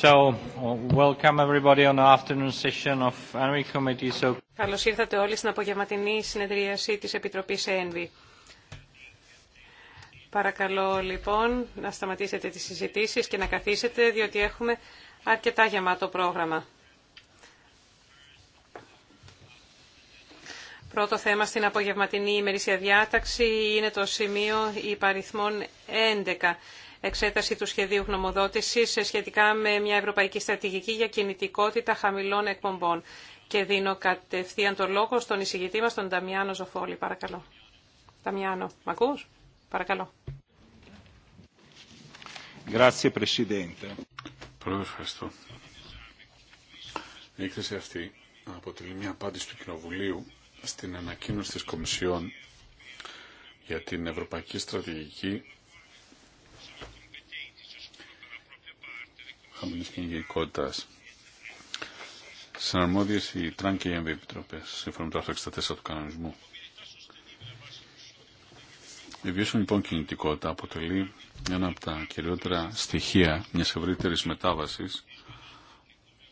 Καλώ Καλώς ήρθατε όλοι στην απογευματινή συνεδρίαση της Επιτροπής ΕΝΒΗ. Παρακαλώ λοιπόν να σταματήσετε τις συζητήσεις και να καθίσετε διότι έχουμε αρκετά γεμάτο πρόγραμμα. Πρώτο θέμα στην απογευματινή ημερήσια διάταξη είναι το σημείο υπαριθμών 11 εξέταση του σχεδίου γνωμοδότησης σχετικά με μια ευρωπαϊκή στρατηγική για κινητικότητα χαμηλών εκπομπών. Και δίνω κατευθείαν τον λόγο στον εισηγητή μας, τον Ταμιάνο Ζοφόλη. Παρακαλώ. Ταμιάνο, μ' ακού? Παρακαλώ. Πρόεδρε, ευχαριστώ. Η έκθεση αυτή αποτελεί μια απάντηση του Κοινοβουλίου στην ανακοίνωση της Κομισιόν για την Ευρωπαϊκή Στρατηγική χαμηλής κυνηγικότητας. Συναρμόδιες οι ΤΡΑΝ και οι ΕΜΒ επιτροπέ, σύμφωνα με το άρθρο 64 του κανονισμού. Η βιώσιμη λοιπόν κινητικότητα αποτελεί ένα από τα κυριότερα στοιχεία μια ευρύτερη μετάβαση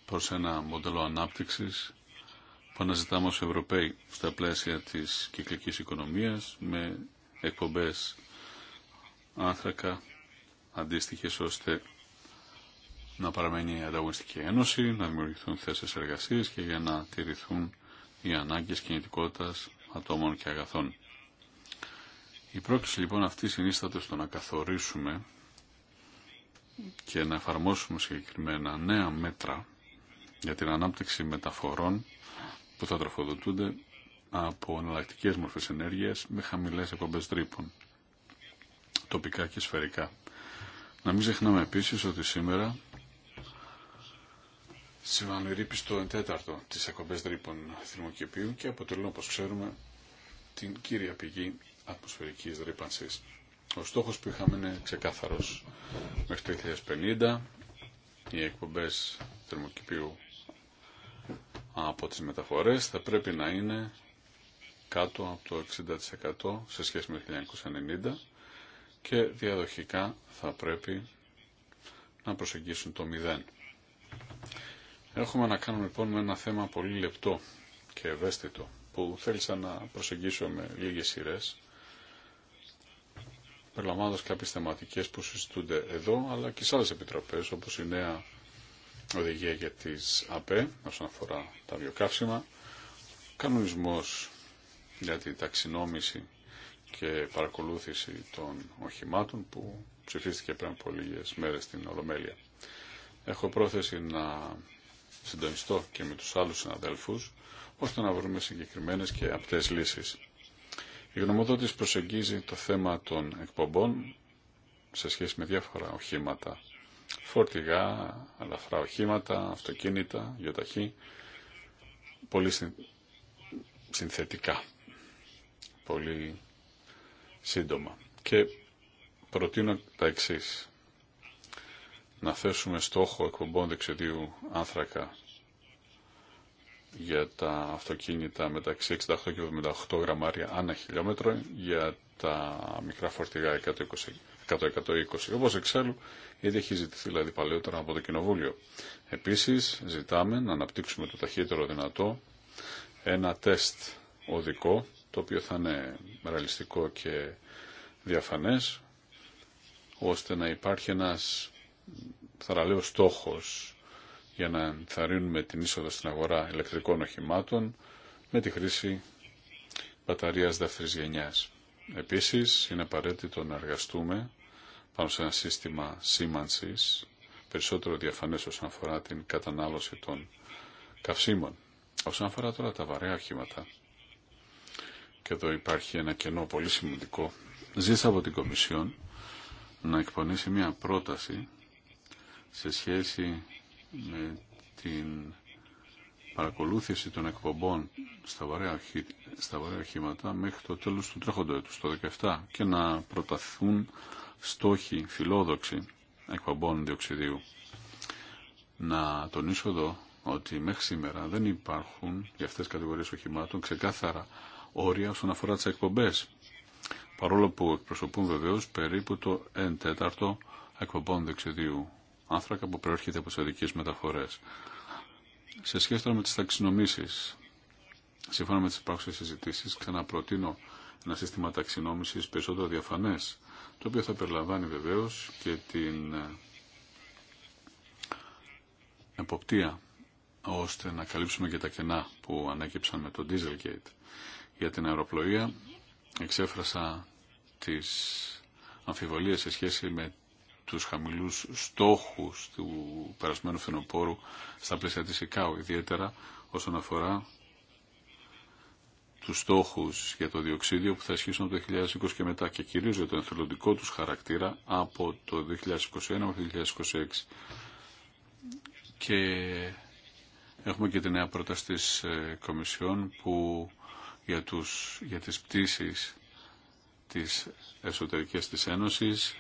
προ ένα μοντέλο ανάπτυξη που αναζητάμε ως Ευρωπαίοι στα πλαίσια της κυκλικής οικονομίας με εκπομπές άνθρακα αντίστοιχε ώστε να παραμένει η ανταγωνιστική ένωση, να δημιουργηθούν θέσεις εργασίας και για να τηρηθούν οι ανάγκες κινητικότητας ατόμων και αγαθών. Η πρόκληση λοιπόν αυτή συνίσταται στο να καθορίσουμε και να εφαρμόσουμε συγκεκριμένα νέα μέτρα για την ανάπτυξη μεταφορών που θα τροφοδοτούνται από εναλλακτικέ μορφές ενέργεια με χαμηλέ εκπομπε τρύπων, τοπικά και σφαιρικά. Να μην ξεχνάμε επίσης ότι σήμερα συμβάλλουν στο στο τέταρτο της εκπομπε ρήπων θερμοκηπίου και αποτελούν, οπω ξέρουμε, την κύρια πηγή ατμοσφαιρικής δρύπανσης. Ο στόχος που είχαμε είναι ξεκάθαρος. Μέχρι το 2050 οι εκπομπές θερμοκηπίου από τις μεταφορές θα πρέπει να είναι κάτω από το 60% σε σχέση με το 1990 και διαδοχικά θα πρέπει να προσεγγίσουν το 0. Έχουμε να κάνουμε λοιπόν με ένα θέμα πολύ λεπτό και ευαίσθητο που θέλησα να προσεγγίσω με λίγες σειρές περιλαμβάνοντας κάποιες θεματικές που συζητούνται εδώ αλλά και σε άλλες επιτροπές όπως η νέα οδηγία για τις ΑΠΕ όσον αφορά τα βιοκαύσιμα κανονισμός για την ταξινόμηση και παρακολούθηση των οχημάτων που ψηφίστηκε πριν από λίγες μέρες στην Ολομέλεια. Έχω πρόθεση να συντονιστώ και με τους άλλους συναδέλφους, ώστε να βρούμε συγκεκριμένες και απτές λύσεις. Η γνωμοδότης προσεγγίζει το θέμα των εκπομπών σε σχέση με διάφορα οχήματα. Φορτηγά, αλαφρά οχήματα, αυτοκίνητα, γεωταχή. πολύ συνθετικά, πολύ σύντομα. Και προτείνω τα εξής να θέσουμε στόχο εκπομπών δεξιδίου άνθρακα για τα αυτοκίνητα μεταξύ 68 και 78 γραμμάρια ανά χιλιόμετρο για τα μικρά φορτηγά 120. 100-120. Όπως εξάλλου ήδη έχει ζητηθεί δηλαδή παλαιότερα από το Κοινοβούλιο. Επίσης ζητάμε να αναπτύξουμε το ταχύτερο δυνατό ένα τεστ οδικό το οποίο θα είναι ρεαλιστικό και διαφανές ώστε να υπάρχει ένας θαραλέο στόχος για να ενθαρρύνουμε την είσοδο στην αγορά ηλεκτρικών οχημάτων με τη χρήση μπαταρίας δεύτερης γενιάς. Επίσης, είναι απαραίτητο να εργαστούμε πάνω σε ένα σύστημα σήμανσης περισσότερο διαφανές όσον αφορά την κατανάλωση των καυσίμων. Όσον αφορά τώρα τα βαρέα οχήματα, και εδώ υπάρχει ένα κενό πολύ σημαντικό, ζήσα από την Κομισιόν να εκπονήσει μια πρόταση σε σχέση με την παρακολούθηση των εκπομπών στα βαρέα, οχή, στα οχήματα μέχρι το τέλος του τρέχοντο έτους, το 2017, και να προταθούν στόχοι φιλόδοξοι εκπομπών διοξιδίου. Να τονίσω εδώ ότι μέχρι σήμερα δεν υπάρχουν για αυτές τις κατηγορίες οχημάτων ξεκάθαρα όρια όσον αφορά τις εκπομπές. Παρόλο που εκπροσωπούν βεβαίως περίπου το 1 τέταρτο εκπομπών διοξιδίου άνθρακα που προέρχεται από τι μεταφορές. Σε σχέση τώρα με τις ταξινομήσεις, σύμφωνα με τι υπάρχουσες συζητήσει, ξαναπροτείνω ένα σύστημα ταξινόμησης περισσότερο διαφανές, το οποίο θα περιλαμβάνει βεβαίως και την ε, εποπτεία ώστε να καλύψουμε και τα κενά που ανέκυψαν με το Dieselgate. Για την αεροπλοεία εξέφρασα τις αμφιβολίες σε σχέση με τους χαμηλούς στόχους του περασμένου φθινοπόρου στα πλαίσια της ΕΚΑΟ, ιδιαίτερα όσον αφορά τους στόχους για το διοξίδιο που θα ισχύσουν το 2020 και μετά και κυρίως για το εθελοντικό τους χαρακτήρα από το 2021 μέχρι το 2026. Και έχουμε και τη νέα πρόταση της ε, Κομισιόν που για, τους, για τις πτήσεις της εσωτερικής της Ένωσης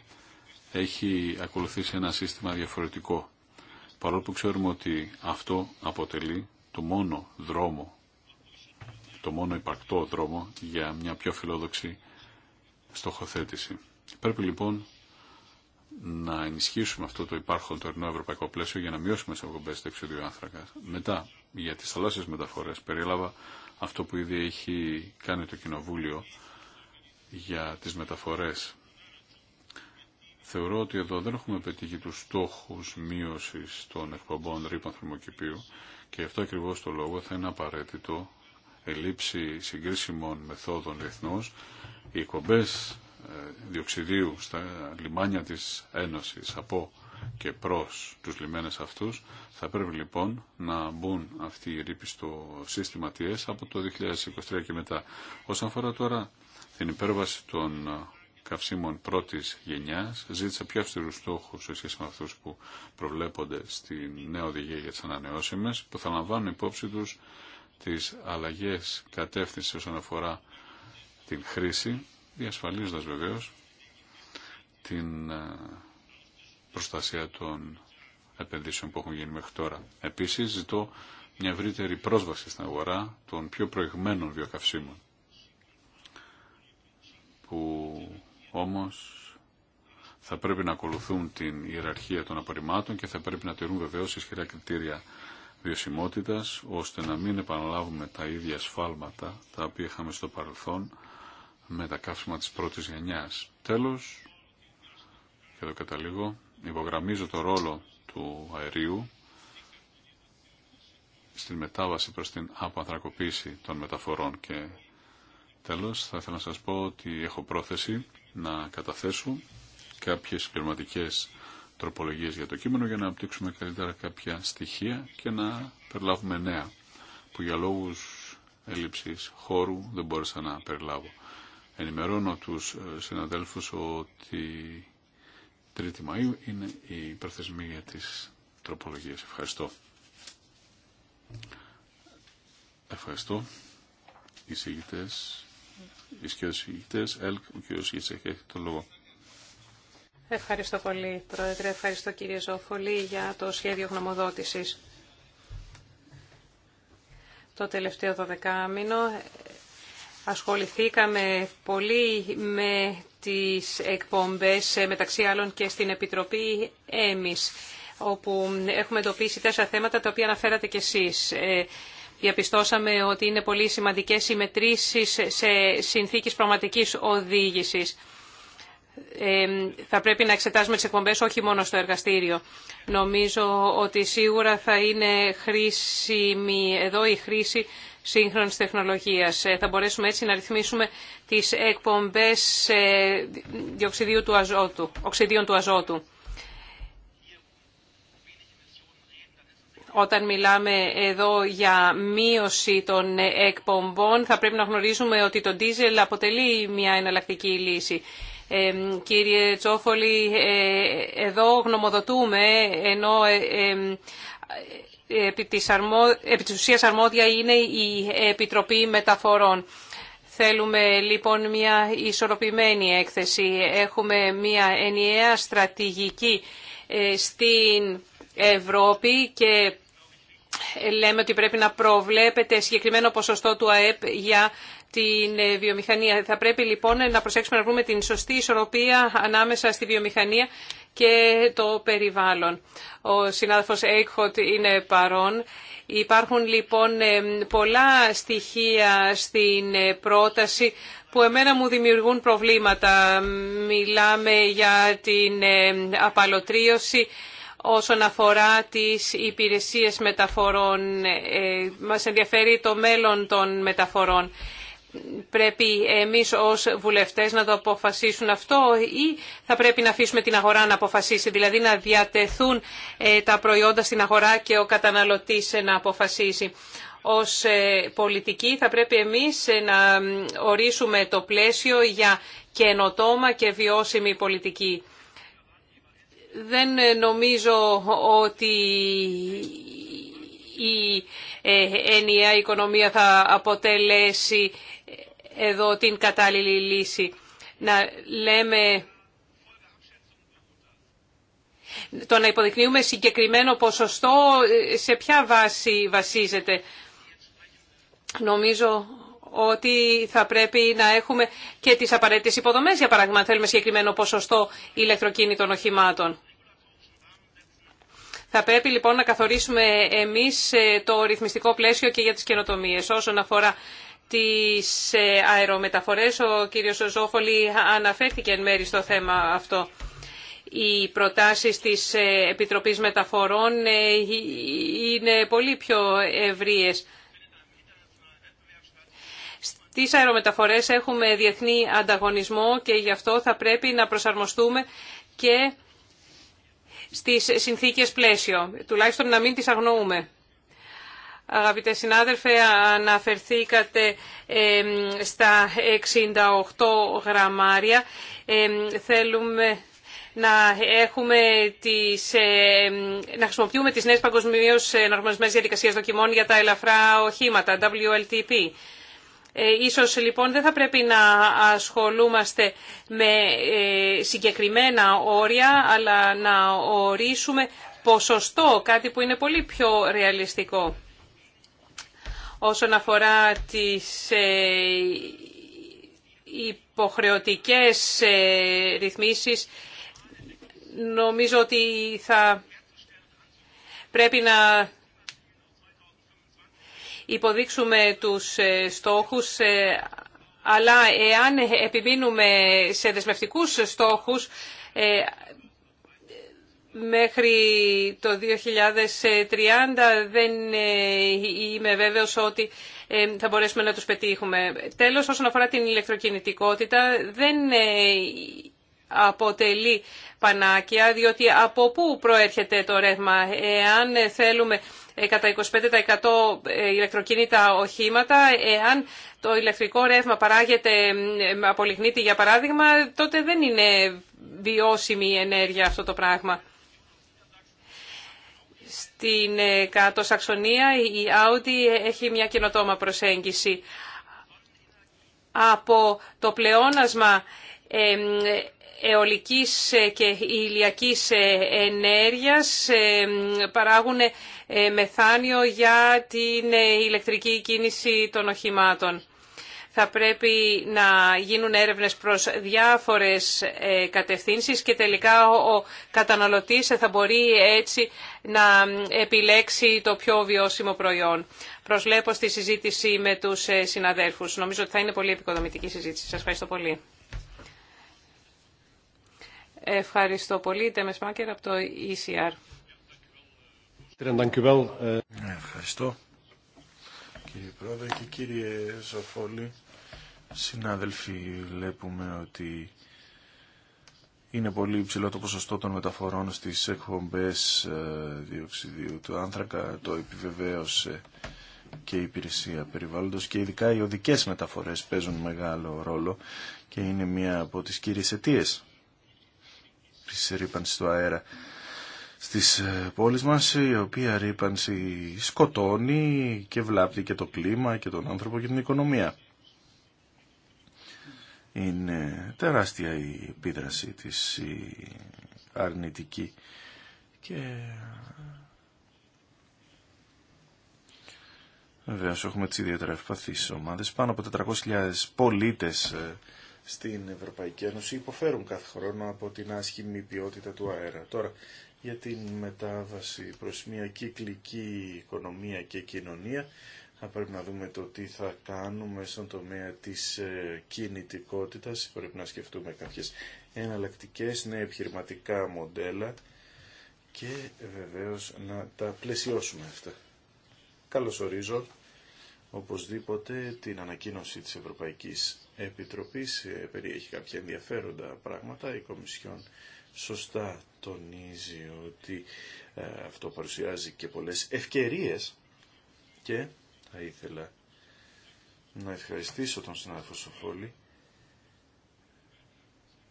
έχει ακολουθήσει ένα σύστημα διαφορετικό. Παρόλο που ξέρουμε ότι αυτό αποτελεί το μόνο δρόμο, το μόνο υπαρκτό δρόμο για μια πιο φιλόδοξη στοχοθέτηση. Πρέπει λοιπόν να ενισχύσουμε αυτό το υπάρχον τωρινό ευρωπαϊκό πλαίσιο για να μειώσουμε τι αγκομπές του άνθρακα. Μετά, για τι θαλάσσιε μεταφορέ, περίλαβα αυτό που ήδη έχει κάνει το Κοινοβούλιο για τις μεταφορές Θεωρώ ότι εδώ δεν έχουμε πετύχει τους στόχους μείωσης των εκπομπών ρήπων θερμοκηπίου και αυτό ακριβώς το λόγο θα είναι απαραίτητο ελήψη συγκρίσιμων μεθόδων διεθνώς, οι εκπομπές ε, διοξιδίου στα λιμάνια της Ένωσης από και προς τους λιμένες αυτούς, θα πρέπει λοιπόν να μπουν αυτοί οι ρήποι στο σύστημα TS από το 2023 και μετά. Όσον αφορά τώρα την υπέρβαση των ε, καυσίμων πρώτη γενιάς Ζήτησα πιο αυστηρού στόχου σε σχέση με αυτού που προβλέπονται στη νέα οδηγία για τι ανανεώσιμε, που θα λαμβάνουν υπόψη του τι αλλαγές κατεύθυνση όσον αφορά την χρήση διασφαλίζοντα βεβαίω την ε, προστασία των επενδύσεων που έχουν γίνει μέχρι τώρα. Επίσης ζητώ μια ευρύτερη πρόσβαση στην αγορά των πιο προηγμένων βιοκαυσίμων που όμως θα πρέπει να ακολουθούν την ιεραρχία των απορριμμάτων και θα πρέπει να τηρούν βεβαίως ισχυρά κριτήρια βιωσιμότητας ώστε να μην επαναλάβουμε τα ίδια σφάλματα τα οποία είχαμε στο παρελθόν με τα καύσιμα της πρώτης γενιάς. Τέλος, και εδώ καταλήγω, υπογραμμίζω το ρόλο του αερίου στην μετάβαση προς την αποανθρακοποίηση των μεταφορών και τέλος θα ήθελα να σας πω ότι έχω πρόθεση να καταθέσω κάποιες πληρωματικέ τροπολογίες για το κείμενο για να απτύξουμε καλύτερα κάποια στοιχεία και να περιλάβουμε νέα που για λόγους έλλειψης χώρου δεν μπόρεσα να περιλάβω. Ενημερώνω τους ε, συναδέλφους ότι 3η Μαΐου είναι η προθεσμία της τροπολογίας. Ευχαριστώ. Ευχαριστώ. Οι ο Ευχαριστώ πολύ, Πρόεδρε. Ευχαριστώ, κύριε Ζόφολη, για το σχέδιο γνωμοδότησης. Το τελευταίο 12 ε, ασχοληθήκαμε πολύ με τις εκπομπές, ε, μεταξύ άλλων και στην Επιτροπή ΕΜΙΣ, όπου έχουμε εντοπίσει τέσσερα θέματα τα οποία αναφέρατε κι εσείς. Ε, διαπιστώσαμε ότι είναι πολύ σημαντικές οι μετρήσεις σε συνθήκες πραγματικής οδήγησης. Ε, θα πρέπει να εξετάσουμε τις εκπομπές όχι μόνο στο εργαστήριο. Νομίζω ότι σίγουρα θα είναι χρήσιμη εδώ η χρήση σύγχρονης τεχνολογίας. Ε, θα μπορέσουμε έτσι να ρυθμίσουμε τις εκπομπές ε, του αζότου, οξυδίων του αζότου. Όταν μιλάμε εδώ για μείωση των εκπομπών θα πρέπει να γνωρίζουμε ότι το ντίζελ αποτελεί μια εναλλακτική λύση. Ε, κύριε Τσόφολη, ε, εδώ γνωμοδοτούμε ενώ ε, ε, ε, επί της, αρμο... επί αρμόδια είναι η Επιτροπή Μεταφορών. Θέλουμε λοιπόν μια ισορροπημένη έκθεση. Έχουμε μια ενιαία στρατηγική στην Ευρώπη και λέμε ότι πρέπει να προβλέπετε συγκεκριμένο ποσοστό του ΑΕΠ για την ε, βιομηχανία. Θα πρέπει λοιπόν να προσέξουμε να βρούμε την σωστή ισορροπία ανάμεσα στη βιομηχανία και το περιβάλλον. Ο συνάδελφος Έικχοτ είναι παρόν. Υπάρχουν λοιπόν ε, πολλά στοιχεία στην ε, πρόταση που εμένα μου δημιουργούν προβλήματα. Μιλάμε για την απαλωτρίωση, όσον αφορά τις υπηρεσίες μεταφορών. Ε, μας ενδιαφέρει το μέλλον των μεταφορών. Πρέπει εμείς ως βουλευτές να το αποφασίσουν αυτό ή θα πρέπει να αφήσουμε την αγορά να αποφασίσει, δηλαδή να διατεθούν ε, τα προϊόντα στην αγορά και ο καταναλωτής ε, να αποφασίσει. Ως πολιτικοί θα πρέπει εμείς να ορίσουμε το πλαίσιο για καινοτόμα και βιώσιμη πολιτική δεν ε, νομίζω ότι η ε, ενιαία οικονομία θα αποτελέσει ε, εδώ την κατάλληλη λύση. Να λέμε το να υποδεικνύουμε συγκεκριμένο ποσοστό σε ποια βάση βασίζεται. Νομίζω ότι θα πρέπει να έχουμε και τις απαραίτητες υποδομές, για παράδειγμα, αν θέλουμε συγκεκριμένο ποσοστό ηλεκτροκίνητων οχημάτων. Θα πρέπει λοιπόν να καθορίσουμε εμείς ε, το ρυθμιστικό πλαίσιο και για τις καινοτομίες. Όσον αφορά τις ε, αερομεταφορές, ο κύριος Ζόχολη αναφέρθηκε εν μέρη στο θέμα αυτό. Οι προτάσεις της ε, Επιτροπής Μεταφορών είναι πολύ πιο ευρείες. Στις αερομεταφορές έχουμε διεθνή ανταγωνισμό και γι' αυτό θα πρέπει να προσαρμοστούμε και στις συνθήκες πλαίσιο, τουλάχιστον να μην τις αγνοούμε. Αγαπητέ συνάδελφε, αναφερθήκατε στα 68 γραμμάρια. θέλουμε να, έχουμε τις, να χρησιμοποιούμε τις νέες παγκοσμίως νορμασμένες διαδικασίες δοκιμών για τα ελαφρά οχήματα, WLTP. Ε, ίσως λοιπόν δεν θα πρέπει να ασχολούμαστε με ε, συγκεκριμένα όρια, αλλά να ορίσουμε ποσοστό, κάτι που είναι πολύ πιο ρεαλιστικό. Όσον αφορά τις ε, υποχρεωτικές ρυθμίσεις, νομίζω ότι θα πρέπει να υποδείξουμε τους ε, στόχους, ε, αλλά εάν επιμείνουμε σε δεσμευτικούς στόχους, ε, μέχρι το 2030 δεν είμαι βέβαιος ότι θα μπορέσουμε να τους πετύχουμε. Τέλος, όσον αφορά την ηλεκτροκινητικότητα, δεν αποτελεί πανάκια, διότι από πού προέρχεται το ρεύμα. Εάν θέλουμε ε, κατά 25% ε, ηλεκτροκίνητα οχήματα. Εάν το ηλεκτρικό ρεύμα παράγεται ε, από λιγνίτη, για παράδειγμα, τότε δεν είναι βιώσιμη η ενέργεια αυτό το πράγμα. Στην κάτω Σαξονία η Audi έχει μια καινοτόμα προσέγγιση. Από το πλεόνασμα αιωλικής ε, και ηλιακής ε, ενέργειας ε, παράγουν μεθάνιο για την ηλεκτρική κίνηση των οχημάτων. Θα πρέπει να γίνουν έρευνες προς διάφορες κατευθύνσεις και τελικά ο καταναλωτής θα μπορεί έτσι να επιλέξει το πιο βιώσιμο προϊόν. Προσλέπω στη συζήτηση με τους συναδέλφους. Νομίζω ότι θα είναι πολύ επικοδομητική συζήτηση. Σας ευχαριστώ πολύ. Ευχαριστώ πολύ. Τέμες Μάκερ από το ECR. Ευχαριστώ κύριε Πρόεδρε και κύριε Σοφόλη. Συνάδελφοι, βλέπουμε ότι είναι πολύ υψηλό το ποσοστό των μεταφορών στις εκπομπές ε, διοξιδίου του άνθρακα. Το επιβεβαίωσε και η υπηρεσία περιβάλλοντος και ειδικά οι οδικές μεταφορές παίζουν μεγάλο ρόλο και είναι μία από τις κύριες αιτίες Τη ρήπανση του αέρα στις ε, πόλεις μας, η οποία ρήπανση σκοτώνει και βλάπτει και το κλίμα και τον άνθρωπο και την οικονομία. Είναι τεράστια η επίδραση της αρνητική και Βεβαίω έχουμε τι ιδιαίτερα ευπαθεί ομάδε. Πάνω από 400.000 πολίτε ε, στην Ευρωπαϊκή Ένωση υποφέρουν κάθε χρόνο από την άσχημη ποιότητα του αέρα. Τώρα, για την μετάβαση προς μια κυκλική οικονομία και κοινωνία, θα πρέπει να δούμε το τι θα κάνουμε στον τομέα της ε, κινητικότητας. Πρέπει να σκεφτούμε κάποιες εναλλακτικές, νέα επιχειρηματικά μοντέλα και βεβαίως να τα πλαισιώσουμε αυτά. Καλώς ορίζω οπωσδήποτε την ανακοίνωση της Ευρωπαϊκής Επιτροπής ε, περιέχει κάποια ενδιαφέροντα πράγματα. Η Κομισιόν σωστά τονίζει ότι ε, αυτό παρουσιάζει και πολλές ευκαιρίες και θα ήθελα να ευχαριστήσω τον συνάδελφο Σοφόλη.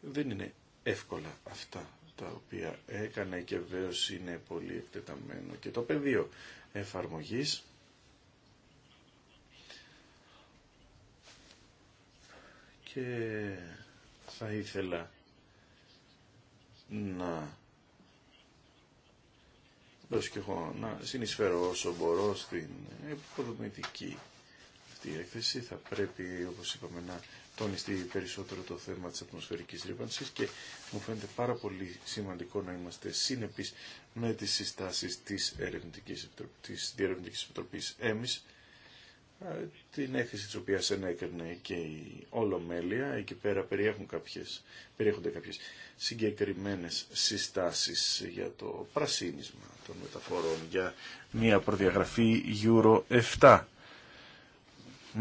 Δεν είναι εύκολα αυτά τα οποία έκανε και βεβαίω είναι πολύ εκτεταμένο και το πεδίο εφαρμογής και θα ήθελα να εγώ να συνεισφέρω όσο μπορώ στην υποδομητική αυτή η έκθεση. Θα πρέπει, όπως είπαμε, να τονιστεί περισσότερο το θέμα της ατμοσφαιρικής ρήπανσης και μου φαίνεται πάρα πολύ σημαντικό να είμαστε σύνεπείς με τις συστάσεις της, της Διερευνητικής Επιτροπής ΕΜΙΣ ε, την έκθεση της οποίας ενέκρινε και η Ολομέλεια. Εκεί πέρα περιέχουν κάποιες, περιέχονται κάποιες συγκεκριμένες συστάσεις για το πρασίνισμα των μεταφορών, για μια προδιαγραφή Euro 7,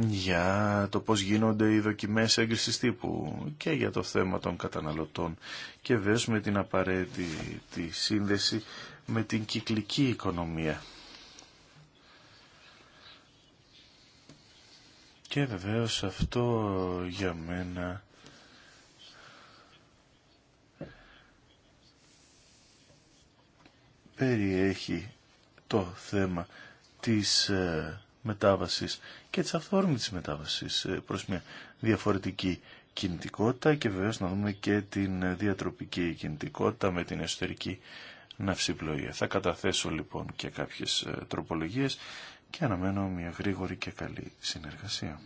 για το πώς γίνονται οι δοκιμές έγκρισης τύπου και για το θέμα των καταναλωτών και βέβαια με την απαραίτητη σύνδεση με την κυκλική οικονομία Και βεβαίως αυτό για μένα περιέχει το θέμα της ε, μετάβασης και της αυθόρμητης μετάβασης ε, προς μια διαφορετική κινητικότητα και βεβαίως να δούμε και την διατροπική κινητικότητα με την εσωτερική ναυσιπλοεία. Θα καταθέσω λοιπόν και κάποιες ε, τροπολογίες και αναμένω μια γρήγορη και καλή συνεργασία.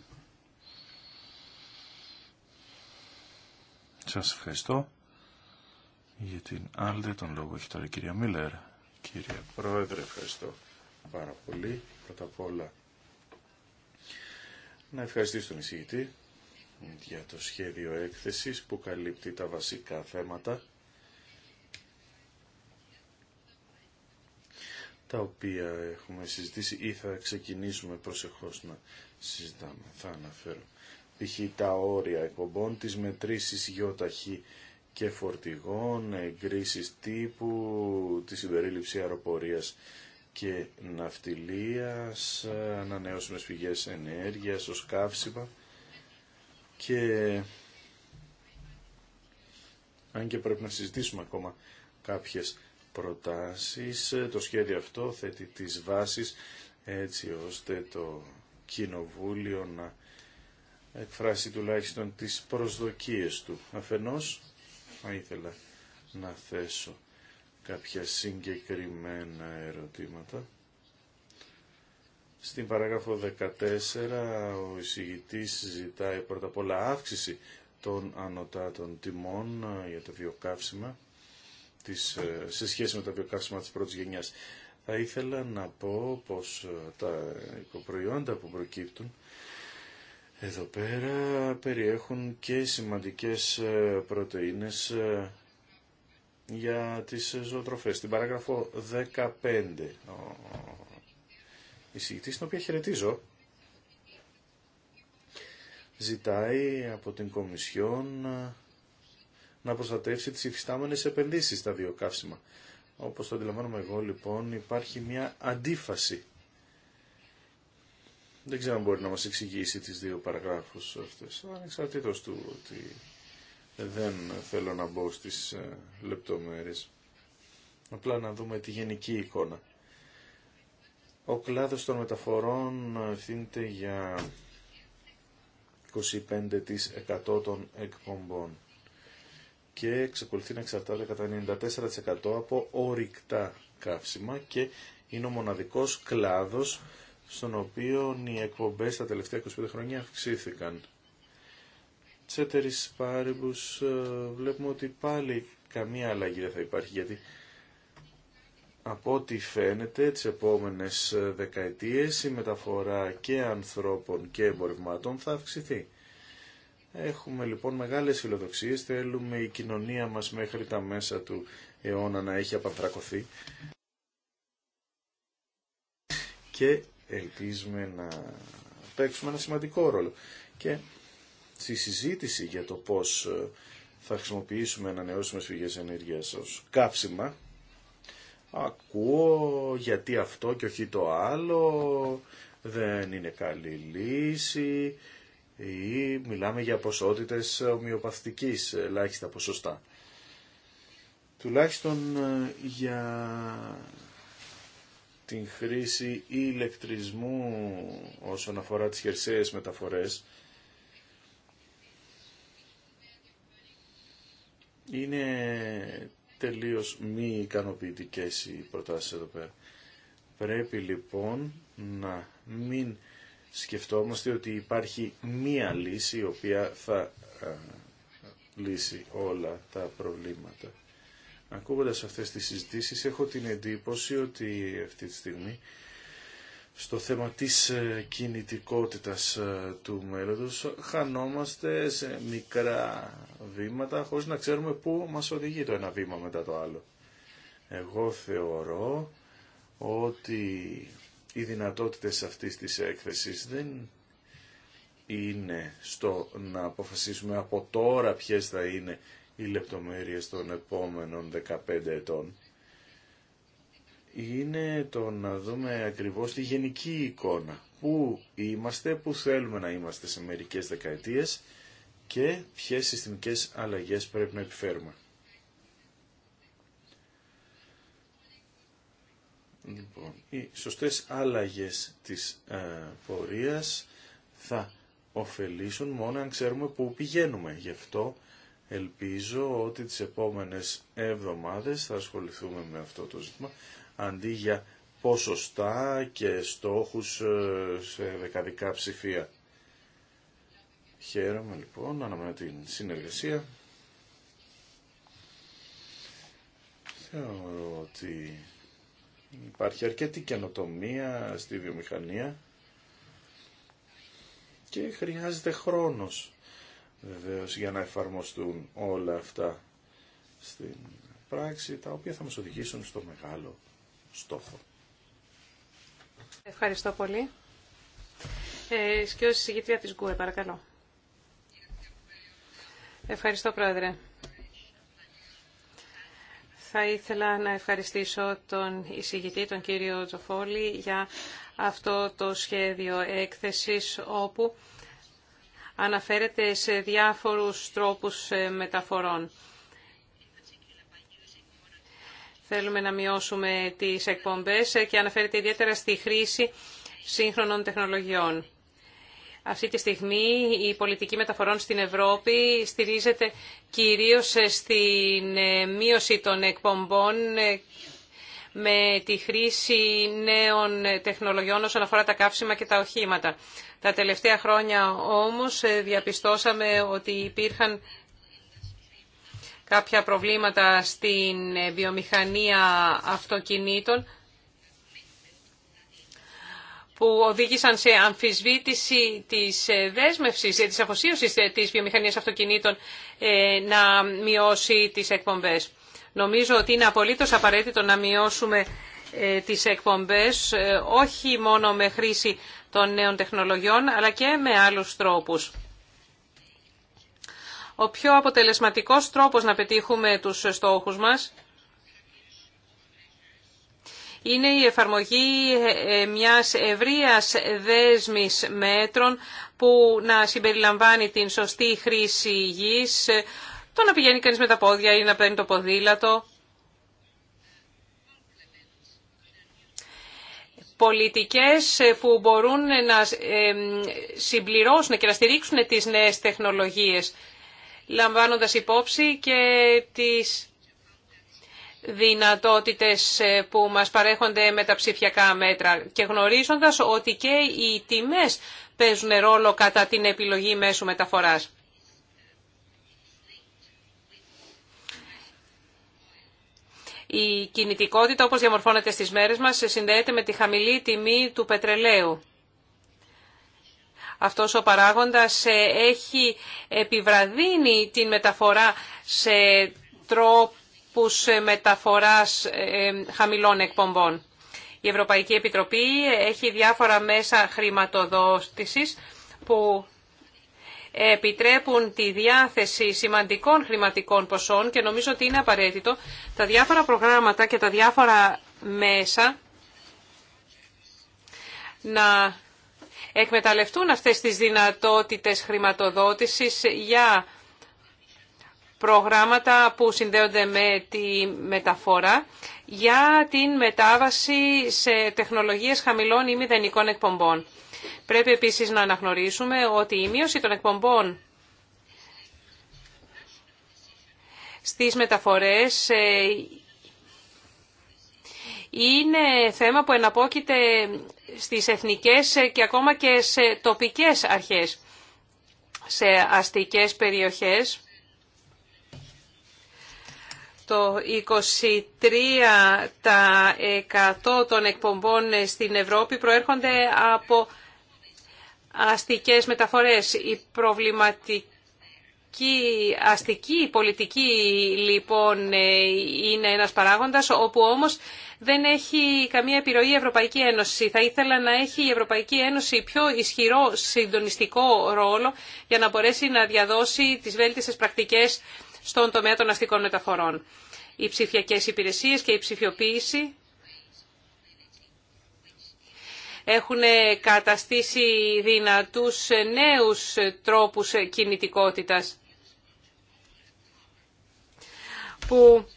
Σας ευχαριστώ για την άλλη τον λόγο έχει τώρα η κυρία Μίλλερ. Κύριε Πρόεδρε, ευχαριστώ πάρα πολύ. Πρώτα απ' όλα να ευχαριστήσω τον εισηγητή για το σχέδιο έκθεσης που καλύπτει τα βασικά θέματα τα οποία έχουμε συζητήσει ή θα ξεκινήσουμε προσεχώς να συζητάμε. Θα αναφέρω π.χ. τα όρια εκπομπών, τις μετρήσεις γιοταχή και φορτηγών, εγκρίσει τύπου, τη συμπερίληψη αεροπορίας και ναυτιλίας, ανανεώσιμες πηγές ενέργειας ως καύσιμα και αν και πρέπει να συζητήσουμε ακόμα κάποιες προτάσεις. Το σχέδιο αυτό θέτει τις βάσεις έτσι ώστε το Κοινοβούλιο να εκφράσει τουλάχιστον τις προσδοκίες του. Αφενός, θα ήθελα να θέσω κάποια συγκεκριμένα ερωτήματα. Στην παράγραφο 14 ο εισηγητής ζητάει πρώτα απ' όλα αύξηση των ανωτάτων τιμών για το βιοκαύσιμα της, ε, σε σχέση με τα βιοκαύσιμα της πρώτης γενιάς. Θα ήθελα να πω πως ε, τα οικοπροϊόντα που προκύπτουν εδώ πέρα περιέχουν και σημαντικές ε, πρωτεΐνες για τις ζωοτροφές. Στην παράγραφο 15 ο εισηγητής, την οποία χαιρετίζω, ζητάει από την Κομισιόν να προστατεύσει τις υφιστάμενες επενδύσεις στα δύο καύσιμα. Όπως το αντιλαμβάνομαι εγώ λοιπόν υπάρχει μια αντίφαση. Δεν ξέρω αν μπορεί να μας εξηγήσει τις δύο παραγράφους αυτές, ανεξαρτήτως του ότι δεν θέλω να μπω στις ε, λεπτομέρειες. Απλά να δούμε τη γενική εικόνα. Ο κλάδος των μεταφορών ευθύνεται για 25% των εκπομπών και εξακολουθεί να εξαρτάται κατά 94% από ορυκτά καύσιμα και είναι ο μοναδικός κλάδος στον οποίο οι εκπομπές τα τελευταία 25 χρόνια αυξήθηκαν. Τσέτερης πάρυμπους ε, βλέπουμε ότι πάλι καμία αλλαγή δεν θα υπάρχει γιατί από ό,τι φαίνεται τις επόμενες δεκαετίες η μεταφορά και ανθρώπων και εμπορευμάτων θα αυξηθεί. Έχουμε λοιπόν μεγάλες φιλοδοξίες, θέλουμε η κοινωνία μας μέχρι τα μέσα του αιώνα να έχει απαντρακωθεί και ελπίζουμε να παίξουμε ένα σημαντικό ρόλο. Και στη συζήτηση για το πώς ε, θα χρησιμοποιήσουμε ανανεώσιμες πηγές ενέργειας ως κάψιμα, ακούω γιατί αυτό και όχι το άλλο, δεν είναι καλή λύση, ή μιλάμε για ποσότητες ομοιοπαθητικής, ελάχιστα ποσοστά. Τουλάχιστον ε, για την χρήση ηλεκτρισμού όσον αφορά τις χερσαίες μεταφορές, είναι τελείως μη ικανοποιητικέ οι προτάσεις εδώ πέρα. Πρέπει λοιπόν να μην σκεφτόμαστε ότι υπάρχει μία λύση η οποία θα ε, λύσει όλα τα προβλήματα. Ακούγοντας αυτές τις συζητήσεις έχω την εντύπωση ότι αυτή τη στιγμή στο θέμα της ε, κινητικότητας ε, του μέλλοντος χανόμαστε σε μικρά βήματα χωρίς να ξέρουμε πού μας οδηγεί το ένα βήμα μετά το άλλο. Εγώ θεωρώ ότι οι δυνατότητες αυτής της έκθεσης δεν είναι στο να αποφασίσουμε από τώρα ποιες θα είναι οι λεπτομέρειες των επόμενων 15 ετών. Είναι το να δούμε ακριβώς τη γενική εικόνα. Πού είμαστε, πού θέλουμε να είμαστε σε μερικές δεκαετίες και ποιες συστημικές αλλαγές πρέπει να επιφέρουμε. Λοιπόν. οι σωστές άλλαγες της ε, πορείας θα ωφελήσουν μόνο αν ξέρουμε πού πηγαίνουμε. Γι' αυτό ελπίζω ότι τις επόμενες εβδομάδες θα ασχοληθούμε με αυτό το ζήτημα, αντί για ποσοστά και στόχους ε, σε δεκαδικά ψηφία. Χαίρομαι λοιπόν, αναμένω την συνεργασία. Θεωρώ ότι Υπάρχει αρκετή καινοτομία στη βιομηχανία και χρειάζεται χρόνος βεβαίως για να εφαρμοστούν όλα αυτά στην πράξη τα οποία θα μας οδηγήσουν στο μεγάλο στόχο. Ευχαριστώ πολύ. Ε, Σκιώση, συγγήτρια της ΓΚΟΕ, παρακαλώ. Ευχαριστώ, Πρόεδρε. Θα ήθελα να ευχαριστήσω τον εισηγητή, τον κύριο Τζοφόλη, για αυτό το σχέδιο έκθεσης όπου αναφέρεται σε διάφορους τρόπους ε, μεταφορών. Θέλουμε να μειώσουμε τις εκπομπές ε, και αναφέρεται ιδιαίτερα στη χρήση σύγχρονων τεχνολογιών. Αυτή τη στιγμή η πολιτική μεταφορών στην Ευρώπη στηρίζεται κυρίως στην ε, μείωση των εκπομπών ε, με τη χρήση νέων τεχνολογιών όσον αφορά τα καύσιμα και τα οχήματα. Τα τελευταία χρόνια όμως ε, διαπιστώσαμε ότι υπήρχαν κάποια προβλήματα στην βιομηχανία αυτοκινήτων που οδήγησαν σε αμφισβήτηση της ε, δέσμευσης, ε, της αφοσίωσης ε, της βιομηχανίας αυτοκινήτων να μειώσει τις εκπομπές. Νομίζω ότι είναι απολύτως απαραίτητο να μειώσουμε τις εκπομπές όχι μόνο με χρήση των νέων τεχνολογιών αλλά και με άλλους τρόπους. Ο πιο αποτελεσματικός τρόπος να πετύχουμε τους στόχους μας είναι η εφαρμογή ε, ε, μιας ευρείας δέσμης μέτρων που να συμπεριλαμβάνει την σωστή χρήση γης, ε, το να πηγαίνει κανείς με τα πόδια ή να παίρνει το ποδήλατο. Πολιτικές που μπορούν να συμπληρώσουν και να στηρίξουν τις νέες τεχνολογίες, λαμβάνοντας υπόψη και τις δυνατότητες ε, που μας παρέχονται με τα ψηφιακά μέτρα και γνωρίζοντας ότι και οι τιμές παίζουν ρόλο κατά την επιλογή μέσου μεταφοράς. Η κινητικότητα όπως διαμορφώνεται στις μέρες μας συνδέεται με τη χαμηλή τιμή του πετρελαίου. Αυτός ο παράγοντας ε, έχει επιβραδύνει την μεταφορά σε τρόπο ε, μεταφοράς ε, ε, χαμηλών εκπομπών. Η Ευρωπαϊκή Επιτροπή έχει διάφορα μέσα χρηματοδότησης που επιτρέπουν τη διάθεση σημαντικών χρηματικών ποσών και νομίζω ότι είναι απαραίτητο τα διάφορα προγράμματα και τα διάφορα μέσα να εκμεταλλευτούν αυτές τις δυνατότητες χρηματοδότησης για προγράμματα που συνδέονται με τη μεταφορά για την μετάβαση σε τεχνολογίες χαμηλών ή μηδενικών εκπομπών. Πρέπει επίσης να αναγνωρίσουμε ότι η μείωση των εκπομπών στις μεταφορές ε, είναι θέμα που εναπόκειται στις εθνικές ε, και ακόμα και σε τοπικές αρχές. Σε αστικές περιοχές το 23% των εκπομπών στην Ευρώπη προέρχονται από αστικές μεταφορές. Η προβληματική αστική πολιτική λοιπόν είναι ένας παράγοντας όπου όμως δεν έχει καμία επιρροή η Ευρωπαϊκή Ένωση. Θα ήθελα να έχει η Ευρωπαϊκή Ένωση πιο ισχυρό συντονιστικό ρόλο για να μπορέσει να διαδώσει τις βέλτιστες πρακτικές στον τομέα των αστικών μεταφορών. Οι ψηφιακές υπηρεσίες και η ψηφιοποίηση έχουν καταστήσει δυνατούς νέους τρόπους κινητικότητας που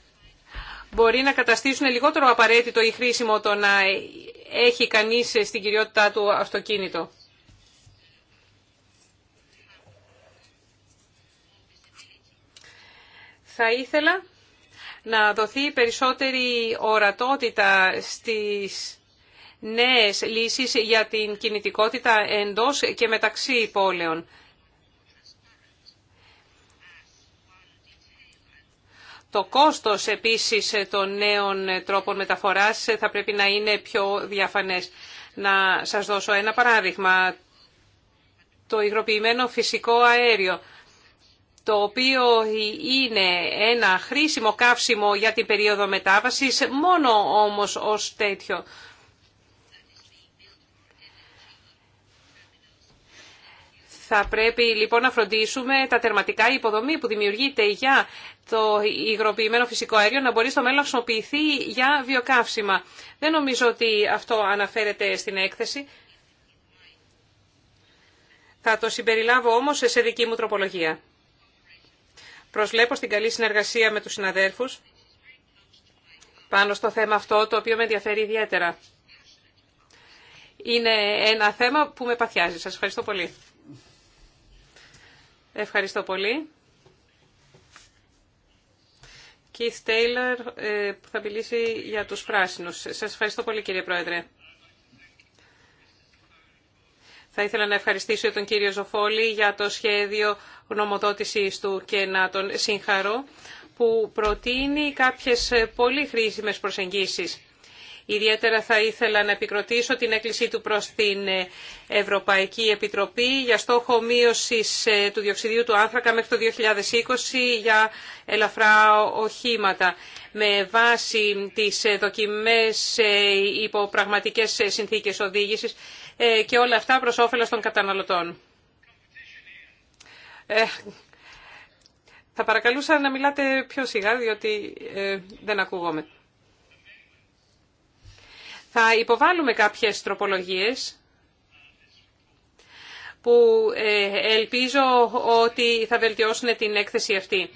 μπορεί να καταστήσουν λιγότερο απαραίτητο ή χρήσιμο το να έχει κανείς στην κυριότητά του αυτοκίνητο. Θα ήθελα να δοθεί περισσότερη ορατότητα στις νέες λύσεις για την κινητικότητα εντός και μεταξύ πόλεων. Το κόστος επίσης των νέων τρόπων μεταφοράς θα πρέπει να είναι πιο διαφανές. Να σας δώσω ένα παράδειγμα. Το υγροποιημένο φυσικό αέριο το οποίο είναι ένα χρήσιμο καύσιμο για την περίοδο μετάβασης, μόνο όμως ως τέτοιο. Θα πρέπει λοιπόν να φροντίσουμε τα τερματικά υποδομή που δημιουργείται για το υγροποιημένο φυσικό αέριο να μπορεί στο μέλλον να χρησιμοποιηθεί για βιοκαύσιμα. Δεν νομίζω ότι αυτό αναφέρεται στην έκθεση. Θα το συμπεριλάβω όμως σε δική μου τροπολογία. Προσλέπω στην καλή συνεργασία με τους συναδέλφους πάνω στο θέμα αυτό, το οποίο με ενδιαφέρει ιδιαίτερα. Είναι ένα θέμα που με παθιάζει. Σας ευχαριστώ πολύ. Ευχαριστώ πολύ. Keith Taylor ε, θα μιλήσει για τους πράσινους. Σας ευχαριστώ πολύ κύριε Πρόεδρε. Θα ήθελα να ευχαριστήσω τον κύριο Ζωφόλη για το σχέδιο γνωμοδότησής του και να τον συγχαρώ που προτείνει κάποιες πολύ χρήσιμες προσεγγίσεις. Ιδιαίτερα θα ήθελα να επικροτήσω την έκκλησή του προς την Ευρωπαϊκή Επιτροπή για στόχο μείωσης ε, του διοξιδίου του άνθρακα μέχρι το 2020 για ελαφρά οχήματα. Με βάση τις δοκιμές ε, υπό πραγματικές συνθήκες οδήγησης ε, και όλα αυτά προς όφελος των καταναλωτών. Ε, θα παρακαλούσα να μιλάτε πιο σιγά, διότι ε, δεν ακούγομαι. Θα υποβάλουμε κάποιες τροπολογίες που ελπίζω ότι θα βελτιώσουν την έκθεση αυτή.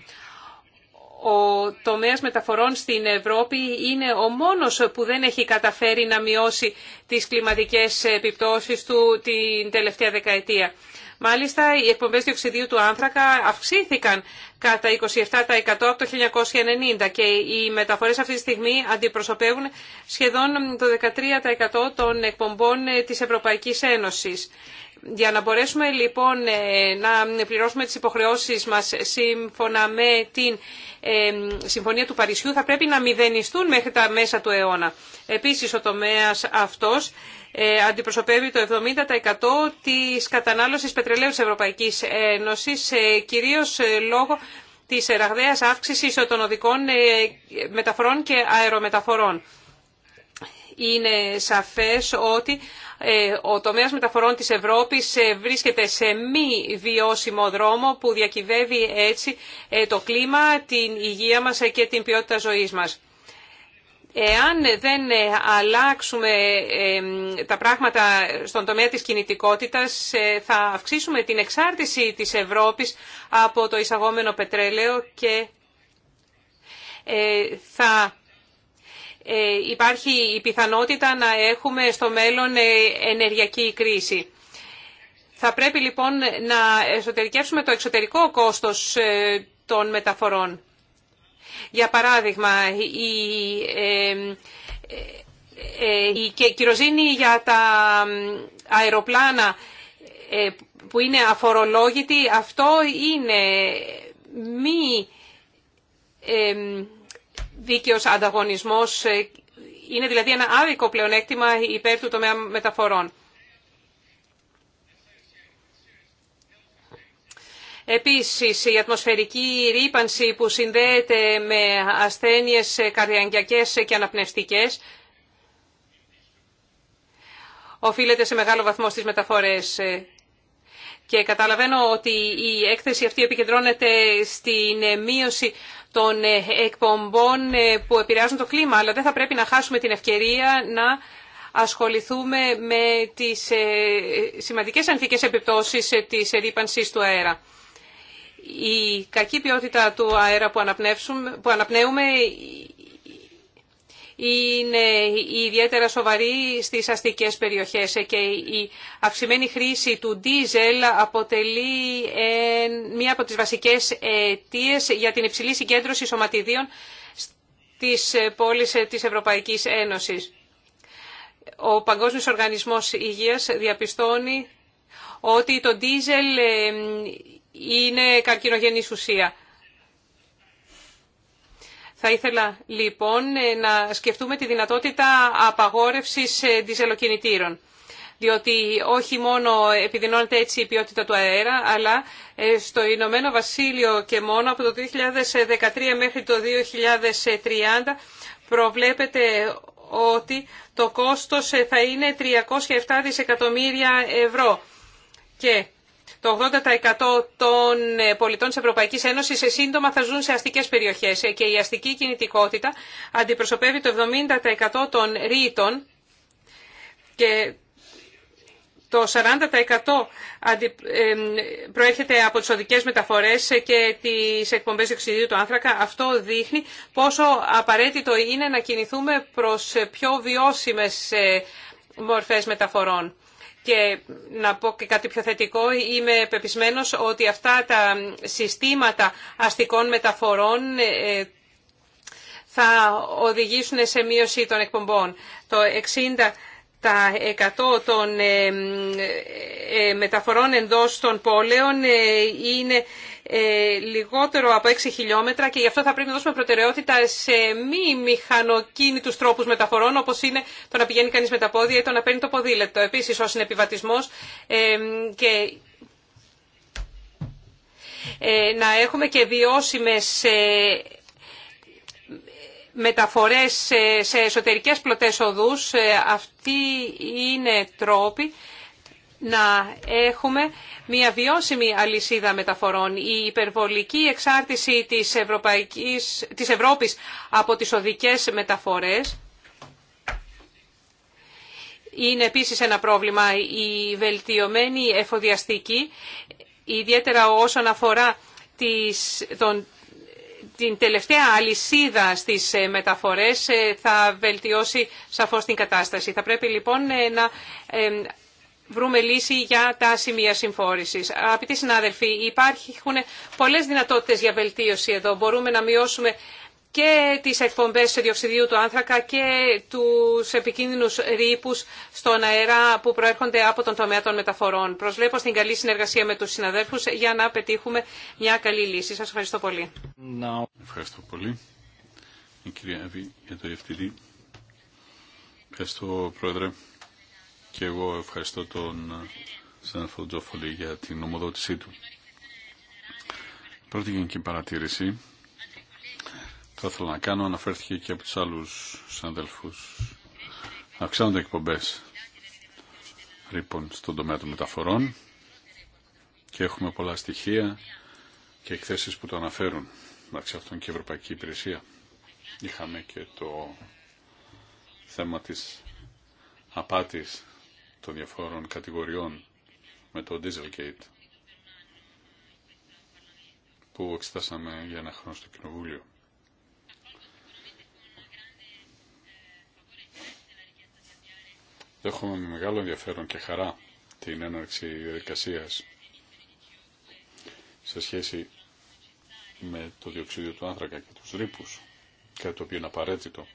Ο τομέας μεταφορών στην Ευρώπη είναι ο μόνος που δεν έχει καταφέρει να μειώσει τις κλιματικές επιπτώσεις του την τελευταία δεκαετία. Μάλιστα, οι εκπομπές διοξιδίου του άνθρακα αυξήθηκαν κατά 27% από το 1990 και οι μεταφορές αυτή τη στιγμή αντιπροσωπεύουν σχεδόν το 13% των εκπομπών της Ευρωπαϊκής Ένωσης. Για να μπορέσουμε λοιπόν ε, να πληρώσουμε τις υποχρεώσεις μας σύμφωνα με την ε, Συμφωνία του Παρισιού θα πρέπει να μηδενιστούν μέχρι τα μέσα του αιώνα. Επίσης ο τομέας αυτός ε, αντιπροσωπεύει το 70% της κατανάλωσης πετρελαίου της Ευρωπαϊκής Ένωσης, ε, κυρίως ε, λόγω της ραγδαίας αύξησης των οδικών μεταφορών και αερομεταφορών. Είναι σαφές ότι ο τομέας μεταφορών της Ευρώπης βρίσκεται σε μη βιώσιμο δρόμο που διακυβεύει έτσι το κλίμα, την υγεία μας και την ποιότητα ζωής μας. Εάν δεν αλλάξουμε τα πράγματα στον τομέα της κινητικότητας, ε, θα αυξήσουμε την εξάρτηση της Ευρώπης από το εισαγόμενο πετρέλαιο και ε, θα ε, υπάρχει η πιθανότητα να έχουμε στο μέλλον ενεργειακή κρίση. Θα πρέπει λοιπόν να εσωτερικεύσουμε το εξωτερικό κόστος των μεταφορών. Για παράδειγμα, η, ε, ε, ε κυροζήνη για τα αεροπλάνα ε, που είναι αφορολόγητη, αυτό είναι μη δίκαιος ανταγωνισμός, είναι δηλαδή ένα άδικο πλεονέκτημα υπέρ του τομέα μεταφορών. Επίσης, η ατμοσφαιρική ρήπανση που συνδέεται με ασθένειες καρδιαγγειακές και αναπνευστικές οφείλεται σε μεγάλο βαθμό στις μεταφορές. Και καταλαβαίνω ότι η έκθεση αυτή επικεντρώνεται στην μείωση των εκπομπών που επηρεάζουν το κλίμα, αλλά δεν θα πρέπει να χάσουμε την ευκαιρία να ασχοληθούμε με τις ε, σημαντικές ανθικές επιπτώσεις της ρήπανσης του αέρα η κακή ποιότητα του αέρα που, που αναπνέουμε είναι ιδιαίτερα σοβαρή στις αστικές περιοχές και η αυξημένη χρήση του ντίζελ αποτελεί μία από τις βασικές αιτίες για την υψηλή συγκέντρωση σωματιδίων στις πόλεις της Ευρωπαϊκής Ένωσης. Ο Παγκόσμιος Οργανισμός Υγείας διαπιστώνει ότι το ντίζελ είναι καρκινογενή ουσία. Θα ήθελα λοιπόν να σκεφτούμε τη δυνατότητα απαγόρευσης διζελοκινητήρων. Διότι όχι μόνο επιδεινώνεται έτσι η ποιότητα του αέρα, αλλά ε, στο Ηνωμένο Βασίλειο και μόνο από το 2013 μέχρι το 2030 προβλέπεται ότι το κόστος ε, θα είναι 307 δισεκατομμύρια ευρώ. Και το 80% των ε, πολιτών της Ευρωπαϊκής Ένωσης σε σύντομα θα ζουν σε αστικές περιοχές ε, και η αστική κινητικότητα αντιπροσωπεύει το 70% των ρήτων και το 40% προέρχεται από τις οδικές μεταφορές και τις εκπομπές διοξιδίου του άνθρακα. Αυτό δείχνει πόσο απαραίτητο είναι να κινηθούμε προς πιο βιώσιμες ε, μορφές μεταφορών. Και να πω και κάτι πιο θετικό, είμαι πεπισμένος ότι αυτά τα συστήματα αστικών μεταφορών ε, θα οδηγήσουν σε μείωση των εκπομπών. Το 60 τα 100 των ε, ε, ε, μεταφορών εντός των πόλεων είναι λιγότερο από 6 χιλιόμετρα και γι' αυτό θα πρέπει να δώσουμε προτεραιότητα σε μη μηχανοκίνητους τρόπους μεταφορών, όπως είναι το να πηγαίνει κανείς με τα πόδια ή το να παίρνει το ποδήλατο. Επίση, ω συνεπιβατισμό και να έχουμε και βιώσιμες μεταφορές σε εσωτερικές πλωτές οδούς. Ε, αυτοί είναι τρόποι να έχουμε μια βιώσιμη αλυσίδα μεταφορών. Η υπερβολική εξάρτηση της, Ευρωπαϊκής, της Ευρώπης από τις οδικές μεταφορές είναι επίσης ένα πρόβλημα. Η βελτιωμένη εφοδιαστική, ιδιαίτερα όσον αφορά τις, τον την τελευταία αλυσίδα στις ε, μεταφορές ε, θα βελτιώσει σαφώς την κατάσταση. Θα πρέπει λοιπόν ε, να βρούμε λύση για τα σημεία συμφόρησης. Αγαπητοί συνάδελφοι, υπάρχουν πολλές δυνατότητες για βελτίωση εδώ. Μπορούμε να μειώσουμε και τις εκπομπές διοξιδίου του άνθρακα και τους επικίνδυνους ρήπους στον αέρα που προέρχονται από τον τομέα των μεταφορών. Προσβλέπω στην καλή συνεργασία με τους συναδέλφους για να πετύχουμε μια καλή λύση. Σας ευχαριστώ πολύ. Ευχαριστώ πολύ. Η κυρία Εύη για το EFTD. Ευχαριστώ Πρόεδρε και εγώ ευχαριστώ τον Σένφο Τζόφολη για την ομοδότησή του. Πρώτη γενική παρατήρηση θα ήθελα να κάνω αναφέρθηκε και από τους άλλους συναδελφούς. Αυξάνονται εκπομπές λοιπόν στον τομέα των μεταφορών και έχουμε πολλά στοιχεία και εκθέσεις που το αναφέρουν. μεταξύ αυτών και η Ευρωπαϊκή Υπηρεσία. Είχαμε και το θέμα της απάτης των διαφόρων κατηγοριών με το Dieselgate που εξετάσαμε για ένα χρόνο στο Κοινοβούλιο. Δέχομαι με μεγάλο ενδιαφέρον και χαρά την έναρξη διαδικασία σε σχέση με το διοξίδιο του άνθρακα και τους ρήπους, κάτι το οποίο είναι απαραίτητο.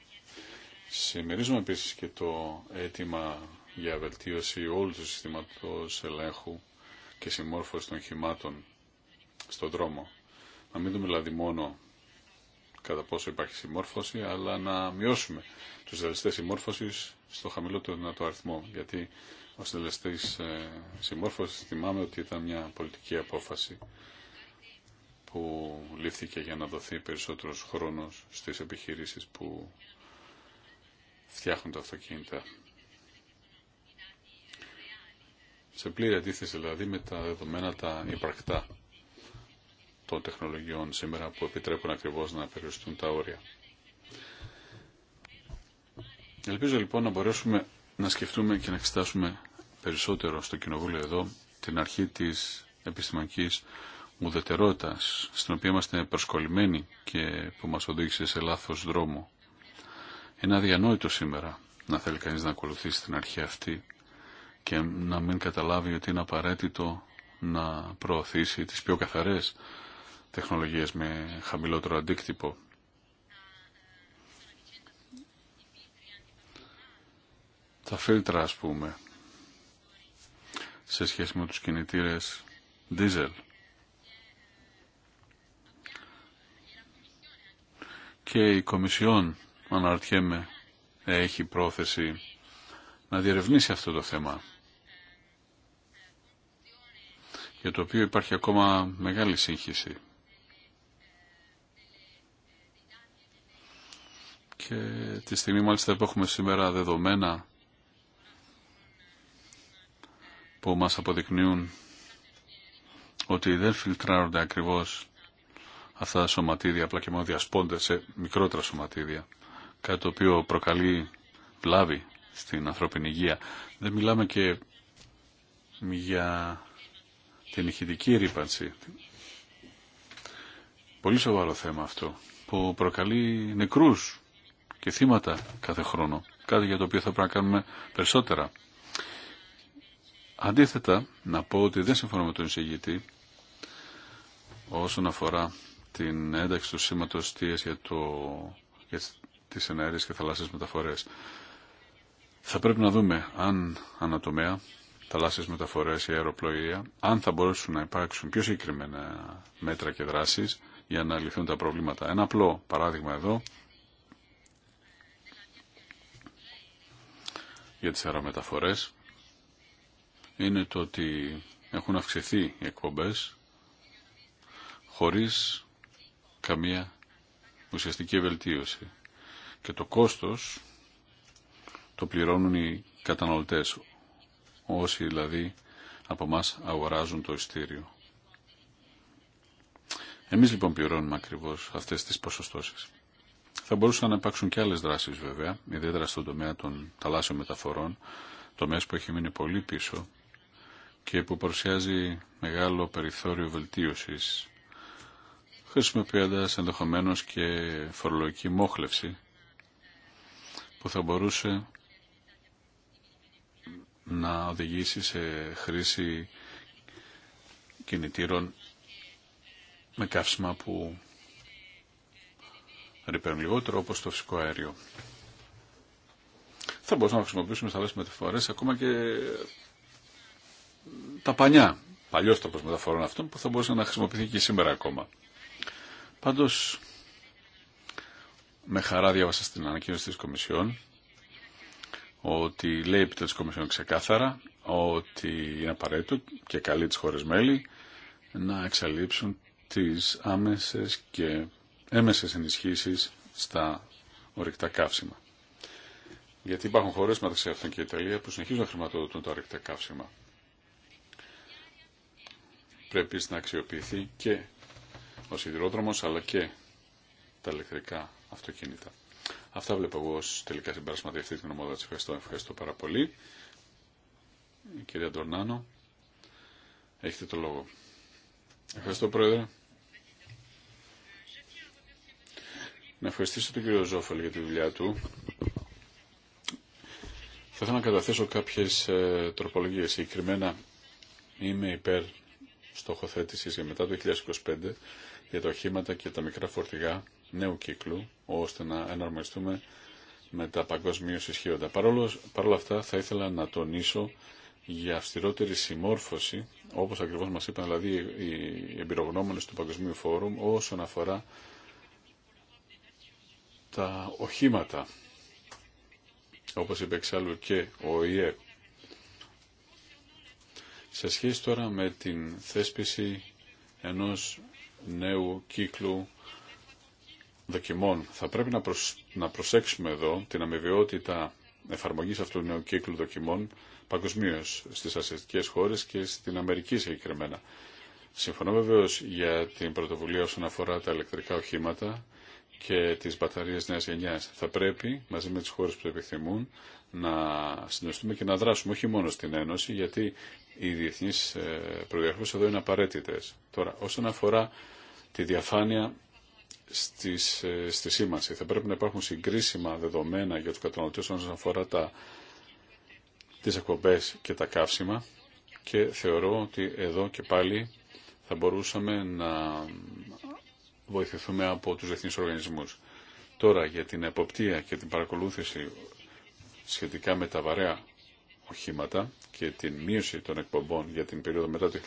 Συμμερίζουμε επίσης και το αίτημα για βελτίωση όλου του συστήματος ελέγχου και συμμόρφωση των χυμάτων στον δρόμο. Να μην δούμε δηλαδή μόνο κατά πόσο υπάρχει συμμόρφωση, αλλά να μειώσουμε τους δελεστές συμμόρφωσης στο χαμηλότερο δυνατό αριθμό, γιατί ο συντελεστή ε, συμμόρφωση θυμάμαι ότι ήταν μια πολιτική απόφαση που λήφθηκε για να δοθεί περισσότερος χρόνος στις επιχειρήσεις που φτιάχνουν τα αυτοκίνητα. Σε πλήρη αντίθεση δηλαδή με τα δεδομένα τα υπαρκτά των τεχνολογιών σήμερα που επιτρέπουν ακριβώς να περιοριστούν τα όρια. Ελπίζω λοιπόν να μπορέσουμε να σκεφτούμε και να εξετάσουμε περισσότερο στο Κοινοβούλιο εδώ την αρχή της επιστημονική ουδετερότητας στην οποία είμαστε προσκολλημένοι και που μας οδήγησε σε λάθος δρόμο. Είναι αδιανόητο σήμερα να θέλει κανείς να ακολουθήσει την αρχή αυτή και να μην καταλάβει ότι είναι απαραίτητο να προωθήσει τις πιο καθαρές τεχνολογίες με χαμηλότερο αντίκτυπο τα φίλτρα ας πούμε σε σχέση με τους κινητήρες diesel. Και η Κομισιόν, αναρωτιέμαι, έχει πρόθεση να διερευνήσει αυτό το θέμα για το οποίο υπάρχει ακόμα μεγάλη σύγχυση. Και τη στιγμή μάλιστα που έχουμε σήμερα δεδομένα που μας αποδεικνύουν ότι δεν φιλτράρονται ακριβώς αυτά τα σωματίδια, απλά και μόνο διασπώνται σε μικρότερα σωματίδια, κάτι το οποίο προκαλεί βλάβη στην ανθρώπινη υγεία. Δεν μιλάμε και για την ηχητική ρήπανση. Πολύ σοβαρό θέμα αυτό, που προκαλεί νεκρούς και θύματα κάθε χρόνο. Κάτι για το οποίο θα πρέπει να κάνουμε περισσότερα. Αντίθετα, να πω ότι δεν συμφωνώ με τον εισηγητή όσον αφορά την ένταξη του σήματος στίες για, το, για τις εναέριες και θαλάσσιες μεταφορές. Θα πρέπει να δούμε αν ανατομέα, θαλάσσιες μεταφορές ή αεροπλοεία, αν θα μπορέσουν να υπάρξουν πιο συγκεκριμένα μέτρα και δράσεις για να λυθούν τα προβλήματα. Ένα απλό παράδειγμα εδώ για τις αερομεταφορές είναι το ότι έχουν αυξηθεί οι εκπομπές χωρίς καμία ουσιαστική βελτίωση. Και το κόστος το πληρώνουν οι καταναλωτές, όσοι δηλαδή από μας αγοράζουν το ειστήριο. Εμείς λοιπόν πληρώνουμε ακριβώς αυτές τις ποσοστώσεις. Θα μπορούσαν να υπάρξουν και άλλες δράσεις βέβαια, ιδιαίτερα στον τομέα των θαλάσσιων μεταφορών, τομέας που έχει μείνει πολύ πίσω και που παρουσιάζει μεγάλο περιθώριο βελτίωσης χρησιμοποιώντας ενδεχομένως και φορολογική μόχλευση που θα μπορούσε να οδηγήσει σε χρήση κινητήρων με καύσιμα που ρηπαίνουν λιγότερο όπως το φυσικό αέριο. Θα μπορούσαμε να χρησιμοποιήσουμε άλλες μεταφορές ακόμα και τα πανιά, παλιός τρόπος μεταφορών αυτών που θα μπορούσε να χρησιμοποιηθεί και σήμερα ακόμα. Πάντως, με χαρά διάβασα στην ανακοίνωση της Κομισιόν ότι λέει επιτέλους της Κομισιόν ξεκάθαρα ότι είναι απαραίτητο και καλεί τις χώρες μέλη να εξαλείψουν τις άμεσες και έμεσες ενισχύσεις στα ορυκτά καύσιμα. Γιατί υπάρχουν χώρες μεταξύ αυτών και η Ιταλία που συνεχίζουν να χρηματοδοτούν τα ορυκτά καύσιμα πρέπει να αξιοποιηθεί και ο σιδηρόδρομος αλλά και τα ηλεκτρικά αυτοκίνητα. Αυτά βλέπω εγώ ως τελικά συμπέρασμα αυτή την ομάδα Ευχαριστώ, ευχαριστώ πάρα πολύ. κυρία Ντορνάνο, έχετε το λόγο. Ευχαριστώ Πρόεδρε. Να ευχαριστήσω τον κύριο Ζόφελ για τη δουλειά του. Θα ήθελα να καταθέσω κάποιες ε, τροπολογίες. Συγκεκριμένα είμαι υπέρ Στοχοθέτηση για μετά το 2025 για τα οχήματα και τα μικρά φορτηγά νέου κύκλου, ώστε να εναρμονιστούμε με τα παγκόσμια ισχύοντα. Παρ' όλα αυτά θα ήθελα να τονίσω για αυστηρότερη συμμόρφωση, όπως ακριβώς μας είπαν δηλαδή οι εμπειρογνώμονες του Παγκοσμίου Φόρουμ, όσον αφορά τα οχήματα. Όπως είπε εξάλλου και ο ΙΕ σε σχέση τώρα με την θέσπιση ενός νέου κύκλου δοκιμών, θα πρέπει να, να προσέξουμε εδώ την αμοιβαιότητα εφαρμογής αυτού του νέου κύκλου δοκιμών παγκοσμίω στις ασιατικές χώρες και στην Αμερική συγκεκριμένα. Συμφωνώ βεβαίω για την πρωτοβουλία όσον αφορά τα ηλεκτρικά οχήματα και τις μπαταρίες νέας γενιάς. Θα πρέπει, μαζί με τις χώρες που το επιθυμούν, να συντονιστούμε και να δράσουμε, όχι μόνο στην Ένωση, γιατί οι διεθνείς ε, προδιαγραφές εδώ είναι απαραίτητες. Τώρα, όσον αφορά τη διαφάνεια στις, ε, στη σήμανση, θα πρέπει να υπάρχουν συγκρίσιμα δεδομένα για τους καταναλωτές όσον αφορά τα, τις εκπομπές και τα καύσιμα και θεωρώ ότι εδώ και πάλι θα μπορούσαμε να βοηθηθούμε από τους διεθνείς οργανισμούς. Τώρα για την εποπτεία και την παρακολούθηση σχετικά με τα βαρέα οχήματα και την μείωση των εκπομπών για την περίοδο μετά το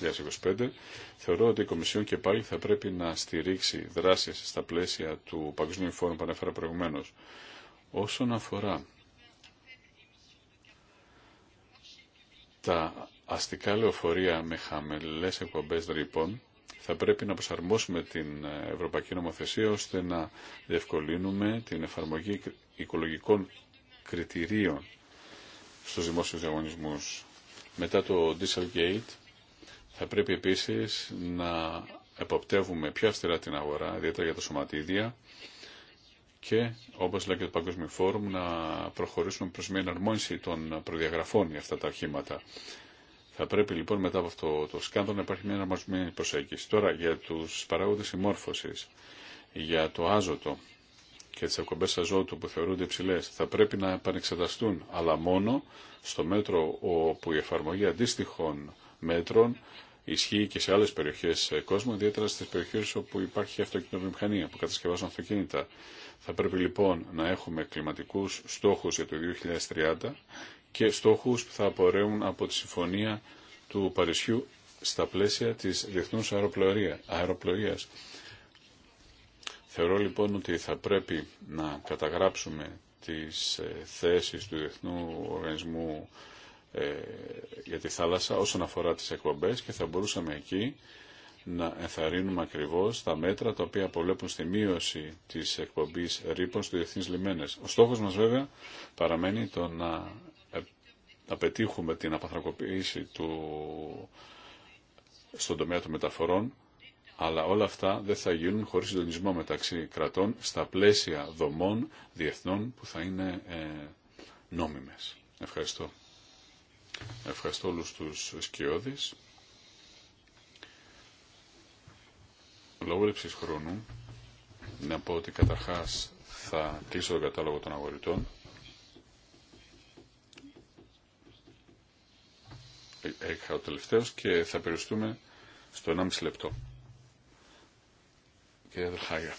2025, θεωρώ ότι η Κομισιόν και πάλι θα πρέπει να στηρίξει δράσεις στα πλαίσια του Παγκοσμίου Φόρου που ανέφερα προηγουμένω. Όσον αφορά τα αστικά λεωφορεία με χαμηλές εκπομπές δρύπων θα πρέπει να προσαρμόσουμε την ε, Ευρωπαϊκή Νομοθεσία ώστε να διευκολύνουμε την εφαρμογή οικολογικών κριτηρίων στους δημόσιους διαγωνισμούς. Μετά το Dieselgate θα πρέπει επίσης να εποπτεύουμε πιο αυστηρά την αγορά, ιδιαίτερα για τα σωματίδια και όπως λέει και το Παγκόσμιο Φόρουμ να προχωρήσουμε προς μια εναρμόνιση των προδιαγραφών για αυτά τα αρχήματα... Θα πρέπει λοιπόν μετά από αυτό το σκάνδαλο να υπάρχει μια αναμασμένη προσέγγιση. Τώρα για του παράγοντε συμμόρφωση, για το άζωτο και τι εκπομπέ αζώτου που θεωρούνται υψηλέ θα πρέπει να επανεξεταστούν, αλλά μόνο στο μέτρο όπου η εφαρμογή αντίστοιχων μέτρων ισχύει και σε άλλες περιοχές κόσμου, ιδιαίτερα στι περιοχέ όπου υπάρχει αυτοκινητοβιομηχανία που κατασκευάζουν αυτοκίνητα. Θα πρέπει λοιπόν να έχουμε κλιματικούς στόχους για το 2030 και στόχους που θα απορρέουν από τη Συμφωνία του Παρισιού στα πλαίσια της διεθνούς αεροπλοείας. Θεωρώ λοιπόν ότι θα πρέπει να καταγράψουμε τις ε, θέσεις του Διεθνού Οργανισμού ε, για τη θάλασσα όσον αφορά τις εκπομπές και θα μπορούσαμε εκεί να ενθαρρύνουμε ακριβώς τα μέτρα τα οποία απολέπουν στη μείωση της εκπομπής ρήπων στους διεθνείς λιμένες. Ο στόχος μας βέβαια παραμένει το να να πετύχουμε την απαθρακοποίηση του... στον τομέα των μεταφορών, αλλά όλα αυτά δεν θα γίνουν χωρίς συντονισμό μεταξύ κρατών στα πλαίσια δομών διεθνών που θα είναι ε, νόμιμες. Ευχαριστώ. Ευχαριστώ όλους τους σκιώδεις. Λόγω λήψης χρόνου, να πω ότι καταρχάς θα κλείσω τον κατάλογο των αγορητών. ο τελευταίος και θα περιοριστούμε στο 1,5 λεπτό. Κύριε Δελχάγια.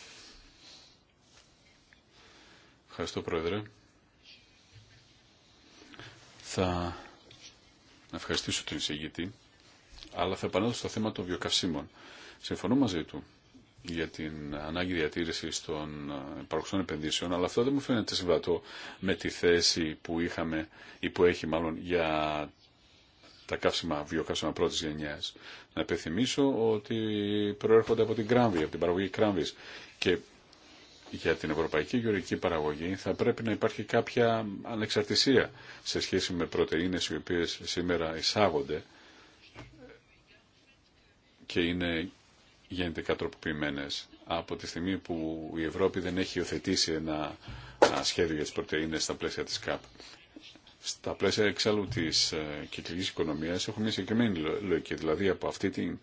Ευχαριστώ Πρόεδρε. Θα ευχαριστήσω τον εισηγητή, αλλά θα επανέλθω στο θέμα των βιοκαυσίμων. Συμφωνώ μαζί του για την ανάγκη διατήρηση των παροξών επενδύσεων, αλλά αυτό δεν μου φαίνεται συμβατό με τη θέση που είχαμε ή που έχει μάλλον για τα καύσιμα, βιοκαύσιμα πρώτη γενιάς. Να υπενθυμίσω ότι προέρχονται από την κράμβη, από την παραγωγή κράμβης και για την ευρωπαϊκή γεωργική παραγωγή θα πρέπει να υπάρχει κάποια ανεξαρτησία σε σχέση με πρωτενε, οι οποίες σήμερα εισάγονται και είναι γενικά τροποποιημένε. Από τη στιγμή που η Ευρώπη δεν έχει υιοθετήσει ένα σχέδιο για τι πρωτενε στα πλαίσια τη ΚΑΠ στα πλαίσια εξάλλου της ε, κυκλικής οικονομίας έχουμε μια συγκεκριμένη λογική. Δηλαδή από αυτή την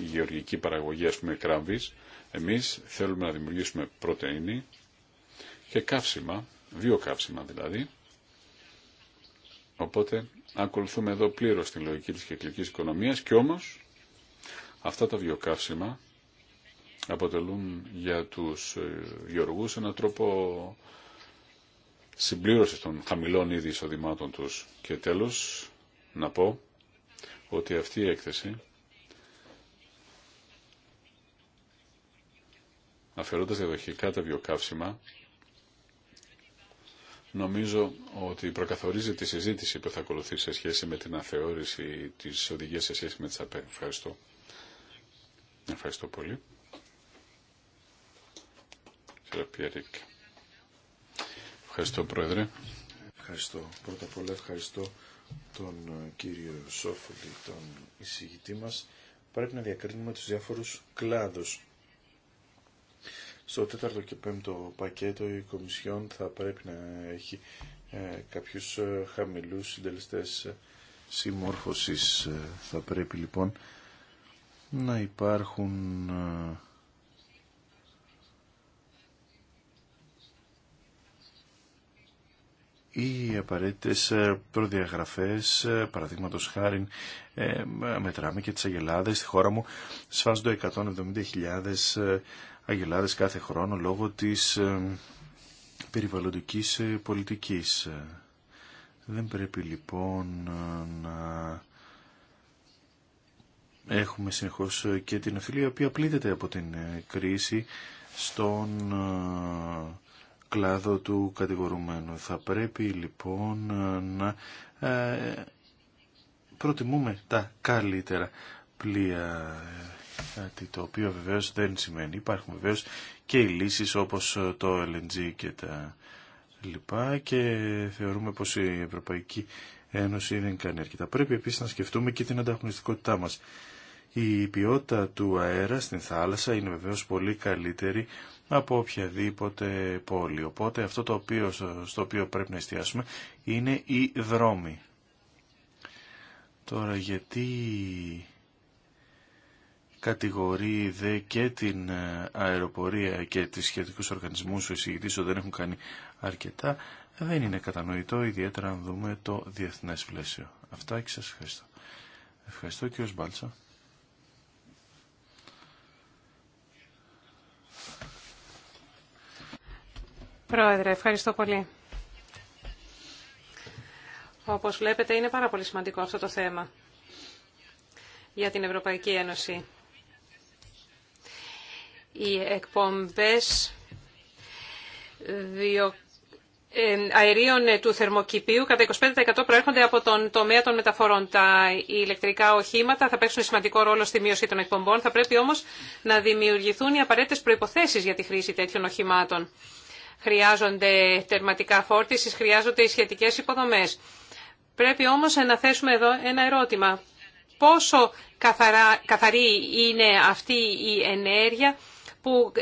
γεωργική παραγωγή α πούμε κράμβης εμείς θέλουμε να δημιουργήσουμε πρωτεΐνη και καύσιμα, δύο δηλαδή. Οπότε ακολουθούμε εδώ πλήρως την λογική της κυκλικής οικονομίας και όμως αυτά τα βιοκαύσιμα αποτελούν για τους ε, γεωργούς έναν τρόπο συμπλήρωση των χαμηλών είδη εισοδημάτων τους. Και τέλος, να πω ότι αυτή η έκθεση αφαιρώντας διαδοχικά τα βιοκαύσιμα νομίζω ότι προκαθορίζει τη συζήτηση που θα ακολουθήσει σε σχέση με την αθεώρηση της οδηγίας σε σχέση με τις ΑΠΕ. Ευχαριστώ. Ευχαριστώ πολύ. Ευχαριστώ, Πρόεδρε. Ευχαριστώ. Πρώτα απ' όλα ευχαριστώ τον ε, κύριο Σόφολη, τον εισηγητή μας. Πρέπει να διακρίνουμε τους διάφορους κλάδους. Στο τέταρτο και πέμπτο πακέτο η Κομισιόν θα πρέπει να έχει ε, κάποιους ε, χαμηλούς συντελεστές ε, συμμόρφωσης. Ε. θα πρέπει λοιπόν να υπάρχουν οι απαραίτητες ε, προδιαγραφές, ε, παραδείγματος χάρη ε, μετράμε και τις αγελάδες στη χώρα μου, σφάζονται 170.000 αγελάδες κάθε χρόνο λόγω της περιβαλλοντικής πολιτικής. Δεν πρέπει λοιπόν να έχουμε συνεχώς και την αφιλία η οποία πλήττεται από την κρίση στον κλάδο του κατηγορουμένου. Θα πρέπει λοιπόν να ε, προτιμούμε τα καλύτερα πλοία, κάτι το οποίο βεβαίως δεν σημαίνει. Υπάρχουν βεβαίως και οι λύσεις όπως το LNG και τα λοιπά και θεωρούμε πως η Ευρωπαϊκή Ένωση δεν κάνει αρκετά. Πρέπει επίσης να σκεφτούμε και την ανταγωνιστικότητά μας. Η ποιότητα του αέρα στην θάλασσα είναι βεβαίως πολύ καλύτερη από οποιαδήποτε πόλη. Οπότε αυτό το οποίο, στο οποίο πρέπει να εστιάσουμε είναι οι δρόμοι. Τώρα γιατί κατηγορεί δε και την αεροπορία και τις σχετικούς οργανισμούς ο εισηγητής ότι δεν έχουν κάνει αρκετά δεν είναι κατανοητό ιδιαίτερα αν δούμε το διεθνές πλαίσιο. Αυτά και σας ευχαριστώ. Ευχαριστώ κύριο Μπάλτσα. Πρόεδρε, ευχαριστώ πολύ. Όπως βλέπετε είναι πάρα πολύ σημαντικό αυτό το θέμα για την Ευρωπαϊκή Ένωση. Οι εκπομπές διο... Ε, αερίων ε, του θερμοκηπίου κατά 25% προέρχονται από τον τομέα των μεταφορών. Τα ηλεκτρικά οχήματα θα παίξουν σημαντικό ρόλο στη μείωση των εκπομπών. Θα πρέπει όμως να δημιουργηθούν οι απαραίτητες προϋποθέσεις για τη χρήση τέτοιων οχημάτων χρειάζονται τερματικά φόρτισης, χρειάζονται οι σχετικέ υποδομές. Πρέπει όμως να θέσουμε εδώ ένα ερώτημα. Πόσο καθαρή είναι αυτή η ενέργεια που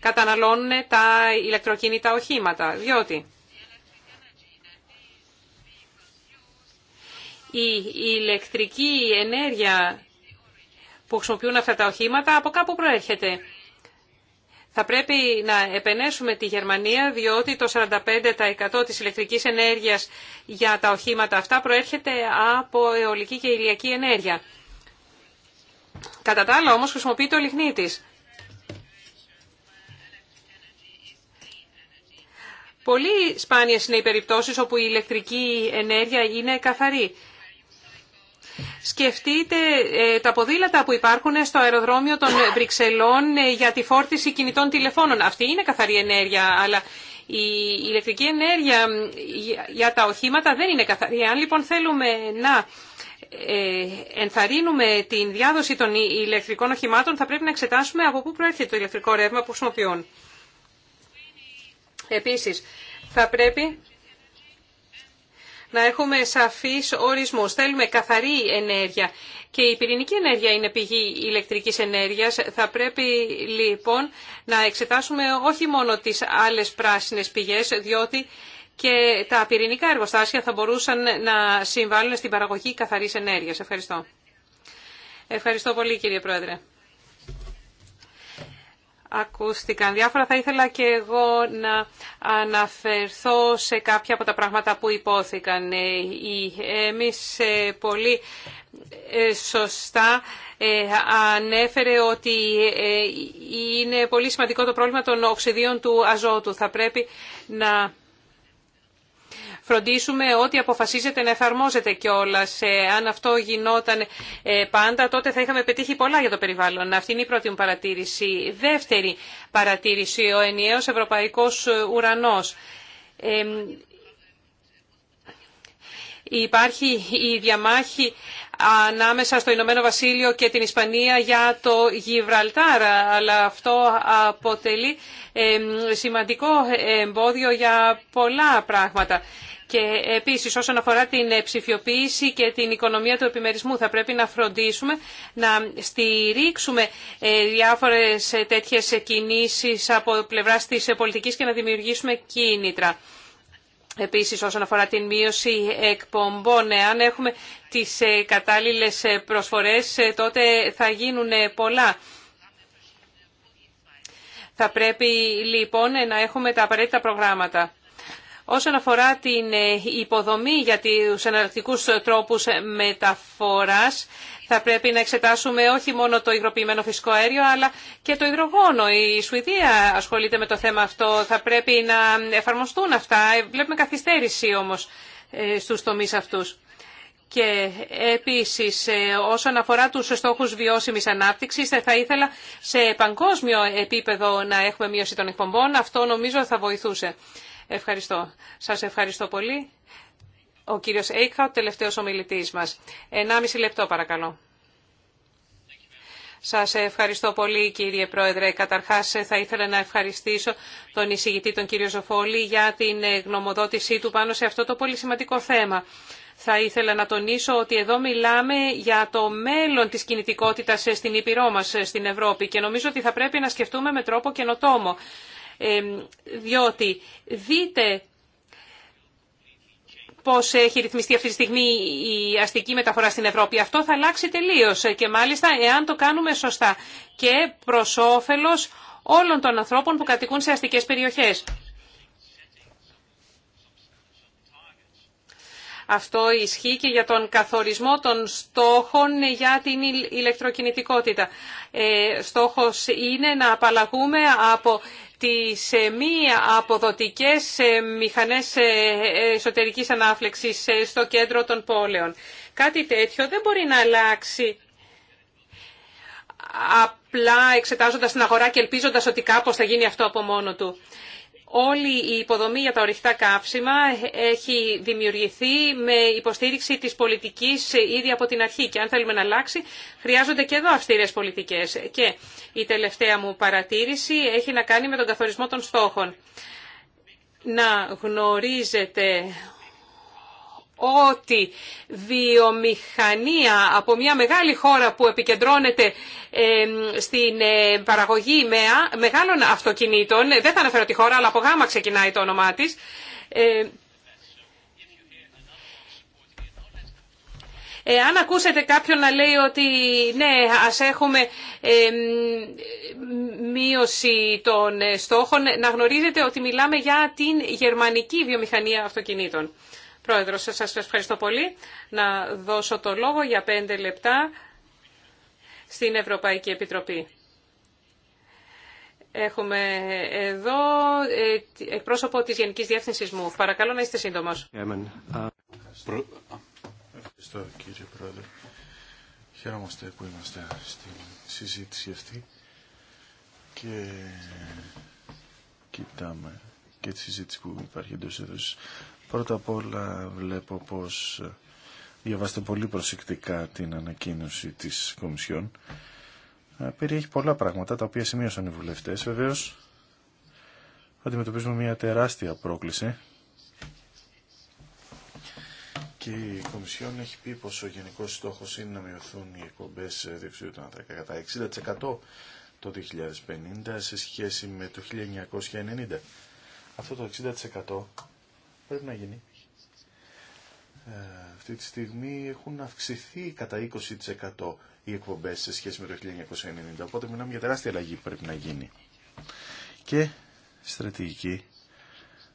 καταναλώνουν τα ηλεκτροκίνητα οχήματα, διότι η ηλεκτρική ενέργεια που χρησιμοποιούν αυτά τα οχήματα από κάπου προέρχεται. Θα πρέπει να επενέσουμε τη Γερμανία διότι το 45% της ηλεκτρικής ενέργειας για τα οχήματα αυτά προέρχεται από αιωλική και ηλιακή ενέργεια. Κατά τα άλλα όμως χρησιμοποιείται ο λιχνίτης. Πολύ σπάνιες είναι οι περιπτώσεις όπου η ηλεκτρική ενέργεια είναι καθαρή. Σκεφτείτε ε, τα ποδήλατα που υπάρχουν στο αεροδρόμιο των Βρυξελών ε, για τη φόρτιση κινητών τηλεφώνων. Αυτή είναι καθαρή ενέργεια, αλλά η ηλεκτρική ενέργεια για τα οχήματα δεν είναι καθαρή. Αν λοιπόν θέλουμε να ε, ενθαρρύνουμε την διάδοση των ηλεκτρικών οχημάτων, θα πρέπει να εξετάσουμε από πού προέρχεται το ηλεκτρικό ρεύμα που χρησιμοποιούν. Επίσης, θα πρέπει να έχουμε σαφείς ορισμούς. Θέλουμε καθαρή ενέργεια και η πυρηνική ενέργεια είναι πηγή ηλεκτρικής ενέργειας. Θα πρέπει λοιπόν να εξετάσουμε όχι μόνο τις άλλες πράσινες πηγές, διότι και τα πυρηνικά εργοστάσια θα μπορούσαν να συμβάλλουν στην παραγωγή καθαρής ενέργειας. Ευχαριστώ. Ευχαριστώ πολύ κύριε Πρόεδρε ακούστηκαν διάφορα. Θα ήθελα και εγώ να αναφερθώ σε κάποια από τα πράγματα που υπόθηκαν. Η ε, ε, πολύ ε, σωστά ανέφερε ότι είναι πολύ σημαντικό το πρόβλημα των οξυδίων του αζότου. Θα πρέπει να φροντίσουμε ότι αποφασίζεται να εφαρμόζεται κιόλα. Ε, αν αυτό γινόταν ε, πάντα, τότε θα είχαμε πετύχει πολλά για το περιβάλλον. Αυτή είναι η πρώτη μου παρατήρηση. Δεύτερη παρατήρηση, ο ενιαίος ευρωπαϊκός ουρανός. Ε, υπάρχει η διαμάχη ανάμεσα στο Ηνωμένο Βασίλειο και την Ισπανία για το Γιβραλτάρα, αλλά αυτό αποτελεί σημαντικό εμπόδιο για πολλά πράγματα. Και επίσης όσον αφορά την ψηφιοποίηση και την οικονομία του επιμερισμού θα πρέπει να φροντίσουμε να στηρίξουμε ε, διάφορες τέτοιες κινήσεις από πλευράς της πολιτικής και να δημιουργήσουμε κίνητρα. Επίσης όσον αφορά την μείωση εκπομπών, αν έχουμε τις ε, κατάλληλες ε, προσφορές ε, τότε θα γίνουν πολλά. Θα πρέπει λοιπόν να έχουμε τα απαραίτητα προγράμματα. Όσον αφορά την υποδομή για τους εναλλακτικούς τρόπους μεταφοράς, θα πρέπει να εξετάσουμε όχι μόνο το υγροποιημένο φυσικό αέριο, αλλά και το υδρογόνο. Η Σουηδία ασχολείται με το θέμα αυτό. Θα πρέπει να εφαρμοστούν αυτά. Ε, βλέπουμε καθυστέρηση όμως ε, στους τομείς αυτούς. Και επίσης, ε, όσον αφορά τους στόχους βιώσιμης ανάπτυξης, θα ήθελα σε παγκόσμιο επίπεδο να έχουμε μείωση των εκπομπών. Αυτό νομίζω θα βοηθούσε. Ευχαριστώ. Σας ευχαριστώ πολύ. Ο κύριος ο τελευταίος ομιλητής μας. 1,5 λεπτό παρακαλώ. Σας ευχαριστώ πολύ κύριε Πρόεδρε. Καταρχάς θα ήθελα να ευχαριστήσω τον εισηγητή τον κύριο Ζοφόλη, για την γνωμοδότησή του πάνω σε αυτό το πολύ σημαντικό θέμα. Θα ήθελα να τονίσω ότι εδώ μιλάμε για το μέλλον της κινητικότητας στην Ήπειρό μας, στην Ευρώπη και νομίζω ότι θα πρέπει να σκεφτούμε με τρόπο καινοτόμο. Ε, διότι δείτε πώς έχει ρυθμιστεί αυτή τη στιγμή η αστική μεταφορά στην Ευρώπη. Αυτό θα αλλάξει τελείως και μάλιστα εάν το κάνουμε σωστά και προ όφελο όλων των ανθρώπων που κατοικούν σε αστικές περιοχές. Αυτό ισχύει και για τον καθορισμό των στόχων για την ηλεκτροκινητικότητα. Ε, στόχος είναι να απαλλαγούμε από τις ε, μη αποδοτικές ε, μηχανές εσωτερικής ανάφλεξης στο κέντρο των πόλεων. Κάτι τέτοιο δεν μπορεί να αλλάξει απλά εξετάζοντας την αγορά και ελπίζοντας ότι κάπως θα γίνει αυτό από μόνο του. Όλη η υποδομή για τα ορυχτά καύσιμα έχει δημιουργηθεί με υποστήριξη της πολιτικής ήδη από την αρχή και αν θέλουμε να αλλάξει χρειάζονται και εδώ αυστηρές πολιτικές. Και η τελευταία μου παρατήρηση έχει να κάνει με τον καθορισμό των στόχων. Να γνωρίζετε ότι βιομηχανία από μια μεγάλη χώρα που επικεντρώνεται στην ε, παραγωγή μεγάλων αυτοκινήτων, δεν θα αναφέρω τη χώρα, αλλά από γάμα ξεκινάει το όνομά της, Αν ακούσετε κάποιον να λέει ότι ναι, ας έχουμε ε, μείωση των στόχων, να γνωρίζετε ότι μιλάμε για την γερμανική βιομηχανία αυτοκινήτων. Πρόεδρο, σας ευχαριστώ πολύ. Να δώσω το λόγο για πέντε λεπτά στην Ευρωπαϊκή Επιτροπή. Έχουμε εδώ ε, εκπρόσωπο της Γενικής Διεύθυνσης μου. Παρακαλώ να είστε σύντομος. Uh, ευχαριστώ κύριε Πρόεδρε. Χαίρομαστε που είμαστε στην συζήτηση αυτή και κοιτάμε και τη συζήτηση που υπάρχει εντό έδωσης. Πρώτα απ' όλα βλέπω πως διαβάστε πολύ προσεκτικά την ανακοίνωση της Κομισιόν. Ε, περιέχει πολλά πράγματα τα οποία σημείωσαν οι βουλευτές. Βεβαίως αντιμετωπίζουμε μια τεράστια πρόκληση και η Κομισιόν έχει πει πως ο γενικός στόχος είναι να μειωθούν οι εκπομπές διοξιδίου του κατά 60% το 2050 σε σχέση με το 1990. Αυτό το 60% πρέπει να γίνει. Ε, αυτή τη στιγμή έχουν αυξηθεί κατά 20% οι εκπομπές σε σχέση με το 1990. Οπότε μιλάμε για τεράστια αλλαγή που πρέπει να γίνει. Και στρατηγική,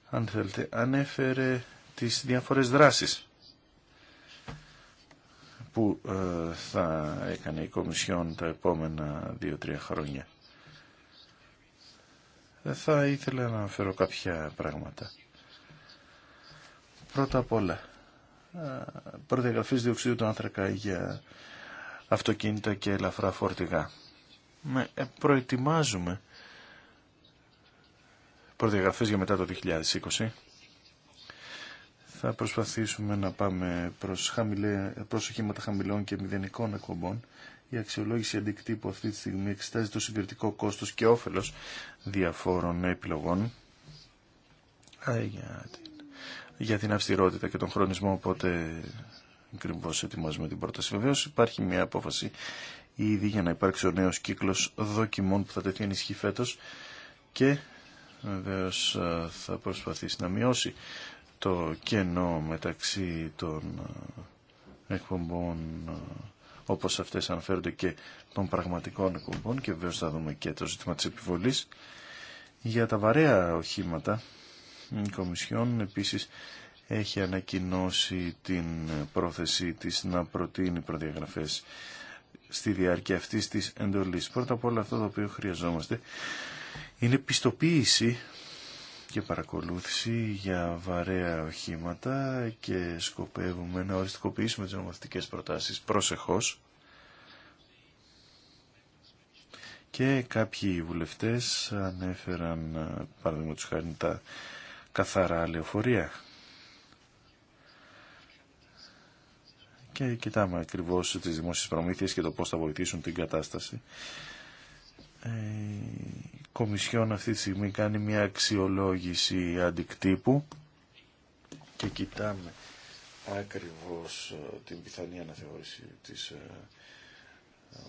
αν θέλετε, ανέφερε τις διάφορες δράσεις που ε, θα έκανε η Κομισιόν τα επόμενα 2-3 χρόνια. Ε, θα ήθελα να αναφέρω κάποια πράγματα. Πρώτα απ' όλα, ε, προδιαγραφής διοξιδίου του άνθρακα για αυτοκίνητα και ελαφρά φορτηγά. Με, ε, προετοιμάζουμε προδιαγραφές για μετά το 2020. Θα προσπαθήσουμε να πάμε προς, χαμηλέ, προς οχήματα χαμηλών και μηδενικών εκπομπών. Η αξιολόγηση αντικτύπου αυτή τη στιγμή εξετάζει το συγκριτικό κόστος και όφελος διαφόρων επιλογών για την αυστηρότητα και τον χρονισμό, οπότε ακριβώ ετοιμάζουμε την πρόταση. Βεβαίω υπάρχει μια απόφαση ήδη για να υπάρξει ο νέος κύκλος δοκιμών που θα τεθεί ενισχύ φέτος και βεβαίω θα προσπαθήσει να μειώσει το κενό μεταξύ των εκπομπών όπως αυτές αναφέρονται και των πραγματικών εκπομπών και βεβαίω θα δούμε και το ζήτημα της επιβολής. Για τα βαρέα οχήματα η Κομισιόν επίσης έχει ανακοινώσει την πρόθεσή της να προτείνει προδιαγραφές στη διάρκεια αυτής της εντολής. Πρώτα απ' όλα αυτό το οποίο χρειαζόμαστε είναι πιστοποίηση και παρακολούθηση για βαρέα οχήματα και σκοπεύουμε να οριστικοποιήσουμε τις νομοθετικές προτάσεις προσεχώς και κάποιοι βουλευτές ανέφεραν παραδείγματος χάρη τα καθαρά λεωφορεία. Και κοιτάμε ακριβώς τις δημόσιες προμήθειες και το πώς θα βοηθήσουν την κατάσταση. Ε, η Κομισιόν αυτή τη στιγμή κάνει μια αξιολόγηση αντικτύπου και κοιτάμε ακριβώς ε, την πιθανή αναθεώρηση της ε,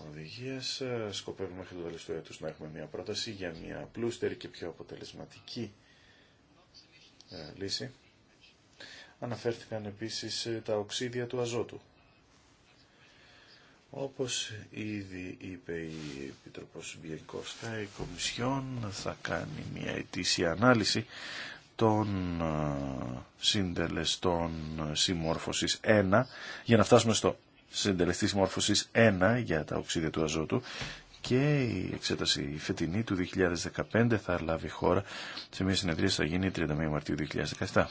οδηγίας. Σκοπεύουμε μέχρι το τέλος του έτους να έχουμε μια πρόταση για μια πλούστερη και πιο αποτελεσματική ε, λύση. Αναφέρθηκαν επίσης ε, τα οξύδια του αζότου. Όπως ήδη είπε η Επιτροπός Μπιενκόφσκα, η Κομισιόν θα κάνει μια ετήσια ανάλυση των ε, συντελεστών συμμόρφωσης 1 για να φτάσουμε στο συντελεστή συμμόρφωσης 1 για τα οξύδια του αζότου και η εξέταση η φετινή του 2015 θα λάβει χώρα σε μια συνεδρία που θα γίνει 31 Μαρτίου 2017.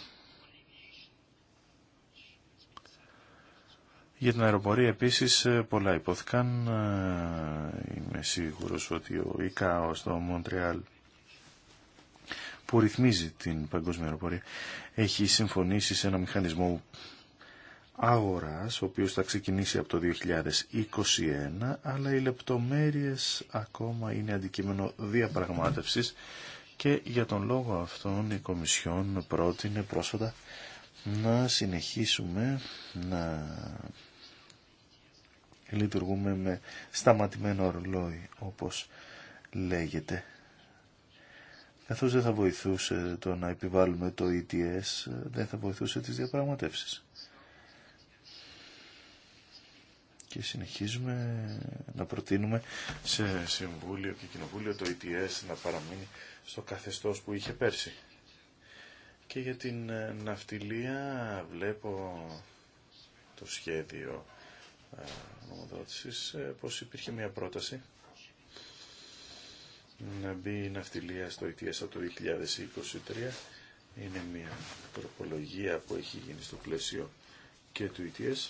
Για την αεροπορία επίσης ε, πολλά υπόθηκαν. Ε, είμαι σίγουρος ότι ο ΙΚΑΟ στο Μοντρεάλ που ρυθμίζει την παγκόσμια αεροπορία έχει συμφωνήσει σε ένα μηχανισμό αγοράς, ο οποίος θα ξεκινήσει από το 2021, αλλά οι λεπτομέρειες ακόμα είναι αντικείμενο διαπραγμάτευσης και για τον λόγο αυτόν η Κομισιόν πρότεινε πρόσφατα να συνεχίσουμε να λειτουργούμε με σταματημένο ρολόι, όπως λέγεται καθώς δεν θα βοηθούσε το να επιβάλλουμε το ETS δεν θα βοηθούσε τις διαπραγματεύσεις και συνεχίζουμε να προτείνουμε σε Συμβούλιο και Κοινοβούλιο το ETS να παραμείνει στο καθεστώς που είχε πέρσι. Και για την ε, ναυτιλία βλέπω το σχέδιο ε, νομοδότησης ε, πως υπήρχε μια πρόταση να μπει η ναυτιλία στο ETS από το 2023. Είναι μια τροπολογία που έχει γίνει στο πλαίσιο και του ETS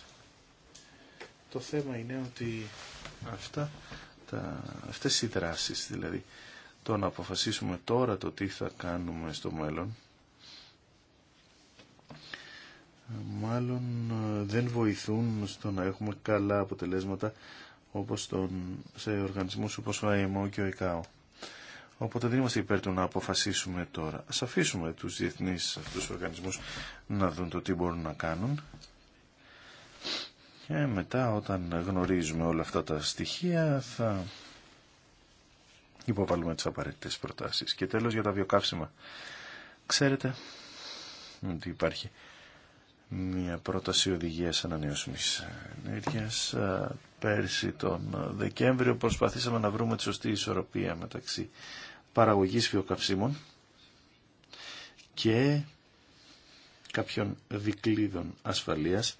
το θέμα είναι ότι αυτά, τα, αυτές οι δράσεις, δηλαδή το να αποφασίσουμε τώρα το τι θα κάνουμε στο μέλλον, μάλλον ε, δεν βοηθούν στο να έχουμε καλά αποτελέσματα όπως τον, σε οργανισμούς όπως ο ΑΕΜΟ και ο ΕΚΑΟ. Οπότε δεν είμαστε υπέρ του να αποφασίσουμε τώρα. Ας αφήσουμε τους διεθνείς αυτούς τους οργανισμούς να δουν το τι μπορούν να κάνουν και μετά όταν γνωρίζουμε όλα αυτά τα στοιχεία θα υποβάλουμε τις απαραίτητες προτάσεις. Και τέλος για τα βιοκαύσιμα. Ξέρετε ότι υπάρχει μια πρόταση οδηγίας ανανεώσιμης ενέργειας. Πέρσι τον Δεκέμβριο προσπαθήσαμε να βρούμε τη σωστή ισορροπία μεταξύ παραγωγής βιοκαυσίμων και κάποιων δικλείδων ασφαλείας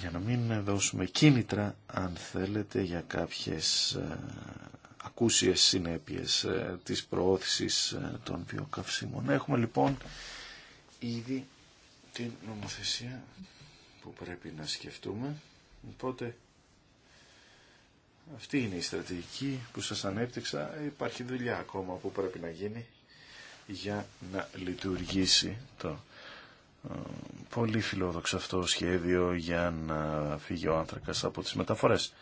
για να μην δώσουμε κίνητρα, αν θέλετε, για κάποιες ε, ακούσιες συνέπειες ε, της προώθησης ε, των βιοκαυσίμων. Έχουμε λοιπόν ήδη την νομοθεσία που πρέπει να σκεφτούμε. Οπότε αυτή είναι η στρατηγική που σας ανέπτυξα. Υπάρχει δουλειά ακόμα που πρέπει να γίνει για να λειτουργήσει το ε, πολύ φιλόδοξο αυτό σχέδιο για να φύγει ο άνθρακας από τις μεταφορές.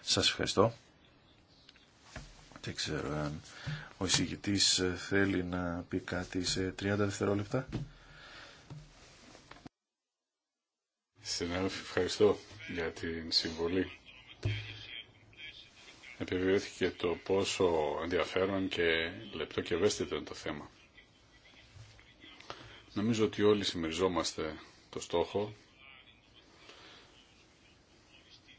Σας ευχαριστώ. Δεν ξέρω αν ο εισηγητής ε, θέλει να πει κάτι σε 30 δευτερόλεπτα. Συνάδελφοι, ευχαριστώ για την συμβολή. Επιβεβαιώθηκε το πόσο ενδιαφέρον και λεπτό και ευαίσθητο είναι το θέμα. Νομίζω ότι όλοι συμμεριζόμαστε το στόχο.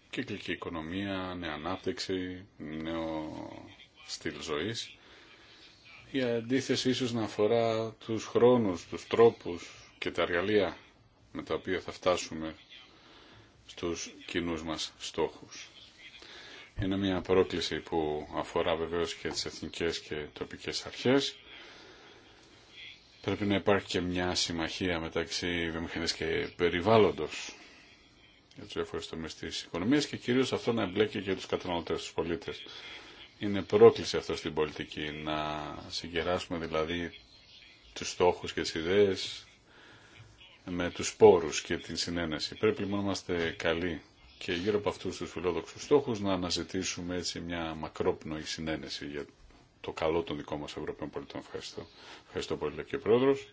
Κυκλική οικονομία, νέα ανάπτυξη, νέο στυλ ζωής. Η αντίθεση ίσως να αφορά τους χρόνους, τους τρόπους και τα εργαλεία με τα οποία θα φτάσουμε στους κοινούς μας στόχους. Είναι μια πρόκληση που αφορά βεβαίως και τις εθνικές και τοπικές αρχές Πρέπει να υπάρχει και μια συμμαχία μεταξύ βιομηχανίας και περιβάλλοντος για τους διαφορετικούς τομείς της οικονομίας και κυρίως αυτό να εμπλέκει και τους καταναλωτές, τους πολίτες. Είναι πρόκληση αυτό στην πολιτική, να συγκεράσουμε δηλαδή τους στόχους και τις ιδέες με τους πόρους και την συνένεση. Πρέπει λοιπόν να είμαστε καλοί και γύρω από αυτούς τους φιλόδοξους στόχους να αναζητήσουμε έτσι μια μακρόπνοη συνένεση για το καλό των δικών μας Ευρωπαίων πολιτών. Ευχαριστώ. Ευχαριστώ πολύ, και Πρόεδρος.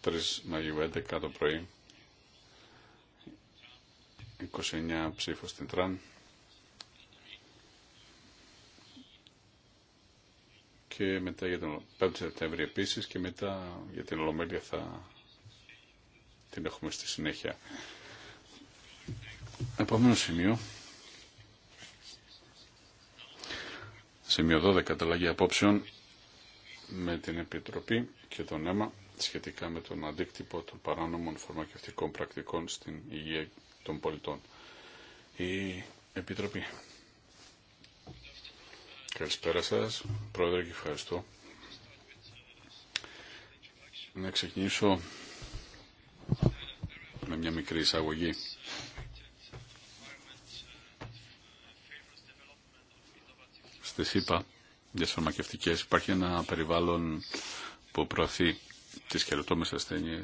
Τρεις Μαγιού 11 το πρωί, 29 ψήφος στην Τραν και μετά για τον 5 Σεπτέμβρη επίσης και μετά για την Ολομέλεια θα την έχουμε στη συνέχεια. Επόμενο σημείο. σημείο 12 ανταλλαγή απόψεων με την Επιτροπή και τον ΕΜΑ σχετικά με τον αντίκτυπο των παράνομων φαρμακευτικών πρακτικών στην υγεία των πολιτών. Η Επιτροπή. Καλησπέρα σας, Πρόεδρε, και ευχαριστώ. Να ξεκινήσω με μια μικρή εισαγωγή Τις είπα για τις φαρμακευτικές υπάρχει ένα περιβάλλον που προωθεί τις καινοτόμες ασθενείε,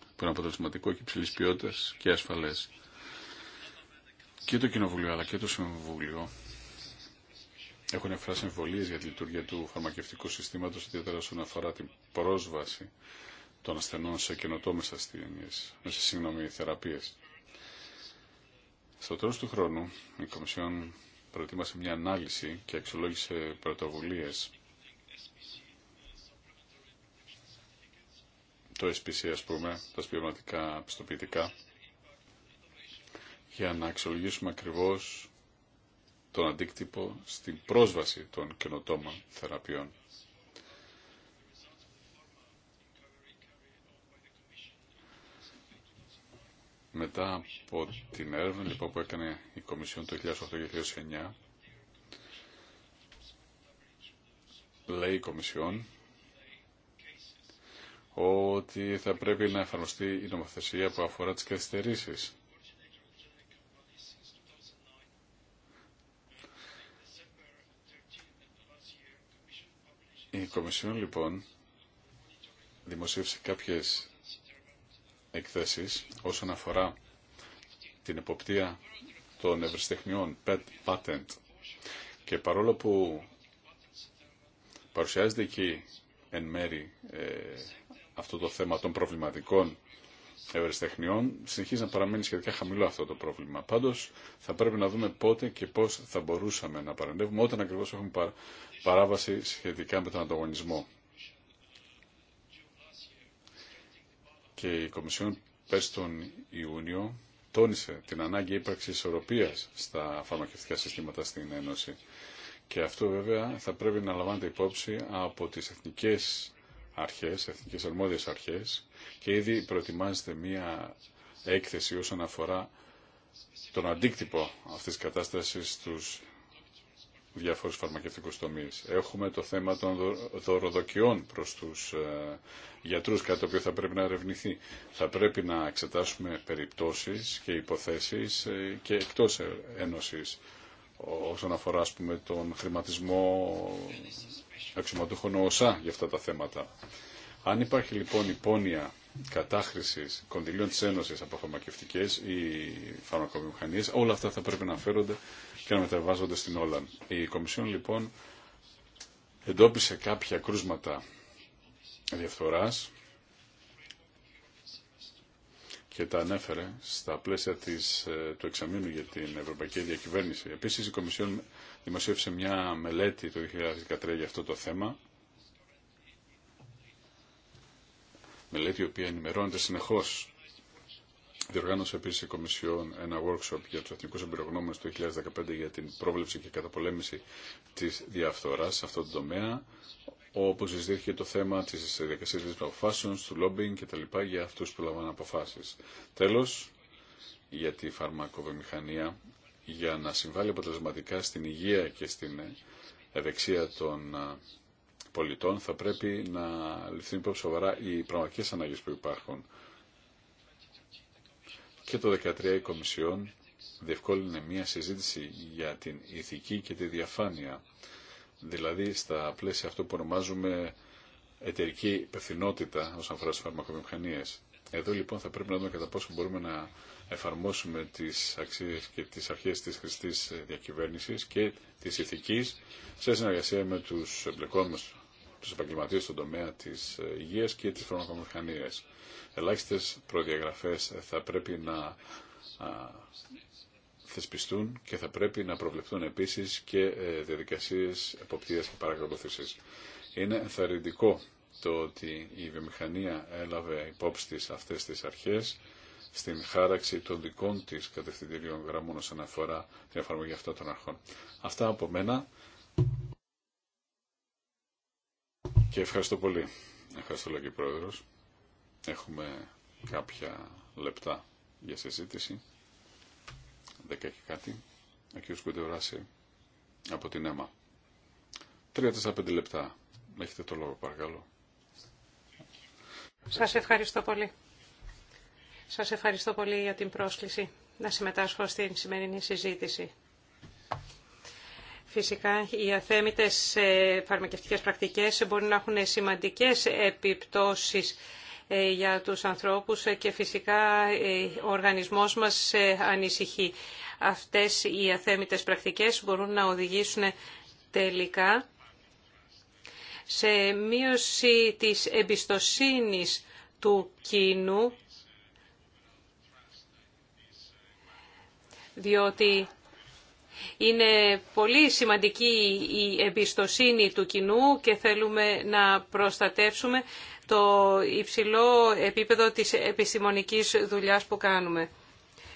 που είναι αποτελεσματικό και υψηλή ποιότητα και ασφαλές. Και το Κοινοβουλίο αλλά και το Συμβουλίο έχουν εκφράσει εμβολίε για τη λειτουργία του φαρμακευτικού συστήματος, ιδιαίτερα όσον αφορά την πρόσβαση των ασθενών σε καινοτόμες ασθένειες, σε συγγνώμη θεραπείες. Στο τέλος του χρόνου, η Κομισιόν προετοίμασε μια ανάλυση και αξιολόγησε πρωτοβουλίες. Το SPC, ας πούμε, τα σπιωματικά πιστοποιητικά, για να αξιολογήσουμε ακριβώς τον αντίκτυπο στην πρόσβαση των καινοτόμων θεραπείων. Μετά από την έρευνα λοιπόν, που έκανε η Κομισιόν το 2008-2009, λέει η Κομισιόν ότι θα πρέπει να εφαρμοστεί η νομοθεσία που αφορά τις καθυστερήσεις. Η Κομισιόν λοιπόν δημοσίευσε κάποιες εκθέσεις όσον αφορά την εποπτεία των ευρεσιτεχνιών patent και παρόλο που παρουσιάζεται εκεί εν μέρη ε, αυτό το θέμα των προβληματικών ευρεσιτεχνιών, συνεχίζει να παραμένει σχετικά χαμηλό αυτό το πρόβλημα. Πάντως θα πρέπει να δούμε πότε και πώς θα μπορούσαμε να παρανεύουμε όταν ακριβώς έχουμε παράβαση σχετικά με τον ανταγωνισμό. και η Κομισιόν πέρσι τον Ιούνιο τόνισε την ανάγκη ύπαρξη ισορροπίας στα φαρμακευτικά συστήματα στην Ένωση. Και αυτό βέβαια θα πρέπει να λαμβάνεται υπόψη από τις εθνικές αρχές, εθνικές αρμόδιες αρχές και ήδη προετοιμάζεται μία έκθεση όσον αφορά τον αντίκτυπο αυτής της κατάστασης στους διάφορους φαρμακευτικούς τομείς. Έχουμε το θέμα των δωροδοκιών προς τους ε, γιατρούς, κάτι το οποίο θα πρέπει να ερευνηθεί. Θα πρέπει να εξετάσουμε περιπτώσεις και υποθέσεις ε, και εκτός ε, ένωσης όσον αφορά ας πούμε, τον χρηματισμό αξιωματούχων ΟΣΑ για αυτά τα θέματα. Αν υπάρχει λοιπόν υπόνοια κατάχρηση κονδυλίων της ένωσης από φαρμακευτικές ή φαρμακοβιομηχανίες όλα αυτά θα πρέπει να φέρονται και να μεταβάζονται στην Όλαν. Η Κομισιόν λοιπόν εντόπισε κάποια κρούσματα διαφθοράς και τα ανέφερε στα πλαίσια της, ε, του εξαμήνου για την Ευρωπαϊκή Διακυβέρνηση. Επίσης η Κομισιόν δημοσίευσε μια μελέτη το 2013 για αυτό το θέμα, μελέτη η οποία ενημερώνεται συνεχώς διοργάνωσε επίση η Κομισιόν ένα workshop για του εθνικού εμπειρογνώμονε το 2015 για την πρόβλεψη και καταπολέμηση τη διαφθορά σε αυτόν τον τομέα, όπου συζητήθηκε το θέμα τη διαδικασία τη αποφάσεων, του λόμπινγκ κτλ. για αυτού που λαμβάνουν αποφάσει. Τέλο, για τη φαρμακοβιομηχανία, για να συμβάλλει αποτελεσματικά στην υγεία και στην ευεξία των πολιτών, θα πρέπει να ληφθούν υπόψη σοβαρά οι πραγματικέ ανάγκε που υπάρχουν και το 13 η Κομισιόν διευκόλυνε μία συζήτηση για την ηθική και τη διαφάνεια. Δηλαδή στα πλαίσια αυτό που ονομάζουμε εταιρική υπευθυνότητα όσον αφορά τις φαρμακοβιομηχανίες. Εδώ λοιπόν θα πρέπει να δούμε κατά πόσο μπορούμε να εφαρμόσουμε τις αξίες και τις αρχές της χρηστής διακυβέρνησης και της ηθικής σε συνεργασία με τους εμπλεκόμενους του επαγγελματίε στον τομέα της ε, υγεία και της φαρμακομηχανία. Ελάχιστες προδιαγραφές ε, θα πρέπει να θεσπιστούν και θα πρέπει να προβλεφθούν επίση και ε, διαδικασίε εποπτεία και παρακολούθησης. Είναι ενθαρρυντικό το ότι η βιομηχανία έλαβε υπόψη της αυτές τις αρχές στην χάραξη των δικών της κατευθυντηριών γραμμών όσον αφορά την εφαρμογή αυτών των αρχών. Αυτά από μένα. Και ευχαριστώ πολύ. Ευχαριστώ λέει και πρόεδρος. Έχουμε κάποια λεπτά για συζήτηση. Δέκα και κάτι. Ο κ. από την ΕΜΑ. Τρία, τέσσερα, πέντε λεπτά. Έχετε το λόγο παρακαλώ. Σας ευχαριστώ πολύ. Σας ευχαριστώ πολύ για την πρόσκληση να συμμετάσχω στην σημερινή συζήτηση. Φυσικά, οι αθέμητες ε, φαρμακευτικές πρακτικές μπορεί να έχουν σημαντικές επιπτώσεις ε, για τους ανθρώπους και φυσικά ε, ο οργανισμός μας ανησυχεί. Αυτές οι αθέμητες πρακτικές μπορούν να οδηγήσουν τελικά σε μείωση της εμπιστοσύνης του κοινού, διότι είναι πολύ σημαντική η εμπιστοσύνη του κοινού και θέλουμε να προστατεύσουμε το υψηλό επίπεδο της επιστημονικής δουλειάς που κάνουμε.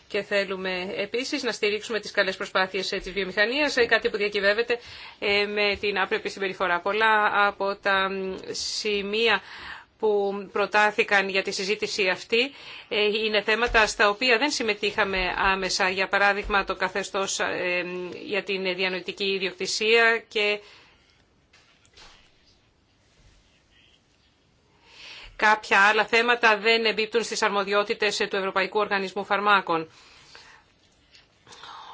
Και θέλουμε επίσης να στηρίξουμε τις καλές προσπάθειες ε, της βιομηχανίας, ε, κάτι που διακυβεύεται ε, με την άπρεπη συμπεριφορά. Πολλά από τα σημεία που προτάθηκαν για τη συζήτηση αυτή ε, είναι θέματα στα οποία δεν συμμετείχαμε άμεσα. Για παράδειγμα, το καθεστώς ε, για την διανοητική ιδιοκτησία και κάποια άλλα θέματα δεν εμπίπτουν στις αρμοδιότητες του Ευρωπαϊκού Οργανισμού Φαρμάκων.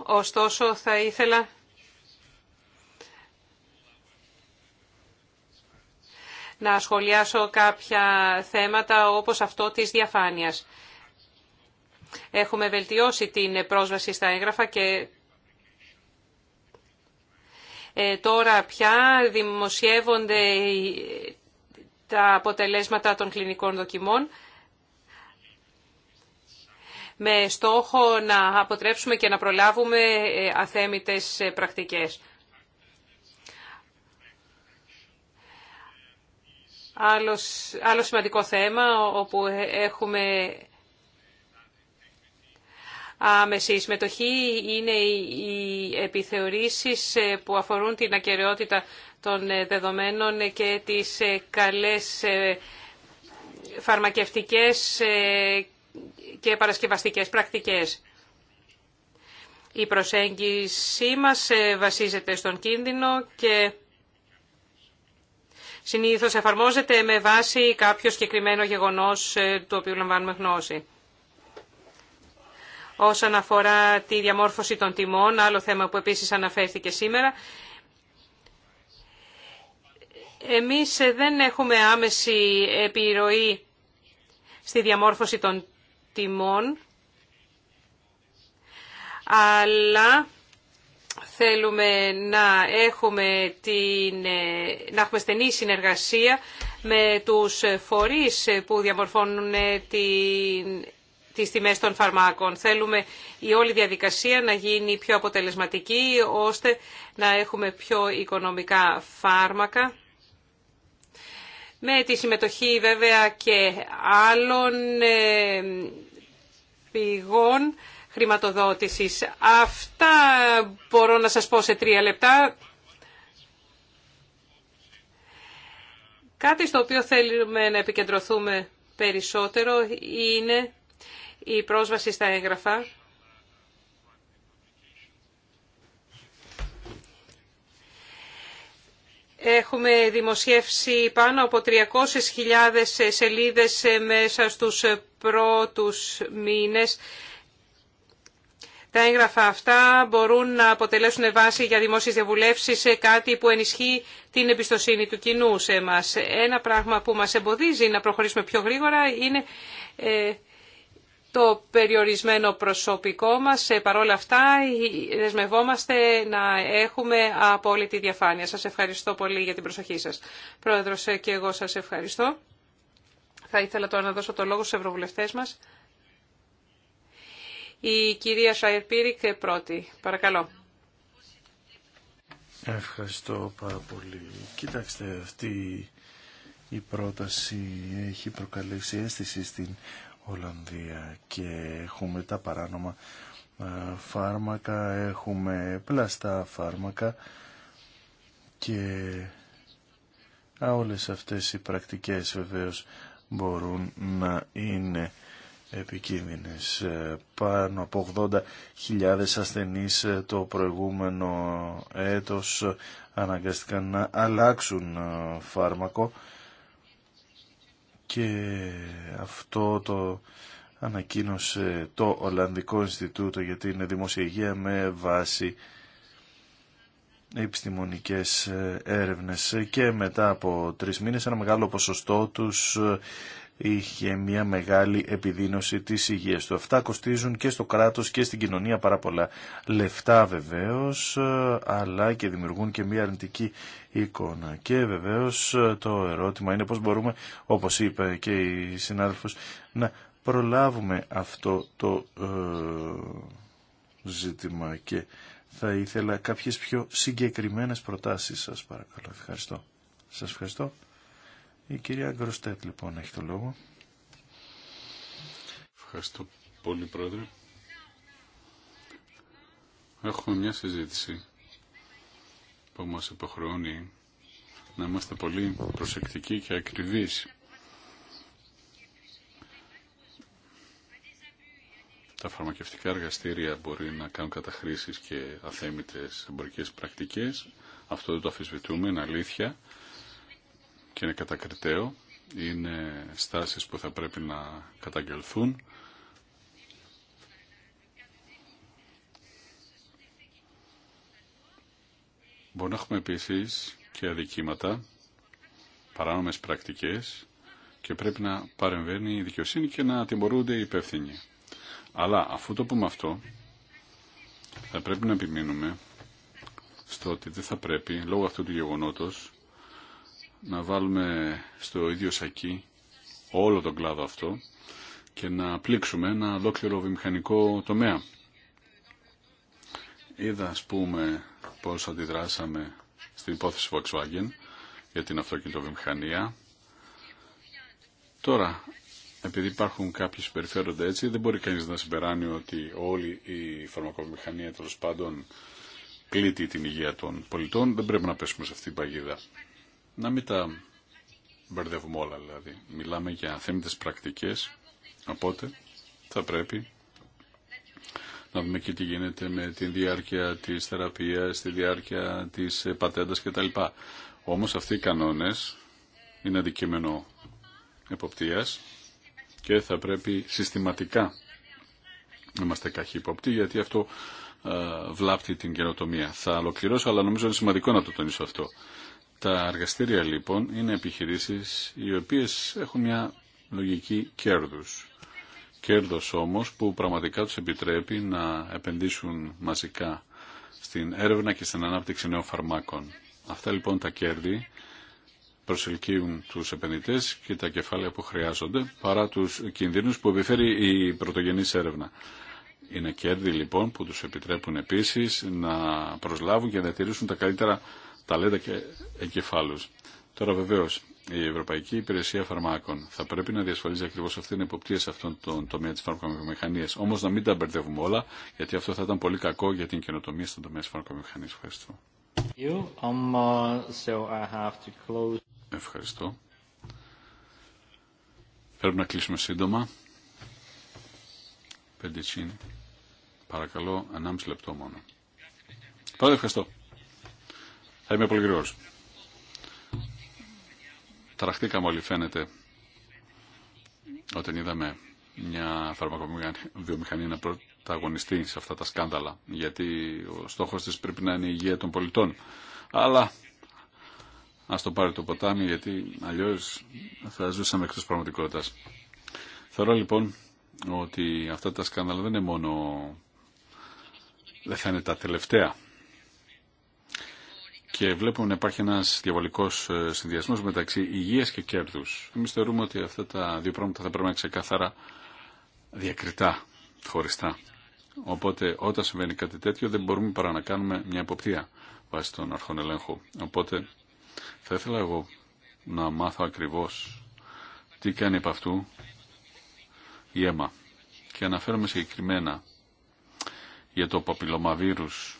Ωστόσο, θα ήθελα να σχολιάσω κάποια θέματα όπως αυτό της διαφάνειας. Έχουμε βελτιώσει την πρόσβαση στα έγγραφα και ε, τώρα πια δημοσιεύονται τα αποτελέσματα των κλινικών δοκιμών με στόχο να αποτρέψουμε και να προλάβουμε ε, αθέμητες ε, πρακτικές. άλλο σημαντικό θέμα όπου έχουμε άμεση συμμετοχή είναι οι επιθεωρήσεις ε, που αφορούν την ακαιρεότητα των ε, δεδομένων και τις ε, καλές φαρμακευτικές και παρασκευαστικές πρακτικές. Η προσέγγιση μας βασίζεται στον κίνδυνο και συνήθως εφαρμόζεται με βάση κάποιο συγκεκριμένο γεγονός ε, του οποίου λαμβάνουμε γνώση. Όσον αφορά τη διαμόρφωση των τιμών, άλλο θέμα που επίσης αναφέρθηκε σήμερα, εμείς ε, δεν έχουμε άμεση επιρροή στη διαμόρφωση των τιμών, αλλά θέλουμε να έχουμε, την, ε, να έχουμε στενή συνεργασία με τους φορείς που διαμορφώνουν την, τις τιμές των φαρμάκων. Θέλουμε η όλη διαδικασία να γίνει πιο αποτελεσματική ώστε να έχουμε πιο οικονομικά φάρμακα. Με τη συμμετοχή βέβαια και άλλων ε, πηγών χρηματοδότησης. Αυτά μπορώ να σας πω σε τρία λεπτά. Κάτι στο οποίο θέλουμε να επικεντρωθούμε περισσότερο είναι η πρόσβαση στα έγγραφα. Έχουμε δημοσιεύσει πάνω από 300.000 σελίδες μέσα στους πρώτους μήνες τα έγγραφα αυτά μπορούν να αποτελέσουν βάση για δημόσιες διαβουλεύσεις σε κάτι που ενισχύει την εμπιστοσύνη του κοινού σε μας. Ένα πράγμα που μας εμποδίζει να προχωρήσουμε πιο γρήγορα είναι ε, το περιορισμένο προσωπικό μας. Ε, όλα αυτά, δεσμευόμαστε να έχουμε απόλυτη διαφάνεια. Σας ευχαριστώ πολύ για την προσοχή σας. Πρόεδρος, ε, και εγώ σας ευχαριστώ. Θα ήθελα τώρα να δώσω το λόγο στους ευρωβουλευτές μας. Η κυρία Σαϊρπίρικ πρώτη. Παρακαλώ. Ευχαριστώ πάρα πολύ. Κοιτάξτε, αυτή η πρόταση έχει προκαλέσει αίσθηση στην Ολλανδία και έχουμε τα παράνομα ε, φάρμακα, έχουμε πλαστά φάρμακα και όλες αυτές οι πρακτικές βεβαίως μπορούν να είναι επικίνδυνες. Ε, πάνω από 80.000 ασθενείς ε, το προηγούμενο έτος ε, αναγκαστήκαν να αλλάξουν φάρμακο και αυτό το ανακοίνωσε το Ολλανδικό Ινστιτούτο για την Δημόσια Υγεία με βάση επιστημονικές έρευνες και μετά από τρεις μήνες ένα μεγάλο ποσοστό τους είχε μια μεγάλη επιδείνωση της υγείας του. Αυτά κοστίζουν και στο κράτος και στην κοινωνία πάρα πολλά λεφτά βεβαίως, ε, αλλά και δημιουργούν και μια αρνητική εικόνα. Και βεβαίως ε, το ερώτημα είναι πώς μπορούμε, όπως είπε και η συνάδελφος, να προλάβουμε αυτό το ε, ζήτημα και θα ήθελα κάποιες πιο συγκεκριμένες προτάσεις σας παρακαλώ. Ευχαριστώ. Σας ευχαριστώ. Η κυρία Γκροστέτ λοιπόν έχει το λόγο. Ευχαριστώ πολύ πρόεδρε. Έχουμε μια συζήτηση που μας υποχρεώνει να είμαστε πολύ προσεκτικοί και ακριβείς. Τα φαρμακευτικά εργαστήρια μπορεί να κάνουν καταχρήσεις και αθέμητες εμπορικές πρακτικές. Αυτό δεν το αφισβητούμε, είναι αλήθεια και είναι κατακριτέο. Είναι στάσεις που θα πρέπει να καταγγελθούν. Μπορεί να έχουμε επίσης και αδικήματα, παράνομες πρακτικές και πρέπει να παρεμβαίνει η δικαιοσύνη και να τιμωρούνται οι υπεύθυνοι. Αλλά αφού το πούμε αυτό, θα πρέπει να επιμείνουμε στο ότι δεν θα πρέπει, λόγω αυτού του γεγονότος, να βάλουμε στο ίδιο σακί όλο τον κλάδο αυτό και να πλήξουμε ένα ολόκληρο βιομηχανικό τομέα. Είδα, ας πούμε, πώς αντιδράσαμε στην υπόθεση Volkswagen για την αυτοκινητοβιομηχανία. Τώρα, επειδή υπάρχουν κάποιοι που έτσι, δεν μπορεί κανείς να συμπεράνει ότι όλη η φαρμακοβιομηχανία τέλο πάντων πλήττει την υγεία των πολιτών. Δεν πρέπει να πέσουμε σε αυτή την παγίδα να μην τα μπερδεύουμε όλα δηλαδή. Μιλάμε για θέμητες πρακτικές, οπότε θα πρέπει να δούμε και τι γίνεται με τη διάρκεια της θεραπείας, τη διάρκεια της πατέντας κτλ. Όμως αυτοί οι κανόνες είναι αντικείμενο εποπτείας και θα πρέπει συστηματικά να είμαστε καχύποπτοι γιατί αυτό ε, βλάπτει την καινοτομία. Θα ολοκληρώσω, αλλά νομίζω είναι σημαντικό να το τονίσω αυτό. Τα εργαστήρια λοιπόν είναι επιχειρήσεις οι οποίες έχουν μια λογική κέρδους. Κέρδος όμως που πραγματικά τους επιτρέπει να επενδύσουν μαζικά στην έρευνα και στην ανάπτυξη νέων φαρμάκων. Αυτά λοιπόν τα κέρδη προσελκύουν τους επενδυτές και τα κεφάλαια που χρειάζονται παρά τους κινδύνους που επιφέρει η πρωτογενής έρευνα. Είναι κέρδη λοιπόν που τους επιτρέπουν επίσης να προσλάβουν και να διατηρήσουν τα καλύτερα τα ταλέντα και εγκεφάλους. Τώρα βεβαίως η Ευρωπαϊκή Υπηρεσία Φαρμάκων θα πρέπει να διασφαλίζει ακριβώ αυτή την εποπτεία σε αυτόν τον τομέα τη φαρμακομηχανία. Όμω να μην τα μπερδεύουμε όλα, γιατί αυτό θα ήταν πολύ κακό για την καινοτομία στον τομέα τη φαρμακομηχανία. Ευχαριστώ. Ευχαριστώ. Πρέπει να κλείσουμε σύντομα. Πεντητσίνη. Παρακαλώ, ανάμιση λεπτό μόνο. Πάρα ευχαριστώ. Θα είμαι πολύ γρήγορος. Ταραχτήκαμε όλοι φαίνεται όταν είδαμε μια φαρμακοβιομηχανία να πρωταγωνιστεί σε αυτά τα σκάνδαλα, γιατί ο στόχος της πρέπει να είναι η υγεία των πολιτών. Αλλά ας το πάρει το ποτάμι, γιατί αλλιώς θα ζούσαμε εκτός πραγματικότητας. Θεωρώ λοιπόν ότι αυτά τα σκάνδαλα δεν είναι μόνο, δεν θα είναι τα τελευταία και βλέπουμε να υπάρχει ένα διαβολικός ε, συνδυασμό μεταξύ υγείας και κέρδους. Εμεί θεωρούμε ότι αυτά τα δύο πράγματα θα πρέπει να είναι ξεκάθαρα διακριτά, χωριστά. Οπότε όταν συμβαίνει κάτι τέτοιο δεν μπορούμε παρά να κάνουμε μια υποπτία βάσει των αρχών ελέγχου. Οπότε θα ήθελα εγώ να μάθω ακριβώς τι κάνει από αυτού η αίμα. Και αναφέρομαι συγκεκριμένα για το παπυλωμαβύρους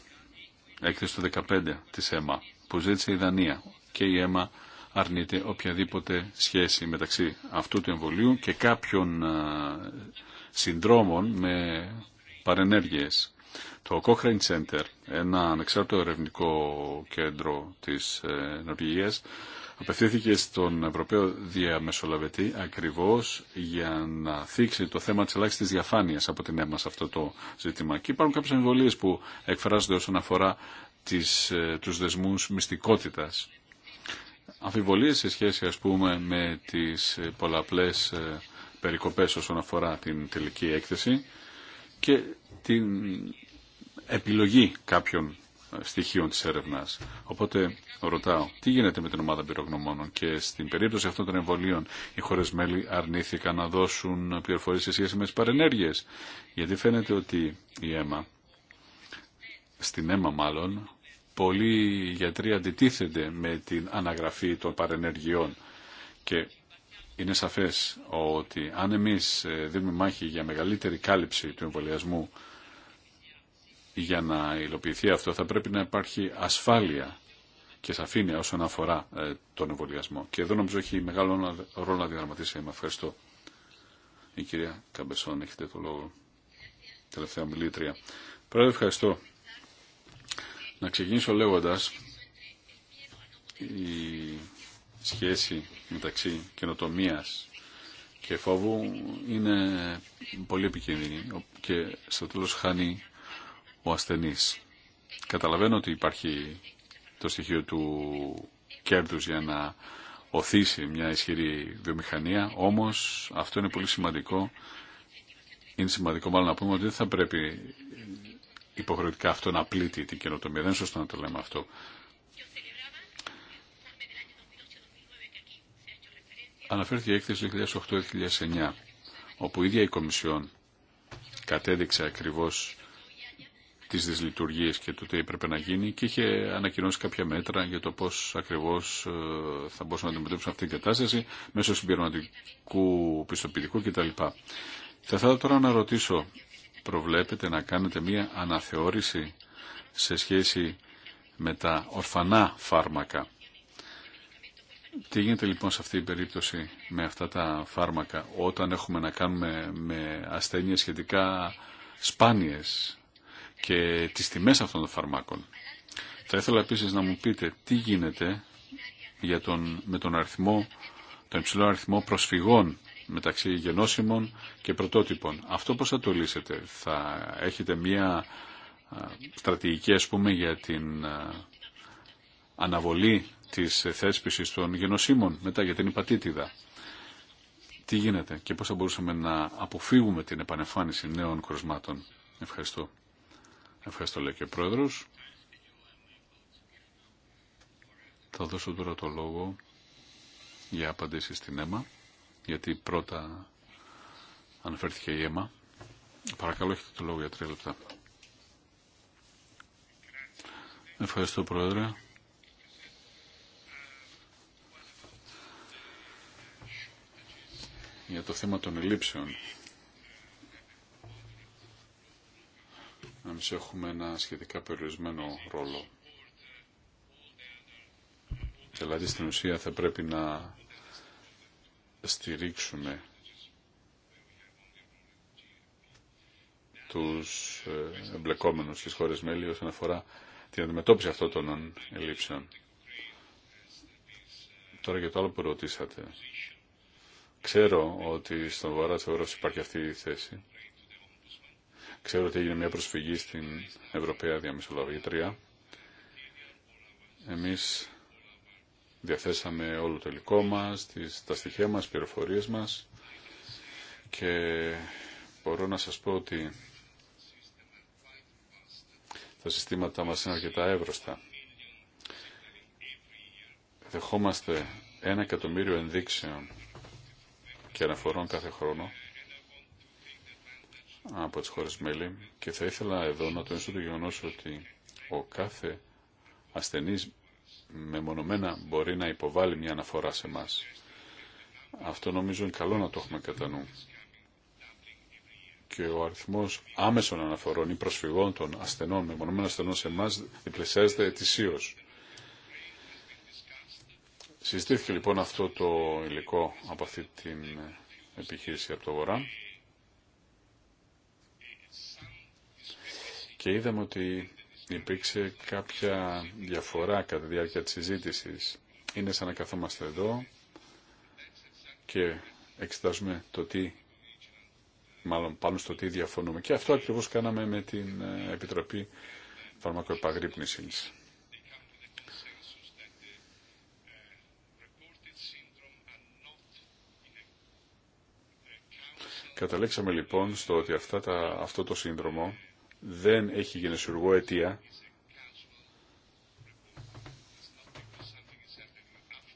έκθεση του 15 της ΕΜΑ που ζήτησε η Δανία και η ΕΜΑ αρνείται οποιαδήποτε σχέση μεταξύ αυτού του εμβολίου και κάποιων συνδρόμων με παρενέργειες. Το Cochrane Center, ένα ανεξάρτητο ερευνικό κέντρο της ε, Νορβηγίας, απευθύνθηκε στον Ευρωπαίο Διαμεσολαβητή ακριβώς για να θίξει το θέμα της ελάχιστη διαφάνειας από την ΕΜΑ σε αυτό το ζήτημα. Και υπάρχουν κάποιες αμφιβολίε που εκφράζονται όσον αφορά του ε, τους δεσμούς μυστικότητας. Αμφιβολίες σε σχέση ας πούμε με τις ε, πολλαπλές ε, περικοπές όσον αφορά την τελική έκθεση και την επιλογή κάποιων στοιχείων της έρευνας. Οπότε ρωτάω, τι γίνεται με την ομάδα πυρογνωμόνων και στην περίπτωση αυτών των εμβολίων οι χώρες μέλη αρνήθηκαν να δώσουν πληροφορίες σε σχέση με τις παρενέργειες. Γιατί φαίνεται ότι η αίμα, στην αίμα μάλλον, πολλοί γιατροί αντιτίθενται με την αναγραφή των παρενεργειών και είναι σαφές ότι αν εμείς ε, δίνουμε μάχη για μεγαλύτερη κάλυψη του εμβολιασμού για να υλοποιηθεί αυτό θα πρέπει να υπάρχει ασφάλεια και σαφήνεια όσον αφορά ε, τον εμβολιασμό. Και εδώ νομίζω έχει μεγάλο ρόλο να διαδραματίσει. Με ευχαριστώ. Η κυρία Καμπεσόν, έχετε το λόγο. Τελευταία μιλήτρια. Πρόεδρε, ευχαριστώ. Να ξεκινήσω λέγοντας η σχέση μεταξύ καινοτομία και φόβου είναι πολύ επικίνδυνη και στο τέλος χάνει ο ασθενής. Καταλαβαίνω ότι υπάρχει το στοιχείο του κέρδους για να οθήσει μια ισχυρή βιομηχανία, όμως αυτό είναι πολύ σημαντικό. Είναι σημαντικό μάλλον να πούμε ότι δεν θα πρέπει υποχρεωτικά αυτό να πλήττει την καινοτομία. Δεν είναι σωστό να το λέμε αυτό. Αναφέρθηκε η έκθεση 2008-2009, όπου η ίδια η Κομισιόν κατέδειξε ακριβώς τις δυσλειτουργίες και το τι έπρεπε να γίνει και είχε ανακοινώσει κάποια μέτρα για το πώς ακριβώς ε, θα μπορούσαν να αντιμετωπίσουν αυτή την κατάσταση μέσω συμπληρωματικού πιστοποιητικού κτλ. Θα ήθελα τώρα να ρωτήσω, προβλέπετε να κάνετε μία αναθεώρηση σε σχέση με τα ορφανά φάρμακα. Τι γίνεται λοιπόν σε αυτή την περίπτωση με αυτά τα φάρμακα όταν έχουμε να κάνουμε με ασθένειες σχετικά σπάνιες και τις τιμές αυτών των φαρμάκων. Θα ήθελα επίσης να μου πείτε τι γίνεται για τον, με τον, αριθμό, τον υψηλό αριθμό προσφυγών μεταξύ γενώσιμων και πρωτότυπων. Αυτό πώς θα το λύσετε. Θα έχετε μία στρατηγική ας πούμε για την αναβολή της θέσπισης των γενοσύμων μετά για την υπατήτηδα. Τι γίνεται και πώς θα μπορούσαμε να αποφύγουμε την επανεφάνιση νέων κρουσμάτων. Ευχαριστώ. Ευχαριστώ λέει και ο Πρόεδρος. Θα δώσω τώρα το λόγο για απαντήσεις στην αίμα, γιατί πρώτα αναφέρθηκε η αίμα. Παρακαλώ, έχετε το λόγο για τρία λεπτά. Ευχαριστώ, Πρόεδρε. Για το θέμα των ελλείψεων Εμείς έχουμε ένα σχετικά περιορισμένο ρόλο. Δηλαδή στην ουσία θα πρέπει να στηρίξουμε τους ε, εμπλεκόμενους στις χώρες μέλη όσον αφορά την αντιμετώπιση αυτών των ελλείψεων. Τώρα για το άλλο που ρωτήσατε. Ξέρω ότι στον Βορρά της Ευρώπης υπάρχει αυτή η θέση Ξέρω ότι έγινε μια προσφυγή στην Ευρωπαία Διαμεσολαβήτρια. Εμείς διαθέσαμε όλο το υλικό μας, τις, τα στοιχεία μας, πληροφορίες μας και μπορώ να σας πω ότι τα συστήματα μας είναι αρκετά εύρωστα. Δεχόμαστε ένα εκατομμύριο ενδείξεων και αναφορών κάθε χρόνο από τις χώρες μέλη και θα ήθελα εδώ να τονίσω το γεγονός ότι ο κάθε ασθενής μεμονωμένα μπορεί να υποβάλει μια αναφορά σε μας. Αυτό νομίζω είναι καλό να το έχουμε κατά νου. Και ο αριθμός άμεσων αναφορών ή προσφυγών των ασθενών, μεμονωμένων ασθενών σε εμά διπλασιάζεται ετησίως. Συζητήθηκε λοιπόν αυτό το υλικό από αυτή την επιχείρηση από το Βορρά και είδαμε ότι υπήρξε κάποια διαφορά κατά τη διάρκεια της συζήτησης. Είναι σαν να καθόμαστε εδώ και εξετάζουμε το τι, μάλλον πάνω στο τι διαφωνούμε. Και αυτό ακριβώς κάναμε με την ε, Επιτροπή Φαρμακοεπαγρύπνησης. Καταλήξαμε λοιπόν στο ότι αυτά τα, αυτό το σύνδρομο δεν έχει γενεσουργό αιτία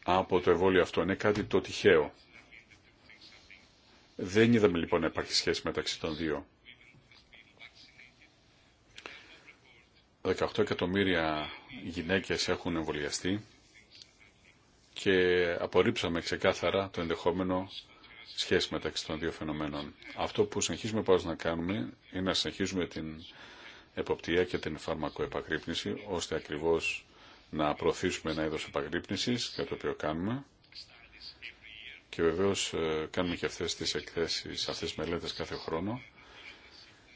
από το εμβόλιο αυτό. Είναι κάτι το τυχαίο. Δεν είδαμε λοιπόν να υπάρχει σχέση μεταξύ των δύο. 18 εκατομμύρια γυναίκες έχουν εμβολιαστεί και απορρίψαμε ξεκάθαρα το ενδεχόμενο σχέση μεταξύ των δύο φαινομένων. Αυτό που συνεχίζουμε πάντως να κάνουμε είναι να συνεχίζουμε την εποπτεία και την φαρμακοεπαγρύπνηση, ώστε ακριβώς να προωθήσουμε ένα είδο επαγρύπνηση, για το οποίο κάνουμε. Και βεβαίως ε, κάνουμε και αυτές τις εκθέσει αυτές τι μελέτες κάθε χρόνο.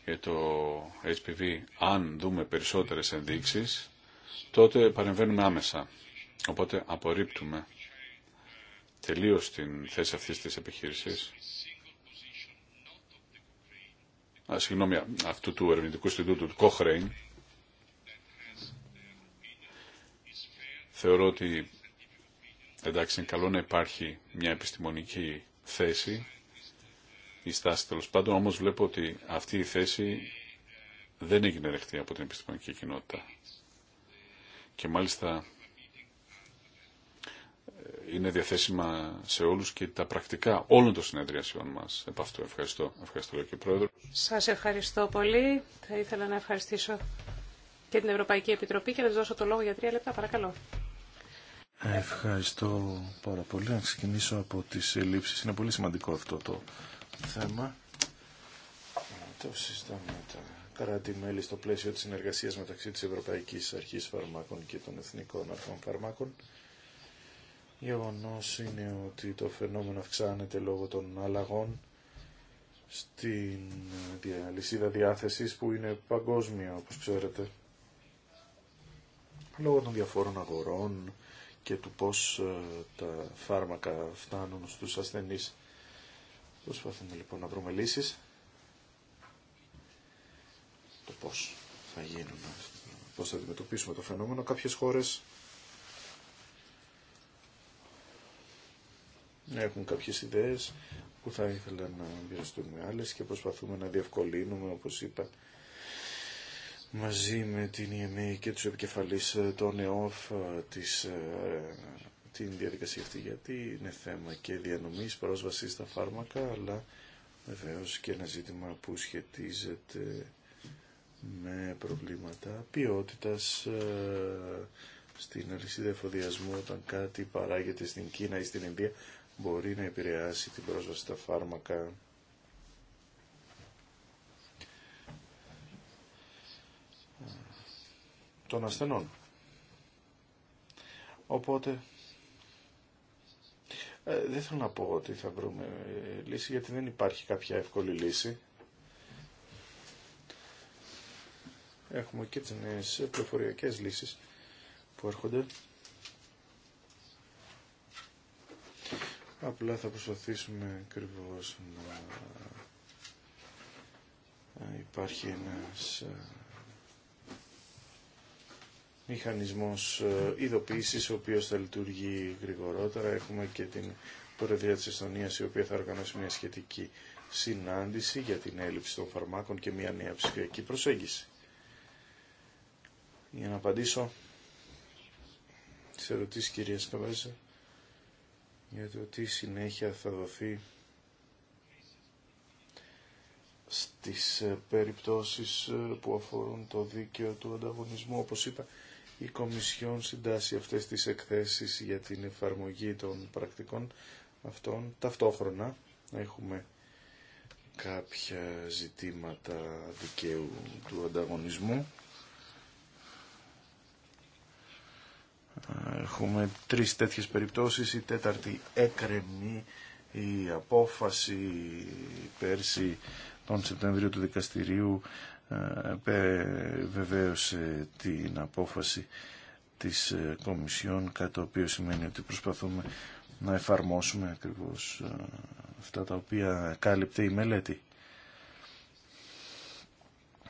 Για ε, το HPV, αν δούμε περισσότερε ενδείξει, τότε παρεμβαίνουμε άμεσα. Οπότε απορρίπτουμε τελείως την θέση αυτής της επιχείρησης. συγγνώμη, αυτού του ερευνητικού Ινστιτούτου του Κόχρεϊν. Θεωρώ ότι εντάξει είναι καλό να υπάρχει μια επιστημονική θέση η στάση τέλο πάντων, όμως βλέπω ότι αυτή η θέση δεν έγινε ρεχτή από την επιστημονική κοινότητα. Και μάλιστα είναι διαθέσιμα σε όλους και τα πρακτικά όλων των συνεδριασιών μας. Επ' αυτό ευχαριστώ. Ευχαριστώ και Πρόεδρο. Σας ευχαριστώ πολύ. Θα ήθελα να ευχαριστήσω και την Ευρωπαϊκή Επιτροπή και να σας δώσω το λόγο για τρία λεπτά. Παρακαλώ. Ευχαριστώ πάρα πολύ. Να ξεκινήσω από τις ελλείψεις. Είναι πολύ σημαντικό αυτό το θέμα. Το συζητάμε τα κράτη-μέλη στο πλαίσιο της συνεργασίας μεταξύ της Ευρωπαϊκής Αρχής Φαρμάκων και των Εθνικών Αρχών Φαρμάκων Γεγονό είναι ότι το φαινόμενο αυξάνεται λόγω των αλλαγών στην λυσίδα διάθεσης που είναι παγκόσμια όπως ξέρετε λόγω των διαφόρων αγορών και του πώς ε, τα φάρμακα φτάνουν στους ασθενείς. Προσπαθούμε λοιπόν να βρούμε λύσεις το πώς θα γίνουν, πώς θα αντιμετωπίσουμε το φαινόμενο. Κάποιες χώρες έχουν κάποιες ιδέες που θα ήθελα να μοιραστούν με άλλες και προσπαθούμε να διευκολύνουμε, όπως είπα, μαζί με την ΕΜΕ e και τους επικεφαλείς ε, των ΕΟΦ ε, της, ε, την διαδικασία αυτή, γιατί είναι θέμα και διανομής πρόσβαση στα φάρμακα, αλλά βεβαίω και ένα ζήτημα που σχετίζεται με προβλήματα ποιότητας στην αλυσίδα εφοδιασμού όταν κάτι παράγεται στην Κίνα ή στην Ινδία μπορεί να επηρεάσει την πρόσβαση στα φάρμακα. των ασθενών. Οπότε ε, δεν θέλω να πω ότι θα βρούμε ε, λύση γιατί δεν υπάρχει κάποια εύκολη λύση. Έχουμε και τις νέες πληροφοριακές λύσεις που έρχονται. Απλά θα προσπαθήσουμε ακριβώ να υπάρχει ένας ε, μηχανισμός ε, ειδοποίησης ο οποίος θα λειτουργεί γρηγορότερα. Έχουμε και την Προεδρία της Εστονίας η οποία θα οργανώσει μια σχετική συνάντηση για την έλλειψη των φαρμάκων και μια νέα ψηφιακή προσέγγιση. Για να απαντήσω σε ερωτήσεις κυρία Καβάζα γιατί ότι συνέχεια θα δοθεί στις ε, περιπτώσεις ε, που αφορούν το δίκαιο του ανταγωνισμού. Όπως είπα, η Κομισιόν συντάσσει αυτές τις εκθέσεις για την εφαρμογή των πρακτικών αυτών. Ταυτόχρονα έχουμε κάποια ζητήματα δικαίου του ανταγωνισμού Έχουμε τρεις τέτοιες περιπτώσεις, η τέταρτη έκρεμη η απόφαση πέρσι τον Σεπτεμβρίου του δικαστηρίου ε, βεβαίωσε την απόφαση της ε, Κομισιόν, κάτι το οποίο σημαίνει ότι προσπαθούμε να εφαρμόσουμε ακριβώς ε, αυτά τα οποία κάλυπτε η μελέτη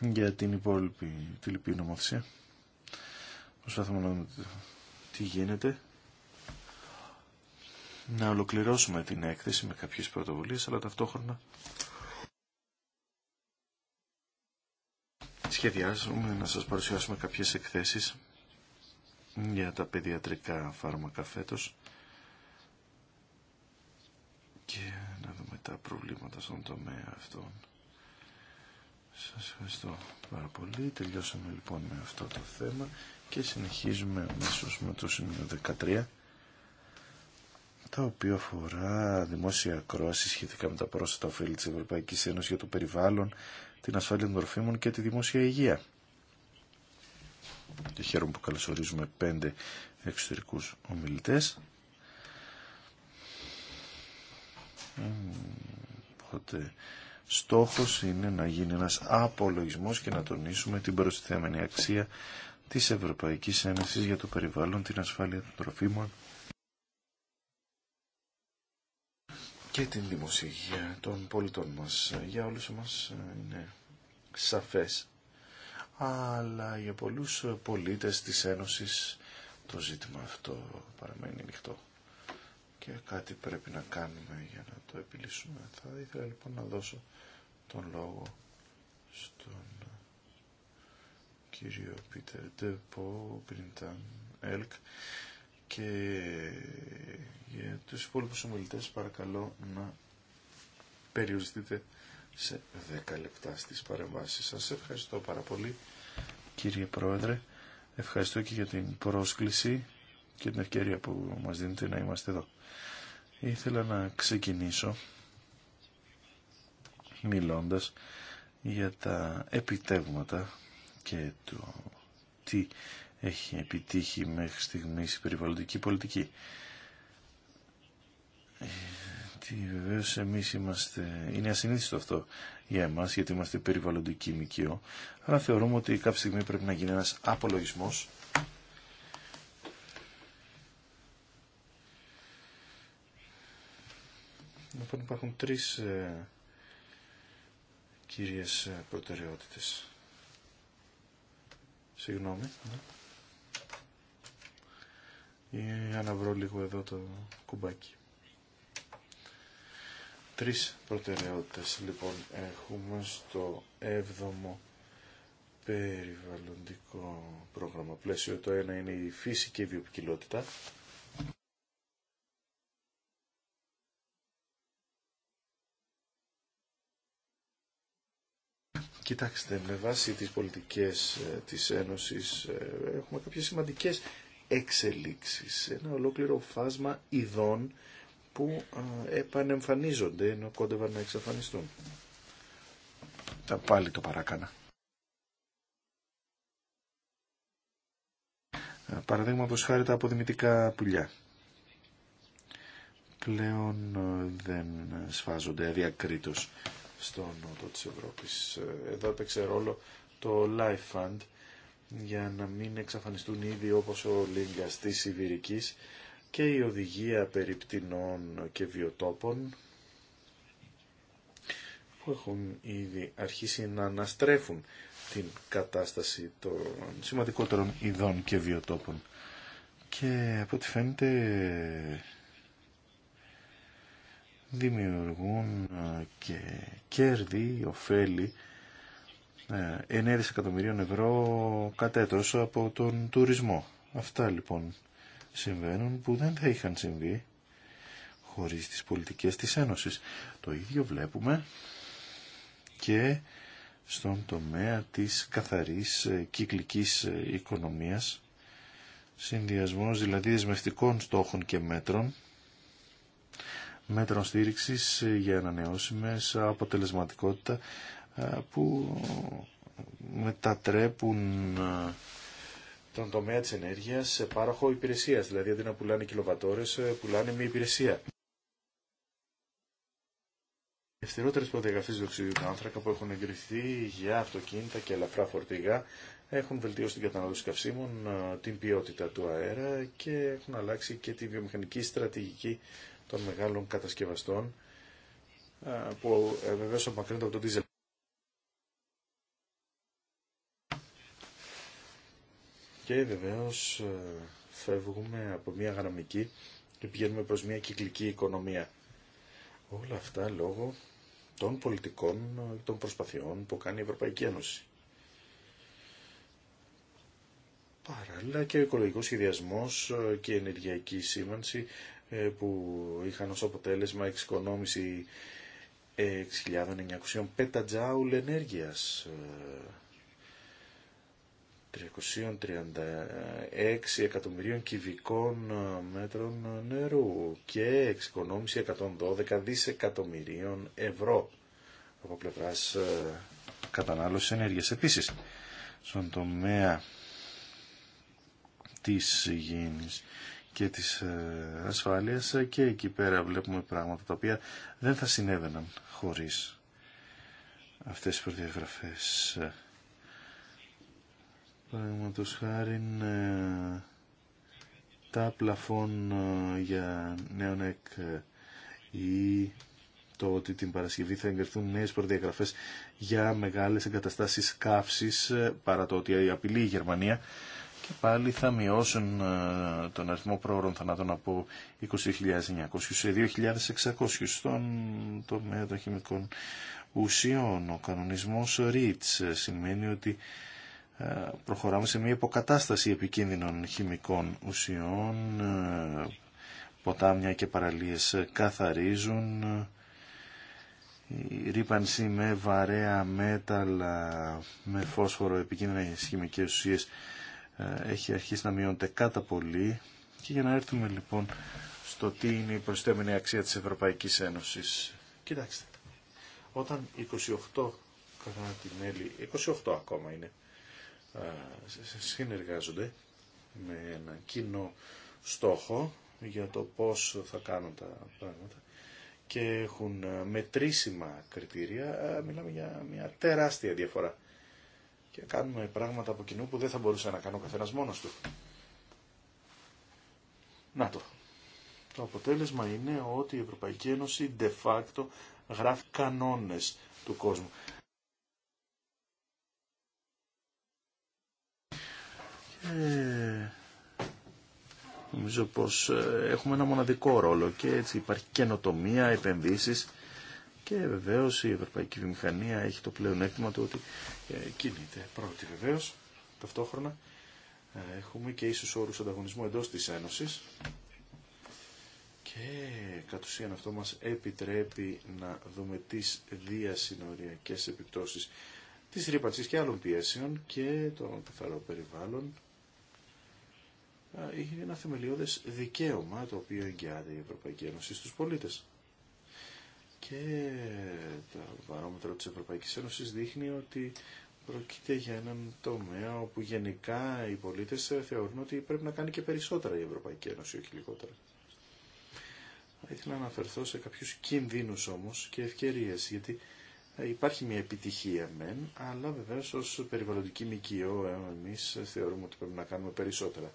για την υπόλοιπη τη νομοθεσία. Προσπαθούμε να τι γίνεται. Να ολοκληρώσουμε την έκθεση με κάποιες πρωτοβουλίες, αλλά ταυτόχρονα σχεδιάζουμε να σας παρουσιάσουμε κάποιες εκθέσεις για τα παιδιατρικά φάρμακα φέτος και να δούμε τα προβλήματα στον τομέα αυτών. Σας ευχαριστώ πάρα πολύ. Τελειώσαμε λοιπόν με αυτό το θέμα και συνεχίζουμε αμέσως με το σημείο 13 το οποίο αφορά δημόσια ακρόαση σχετικά με τα πρόσθετα ωφέλη της Ευρωπαϊκής Ένωσης για το περιβάλλον, την ασφάλεια των τροφίμων και τη δημόσια υγεία. Και χαίρομαι που καλωσορίζουμε πέντε εξωτερικούς ομιλητές. Οπότε στόχος είναι να γίνει ένας απολογισμός και να τονίσουμε την προστιθέμενη αξία της Ευρωπαϊκής Ένωσης για το περιβάλλον, την ασφάλεια των τροφίμων και την δημοσιογεία των πολιτών μας. Για όλους μας ε, είναι σαφές. Αλλά για πολλούς πολίτες της Ένωσης το ζήτημα αυτό παραμένει ανοιχτό και κάτι πρέπει να κάνουμε για να το επιλύσουμε. Θα ήθελα λοιπόν να δώσω τον λόγο στον κύριο Πίτερ Ντεπό Πριντάν Ελκ και για τους υπόλοιπους ομιλητές παρακαλώ να περιοριστείτε σε 10 λεπτά στις παρεμβάσεις σας. Ευχαριστώ πάρα πολύ κύριε Πρόεδρε. Ευχαριστώ και για την πρόσκληση και την ευκαιρία που μας δίνετε να είμαστε εδώ. Ήθελα να ξεκινήσω μιλώντας για τα επιτεύγματα και το τι έχει επιτύχει μέχρι στιγμής η περιβαλλοντική πολιτική. Τι βεβαίως εμείς είμαστε, είναι ασυνήθιστο αυτό για εμάς γιατί είμαστε περιβαλλοντική μοικείο, αλλά θεωρούμε ότι κάποια στιγμή πρέπει να γίνει ένα απολογισμός Λοιπόν υπάρχουν τρεις ε, κύριες ε, προτεραιότητες. Συγγνώμη. Για να ε, βρω λίγο εδώ το κουμπάκι. Τρεις προτεραιότητες λοιπόν έχουμε στο έβδομο περιβαλλοντικό πρόγραμμα πλαίσιο. Το ένα είναι η φύση και η βιοποικιλότητα. Κοιτάξτε, με βάση τις πολιτικές ε, της Ένωσης ε, έχουμε κάποιες σημαντικές εξελίξεις. Ένα ολόκληρο φάσμα ειδών που ε, επανεμφανίζονται ενώ κόντευαν να εξαφανιστούν. Τα πάλι το παράκανα. Παραδείγματο χάρη τα αποδημητικά πουλιά. Πλέον δεν σφάζονται αδιακρίτως στο νότο της Ευρώπης. Εδώ έπαιξε ρόλο το Life Fund για να μην εξαφανιστούν ήδη όπως ο Λίγκας της Σιβηρικής και η οδηγία περί και βιοτόπων που έχουν ήδη αρχίσει να αναστρέφουν την κατάσταση των σημαντικότερων ειδών και βιοτόπων. Και από ό,τι φαίνεται δημιουργούν ε, και κέρδη, ωφέλη 9 ε, εκατομμυρίων ευρώ κατ' από τον τουρισμό. Αυτά λοιπόν συμβαίνουν που δεν θα είχαν συμβεί χωρίς τις πολιτικές της Ένωσης. Το ίδιο βλέπουμε και στον τομέα της καθαρής ε, κυκλικής οικονομίας, συνδυασμός δηλαδή δεσμευτικών στόχων και μέτρων μέτρων στήριξης για ανανεώσιμες αποτελεσματικότητα ε, που μετατρέπουν ε, τον τομέα της ενέργειας σε πάροχο υπηρεσίας. Δηλαδή αντί να πουλάνε κιλοβατόρες, ε, πουλάνε μια υπηρεσία. Ευθυρότερε προδιαγραφέ διοξιδίου του άνθρακα που έχουν εγκριθεί για αυτοκίνητα και ελαφρά φορτηγά έχουν βελτιώσει την κατανάλωση καυσίμων, την ποιότητα του αέρα και έχουν αλλάξει και τη βιομηχανική στρατηγική των μεγάλων κατασκευαστών ε, που ε, βεβαίως απομακρύνονται από το δίζελ. Και βεβαίως ε, φεύγουμε από μια γραμμική και πηγαίνουμε προς μια κυκλική οικονομία. Όλα αυτά λόγω των πολιτικών, των προσπαθειών που κάνει η Ευρωπαϊκή Ένωση. Παράλληλα και ο οικολογικός σχεδιασμός και η ενεργειακή σήμανση ε, που είχαν ως αποτέλεσμα εξοικονόμηση 6.900 ε, πέτατζάουλ ενέργειας. 336 ε, εκατομμυρίων κυβικών μέτρων νερού και εξοικονόμηση 112 δισεκατομμυρίων ευρώ από πλευράς κατανάλωσης ενέργειας. Επίσης, στον τομέα της υγιεινής και της ε, ασφάλειας ε, και εκεί πέρα βλέπουμε πράγματα τα οποία δεν θα συνέβαιναν χωρίς αυτές τις προδιαγραφές. Παραδείγματος χάρη ε, τα πλαφόν για νέονεκ ή το ότι την Παρασκευή θα εγκριθούν νέες προδιαγραφές για μεγάλες εγκαταστάσεις καύσης παρά το ότι απειλεί η Γερμανία πάλι θα μειώσουν ε, τον αριθμό πρόωρων θανάτων από 20.900 σε 2.600 στον τομέα των χημικών ουσιών. Ο κανονισμός REACH ε, σημαίνει ότι ε, προχωράμε σε μια υποκατάσταση επικίνδυνων χημικών ουσιών, ποτάμια και παραλίες καθαρίζουν, η ρήπανση με βαρέα μέταλλα, με φόσφορο, επικίνδυνες χημικές ουσίες ε, έχει αρχίσει να μειώνεται κατά πολύ και για να έρθουμε λοιπόν στο τι είναι η προστέμενη αξία της Ευρωπαϊκής Ένωσης. Κοιτάξτε, όταν 28 κράτη-μέλη, 28 ακόμα είναι, ε, συνεργάζονται με ένα κοινό στόχο για το πώς θα κάνουν τα πράγματα και έχουν ε, μετρήσιμα κριτήρια, μιλάμε για μια τεράστια διαφορά και κάνουμε πράγματα από κοινού που δεν θα μπορούσε να κάνει ο καθένας μόνος του. Να το. Το αποτέλεσμα είναι ότι η Ευρωπαϊκή Ένωση de facto γράφει κανόνες του κόσμου. Και... Νομίζω πως ε, έχουμε ένα μοναδικό ρόλο και έτσι υπάρχει καινοτομία, επενδύσεις και βεβαίω η ευρωπαϊκή βιομηχανία έχει το πλέον έκτημα του ότι ε, κινείται πρώτη βεβαίω, Ταυτόχρονα ε, έχουμε και ίσους όρου ανταγωνισμού εντό τη Ένωση και κατ' ουσίαν αυτό μας επιτρέπει να δούμε τις διασυνοριακές επιπτώσεις της ρήπανσης και άλλων πιέσεων και των καθαρών περιβάλλων ε, είναι ένα θεμελιώδες δικαίωμα το οποίο εγγυάται η Ευρωπαϊκή Ένωση στους πολίτες και το βαρόμετρο της Ευρωπαϊκής Ένωσης δείχνει ότι πρόκειται για έναν τομέα όπου γενικά οι πολίτες θεωρούν ότι πρέπει να κάνει και περισσότερα η Ευρωπαϊκή Ένωση, όχι λιγότερα. Θα ήθελα να αναφερθώ σε κάποιους κινδύνους όμως και ευκαιρίες, γιατί υπάρχει μια επιτυχία μεν, αλλά βεβαίως ως περιβαλλοντική μοικείο εμείς θεωρούμε ότι πρέπει να κάνουμε περισσότερα.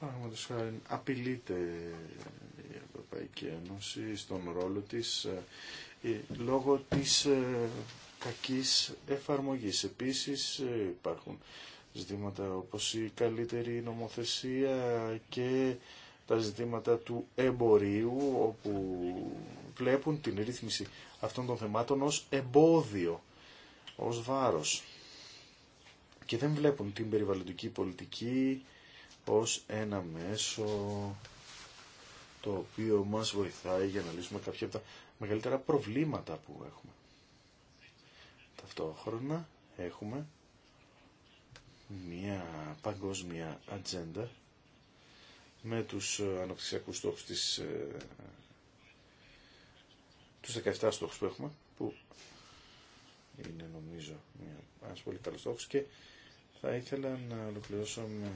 Παραδείγματο χάρη απειλείται η Ευρωπαϊκή Ένωση στον ρόλο της ε, ε, λόγω της ε, κακής εφαρμογής. Επίσης υπάρχουν ζητήματα όπως η καλύτερη νομοθεσία και τα ζητήματα του εμπορίου όπου βλέπουν την ρύθμιση αυτών των θεμάτων ως εμπόδιο, ως βάρος και δεν βλέπουν την περιβαλλοντική πολιτική ως ένα μέσο το οποίο μας βοηθάει για να λύσουμε κάποια από τα μεγαλύτερα προβλήματα που έχουμε. Ταυτόχρονα έχουμε μια παγκόσμια ατζέντα με τους αναπτυξιακούς στόχους ε, τους 17 στόχους που έχουμε που είναι νομίζω μια, ένας πολύ καλός στόχος και θα ήθελα να ολοκληρώσω με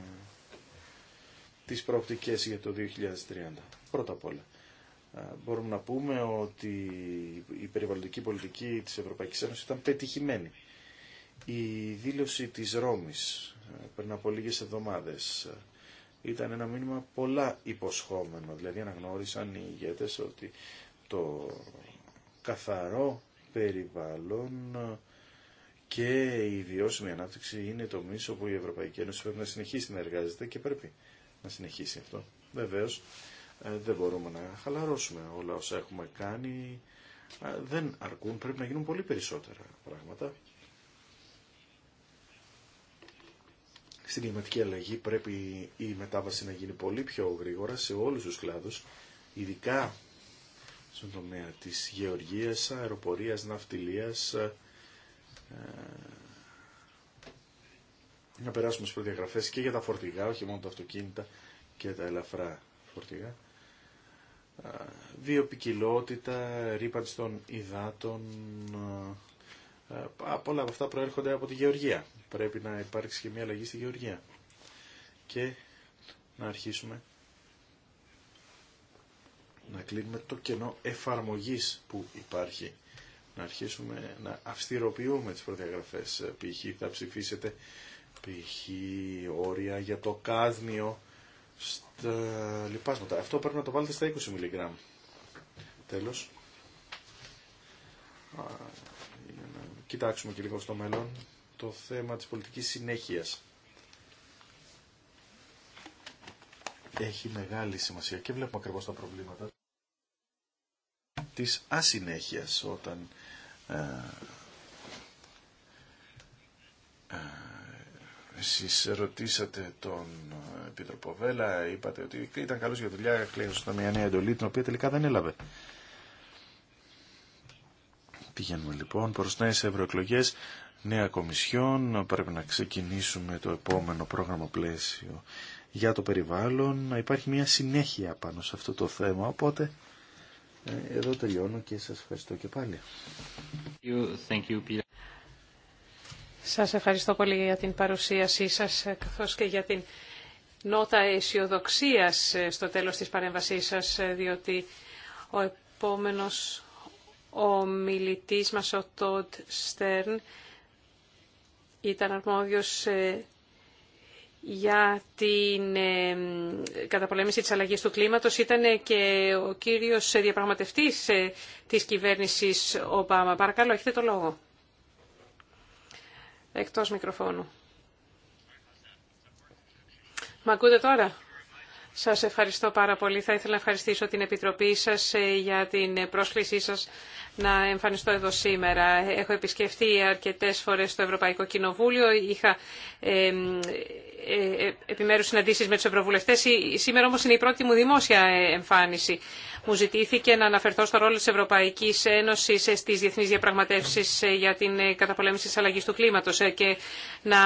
τις προοπτικές για το 2030. Πρώτα απ' όλα. Μπορούμε να πούμε ότι η περιβαλλοντική πολιτική της Ευρωπαϊκής Ένωσης ήταν πετυχημένη. Η δήλωση της Ρώμης πριν από λίγες εβδομάδες ήταν ένα μήνυμα πολλά υποσχόμενο. Δηλαδή αναγνώρισαν οι ηγέτες ότι το καθαρό περιβάλλον και η βιώσιμη ανάπτυξη είναι το μίσο που η Ευρωπαϊκή Ένωση πρέπει να συνεχίσει να εργάζεται και πρέπει να συνεχίσει αυτό. Βεβαίως ε, δεν μπορούμε να χαλαρώσουμε όλα όσα έχουμε κάνει. Ε, δεν αρκούν, πρέπει να γίνουν πολύ περισσότερα πράγματα. Στην κλιματική αλλαγή πρέπει η μετάβαση να γίνει πολύ πιο γρήγορα σε όλους τους κλάδους, ειδικά στον τομέα της γεωργίας, αεροπορίας, ναυτιλίας, ε, να περάσουμε στις προδιαγραφές και για τα φορτηγά, όχι μόνο τα αυτοκίνητα και τα ελαφρά φορτηγά. Βιοπικιλότητα, ρήπανση των υδάτων, πολλά από αυτά προέρχονται από τη γεωργία. Πρέπει να υπάρξει και μια αλλαγή στη γεωργία. Και να αρχίσουμε να κλείνουμε το κενό εφαρμογής που υπάρχει. Να αρχίσουμε να αυστηροποιούμε τις προδιαγραφές. Π.χ. θα ψηφίσετε π.χ. όρια για το κάδμιο στα λοιπάσματα. Αυτό πρέπει να το βάλετε στα 20 μιλιγκράμμ. Τέλος. Για να κοιτάξουμε και λίγο στο μέλλον το θέμα της πολιτικής συνέχειας. Έχει μεγάλη σημασία και βλέπουμε ακριβώς τα προβλήματα της ασυνέχειας όταν α, ε, ε, εσείς ρωτήσατε τον Επίτροπο Βέλα, είπατε ότι ήταν καλός για δουλειά, κλείνωσε μια νέα εντολή, την οποία τελικά δεν έλαβε. Πηγαίνουμε λοιπόν προς νέες ευρωεκλογέ νέα κομισιόν, πρέπει να ξεκινήσουμε το επόμενο πρόγραμμα πλαίσιο για το περιβάλλον, να υπάρχει μια συνέχεια πάνω σε αυτό το θέμα, οπότε ε, εδώ τελειώνω και σας ευχαριστώ και πάλι. Thank you, σας ευχαριστώ πολύ για την παρουσίασή σας, καθώς και για την νότα αισιοδοξία ε, στο τέλος της παρέμβασής σας, ε, διότι ο επόμενος ο μιλητής μας, ο Τόντ Στέρν, ήταν αρμόδιος ε, για την καταπολέμηση της αλλαγής του κλίματος. Ήταν και ο κύριος διαπραγματευτής της κυβέρνησης Ομπάμα. Παρακαλώ, έχετε το λόγο. Εκτός μικροφώνου. Μ' ακούτε τώρα. Σας ευχαριστώ πάρα πολύ. Θα ήθελα να ευχαριστήσω την Επιτροπή σας ε, για την πρόσκλησή σας να εμφανιστώ εδώ σήμερα. Έχω επισκεφτεί αρκετές φορές το Ευρωπαϊκό Κοινοβούλιο. Είχα ε, ε, ε, επιμέρους συναντήσεις με τους ευρωβουλευτές. Σήμερα όμως είναι η πρώτη μου δημόσια εμφάνιση. Μου ζητήθηκε να αναφερθώ στο ρόλο της Ευρωπαϊκής Ένωσης στις διεθνείς διαπραγματεύσεις ε, για την καταπολέμηση της αλλαγής του κλίματος και να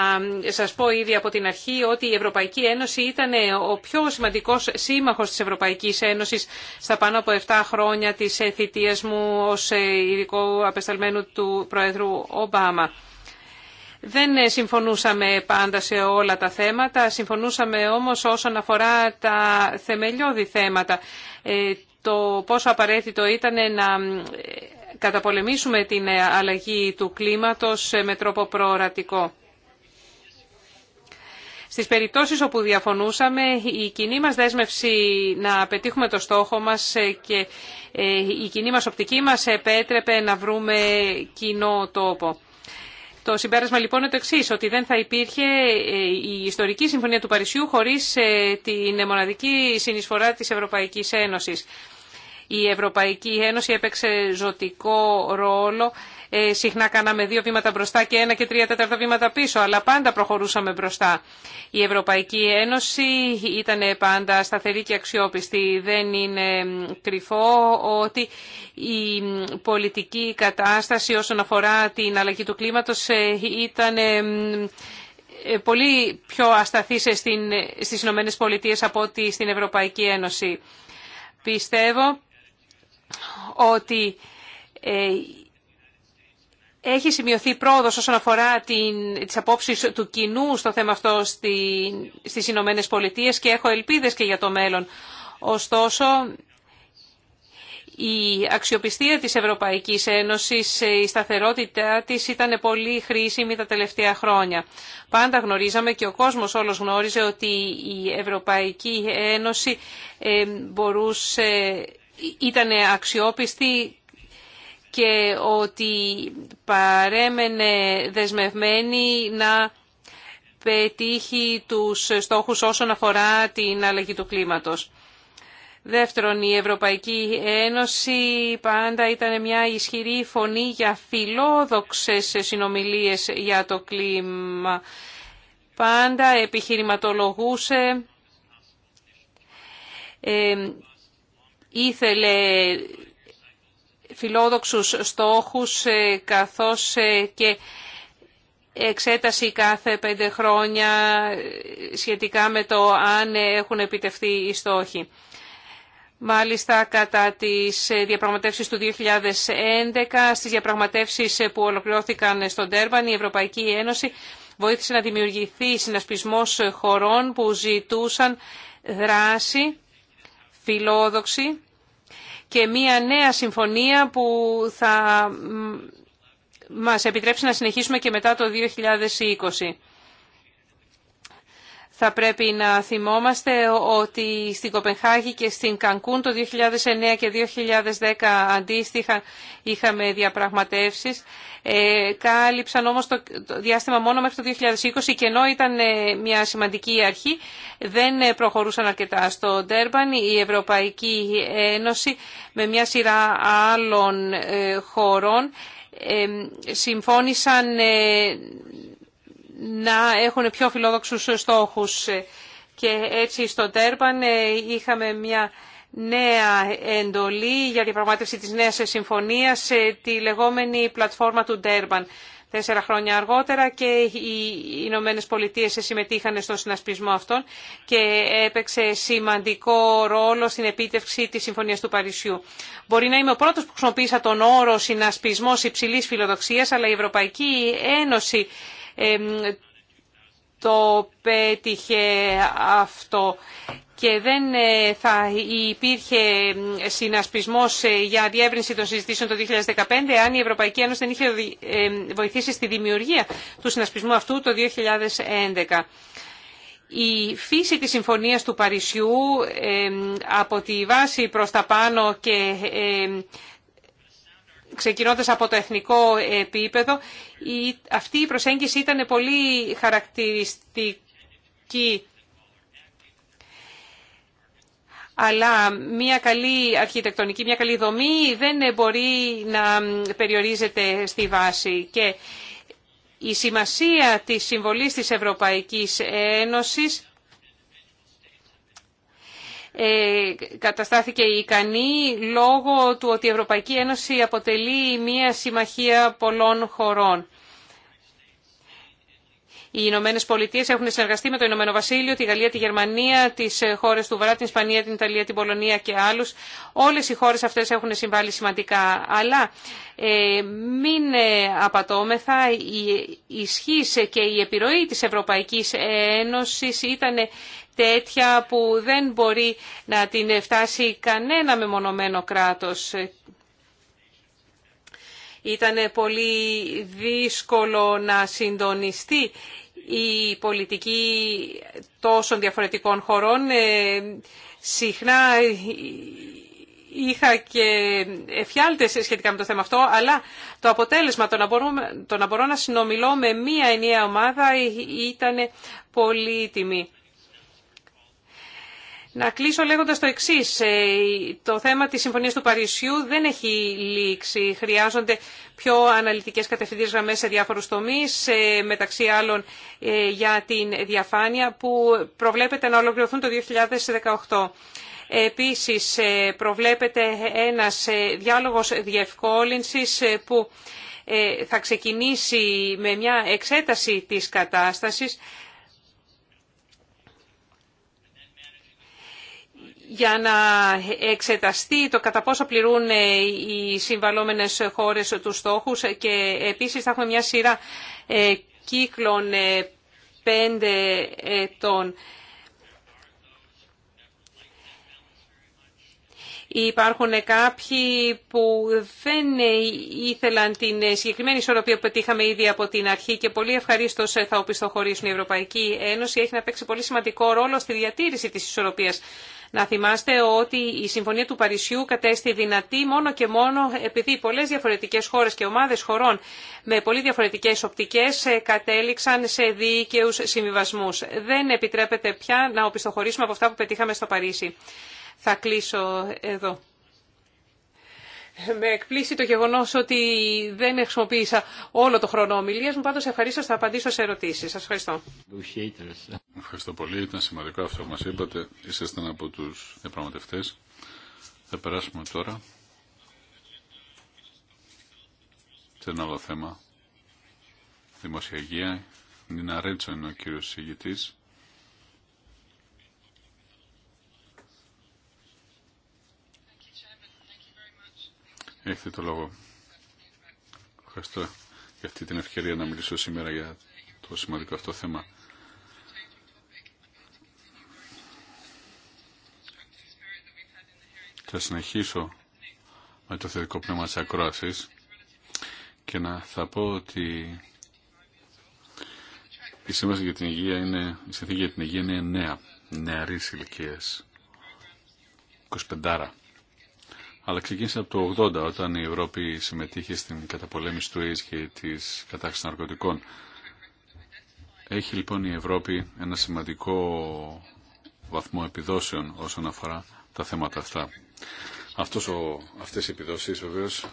σας πω ήδη από την αρχή ότι η Ευρωπαϊκή Ένωση ήταν ο πιο σημαντικός σύμμαχος της Ευρωπαϊκής Ένωσης στα πάνω από 7 χρόνια της θητείας μου ως ειδικό απεσταλμένου του Προέδρου Ομπάμα. Δεν ε, συμφωνούσαμε πάντα σε όλα τα θέματα, συμφωνούσαμε όμως όσον αφορά τα θεμελιώδη θέματα. Ε, το πόσο απαραίτητο ήταν να ε, καταπολεμήσουμε την αλλαγή του κλίματος με τρόπο προορατικό. Στις περιπτώσεις όπου διαφωνούσαμε, η κοινή μας δέσμευση να πετύχουμε το στόχο μας και η κοινή μας οπτική μας επέτρεπε να βρούμε κοινό τόπο. Το συμπέρασμα λοιπόν είναι το εξή, ότι δεν θα υπήρχε ε, η ιστορική συμφωνία του Παρισιού χωρίς ε, την μοναδική συνεισφορά της Ευρωπαϊκής Ένωσης. Η Ευρωπαϊκή Ένωση έπαιξε ζωτικό ρόλο ε, συχνά κάναμε δύο βήματα μπροστά και ένα και τρία τέταρτα βήματα πίσω, αλλά πάντα προχωρούσαμε μπροστά. Η Ευρωπαϊκή Ένωση ήταν πάντα σταθερή και αξιόπιστη. Δεν είναι κρυφό ότι η πολιτική κατάσταση όσον αφορά την αλλαγή του κλίματος ε, ήταν ε, πολύ πιο ασταθής στις Ηνωμένες Πολιτείες από ότι στην Ευρωπαϊκή Ένωση. Πιστεύω ότι έχει σημειωθεί πρόοδος όσον αφορά την, τις απόψεις του κοινού στο θέμα αυτό στη, στις Ηνωμένε Πολιτείες και έχω ελπίδες και για το μέλλον. Ωστόσο, η αξιοπιστία της Ευρωπαϊκής Ένωσης, η σταθερότητά της ήταν πολύ χρήσιμη τα τελευταία χρόνια. Πάντα γνωρίζαμε και ο κόσμος όλος γνώριζε ότι η Ευρωπαϊκή Ένωση ε, μπορούσε, ήταν αξιόπιστη και ότι παρέμενε δεσμευμένη να πετύχει τους στόχους όσον αφορά την αλλαγή του κλίματος. Δεύτερον, η Ευρωπαϊκή Ένωση πάντα ήταν μια ισχυρή φωνή για φιλόδοξες συνομιλίες για το κλίμα. Πάντα επιχειρηματολογούσε, ε, ήθελε φιλόδοξους στόχους ε, καθώς ε, και εξέταση κάθε πέντε χρόνια ε, σχετικά με το αν έχουν επιτευχθεί οι στόχοι. Μάλιστα, κατά τις διαπραγματεύσεις του 2011, στις διαπραγματεύσεις που ολοκληρώθηκαν στον Τέρβαν, η Ευρωπαϊκή Ένωση βοήθησε να δημιουργηθεί συνασπισμός χωρών που ζητούσαν δράση φιλόδοξη και μια νέα συμφωνία που θα μας επιτρέψει να συνεχίσουμε και μετά το 2020 θα πρέπει να θυμόμαστε ότι στην Κοπενχάγη και στην Κανκούν το 2009 και 2010 αντίστοιχα είχαμε διαπραγματεύσεις. Ε, κάλυψαν όμως το, διάστημα μόνο μέχρι το 2020 και ενώ ήταν ε, μια σημαντική αρχή δεν ε, προχωρούσαν αρκετά. Στο Ντέρμπαν η Ευρωπαϊκή Ένωση με μια σειρά άλλων χωρών συμφώνησαν να έχουν πιο φιλόδοξους στόχους. Και έτσι στο Τέρπαν ε, είχαμε μια νέα εντολή για διαπραγμάτευση της νέας συμφωνίας, ε, τη λεγόμενη πλατφόρμα του Τέρπαν. Τέσσερα χρόνια αργότερα και οι Ηνωμένε Πολιτείε συμμετείχαν στο συνασπισμό αυτόν... και έπαιξε σημαντικό ρόλο στην επίτευξη της Συμφωνίας του Παρισιού. Μπορεί να είμαι ο πρώτος που χρησιμοποίησα τον όρο συνασπισμός υψηλής φιλοδοξίας, αλλά η Ευρωπαϊκή Ένωση το πέτυχε αυτό και δεν ε, θα υπήρχε συνασπισμός ε, για διεύρυνση των συζητήσεων το 2015 αν η Ευρωπαϊκή Ένωση δεν είχε βοηθήσει στη δημιουργία του συνασπισμού αυτού το 2011. Η φύση της Συμφωνίας του Παρισιού από τη βάση προς τα πάνω και ξεκινώντας από το εθνικό επίπεδο, αυτή η προσέγγιση ήταν πολύ χαρακτηριστική. Αλλά μια καλή αρχιτεκτονική, μια καλή δομή δεν μπορεί να περιορίζεται στη βάση. Και η σημασία της συμβολής της Ευρωπαϊκής Ένωσης ε, καταστάθηκε ικανή λόγω του ότι η Ευρωπαϊκή Ένωση αποτελεί μία συμμαχία πολλών χωρών. Οι Ηνωμένε Πολιτείε έχουν συνεργαστεί με το Ηνωμένο Βασίλειο, τη Γαλλία, τη Γερμανία, τι χώρε του Βορρά, την Ισπανία, την Ιταλία, την Πολωνία και άλλου. Όλε οι χώρε αυτέ έχουν συμβάλει σημαντικά. Αλλά ε, μην ε, απατώμεθα, η ισχύ και η επιρροή τη Ευρωπαϊκή Ένωση ήταν τέτοια που δεν μπορεί να την φτάσει κανένα μεμονωμένο κράτος. Ήταν πολύ δύσκολο να συντονιστεί η πολιτική τόσων διαφορετικών χωρών. Ε, συχνά είχα και εφιάλτες σχετικά με το θέμα αυτό, αλλά το αποτέλεσμα το να, το να μπορώ να συνομιλώ με μία ενιαία ομάδα ε, ήταν πολύτιμη. Να κλείσω λέγοντα το εξής. Ε, το θέμα της Συμφωνία του Παρισιού δεν έχει λήξει. Χρειάζονται πιο αναλυτικές κατευθυντήριες γραμμές σε διάφορους τομείς, ε, μεταξύ άλλων ε, για την διαφάνεια, που προβλέπεται να ολοκληρωθούν το 2018. Επίσης, προβλέπεται ένας διάλογος διευκόλυνσης που θα ξεκινήσει με μια εξέταση της κατάστασης για να εξεταστεί το κατά πόσο πληρούν ε, οι συμβαλόμενες χώρες τους στόχους και επίσης θα έχουμε μια σειρά ε, κύκλων ε, πέντε ετών. Υπάρχουν κάποιοι που δεν ήθελαν την συγκεκριμένη ισορροπία που πετύχαμε ήδη από την αρχή και πολύ ευχαρίστω θα οπισθοχωρήσουν η Ευρωπαϊκή Ένωση. Έχει να παίξει πολύ σημαντικό ρόλο στη διατήρηση της ισορροπίας να θυμάστε ότι η Συμφωνία του Παρισιού κατέστη δυνατή μόνο και μόνο επειδή πολλές διαφορετικές χώρες και ομάδες χωρών με πολύ διαφορετικές οπτικές ε, κατέληξαν σε δίκαιους συμβιβασμούς. Δεν επιτρέπεται πια να οπισθοχωρήσουμε από αυτά που πετύχαμε στο Παρίσι. Θα κλείσω εδώ. Με εκπλήσει το γεγονό ότι δεν χρησιμοποίησα όλο το χρόνο ομιλία μου, πάντω ευχαρίστω θα απαντήσω σε ερωτήσεις. Σας ευχαριστώ. Ευχαριστώ πολύ. Ήταν σημαντικό αυτό που μα είπατε. Ήσασταν από τους διαπραγματευτέ. Θα περάσουμε τώρα σε ένα άλλο θέμα. Δημοσιαγία. Νίνα Ρέτσο είναι ο κύριος συγγητή. Έχετε το λόγο. Ευχαριστώ για αυτή την ευκαιρία να μιλήσω σήμερα για το σημαντικό αυτό θέμα. Θα συνεχίσω με το θετικό πνεύμα της ακρόασης και να θα πω ότι η σύμβαση για την υγεία είναι, η συνθήκη για την υγεία είναι νέα, νεαρής ηλικίας, 25 αλλά ξεκίνησε από το 80 όταν η Ευρώπη συμμετείχε στην καταπολέμηση του AIDS και της κατάξυσης ναρκωτικών. Έχει λοιπόν η Ευρώπη ένα σημαντικό βαθμό επιδόσεων όσον αφορά τα θέματα αυτά. Αυτός ο, αυτές οι επιδόσεις βεβαίως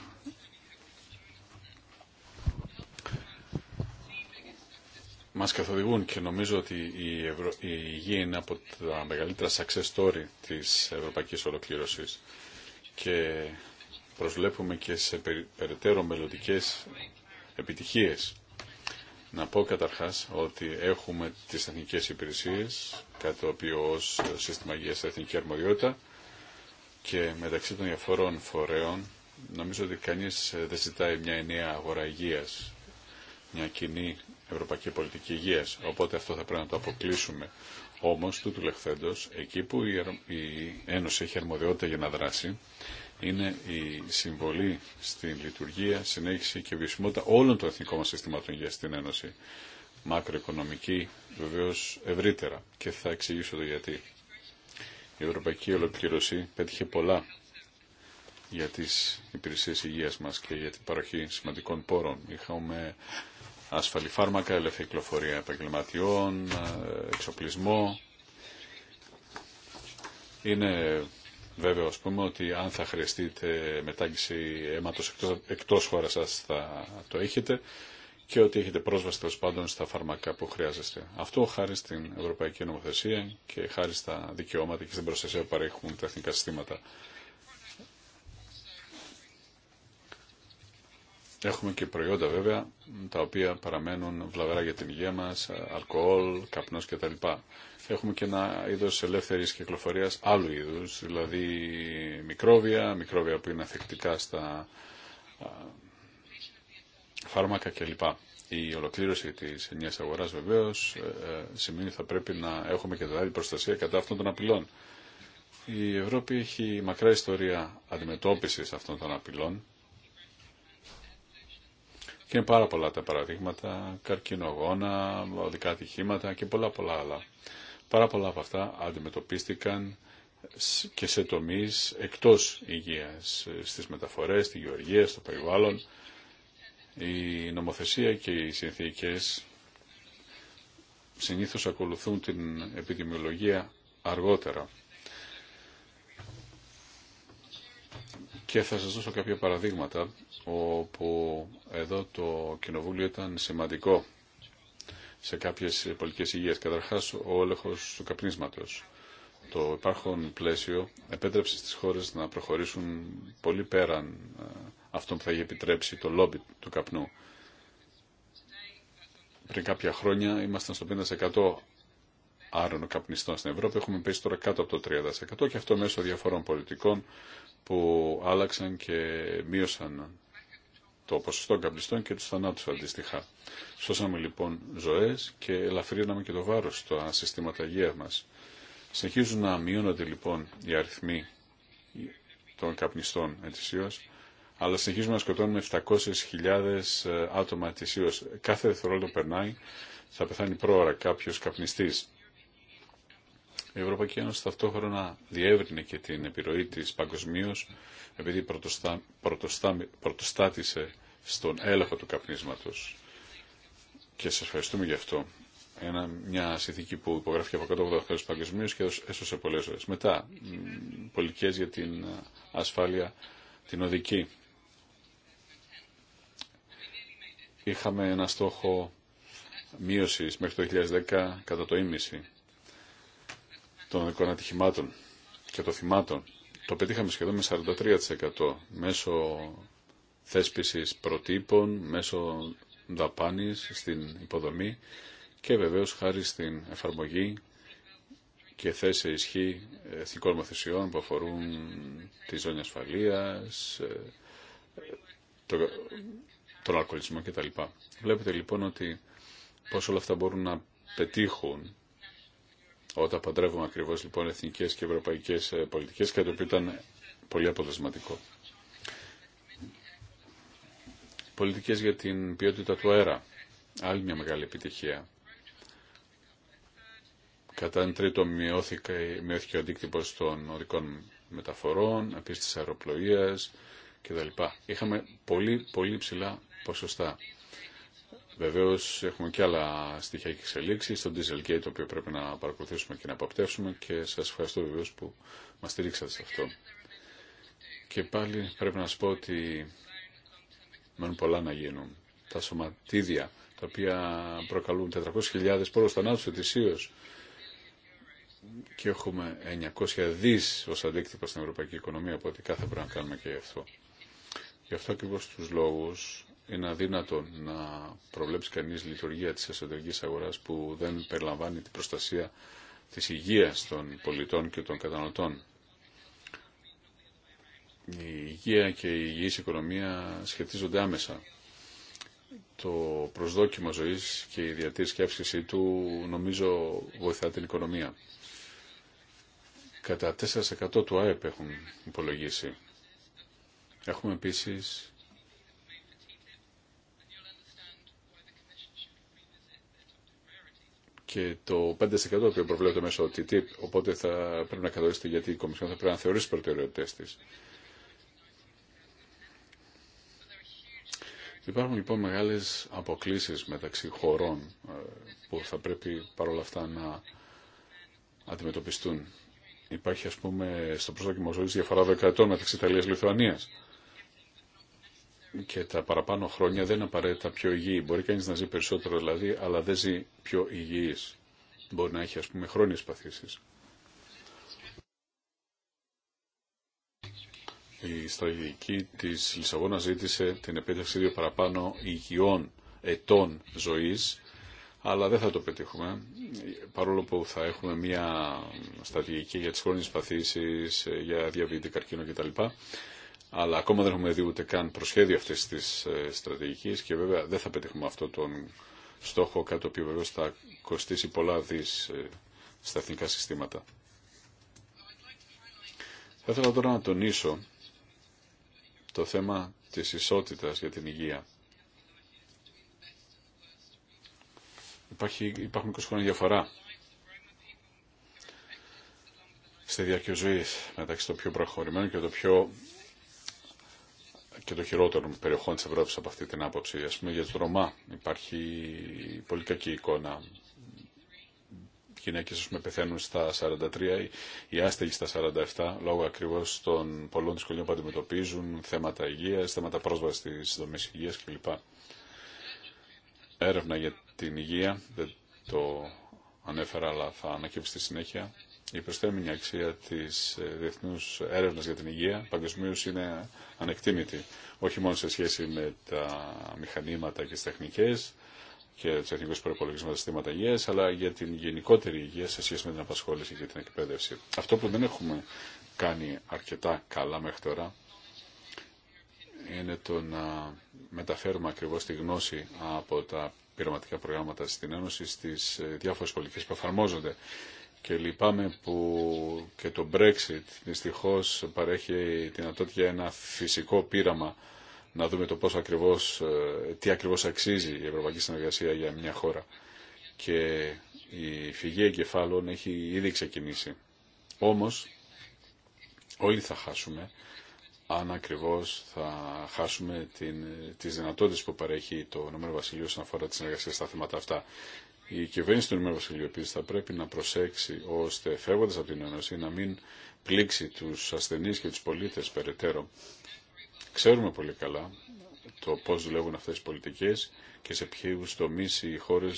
μας καθοδηγούν και νομίζω ότι η, Ευρω... υγεία είναι από τα μεγαλύτερα success story της ευρωπαϊκής ολοκλήρωσης και προσβλέπουμε και σε περαιτέρω μελλοντικέ επιτυχίες. Να πω καταρχάς ότι έχουμε τις εθνικές υπηρεσίες, κάτι το οποίο ως σύστημα υγείας εθνική αρμοδιότητα και μεταξύ των διαφόρων φορέων νομίζω ότι κανείς δεν ζητάει μια ενιαία αγορά υγείας, μια κοινή ευρωπαϊκή πολιτική υγείας, οπότε αυτό θα πρέπει να το αποκλείσουμε. Όμω του λεχθέντος, εκεί που η Ένωση έχει αρμοδιότητα για να δράσει, είναι η συμβολή στην λειτουργία, συνέχιση και βιωσιμότητα όλων των εθνικών μας συστημάτων για στην Ένωση. Μακροοικονομική, βεβαίως ευρύτερα. Και θα εξηγήσω το γιατί. Η Ευρωπαϊκή Ολοκλήρωση πέτυχε πολλά για τις υπηρεσίες υγείας μας και για την παροχή σημαντικών πόρων. Είχαμε ασφαλή φάρμακα, ελεύθερη κυκλοφορία επαγγελματιών, ε, εξοπλισμό. Είναι βέβαιο, ας πούμε, ότι αν θα χρειαστείτε μετάγγιση αίματος εκτός, εκτός χώρας σας θα το έχετε και ότι έχετε πρόσβαση τέλο πάντων στα φάρμακα που χρειάζεστε. Αυτό χάρη στην Ευρωπαϊκή Νομοθεσία και χάρη στα δικαιώματα και στην προστασία που παρέχουν τα εθνικά συστήματα. Έχουμε και προϊόντα βέβαια, τα οποία παραμένουν βλαβερά για την υγεία μας, αλκοόλ, καπνός κτλ. Έχουμε και ένα είδος ελεύθερης κυκλοφορίας άλλου είδους, δηλαδή μικρόβια, μικρόβια που είναι αθεκτικά στα φάρμακα κλπ. Η ολοκλήρωση της ενιαίας αγοράς βεβαίως ε, ε, σημαίνει ότι θα πρέπει να έχουμε και δηλαδή προστασία κατά αυτών των απειλών. Η Ευρώπη έχει μακρά ιστορία αντιμετώπισης αυτών των απειλών και είναι πάρα πολλά τα παραδείγματα, καρκινογόνα, οδικά ατυχήματα και πολλά πολλά άλλα. Πάρα πολλά από αυτά αντιμετωπίστηκαν και σε τομείς εκτός υγείας, στις μεταφορές, στη γεωργία, στο περιβάλλον. Η νομοθεσία και οι συνθήκες συνήθως ακολουθούν την επιδημιολογία αργότερα. Και θα σας δώσω κάποια παραδείγματα όπου εδώ το κοινοβούλιο ήταν σημαντικό σε κάποιες πολιτικές υγείας. Καταρχάς, ο έλεγχο του καπνίσματος. Το υπάρχον πλαίσιο επέτρεψε στις χώρες να προχωρήσουν πολύ πέραν ε, αυτό που θα είχε επιτρέψει το λόμπι του καπνού. Πριν κάποια χρόνια ήμασταν στο 50% άρων καπνιστών στην Ευρώπη. Έχουμε πέσει τώρα κάτω από το 30% και αυτό μέσω διαφορών πολιτικών που άλλαξαν και μείωσαν το ποσοστό καπνιστών και του θανάτους αντίστοιχα. Σώσαμε λοιπόν ζωέ και ελαφρύναμε και το βάρος στα συστήματα υγεία μας. Συνεχίζουν να μειώνονται λοιπόν οι αριθμοί των καπνιστών ετησίω, αλλά συνεχίζουμε να σκοτώνουμε 700.000 ε, άτομα ετησίω. Κάθε δευτερόλεπτο περνάει θα πεθάνει πρόωρα κάποιο καπνιστή. Η Ευρωπαϊκή Ένωση ταυτόχρονα διεύρυνε και την επιρροή της παγκοσμίω επειδή πρωτοστάτησε στον έλεγχο του καπνίσματος. Και σας ευχαριστούμε γι' αυτό. Ένα, μια συνθήκη που υπογράφηκε από 180 χώρε παγκοσμίω και έσωσε πολλέ ζωέ. Μετά, πολιτικέ για την ασφάλεια την οδική. Είχαμε ένα στόχο μείωσης μέχρι το 2010 κατά το ίμιση των οδικών ατυχημάτων και των θυμάτων. Το πετύχαμε σχεδόν με 43% μέσω θέσπισης προτύπων, μέσω δαπάνης στην υποδομή και βεβαίως χάρη στην εφαρμογή και θέση ισχύ εθνικών μαθησιών που αφορούν τη ζώνη ασφαλείας, ε, το, τον αλκοολισμό κτλ. Βλέπετε λοιπόν ότι πώς όλα αυτά μπορούν να πετύχουν όταν παντρεύουμε ακριβώς λοιπόν εθνικές και ευρωπαϊκές ε, πολιτικές, κάτι που ήταν πολύ αποτελεσματικό. Πολιτικές για την ποιότητα του αέρα. Άλλη μια μεγάλη επιτυχία. Κατά ένα τρίτο μειώθηκε, μειώθηκε ο αντίκτυπο των οδικών μεταφορών, επίση τη αεροπλοεία κτλ. Είχαμε πολύ, πολύ ψηλά ποσοστά. Βεβαίω έχουμε και άλλα στοιχεία και εξελίξει στο Dieselgate, το οποίο πρέπει να παρακολουθήσουμε και να αποπτεύσουμε και σα ευχαριστώ βεβαίω που μα στηρίξατε σε αυτό. Και πάλι πρέπει να σα πω ότι μένουν πολλά να γίνουν. Τα σωματίδια τα οποία προκαλούν 400.000 πόρου θανάτου ετησίω και έχουμε 900 δις ως αντίκτυπο στην ευρωπαϊκή οικονομία, οπότε κάθε πρέπει να κάνουμε και γι' αυτό. Γι' αυτό ακριβώ του λόγου είναι αδύνατο να προβλέψει κανείς λειτουργία της εσωτερικής αγοράς που δεν περιλαμβάνει την προστασία της υγείας των πολιτών και των καταναλωτών. Η υγεία και η υγιής οικονομία σχετίζονται άμεσα. Το προσδόκιμο ζωής και η διατήρηση και αύξησή του νομίζω βοηθά την οικονομία. Κατά 4% του ΑΕΠ έχουν υπολογίσει. Έχουμε επίσης και το 5% το οποίο προβλέπεται μέσα TTIP, οπότε θα πρέπει να καθορίσετε γιατί η Κομισιόν θα πρέπει να θεωρήσει προτεραιότητε τη. Υπάρχουν λοιπόν μεγάλε αποκλήσει μεταξύ χωρών ε, που θα πρέπει παρόλα αυτά να αντιμετωπιστούν. Υπάρχει ας πούμε στο προσδόκιμο ζωής διαφορά δεκαετών μεταξύ Ιταλίας και Λιθουανία και τα παραπάνω χρόνια δεν είναι απαραίτητα πιο υγιή. Μπορεί κανείς να ζει περισσότερο δηλαδή, αλλά δεν ζει πιο υγιή. Μπορεί να έχει α πούμε χρόνιε παθήσει. Η στρατηγική της Λισαβόνα ζήτησε την επίτευξη δύο παραπάνω υγιών ετών ζωής, αλλά δεν θα το πετύχουμε, παρόλο που θα έχουμε μια στρατηγική για τι χρόνιε παθήσει, για διαβίτη καρκίνο κτλ αλλά ακόμα δεν έχουμε δει ούτε καν προσχέδιο αυτής της ε, στρατηγικής και βέβαια δεν θα πετύχουμε αυτό τον στόχο, κάτι το οποίο βέβαια θα κοστίσει πολλά δις ε, στα εθνικά συστήματα. Θα ήθελα τώρα να τονίσω το θέμα της ισότητας για την υγεία. Υπάρχει, υπάρχουν 20 χρόνια διαφορά στη διάρκεια ζωή μεταξύ των πιο προχωρημένων και των πιο και των χειρότερων περιοχών τη Ευρώπη από αυτή την άποψη. Ας πούμε για τους Ρωμά υπάρχει πολύ κακή εικόνα. Οι γυναίκε με πεθαίνουν στα 43, οι άστεγοι στα 47, λόγω ακριβώς των πολλών δυσκολιών που αντιμετωπίζουν, θέματα υγείας, θέματα πρόσβασης στις δομές υγείας κλπ. Έρευνα για την υγεία, δεν το ανέφερα αλλά θα ανακύψει στη συνέχεια η προσθέμενη αξία τη ε, διεθνού έρευνα για την υγεία παγκοσμίω είναι ανεκτήμητη. Όχι μόνο σε σχέση με τα μηχανήματα και τι τεχνικέ και του εθνικού προπολογισμού τα συστήματα υγεία, αλλά για την γενικότερη υγεία σε σχέση με την απασχόληση και την εκπαίδευση. Αυτό που δεν έχουμε κάνει αρκετά καλά μέχρι τώρα είναι το να μεταφέρουμε ακριβώς τη γνώση από τα πειραματικά προγράμματα στην Ένωση στις ε, διάφορες πολιτικές που εφαρμόζονται και λυπάμαι που και το Brexit δυστυχώς παρέχει δυνατότητα για ένα φυσικό πείραμα να δούμε το πώς ακριβώς, ε, τι ακριβώς αξίζει η Ευρωπαϊκή Συνεργασία για μια χώρα. Και η φυγή εγκεφάλων έχει ήδη ξεκινήσει. Όμως, όλοι θα χάσουμε αν ακριβώς θα χάσουμε την, τις δυνατότητες που παρέχει το νούμερο Βασιλείο σαν αφορά τη συνεργασία στα θέματα αυτά η κυβέρνηση του Ηνωμένου Βασιλείου θα πρέπει να προσέξει ώστε φεύγοντα από την Ένωση να μην πλήξει του ασθενεί και του πολίτε περαιτέρω. Ξέρουμε πολύ καλά το πώ δουλεύουν αυτέ οι πολιτικέ και σε ποιου τομεί οι χώρε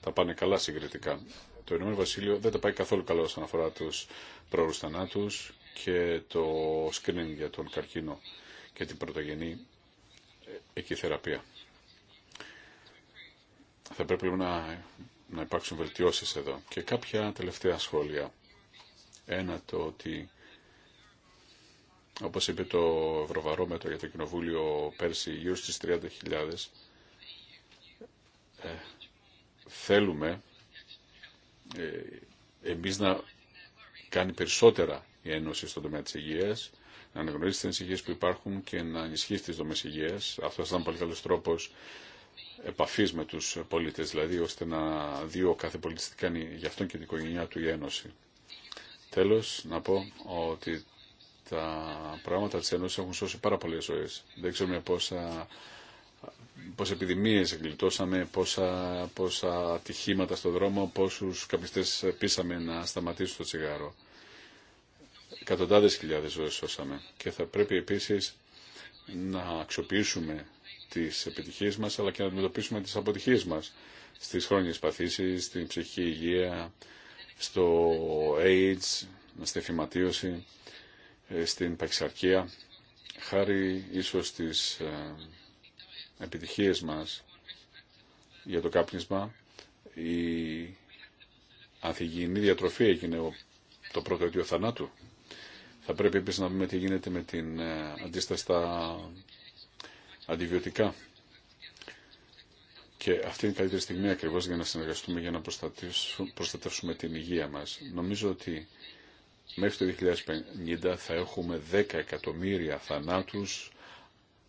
θα ε, πάνε καλά συγκριτικά. Το Ηνωμένο Βασίλειο δεν τα πάει καθόλου καλά όσον αφορά του πρόωρου θανάτου και το screening για τον καρκίνο και την πρωτογενή ε, εκεί θεραπεία θα πρέπει να, να υπάρξουν βελτιώσεις εδώ. Και κάποια τελευταία σχόλια. Ένα το ότι, όπως είπε το Ευρωβαρόμετρο για το Κοινοβούλιο πέρσι, γύρω στις 30.000, ε, θέλουμε ε, εμείς να κάνει περισσότερα η Ένωση στον τομέα της υγείας, να αναγνωρίσει τις ανησυχίες που υπάρχουν και να ενισχύσει τις δομές υγείας. Αυτό θα ήταν πολύ καλός τρόπος επαφής με τους πολίτες, δηλαδή ώστε να δει κάθε πολίτης τι κάνει για αυτόν και την οικογένειά του η Ένωση. Τέλος, να πω ότι τα πράγματα της Ένωσης έχουν σώσει πάρα πολλές ζωές. Δεν ξέρουμε πόσα, πόσα επιδημίες γλιτώσαμε, πόσα, πόσα ατυχήματα στον δρόμο, πόσους καπιστές πείσαμε να σταματήσουν το τσιγάρο. Εκατοντάδες χιλιάδες ζωές σώσαμε. Και θα πρέπει επίσης να αξιοποιήσουμε τις επιτυχίες μας αλλά και να αντιμετωπίσουμε τις αποτυχίες μας στις χρόνιες παθήσεις, στην ψυχική υγεία, στο AIDS, στη θυματίωση, ε, στην παξαρκία. Χάρη ίσως στις ε, επιτυχίες μας για το κάπνισμα, η ανθυγιεινή διατροφή έγινε το πρώτο αιτίο θανάτου. Θα πρέπει επίσης να δούμε τι γίνεται με την ε, αντίσταση αντιβιωτικά. Και αυτή είναι η καλύτερη στιγμή ακριβώ για να συνεργαστούμε για να προστατεύσουμε την υγεία μας. Νομίζω ότι μέχρι το 2050 θα έχουμε 10 εκατομμύρια θανάτους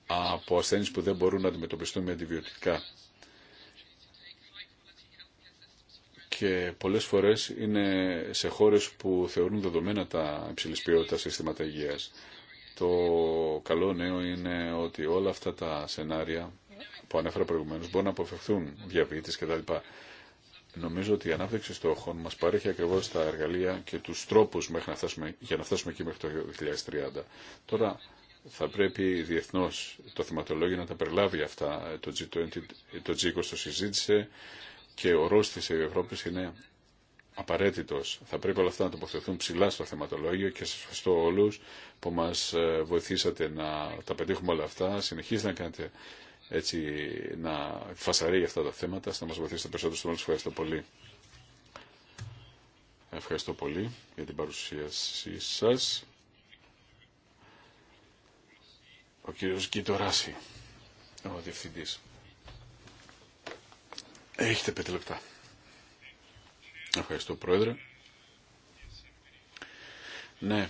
από ασθένειε που δεν μπορούν να αντιμετωπιστούν με αντιβιωτικά. Και πολλές φορές είναι σε χώρες που θεωρούν δεδομένα τα υψηλής ποιότητα συστήματα υγείας. Το καλό νέο είναι ότι όλα αυτά τα σενάρια που ανέφερα προηγουμένως μπορούν να αποφευθούν διαβήτης κτλ. Νομίζω ότι η ανάπτυξη στόχων μας παρέχει ακριβώς τα εργαλεία και τους τρόπους μέχρι να για να φτάσουμε εκεί μέχρι το 2030. Τώρα θα πρέπει διεθνώ το θεματολόγιο να τα περιλάβει αυτά. Το G20 το, G20 συζήτησε και ο ρόλος της Ευρώπης είναι απαραίτητος. Θα πρέπει όλα αυτά να τοποθετηθούν ψηλά στο θεματολόγιο και σας ευχαριστώ όλους που μας ε, βοηθήσατε να τα πετύχουμε όλα αυτά. Συνεχίζετε να κάνετε έτσι να φασαρεί για αυτά τα θέματα, να μας βοηθήσετε περισσότερο στο μέλλον. Ευχαριστώ πολύ. Ευχαριστώ πολύ για την παρουσίασή σας. Ο κύριος Κιτοράση, ο διευθυντής. Έχετε πέντε λεπτά. Ευχαριστώ Πρόεδρε. Ναι,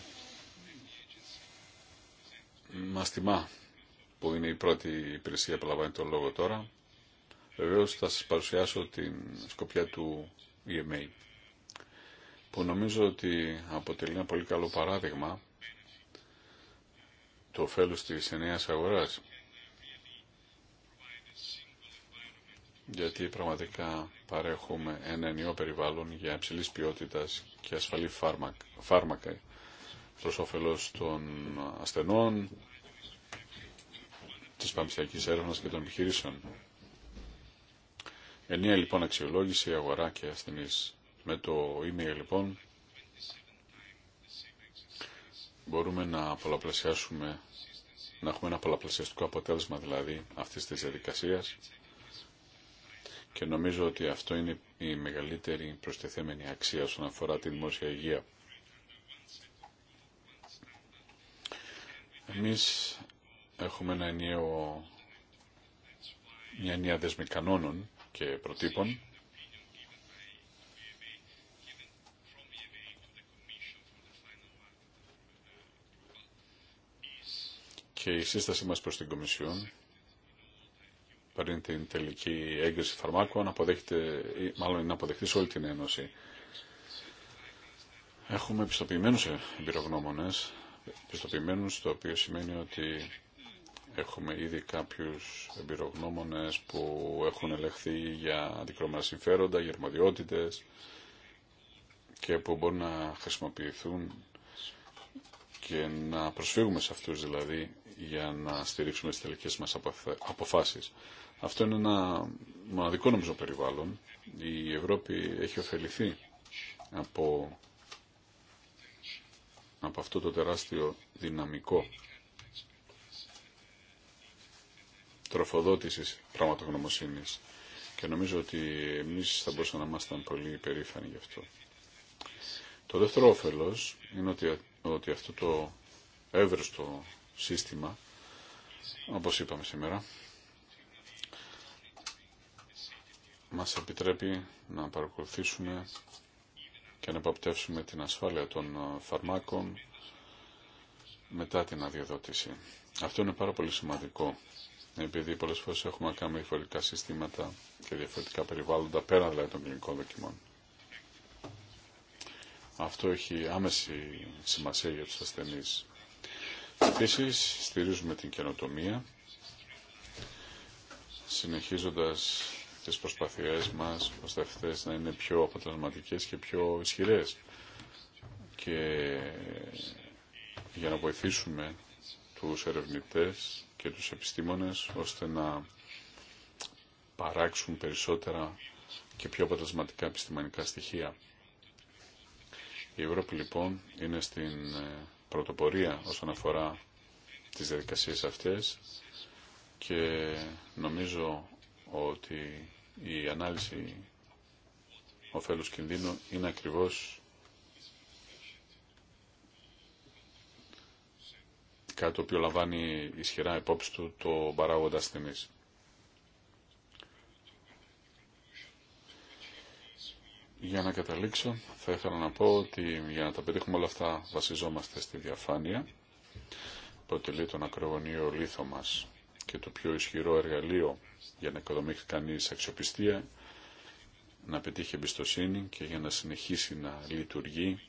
μας τιμά που είναι η πρώτη υπηρεσία που λαμβάνει τον λόγο τώρα. βεβαίω θα σα παρουσιάσω την σκοπιά του EMA που νομίζω ότι αποτελεί ένα πολύ καλό παράδειγμα το φέλους της νέας αγοράς. γιατί πραγματικά παρέχουμε ένα ενιαίο περιβάλλον για υψηλή ποιότητα και ασφαλή φάρμακα προ όφελο των ασθενών, τη πανεπιστημιακή έρευνα και των επιχειρήσεων. Ενία λοιπόν αξιολόγηση, αγορά και ασθενεί. Με το email λοιπόν μπορούμε να πολλαπλασιάσουμε να έχουμε ένα πολλαπλασιαστικό αποτέλεσμα δηλαδή αυτή τη διαδικασία και νομίζω ότι αυτό είναι η μεγαλύτερη προστεθέμενη αξία όσον αφορά τη δημόσια υγεία. Εμείς έχουμε ένα ενιαίο, μια ενιαία δεσμή κανόνων και προτύπων και η σύσταση μας προς την Κομισιόν πριν την τελική έγκριση φαρμάκων, αποδέχεται, ή μάλλον είναι αποδεχτή σε όλη την Ένωση. Έχουμε πιστοποιημένου, εμπειρογνώμονες, το οποίο σημαίνει ότι έχουμε ήδη κάποιου εμπειρογνώμονε που έχουν ελεγχθεί για αντικρώμενα συμφέροντα, για και που μπορούν να χρησιμοποιηθούν και να προσφύγουμε σε αυτούς δηλαδή για να στηρίξουμε τις τελικές μας αποφάσεις. Αυτό είναι ένα μοναδικό νομίζω περιβάλλον. Η Ευρώπη έχει ωφεληθεί από, από αυτό το τεράστιο δυναμικό τροφοδότησης πραγματογνωμοσύνης και νομίζω ότι εμείς θα μπορούσαμε να ήμασταν πολύ περήφανοι γι' αυτό. Το δεύτερο όφελος είναι ότι, ότι αυτό το εύρωστο σύστημα, όπως είπαμε σήμερα, μας επιτρέπει να παρακολουθήσουμε και να επαπτεύσουμε την ασφάλεια των ε, φαρμάκων μετά την αδειοδότηση. Αυτό είναι πάρα πολύ σημαντικό, επειδή πολλές φορές έχουμε κάνει διαφορετικά συστήματα και διαφορετικά περιβάλλοντα, πέρα δηλαδή των κλινικών δοκιμών. Αυτό έχει άμεση σημασία για τους ασθενείς. Επίσης, στηρίζουμε την καινοτομία, συνεχίζοντας τις προσπαθειές μας, ώστε αυτές να είναι πιο αποτελεσματικές και πιο ισχυρές. Και για να βοηθήσουμε τους ερευνητές και τους επιστήμονες, ώστε να παράξουν περισσότερα και πιο αποτελεσματικά επιστημονικά στοιχεία. Η Ευρώπη λοιπόν είναι στην ε, πρωτοπορία όσον αφορά τις διαδικασίες αυτές και νομίζω ότι η ανάλυση ωφέλους κινδύνου είναι ακριβώς κάτι το οποίο λαμβάνει ισχυρά υπόψη του το παράγοντα τιμή. Για να καταλήξω, θα ήθελα να πω ότι για να τα πετύχουμε όλα αυτά βασιζόμαστε στη διαφάνεια, που αποτελεί τον ακρογωνίο λίθο μας και το πιο ισχυρό εργαλείο για να οικοδομήσει κανείς αξιοπιστία, να πετύχει εμπιστοσύνη και για να συνεχίσει να λειτουργεί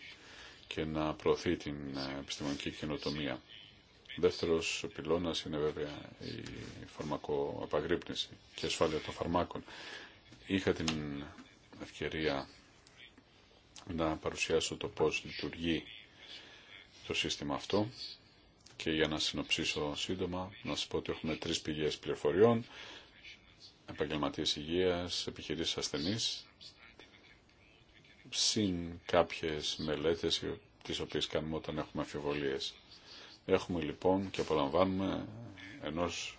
και να προωθεί την ε, επιστημονική καινοτομία. Δεύτερος πυλώνας είναι βέβαια η φαρμακοαπαγρύπνηση και ασφάλεια των φαρμάκων. Είχα την ευκαιρία να παρουσιάσω το πώς λειτουργεί το σύστημα αυτό και για να συνοψίσω σύντομα να σας πω ότι έχουμε τρεις πηγές πληροφοριών επαγγελματίες υγείας, επιχειρήσεις ασθενείς συν κάποιες μελέτες τις οποίες κάνουμε όταν έχουμε αφιβολίες. Έχουμε λοιπόν και απολαμβάνουμε ενός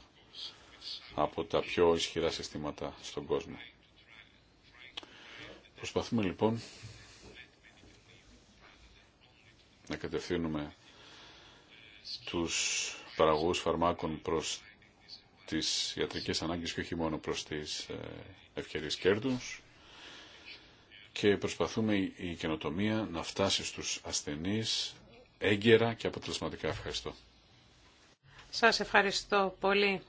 από τα πιο ισχυρά συστήματα στον κόσμο. Προσπαθούμε λοιπόν να κατευθύνουμε τους παραγωγούς φαρμάκων προς τις ιατρικές ανάγκες και όχι μόνο προς τις ε, ευκαιρίες κέρδους και προσπαθούμε η καινοτομία να φτάσει στους ασθενείς έγκαιρα και αποτελεσματικά. Ευχαριστώ. Σας ευχαριστώ πολύ.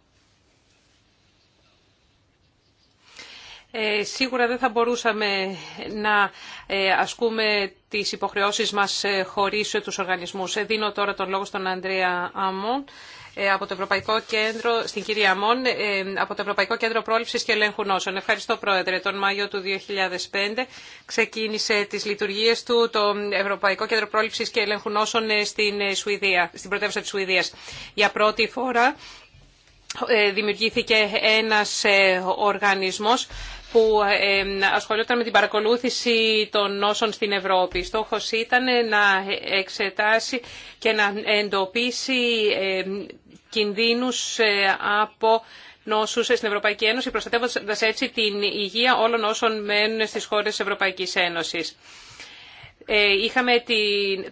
Ε, σίγουρα δεν θα μπορούσαμε να ε, ασκούμε τις υποχρεώσεις μας ε, χωρίς τους οργανισμούς. δίνω τώρα τον λόγο στον Ανδρέα Αμμόν από το Ευρωπαϊκό Κέντρο, στην κυρία Αμών, από το Ευρωπαϊκό Κέντρο Πρόληψης και Ελέγχου Νόσων. Ευχαριστώ Πρόεδρε. Τον Μάιο του 2005 ξεκίνησε τις λειτουργίες του το Ευρωπαϊκό Κέντρο Πρόληψης και Ελέγχου Νόσων στην, Σουηδία, στην πρωτεύουσα της Σουηδίας. Για πρώτη φορά δημιουργήθηκε ένας οργανισμός που ασχολιόταν με την παρακολούθηση των νόσων στην Ευρώπη. Στόχος ήταν να εξετάσει και να εντοπίσει κινδύνους ε, από νόσους στην Ευρωπαϊκή Ένωση, προστατεύοντας έτσι την υγεία όλων όσων μένουν στις χώρες της Ευρωπαϊκής Ένωσης. Ε, είχαμε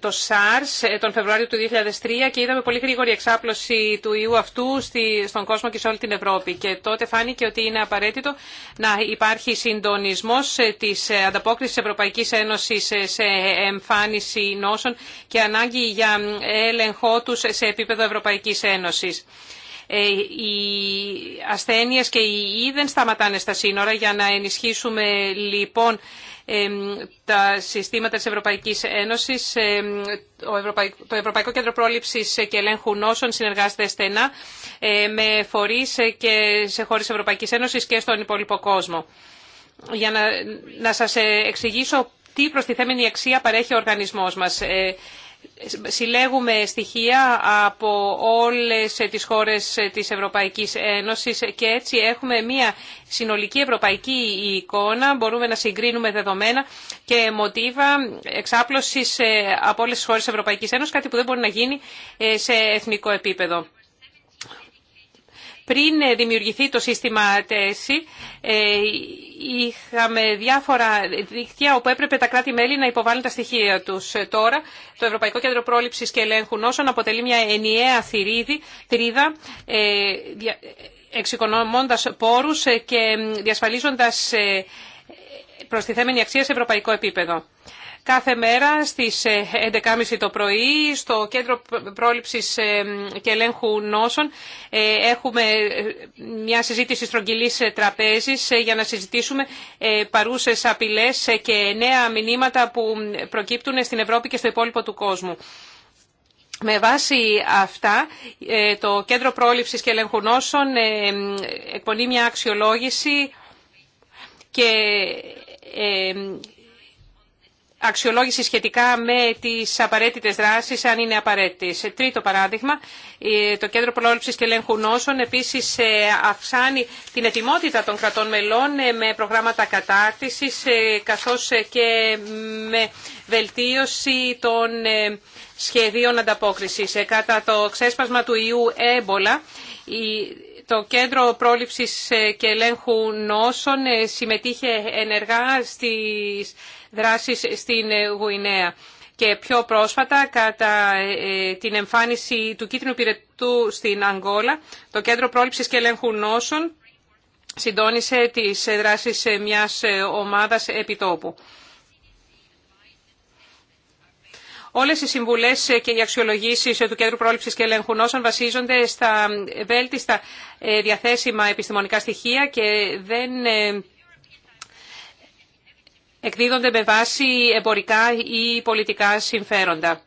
το SARS ε, τον Φεβρουάριο του 2003 και είδαμε πολύ γρήγορη εξάπλωση του ιού αυτού στον κόσμο και σε όλη την Ευρώπη. Και τότε φάνηκε ότι είναι απαραίτητο να υπάρχει συντονισμός ε, της ανταπόκρισης Ευρωπαϊκής Ένωσης σε εμφάνιση νόσων και ανάγκη για έλεγχό τους σε επίπεδο Ευρωπαϊκής Ένωσης οι ασθένειες και οι ιοί δεν σταματάνε στα σύνορα για να ενισχύσουμε λοιπόν τα συστήματα της Ευρωπαϊκής Ένωσης. Το Ευρωπαϊκό Κέντρο Πρόληψης και Ελέγχου Νόσων συνεργάζεται στενά ε, με φορείς και σε χώρες Ευρωπαϊκής Ένωσης και στον υπόλοιπο κόσμο. Για να, να σας ε, εξηγήσω τι προστιθέμενη αξία παρέχει ο οργανισμός μας. Ε, συλλέγουμε στοιχεία από όλες τις χώρες της Ευρωπαϊκής Ένωσης και έτσι έχουμε μια συνολική ευρωπαϊκή εικόνα, μπορούμε να συγκρίνουμε δεδομένα και μοτίβα εξάπλωσης ε, από όλες τις χώρες της Ευρωπαϊκής Ένωσης, κάτι που δεν μπορεί να γίνει ε, σε εθνικό επίπεδο. Πριν δημιουργηθεί το σύστημα ΤΕΣΥ, ε, είχαμε διάφορα δίκτυα όπου έπρεπε τα κράτη-μέλη να υποβάλουν τα στοιχεία τους. Ε, τώρα, το Ευρωπαϊκό Κέντρο Πρόληψης και Ελέγχου Νόσων αποτελεί μια ενιαία θηρίδη, θηρίδα, ε, εξοικονομώντας πόρους και διασφαλίζοντας προστιθέμενη αξία σε ευρωπαϊκό επίπεδο κάθε μέρα στις 11.30 ε, το πρωί στο Κέντρο Πρόληψης ε, και Ελέγχου Νόσων ε, έχουμε μια συζήτηση στρογγυλής τραπέζης για να συζητήσουμε παρούσες απειλές και νέα μηνύματα που προκύπτουν στην Ευρώπη και στο υπόλοιπο του κόσμου. Με βάση αυτά, το Κέντρο Πρόληψης και Ελέγχου Νόσων εκπονεί μια αξιολόγηση και αξιολόγηση σχετικά με τις απαραίτητε δράσεις, αν είναι απαραίτητες. Τρίτο παράδειγμα, το Κέντρο Προλόγηση και Ελέγχου Νόσων επίσης ε, αυξάνει την ετοιμότητα των κρατών μελών ε, με προγράμματα κατάρτιση, ε, καθώς και με βελτίωση των σχεδίων ανταπόκρισης. Κατά το ξέσπασμα του ιού έμπολα, το Κέντρο Πρόληψης και Ελέγχου Νόσων συμμετείχε ενεργά στις δράσεις στην Γουινέα. Και πιο πρόσφατα, κατά ε, την εμφάνιση του κίτρινου πυρετού στην Αγγόλα, το Κέντρο Πρόληψης και Ελέγχου Νόσων συντόνισε τις δράσεις μιας ομάδας επιτόπου. Όλες οι συμβουλές και οι αξιολογήσει του Κέντρου Πρόληψης και Ελέγχου Νόσων βασίζονται στα βέλτιστα ε, διαθέσιμα επιστημονικά στοιχεία και δεν ε, εκδίδονται με βάση εμπορικά ή πολιτικά συμφέροντα.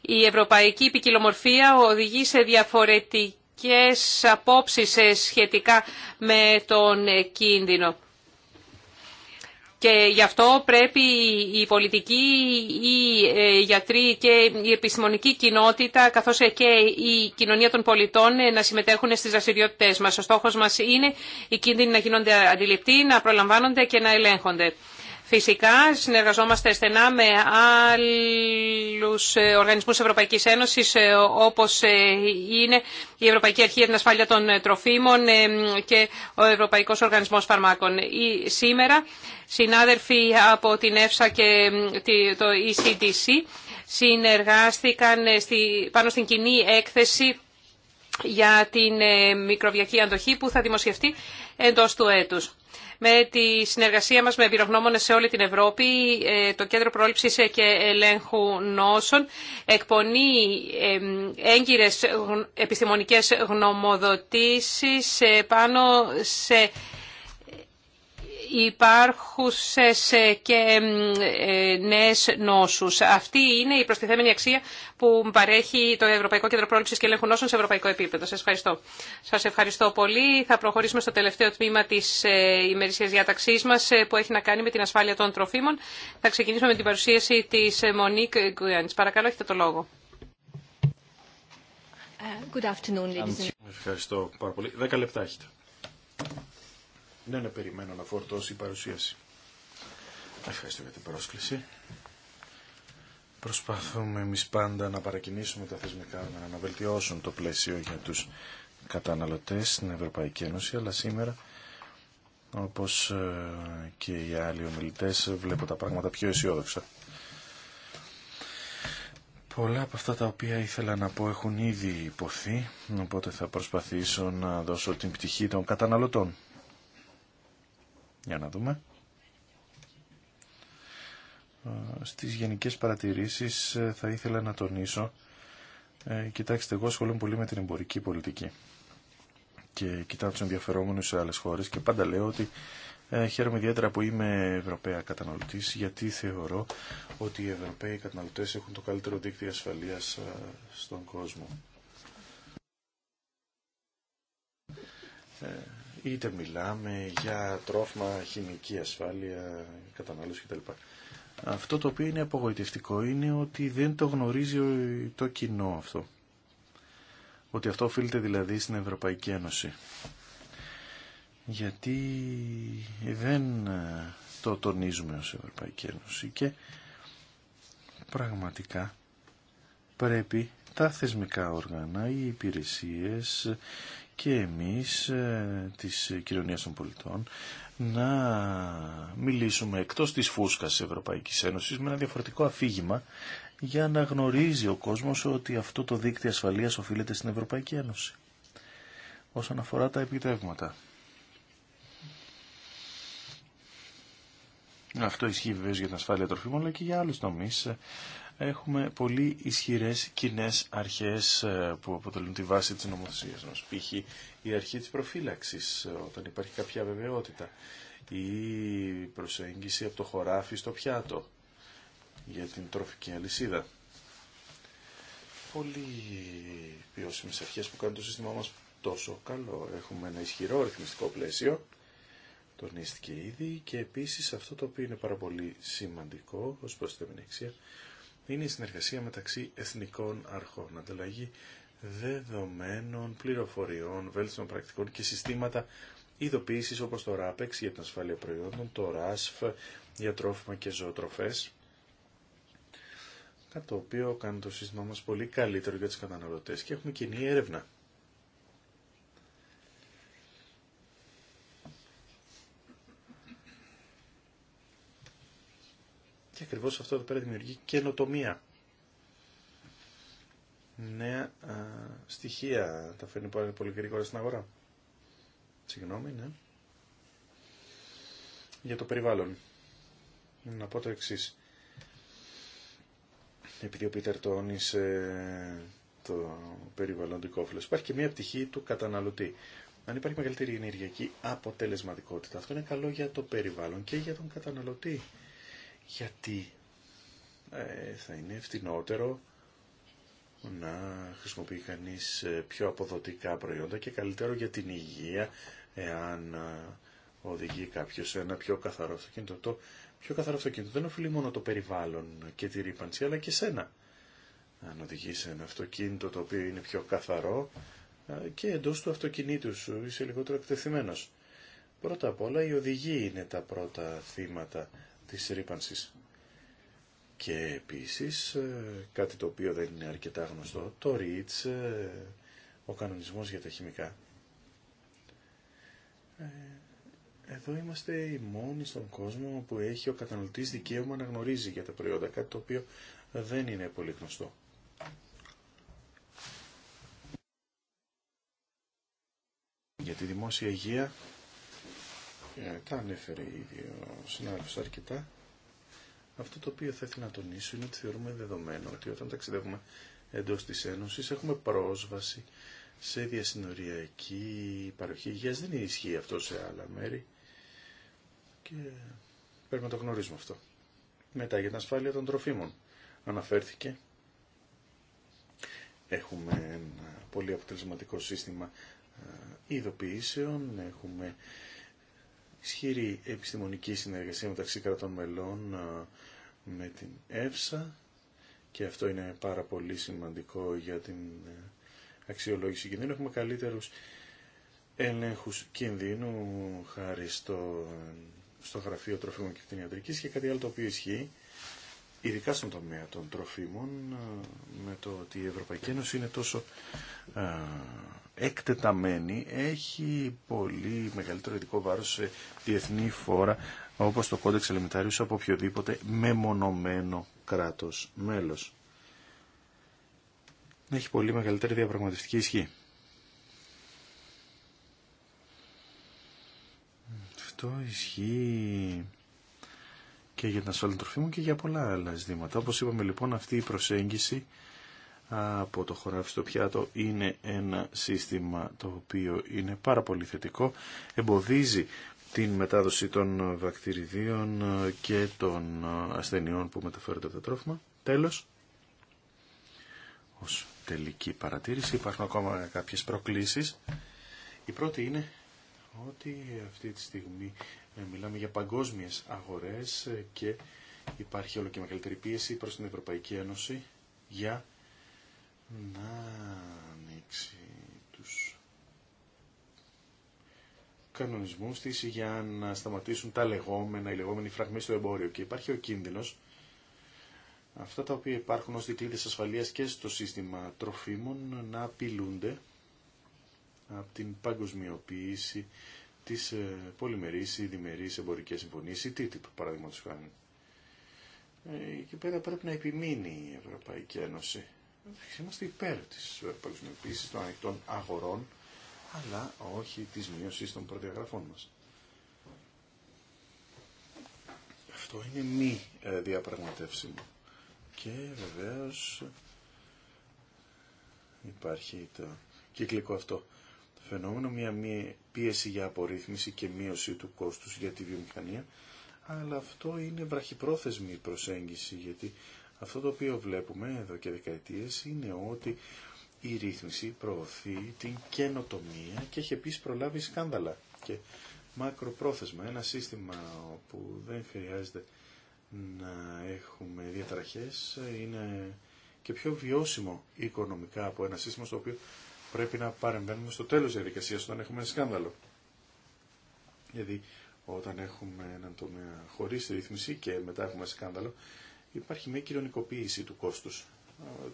Η ευρωπαϊκή ποικιλομορφία οδηγεί σε διαφορετικές απόψεις ε, σχετικά με τον κίνδυνο και γι' αυτό πρέπει η πολιτική, οι ε, γιατροί και η επιστημονική κοινότητα καθώς ε, και η κοινωνία των πολιτών ε, να συμμετέχουν στις δραστηριότητε μας. Ο στόχος μας είναι οι κίνδυνοι να γίνονται αντιληπτοί, να προλαμβάνονται και να ελέγχονται. Φυσικά συνεργαζόμαστε στενά με άλλους ε, οργανισμούς Ευρωπαϊκής Ένωσης ε, όπως ε, είναι η Ευρωπαϊκή Αρχή για την Ασφάλεια των Τροφίμων και ο Ευρωπαϊκός Οργανισμός Φαρμάκων. Σήμερα συνάδελφοι από την ΕΦΣΑ και το ECDC συνεργάστηκαν πάνω στην κοινή έκθεση για την μικροβιακή αντοχή που θα δημοσιευτεί εντός του έτους με τη συνεργασία μας με εμπειρογνώμονες σε όλη την Ευρώπη, ε, το Κέντρο Πρόληψης και Ελέγχου Νόσων εκπονεί έγκυρες επιστημονικές γνωμοδοτήσεις ε, πάνω σε υπάρχουσες ε, και ε, νέες νόσους. Αυτή είναι η προστιθέμενη αξία που παρέχει το Ευρωπαϊκό Κέντρο Πρόληψης και Ελέγχου Νόσων σε ευρωπαϊκό επίπεδο. Σας ευχαριστώ. Σας ευχαριστώ πολύ. Θα προχωρήσουμε στο τελευταίο τμήμα της ε, ημερησίας διάταξής μας που έχει να κάνει με την ασφάλεια των τροφίμων. Θα ξεκινήσουμε με την παρουσίαση της Μονίκ Γκουιάνης. Παρακαλώ, έχετε το λόγο. Good afternoon, ladies. Ευχαριστώ πάρα πολύ. Δέκα λεπτά έχετε. Ναι, να περιμένω να φορτώσει η παρουσίαση. Ευχαριστώ για την πρόσκληση. Προσπαθούμε εμεί πάντα να παρακινήσουμε τα θεσμικά να βελτιώσουν το πλαίσιο για τους καταναλωτές στην Ευρωπαϊκή Ένωση, αλλά σήμερα, όπως ε, και οι άλλοι ομιλητές, βλέπω τα πράγματα πιο αισιόδοξα. Πολλά από αυτά τα οποία ήθελα να πω έχουν ήδη υποθεί, οπότε θα προσπαθήσω να δώσω την πτυχή των καταναλωτών. Για να δούμε. Ε, στις γενικές παρατηρήσεις ε, θα ήθελα να τονίσω. Ε, κοιτάξτε, εγώ ασχολούμαι πολύ με την εμπορική πολιτική και κοιτάω τους ενδιαφερόμενους σε άλλες χώρες και πάντα λέω ότι ε, χαίρομαι ιδιαίτερα που είμαι Ευρωπαία καταναλωτής γιατί θεωρώ ότι οι Ευρωπαίοι καταναλωτές έχουν το καλύτερο δίκτυο ασφαλείας στον κόσμο είτε μιλάμε για τρόφιμα, χημική ασφάλεια, κατανάλωση κτλ. Αυτό το οποίο είναι απογοητευτικό είναι ότι δεν το γνωρίζει το κοινό αυτό. Ότι αυτό οφείλεται δηλαδή στην Ευρωπαϊκή Ένωση. Γιατί δεν ε, το τονίζουμε ως Ευρωπαϊκή Ένωση και πραγματικά πρέπει τα θεσμικά όργανα, οι υπηρεσίες και εμείς ε, της Κοινωνία των πολιτών να μιλήσουμε εκτός της φούσκας της Ευρωπαϊκής Ένωσης με ένα διαφορετικό αφήγημα για να γνωρίζει ο κόσμος ότι αυτό το δίκτυο ασφαλείας οφείλεται στην Ευρωπαϊκή Ένωση. Όσον αφορά τα επιτεύγματα. Αυτό ισχύει βεβαίως για την ασφάλεια τροφίμων, αλλά και για άλλους τομείς ε, έχουμε πολύ ισχυρές κοινέ αρχές ε, που αποτελούν τη βάση της νομοθεσίας μας. Π.χ. η αρχή της προφύλαξης ε, όταν υπάρχει κάποια βεβαιότητα ή προσέγγιση από το χωράφι στο πιάτο για την τροφική αλυσίδα. Πολύ ποιόσιμες αρχές που κάνουν το σύστημά μας τόσο καλό. Έχουμε ένα ισχυρό ρυθμιστικό πλαίσιο τονίστηκε ήδη και επίσης αυτό το οποίο είναι πάρα πολύ σημαντικό ως προς την αξία είναι η συνεργασία μεταξύ εθνικών αρχών, ανταλλαγή δεδομένων, πληροφοριών, βέλτιστων πρακτικών και συστήματα ειδοποίησης όπως το RAPEX για την ασφάλεια προϊόντων, το RASF για τρόφιμα και ζωοτροφές, κατά το οποίο κάνει το σύστημα μας πολύ καλύτερο για τους καταναλωτές και έχουμε κοινή έρευνα Ακριβώ αυτό εδώ πέρα δημιουργεί καινοτομία. Νέα α, στοιχεία τα φέρνει πολύ γρήγορα στην αγορά. Συγγνώμη, ναι. Για το περιβάλλον. Να πω το εξή. Επειδή ο Πίτερ τόνισε ε, το περιβαλλοντικό φύλλο Υπάρχει και μια πτυχή του καταναλωτή. Αν υπάρχει μεγαλύτερη ενεργειακή αποτελεσματικότητα, αυτό είναι καλό για το περιβάλλον και για τον καταναλωτή γιατί ε, θα είναι φτηνότερο να χρησιμοποιεί κανείς ε, πιο αποδοτικά προϊόντα και καλύτερο για την υγεία εάν ε, οδηγεί κάποιος σε ένα πιο καθαρό αυτοκίνητο. Το πιο καθαρό αυτοκίνητο δεν οφείλει μόνο το περιβάλλον και τη ρήπανση αλλά και σένα. Αν οδηγείς σε ένα αυτοκίνητο το οποίο είναι πιο καθαρό και εντός του αυτοκινήτου σου είσαι λιγότερο εκτεθειμένος. Πρώτα απ' όλα οι οδηγοί είναι τα πρώτα θύματα της ρήπανσης. Και επίσης, ε, κάτι το οποίο δεν είναι αρκετά γνωστό, το REACH, ε, ο κανονισμός για τα χημικά. Ε, εδώ είμαστε οι μόνοι στον κόσμο που έχει ο καταναλωτής δικαίωμα να γνωρίζει για τα προϊόντα, κάτι το οποίο δεν είναι πολύ γνωστό. Για τη δημόσια υγεία ε, τα ανέφερε ήδη ο συνάδελφος αρκετά. Αυτό το οποίο θα να τονίσω είναι ότι θεωρούμε δεδομένο ότι όταν ταξιδεύουμε εντός της Ένωσης έχουμε πρόσβαση σε διασυνοριακή παροχή υγείας. Δεν ισχύει αυτό σε άλλα μέρη και πρέπει να το γνωρίζουμε αυτό. Μετά για την ασφάλεια των τροφίμων αναφέρθηκε. Έχουμε ένα πολύ αποτελεσματικό σύστημα ε, ειδοποιήσεων, έχουμε ισχυρή επιστημονική συνεργασία μεταξύ κρατών μελών ε, με την ΕΦΣΑ και αυτό είναι πάρα πολύ σημαντικό για την ε, αξιολόγηση κινδύνου. Έχουμε καλύτερους ελέγχους κινδύνου χάρη στο, ε, στο γραφείο τροφίμων και κτηνιατρικής και κάτι άλλο το οποίο ισχύει ειδικά στον τομέα των τροφίμων, ε, με το ότι η Ευρωπαϊκή Ένωση είναι τόσο ε, εκτεταμένη, έχει πολύ μεγαλύτερο ειδικό βάρος σε διεθνή φόρα, όπως το κόντεξ ελεμιτάριους από οποιοδήποτε μεμονωμένο κράτος μέλος. Έχει πολύ μεγαλύτερη διαπραγματευτική ισχύ. Αυτό ισχύει και για την ασφάλεια μου και για πολλά άλλα ζητήματα. Όπως είπαμε λοιπόν αυτή η προσέγγιση από το χωράφι στο πιάτο είναι ένα σύστημα το οποίο είναι πάρα πολύ θετικό, εμποδίζει την μετάδοση των βακτηριδίων και των ασθενειών που μεταφέρονται από το τρόφιμα. Τέλος, ως τελική παρατήρηση υπάρχουν ακόμα κάποιες προκλήσεις. Η πρώτη είναι ότι αυτή τη στιγμή ε, μιλάμε για παγκόσμιες αγορές ε, και υπάρχει όλο και μεγαλύτερη πίεση προς την Ευρωπαϊκή Ένωση για να ανοίξει τους κανονισμούς της για να σταματήσουν τα λεγόμενα, οι λεγόμενοι φραγμοί στο εμπόριο. Και υπάρχει ο κίνδυνος αυτά τα οποία υπάρχουν ως δικλείδες ασφαλείας και στο σύστημα τροφίμων να απειλούνται από την παγκοσμιοποίηση τις ε, πολυμερεί η διμερεί εμπορικες συμφωνιες η ttip Ένωση. Είμαστε υπέρ τη παγκοσμιοποίηση των ανοιχτών αγορών, αλλά όχι τη μείωση των προδιαγραφών μας. Αυτό είναι μη ε, διαπραγματεύσιμο. Και βεβαίω, υπάρχει το κυκλικό αυτό φαινόμενο, μια, μια πίεση για απορρίθμιση και μείωση του κόστους για τη βιομηχανία, αλλά αυτό είναι βραχυπρόθεσμη προσέγγιση, γιατί αυτό το οποίο βλέπουμε εδώ και δεκαετίες είναι ότι η ρύθμιση προωθεί την καινοτομία και έχει επίσης προλάβει σκάνδαλα και μακροπρόθεσμα. Ένα σύστημα όπου δεν χρειάζεται να έχουμε διαταραχές είναι και πιο βιώσιμο οικονομικά από ένα σύστημα στο οποίο πρέπει να παρεμβαίνουμε στο τέλος της διαδικασίας όταν έχουμε ένα σκάνδαλο. Γιατί όταν έχουμε έναν τομέα χωρίς ρύθμιση και μετά έχουμε σκάνδαλο, υπάρχει μια κοινωνικοποίηση του κόστους.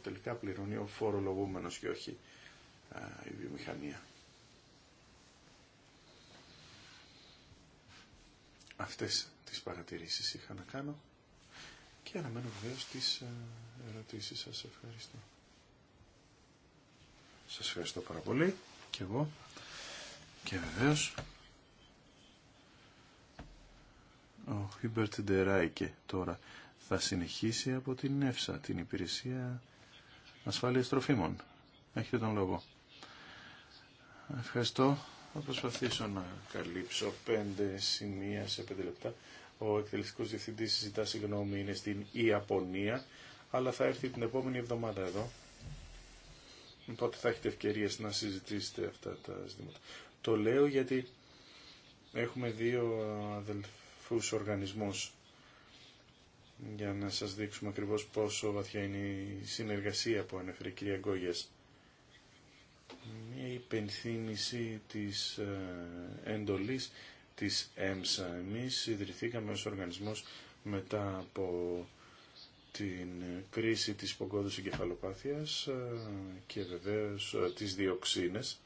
Τελικά πληρώνει ο φορολογούμενος και όχι η βιομηχανία. Αυτές τις παρατηρήσεις είχα να κάνω και αναμένω βεβαίως τις ε, ερωτήσεις σας. Ευχαριστώ. Σας ευχαριστώ πάρα πολύ και εγώ και βεβαίως ο Χίμπερτ Ντεράικε τώρα θα συνεχίσει από την ΕΦΣΑ, την Υπηρεσία Ασφάλειας Τροφίμων. Έχετε τον λόγο. Ευχαριστώ. Θα προσπαθήσω να καλύψω πέντε σημεία σε πέντε λεπτά. Ο εκτελεστικός διευθυντής ζητά συγγνώμη, είναι στην Ιαπωνία, αλλά θα έρθει την επόμενη εβδομάδα εδώ Οπότε θα έχετε ευκαιρίε να συζητήσετε αυτά τα ζητήματα. Το λέω γιατί έχουμε δύο αδελφούς οργανισμούς για να σας δείξουμε ακριβώς πόσο βαθιά είναι η συνεργασία που ανέφερε η κυρία Γκόγιας. Μια υπενθύμηση της ε, εντολής της ΕΜΣΑ. Εμείς ιδρυθήκαμε ως οργανισμός μετά από την κρίση της πογκόδους εγκεφαλοπάθειας ε, και βεβαίως ε, τις διοξίνες,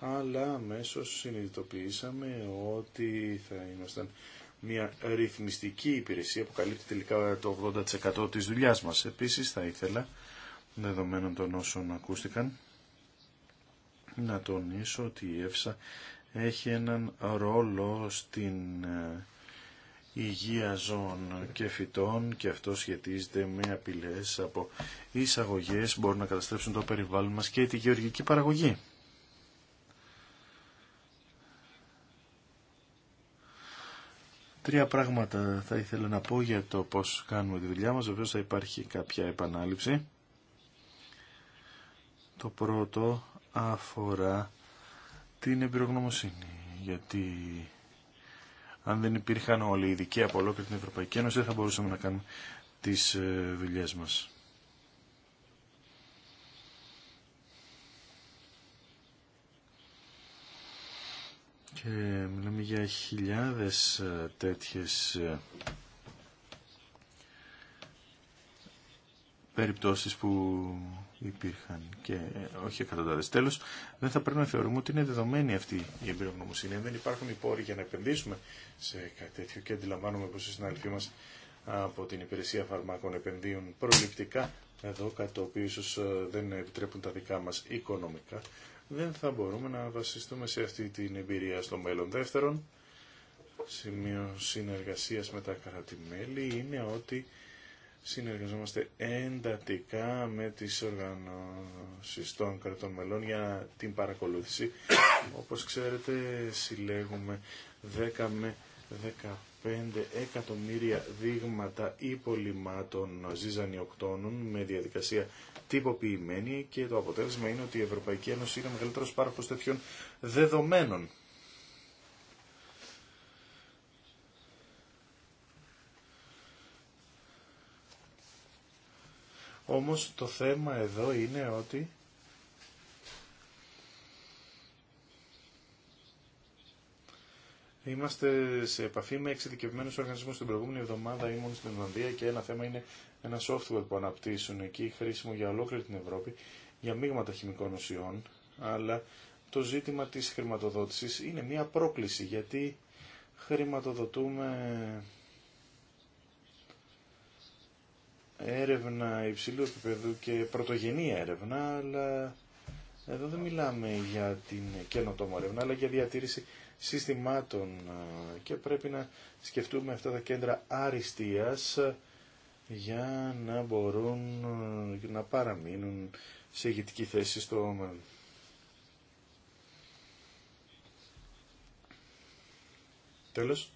αλλά αμέσως συνειδητοποιήσαμε ότι θα ήμασταν μια ρυθμιστική υπηρεσία που καλύπτει τελικά το 80% της δουλειάς μας. Επίσης θα ήθελα, δεδομένων των όσων ακούστηκαν, να τονίσω ότι η ΕΦΣΑ έχει έναν ρόλο στην ε, υγεία ζώων και φυτών και αυτό σχετίζεται με απειλές από εισαγωγές που μπορούν να καταστρέψουν το περιβάλλον μας και τη γεωργική παραγωγή. Τρία πράγματα θα ήθελα να πω για το πώς κάνουμε τη δουλειά μας. Βεβαίως θα υπάρχει κάποια επανάληψη. Το πρώτο αφορά την εμπειρογνωμοσύνη, γιατί αν δεν υπήρχαν όλοι οι ειδικοί από ολόκληρη την Ευρωπαϊκή Ένωση, δεν θα μπορούσαμε να κάνουμε τις ε, δουλειέ μας. Και μιλάμε για χιλιάδες ε, τέτοιες ε, περιπτώσεις που υπήρχαν και ε, όχι εκατοντάδες. Τέλος, δεν θα πρέπει να θεωρούμε ότι είναι δεδομένη αυτή η εμπειρογνωμοσύνη. Δεν υπάρχουν οι πόροι για να επενδύσουμε σε κάτι τέτοιο και αντιλαμβάνομαι πως οι συναδελφοί μας από την υπηρεσία φαρμάκων επενδύουν προληπτικά εδώ, κάτι το οποίο ίσως ε, δεν επιτρέπουν τα δικά μας οικονομικά. Δεν θα μπορούμε να βασιστούμε σε αυτή την εμπειρία στο μέλλον. Δεύτερον, σημείο συνεργασίας με τα κρατημέλη είναι ότι συνεργαζόμαστε εντατικά με τις οργανώσεις των κρατών μελών για την παρακολούθηση. Όπως ξέρετε συλλέγουμε 10 με 15 εκατομμύρια δείγματα υπολοιμάτων ζυζανιοκτώνων με διαδικασία τυποποιημένη και το αποτέλεσμα είναι ότι η Ευρωπαϊκή Ένωση είναι μεγαλύτερο πάροχος τέτοιων δεδομένων. Όμως το θέμα εδώ είναι ότι Είμαστε σε επαφή με εξειδικευμένους οργανισμούς Την προηγούμενη εβδομάδα ήμουν στην Ολλανδία και ένα θέμα είναι ένα software που αναπτύσσουν εκεί, χρήσιμο για ολόκληρη την Ευρώπη, για μείγματα χημικών ουσιών. Αλλά το ζήτημα της χρηματοδότησης είναι μια πρόκληση, γιατί χρηματοδοτούμε έρευνα υψηλού επίπεδου και πρωτογενή έρευνα, αλλά εδώ δεν μιλάμε για την καινοτόμο έρευνα, αλλά για διατήρηση συστημάτων ε, και πρέπει να σκεφτούμε αυτά τα κέντρα αριστείας για να μπορούν ε, να παραμείνουν σε ηγετική θέση στο μέλλον. Τέλος,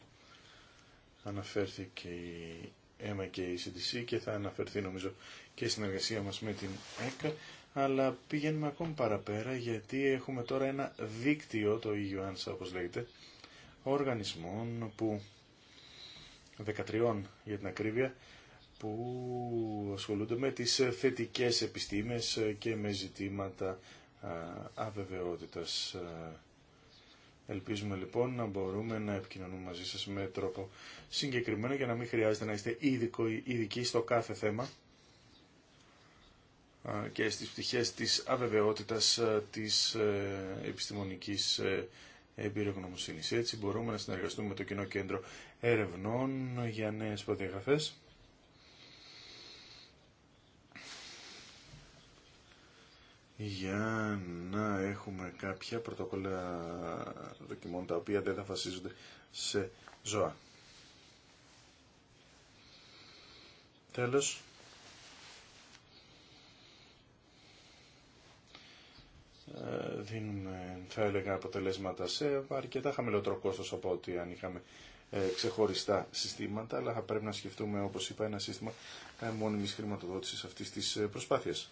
αναφέρθηκε η ΕΜΑ και η CDC και θα αναφερθεί νομίζω και η συνεργασία μας με την ΕΚΑ, αλλά πηγαίνουμε ακόμη παραπέρα γιατί έχουμε τώρα ένα δίκτυο, το EU-ANSA όπως λέγεται, οργανισμών που 13 για την ακρίβεια, που ασχολούνται με τις θετικές επιστήμες και με ζητήματα αβεβαιότητας Ελπίζουμε λοιπόν να μπορούμε να επικοινωνούμε μαζί σας με τρόπο συγκεκριμένο για να μην χρειάζεται να είστε ειδικο, ειδικοί στο κάθε θέμα και στις πτυχές της αβεβαιότητας της ε, επιστημονικής ε, εμπειρογνωμοσύνης. Έτσι μπορούμε να συνεργαστούμε με το Κοινό Κέντρο Ερευνών για νέες προδιαγραφές για να έχουμε κάποια πρωτοκόλλα δοκιμών τα οποία δεν θα βασίζονται σε ζώα. Τέλος. Ε, δίνουμε, θα έλεγα, αποτελέσματα σε αρκετά χαμηλότερο κόστος από ότι αν είχαμε ε, ξεχωριστά συστήματα, αλλά θα πρέπει να σκεφτούμε, όπως είπα, ένα σύστημα ε, μόνιμης χρηματοδότησης αυτής της προσπάθειας.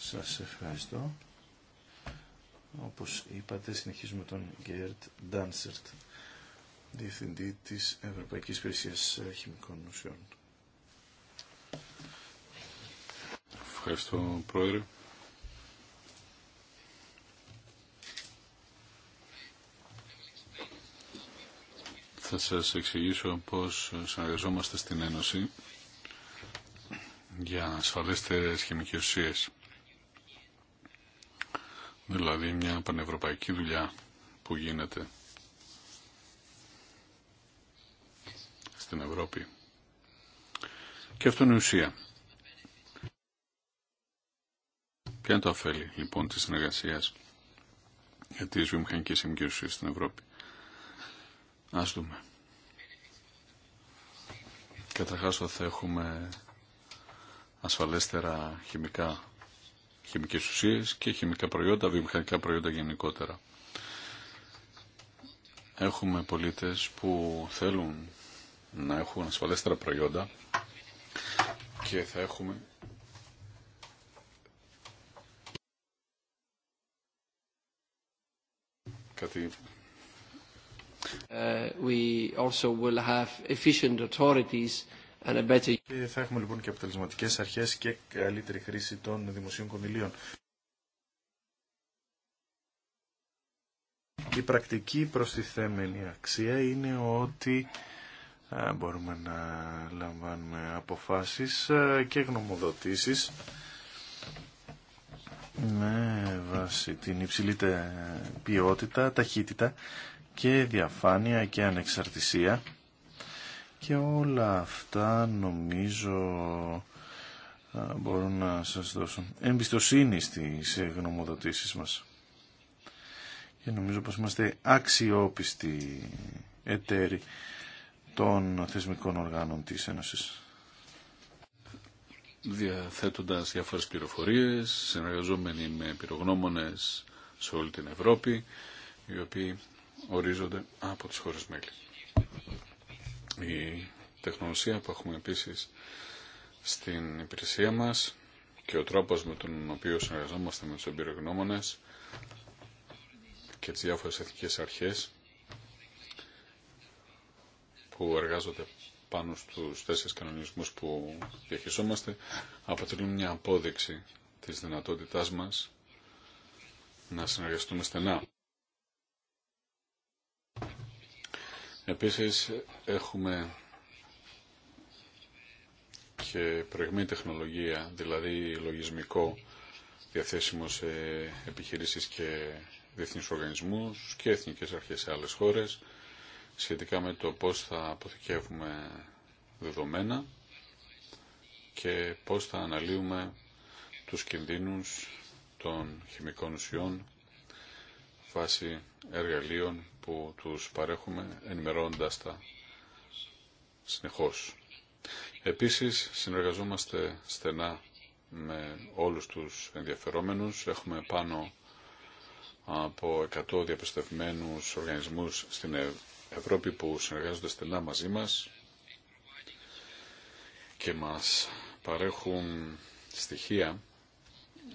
Σας ευχαριστώ. Όπως είπατε, συνεχίζουμε τον Γκέρτ Ντάνσερτ, Διευθυντή της Ευρωπαϊκής Υπηρεσίας Χημικών Ουσιών. Ευχαριστώ, Πρόεδρε. Θα σας εξηγήσω πώς συνεργαζόμαστε στην Ένωση για ασφαλέστερες χημικές ουσίες δηλαδή μια πανευρωπαϊκή δουλειά που γίνεται στην Ευρώπη. Και αυτό είναι ουσία. Ποια είναι το αφέλη λοιπόν της συνεργασίας για τις βιομηχανικές εμπειρίες στην Ευρώπη. Ας δούμε. Καταρχάς θα έχουμε ασφαλέστερα χημικά χημικές ουσίες και χημικά προϊόντα, βιομηχανικά προϊόντα γενικότερα. Έχουμε πολίτες που θέλουν να έχουν ασφαλέστερα προϊόντα και θα έχουμε κάτι ε, we also will have efficient authorities θα έχουμε λοιπόν και αποτελεσματικές αρχές και καλύτερη χρήση των δημοσίων κονδυλίων. Η πρακτική προστιθέμενη αξία είναι ότι μπορούμε να λαμβάνουμε αποφάσεις και γνωμοδοτήσεις με βάση την υψηλή ποιότητα, ταχύτητα και διαφάνεια και ανεξαρτησία και όλα αυτά νομίζω μπορούν να σας δώσουν εμπιστοσύνη στις ε, γνωμοδοτήσεις μας. Και νομίζω πως είμαστε αξιόπιστοι εταίροι των θεσμικών οργάνων της Ένωσης. Διαθέτοντας διάφορες πληροφορίες, συνεργαζόμενοι με πυρογνώμονες σε όλη την Ευρώπη, οι οποίοι ορίζονται από τις χώρες μέλη. Η τεχνολογία που έχουμε επίσης στην υπηρεσία μας και ο τρόπος με τον οποίο συνεργαζόμαστε με τους εμπειρογνώμονες και τις διάφορες εθνικές αρχές που εργάζονται πάνω στους τέσσερις κανονισμούς που διαχειριζόμαστε αποτελούν μια απόδειξη της δυνατότητάς μας να συνεργαστούμε στενά. Επίσης έχουμε και προηγμή τεχνολογία, δηλαδή λογισμικό διαθέσιμο σε επιχειρήσεις και διεθνείς οργανισμούς και εθνικές αρχές σε άλλες χώρες σχετικά με το πώς θα αποθηκεύουμε δεδομένα και πώς θα αναλύουμε τους κινδύνους των χημικών ουσιών βάσει εργαλείων που τους παρέχουμε ενημερώνοντας τα συνεχώς. Επίσης συνεργαζόμαστε στενά με όλους τους ενδιαφερόμενους. Έχουμε πάνω από 100 διαπιστευμένους οργανισμούς στην ε- Ευρώπη που συνεργάζονται στενά μαζί μας και μας παρέχουν στοιχεία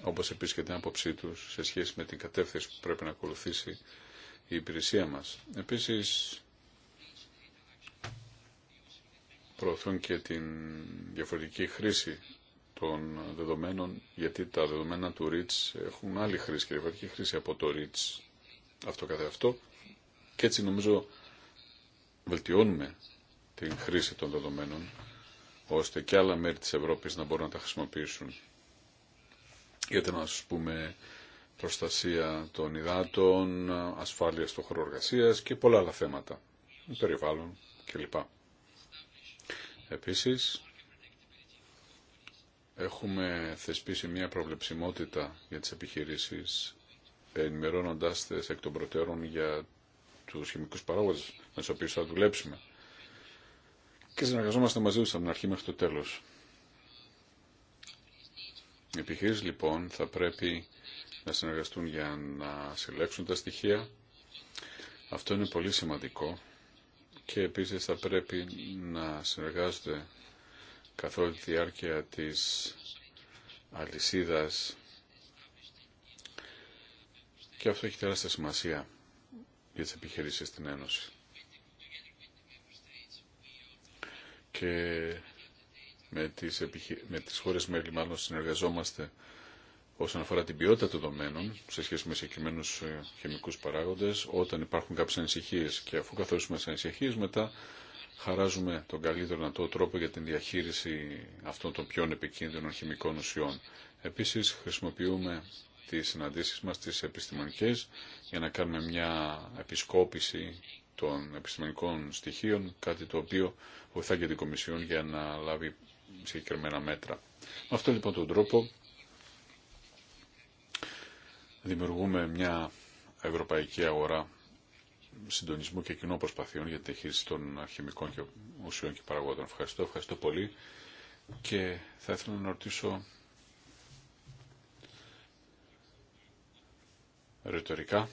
όπως επίσης και την άποψή τους σε σχέση με την κατεύθυνση που πρέπει να ακολουθήσει η υπηρεσία μας. Επίσης, προωθούν και την διαφορετική χρήση των δεδομένων, γιατί τα δεδομένα του REACH έχουν άλλη χρήση και διαφορετική χρήση από το REACH αυτό καθε αυτό. Και έτσι νομίζω βελτιώνουμε την χρήση των δεδομένων, ώστε και άλλα μέρη της Ευρώπης να μπορούν να τα χρησιμοποιήσουν. Γιατί να σας πούμε προστασία των υδάτων, ασφάλεια στο χώρο εργασία και πολλά άλλα θέματα, περιβάλλον κλπ. Επίσης, έχουμε θεσπίσει μια προβλεψιμότητα για τις επιχειρήσεις, ενημερώνοντάς τις εκ των προτέρων για τους χημικούς παράγοντες με τους οποίους θα δουλέψουμε. Και συνεργαζόμαστε μαζί τους από την αρχή μέχρι το τέλος. Οι επιχειρήσεις λοιπόν θα πρέπει να συνεργαστούν για να συλλέξουν τα στοιχεία. Αυτό είναι πολύ σημαντικό και επίσης θα πρέπει να συνεργάζονται καθ' όλη τη διάρκεια της αλυσίδας και αυτό έχει τεράστια σημασία για τις επιχειρήσεις στην Ένωση. Και με τις, επιχει... με τις χώρες μέλη μάλλον συνεργαζόμαστε όσον αφορά την ποιότητα των δομένων σε σχέση με συγκεκριμένου ε, χημικού παράγοντε, όταν υπάρχουν κάποιε ανησυχίε και αφού καθορίσουμε τι ανησυχίε, μετά χαράζουμε τον καλύτερο δυνατό τρόπο για την διαχείριση αυτών των πιο επικίνδυνων χημικών ουσιών. Επίση, χρησιμοποιούμε τι συναντήσει μα, τι επιστημονικέ, για να κάνουμε μια επισκόπηση των επιστημονικών στοιχείων, κάτι το οποίο βοηθά και την Κομισιόν για να λάβει συγκεκριμένα μέτρα. Με αυτόν λοιπόν τον τρόπο δημιουργούμε μια ευρωπαϊκή αγορά συντονισμού και κοινών προσπαθειών για τη διαχείριση των χημικών και ουσιών και παραγόντων. Ευχαριστώ, ευχαριστώ πολύ και θα ήθελα να ρωτήσω ρητορικά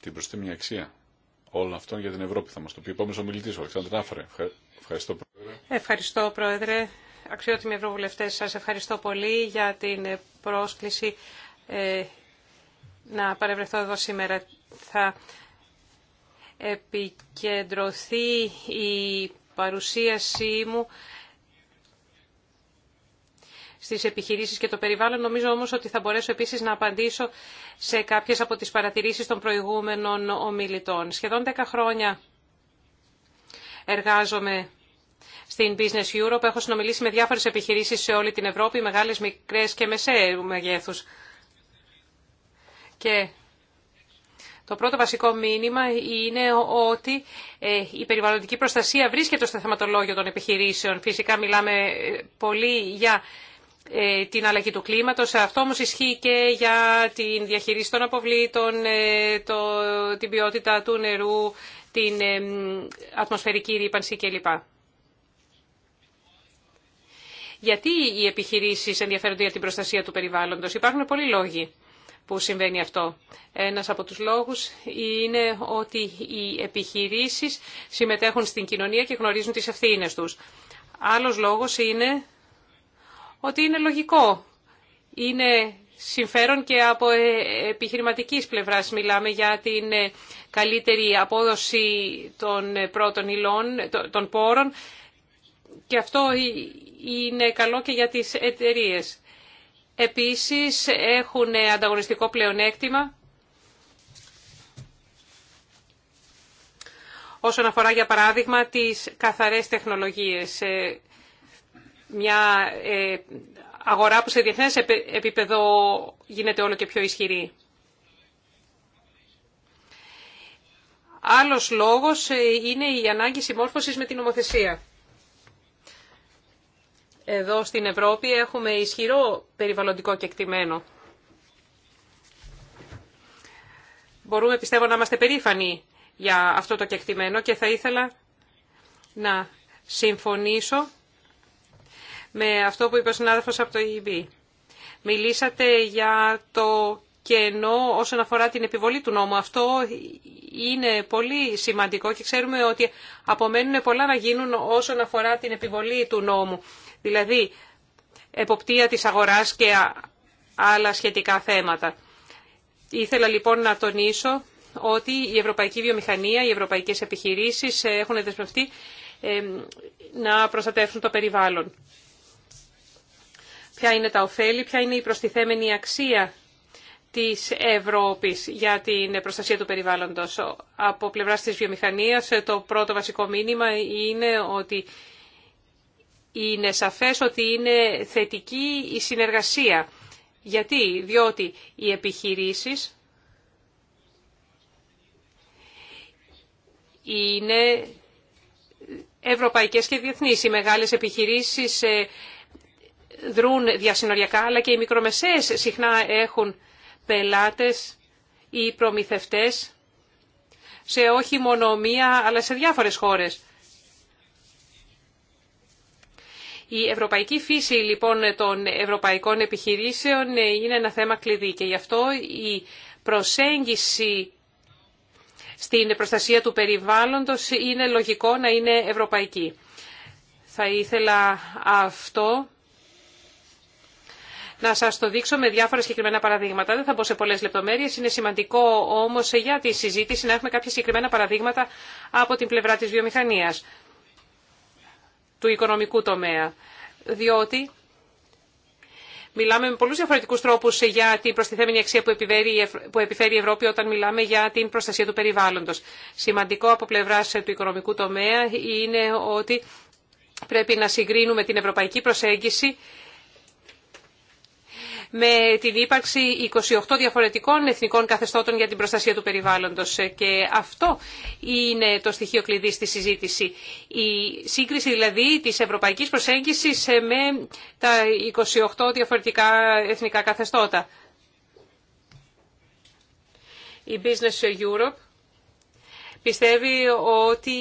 την προσθέμενη αξία όλων αυτών για την Ευρώπη. Θα μας το πει επόμενος ομιλητής, ο Αλεξάνδρου Ευχαριστώ, Πρόεδρε. Ευχαριστώ, Πρόεδρε. Αξιότιμοι Ευρωβουλευτές, σας ευχαριστώ πολύ για την πρόσκληση ε, να παρευρεθώ εδώ σήμερα. Θα επικεντρωθεί η παρουσίασή μου στις επιχειρήσεις και το περιβάλλον. Νομίζω όμως ότι θα μπορέσω επίσης να απαντήσω σε κάποιες από τις παρατηρήσεις των προηγούμενων ομιλητών. Σχεδόν 10 χρόνια εργάζομαι στην Business Europe. Έχω συνομιλήσει με διάφορες επιχειρήσεις σε όλη την Ευρώπη, μεγάλες, μικρές και μεσαίου μεγέθους. Και το πρώτο βασικό μήνυμα είναι ότι ε, η περιβαλλοντική προστασία βρίσκεται στο θεματολόγιο των επιχειρήσεων. Φυσικά μιλάμε ε, πολύ για ε, την αλλαγή του κλίματος. Αυτό όμως ισχύει και για την διαχείριση των αποβλήτων, το, την ποιότητα του νερού, την ατμοσφαιρική ρήπανση κλπ. Γιατί οι επιχειρήσεις ενδιαφέρονται για την προστασία του περιβάλλοντος. Υπάρχουν πολλοί λόγοι που συμβαίνει αυτό. Ένας από τους λόγους είναι ότι οι επιχειρήσεις συμμετέχουν στην κοινωνία και γνωρίζουν τις ευθύνε τους. Άλλος λόγος είναι ότι είναι λογικό. Είναι συμφέρον και από ε, επιχειρηματικής πλευράς μιλάμε για την ε, καλύτερη απόδοση των ε, πρώτων υλών, των πόρων και αυτό είναι καλό και για τις εταιρείες. Επίσης έχουν ανταγωνιστικό πλεονέκτημα όσον αφορά για παράδειγμα τις καθαρές τεχνολογίες. Ε, μια ε, αγορά που σε διεθνές επίπεδο γίνεται όλο και πιο ισχυρή. Άλλος λόγος ε, είναι η ανάγκη συμμόρφωσης με την νομοθεσία. Εδώ στην Ευρώπη έχουμε ισχυρό περιβαλλοντικό κεκτημένο. Μπορούμε πιστεύω να είμαστε περήφανοι για αυτό το κεκτημένο και θα ήθελα να συμφωνήσω με αυτό που είπε ο συνάδελφος από το EB. Μιλήσατε για το κενό όσον αφορά την επιβολή του νόμου. Αυτό είναι πολύ σημαντικό και ξέρουμε ότι απομένουν πολλά να γίνουν όσον αφορά την επιβολή του νόμου δηλαδή εποπτεία της αγοράς και άλλα σχετικά θέματα. Ήθελα λοιπόν να τονίσω ότι η ευρωπαϊκή βιομηχανία, οι ευρωπαϊκές επιχειρήσεις ε, έχουν δεσμευτεί ε, να προστατεύσουν το περιβάλλον. Ποια είναι τα ωφέλη, ποια είναι η προστιθέμενη αξία της Ευρώπης για την προστασία του περιβάλλοντος. Από πλευράς της βιομηχανίας ε, το πρώτο βασικό μήνυμα είναι ότι είναι σαφές ότι είναι θετική η συνεργασία. Γιατί, διότι οι επιχειρήσεις είναι ευρωπαϊκές και διεθνείς. Οι μεγάλες επιχειρήσεις ε, δρούν διασυνοριακά, αλλά και οι μικρομεσαίες συχνά έχουν πελάτες ή προμηθευτές σε όχι μόνο μία, αλλά σε διάφορες χώρες. Η ευρωπαϊκή φύση λοιπόν των ευρωπαϊκών επιχειρήσεων είναι ένα θέμα κλειδί και γι' αυτό η προσέγγιση στην προστασία του περιβάλλοντος είναι λογικό να είναι ευρωπαϊκή. Θα ήθελα αυτό να σας το δείξω με διάφορα συγκεκριμένα παραδείγματα. Δεν θα μπω σε πολλές λεπτομέρειες. Είναι σημαντικό όμως για τη συζήτηση να έχουμε κάποια συγκεκριμένα παραδείγματα από την πλευρά της βιομηχανίας του οικονομικού τομέα. Διότι μιλάμε με πολλούς διαφορετικούς τρόπους για την προστιθέμενη αξία που επιφέρει, που επιφέρει η Ευρώπη όταν μιλάμε για την προστασία του περιβάλλοντος. Σημαντικό από πλευράς του οικονομικού τομέα είναι ότι πρέπει να συγκρίνουμε την ευρωπαϊκή προσέγγιση με την ύπαρξη 28 διαφορετικών εθνικών καθεστώτων για την προστασία του περιβάλλοντος. Και αυτό είναι το στοιχείο κλειδί στη συζήτηση. Η σύγκριση δηλαδή της ευρωπαϊκής προσέγγισης με τα 28 διαφορετικά εθνικά καθεστώτα. Η Business Europe πιστεύει ότι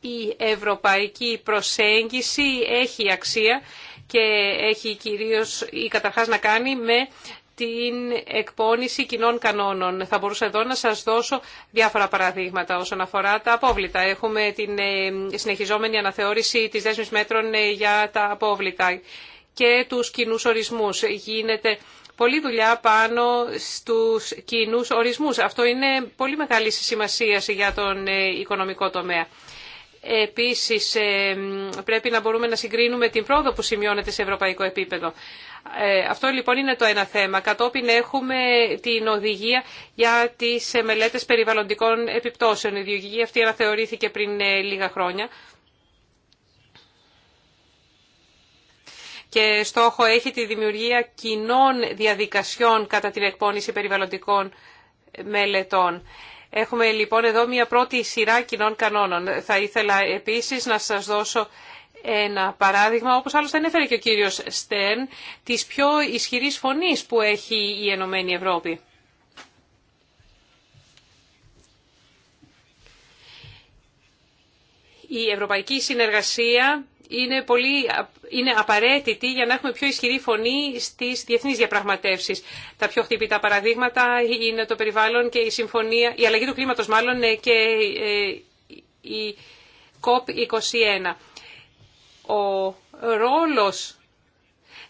η ευρωπαϊκή προσέγγιση έχει αξία και έχει κυρίως ή καταρχάς να κάνει με την εκπόνηση κοινών κανόνων. Θα μπορούσα εδώ να σας δώσω διάφορα παραδείγματα όσον αφορά τα απόβλητα. Έχουμε την ε, συνεχιζόμενη αναθεώρηση της δέσμης μέτρων ε, για τα απόβλητα και τους κοινούς ορισμούς. Γίνεται πολλή δουλειά πάνω στους κοινούς ορισμούς. Αυτό είναι πολύ μεγάλη σημασία για τον ε, οικονομικό τομέα. Επίσης, ε, πρέπει να μπορούμε να συγκρίνουμε την πρόοδο που σημειώνεται σε ευρωπαϊκό επίπεδο. Ε, αυτό λοιπόν είναι το ένα θέμα. Κατόπιν έχουμε την οδηγία για τις ε, μελέτες περιβαλλοντικών επιπτώσεων. Η οδηγία αυτή αναθεωρήθηκε πριν λίγα χρόνια. Και στόχο έχει τη δημιουργία κοινών διαδικασιών κατά την εκπόνηση περιβαλλοντικών μελετών. Έχουμε λοιπόν εδώ μια πρώτη σειρά κοινών κανόνων. Θα ήθελα επίσης να σας δώσω ένα παράδειγμα, όπως άλλωστε ανέφερε και ο κύριος Στέρν, της πιο ισχυρής φωνής που έχει η Ενωμένη Ευρώπη. Η ευρωπαϊκή συνεργασία είναι, πολύ, είναι απαραίτητη για να έχουμε πιο ισχυρή φωνή στις διεθνείς διαπραγματεύσεις. Τα πιο χτυπητά παραδείγματα είναι το περιβάλλον και η, συμφωνία, η αλλαγή του κλίματος μάλλον ε, και ε, η COP21. Ο ρόλος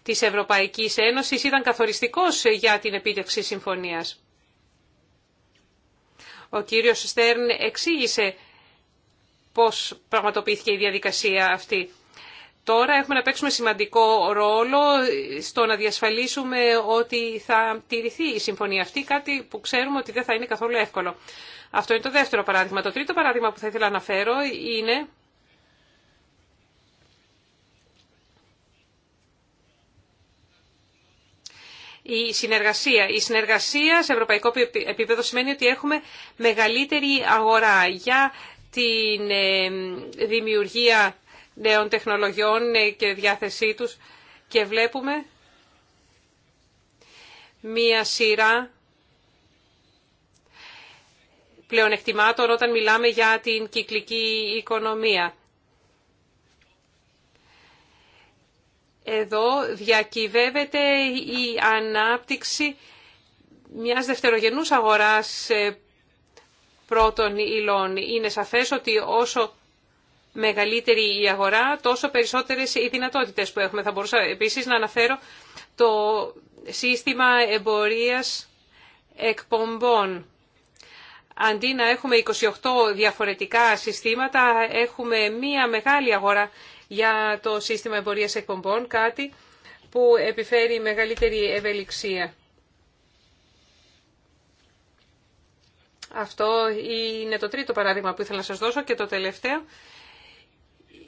της Ευρωπαϊκής Ένωσης ήταν καθοριστικός για την επίτευξη συμφωνίας. Ο κύριος Στέρν εξήγησε πώς πραγματοποιήθηκε η διαδικασία αυτή τώρα έχουμε να παίξουμε σημαντικό ρόλο στο να διασφαλίσουμε ότι θα τηρηθεί η συμφωνία αυτή, κάτι που ξέρουμε ότι δεν θα είναι καθόλου εύκολο. Αυτό είναι το δεύτερο παράδειγμα. Το τρίτο παράδειγμα που θα ήθελα να φέρω είναι η συνεργασία. Η συνεργασία σε ευρωπαϊκό επίπεδο σημαίνει ότι έχουμε μεγαλύτερη αγορά για την ε, δημιουργία νέων τεχνολογιών και διάθεσή τους και βλέπουμε μία σειρά πλεονεκτημάτων όταν μιλάμε για την κυκλική οικονομία. Εδώ διακυβεύεται η ανάπτυξη μιας δευτερογενούς αγοράς ε, πρώτων υλών. Είναι σαφές ότι όσο μεγαλύτερη η αγορά, τόσο περισσότερες οι δυνατότητες που έχουμε. Θα μπορούσα επίσης να αναφέρω το σύστημα εμπορίας εκπομπών. Αντί να έχουμε 28 διαφορετικά συστήματα, έχουμε μία μεγάλη αγορά για το σύστημα εμπορίας εκπομπών, κάτι που επιφέρει μεγαλύτερη ευελιξία. Αυτό είναι το τρίτο παράδειγμα που ήθελα να σας δώσω και το τελευταίο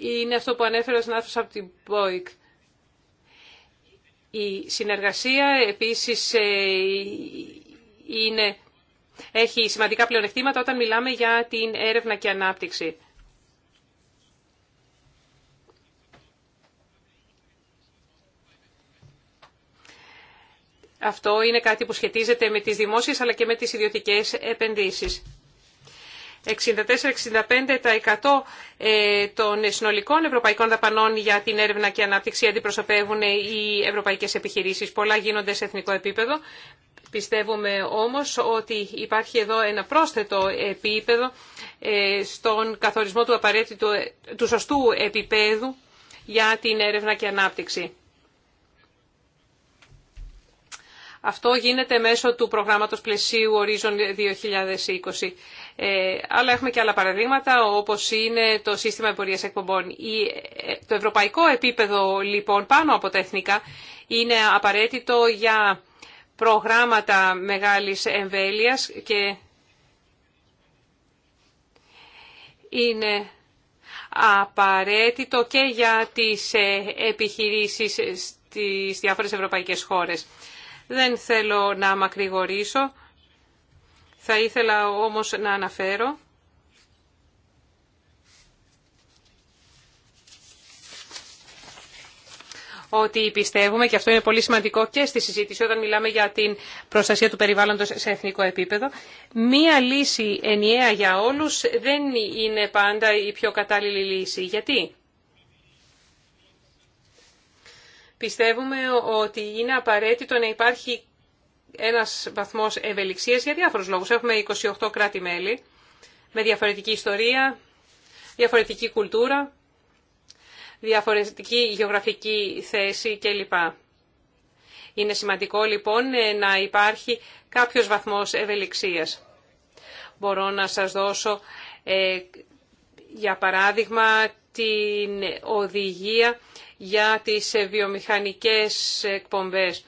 είναι αυτό που ανέφερε ο συνάδελφος από την ΠΟΙΚ. Η συνεργασία επίσης ε, είναι, έχει σημαντικά πλεονεκτήματα όταν μιλάμε για την έρευνα και ανάπτυξη. Αυτό είναι κάτι που σχετίζεται με τις δημόσιες αλλά και με τις ιδιωτικές επενδύσεις. 64-65% ε, των συνολικών ευρωπαϊκών δαπανών για την έρευνα και ανάπτυξη αντιπροσωπεύουν οι ευρωπαϊκές επιχειρήσεις. Πολλά γίνονται σε εθνικό επίπεδο. Πιστεύουμε όμως ότι υπάρχει εδώ ένα πρόσθετο επίπεδο ε, στον καθορισμό του απαραίτητου, του σωστού επίπεδου για την έρευνα και ανάπτυξη. Αυτό γίνεται μέσω του προγράμματος πλαισίου Horizon 2020. Ε, αλλά έχουμε και άλλα παραδείγματα όπως είναι το σύστημα εμπορίας εκπομπών. Ε, το ευρωπαϊκό επίπεδο λοιπόν πάνω από τα εθνικά είναι απαραίτητο για προγράμματα μεγάλης εμβέλειας και είναι απαραίτητο και για τις ε, επιχειρήσεις στις διάφορες ευρωπαϊκές χώρες. Δεν θέλω να μακρηγορήσω. Θα ήθελα όμως να αναφέρω ότι πιστεύουμε, και αυτό είναι πολύ σημαντικό και στη συζήτηση όταν μιλάμε για την προστασία του περιβάλλοντος σε εθνικό επίπεδο, μία λύση ενιαία για όλους δεν είναι πάντα η πιο κατάλληλη λύση. Γιατί? Πιστεύουμε ότι είναι απαραίτητο να υπάρχει ένας βαθμός ευελιξίας για διάφορους λόγους. Έχουμε 28 κράτη-μέλη με διαφορετική ιστορία, διαφορετική κουλτούρα, διαφορετική γεωγραφική θέση κλπ. Είναι σημαντικό λοιπόν ε, να υπάρχει κάποιος βαθμός ευελιξίας. Μπορώ να σας δώσω ε, για παράδειγμα την οδηγία για τις ε, βιομηχανικές εκπομπές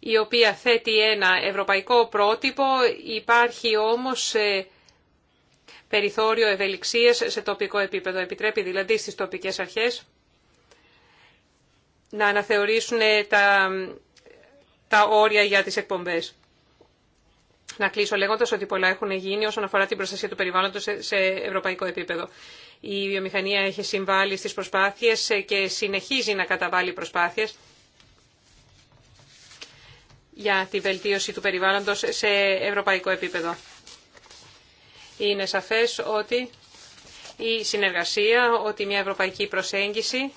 η οποία θέτει ένα ευρωπαϊκό πρότυπο, υπάρχει όμως ε, περιθώριο ευελιξίας σε τοπικό επίπεδο. Επιτρέπει δηλαδή στις τοπικές αρχές να αναθεωρήσουν ε, τα, τα όρια για τις εκπομπές. Να κλείσω λέγοντα ότι πολλά έχουν γίνει όσον αφορά την προστασία του περιβάλλοντο σε ευρωπαϊκό επίπεδο. Η βιομηχανία έχει συμβάλει στι προσπάθειε ε, και συνεχίζει να καταβάλει προσπάθειες για τη βελτίωση του περιβάλλοντος σε ευρωπαϊκό επίπεδο. Είναι σαφές ότι η συνεργασία, ότι μια ευρωπαϊκή προσέγγιση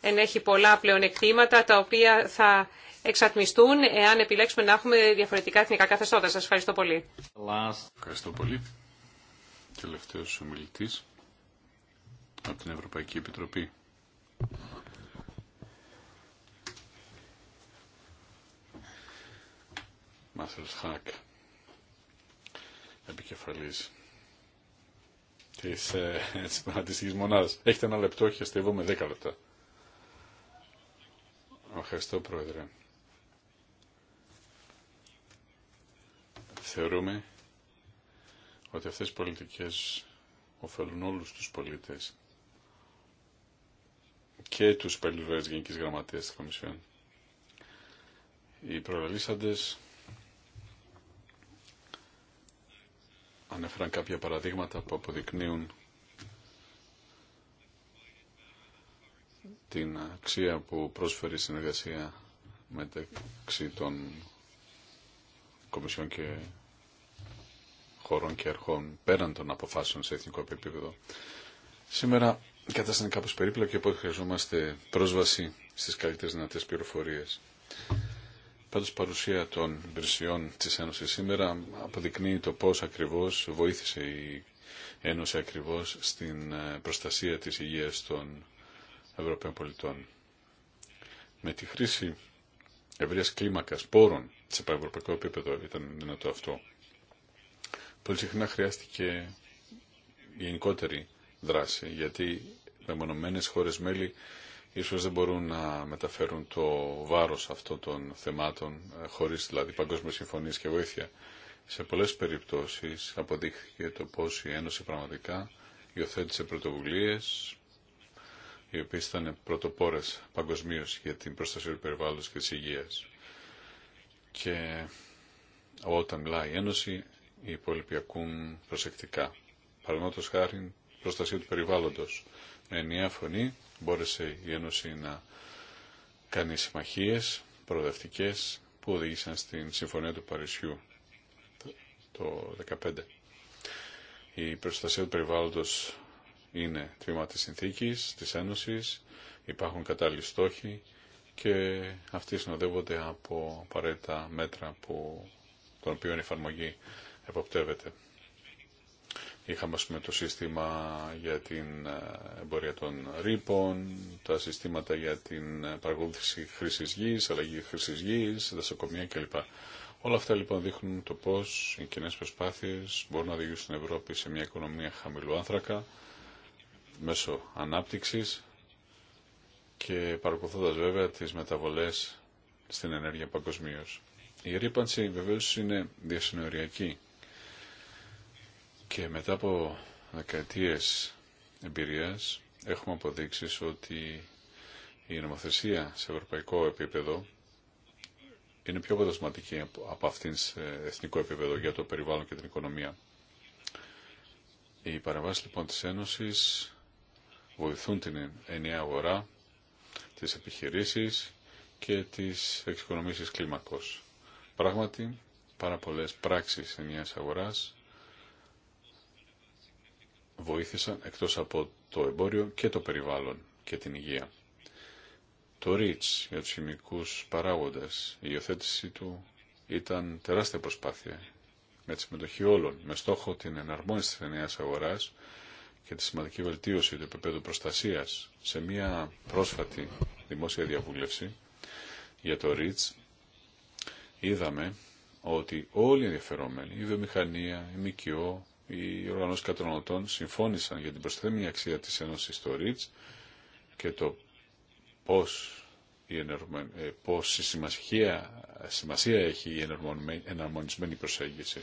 ενέχει πολλά πλεονεκτήματα τα οποία θα εξατμιστούν εάν επιλέξουμε να έχουμε διαφορετικά εθνικά καθεστώτα. Σας ευχαριστώ πολύ. Ευχαριστώ πολύ. Τελευταίος ομιλητής από την Ευρωπαϊκή Επιτροπή. Μάσελ Χακ, επικεφαλής της, ε, Μονάδας. Έχετε ένα λεπτό και εγώ με δέκα λεπτά. Ευχαριστώ, Πρόεδρε. Θεωρούμε ότι αυτές οι πολιτικές ωφελούν όλους τους πολίτες και τους υπαλληλούς γενικής γραμματείας της Κομισιόν. Οι προλαλήσαντες ανέφεραν κάποια παραδείγματα που αποδεικνύουν την αξία που πρόσφερε η συνεργασία μεταξύ των Κομισιών και χωρών και αρχών πέραν των αποφάσεων σε εθνικό επίπεδο. Σήμερα η κατάσταση είναι κάπως περίπλοκη, οπότε χρειαζόμαστε πρόσβαση στις καλύτερες δυνατές πληροφορίες η παρουσία των υπηρεσιών της Ένωση σήμερα αποδεικνύει το πώς ακριβώς βοήθησε η Ένωση ακριβώς στην ε, προστασία της υγείας των Ευρωπαίων πολιτών. Με τη χρήση ευρεία κλίμακας πόρων σε πανευρωπαϊκό επίπεδο ήταν δυνατό αυτό. Πολύ συχνά χρειάστηκε γενικότερη δράση, γιατί μεμονωμένες χώρες μέλη ίσως δεν μπορούν να μεταφέρουν το βάρος αυτών των θεμάτων ε, χωρίς δηλαδή παγκόσμια συμφωνίες και βοήθεια. Σε πολλές περιπτώσεις αποδείχθηκε το πώς η Ένωση πραγματικά υιοθέτησε πρωτοβουλίες οι οποίες ήταν πρωτοπόρες παγκοσμίω για την προστασία του περιβάλλοντος και της υγείας. Και όταν μιλάει η Ένωση, οι υπόλοιποι ακούν προσεκτικά. Παραδείγματος χάρη προστασία του περιβάλλοντος. Με ενιαία φωνή μπόρεσε η Ένωση να κάνει συμμαχίες προοδευτικές που οδήγησαν στην Συμφωνία του Παρισιού το 2015. Η προστασία του περιβάλλοντος είναι τμήμα της συνθήκης, της Ένωσης, υπάρχουν κατάλληλοι στόχοι και αυτοί συνοδεύονται από απαραίτητα μέτρα που, των οποίων η εφαρμογή εποπτεύεται. Είχαμε πούμε, το σύστημα για την ε, εμπορία των ρήπων, τα συστήματα για την ε, παραγωγή χρήση γη, αλλαγή χρήση γη, δασοκομεία κλπ. Όλα αυτά λοιπόν δείχνουν το πώ οι κοινέ προσπάθειες μπορούν να οδηγήσουν την Ευρώπη σε μια οικονομία χαμηλού άνθρακα, μέσω ανάπτυξη και παρακολουθώντα βέβαια τι μεταβολέ στην ενέργεια παγκοσμίω. Η ρήπανση βεβαίω είναι διασυνοριακή και μετά από δεκαετίες εμπειρίας έχουμε αποδείξει ότι η νομοθεσία σε ευρωπαϊκό επίπεδο είναι πιο αποτελεσματική από αυτήν σε εθνικό επίπεδο για το περιβάλλον και την οικονομία. Οι παρεμβάσεις λοιπόν της Ένωσης βοηθούν την ενιαία αγορά, τις επιχειρήσεις και τις εξοικονομήσεις κλίμακος. Πράγματι, πάρα πολλές πράξεις ενιαίας αγοράς βοήθησαν εκτός από το εμπόριο και το περιβάλλον και την υγεία. Το REACH για τους χημικούς παράγοντες, η υιοθέτησή του ήταν τεράστια προσπάθεια με τη συμμετοχή όλων, με στόχο την εναρμόνιση της νέας αγοράς και τη σημαντική βελτίωση του επίπεδου προστασίας σε μια πρόσφατη δημόσια διαβούλευση για το REACH, είδαμε ότι όλοι οι ενδιαφερόμενοι, η βιομηχανία, η ΜΚΟ, οι οργανώσεις καταναλωτών συμφώνησαν για την προσθέμενη αξία της Ένωσης στο ΡΙΤΣ και το πώς η ε, σημασία, έχει η εναρμονισμένη προσέγγιση.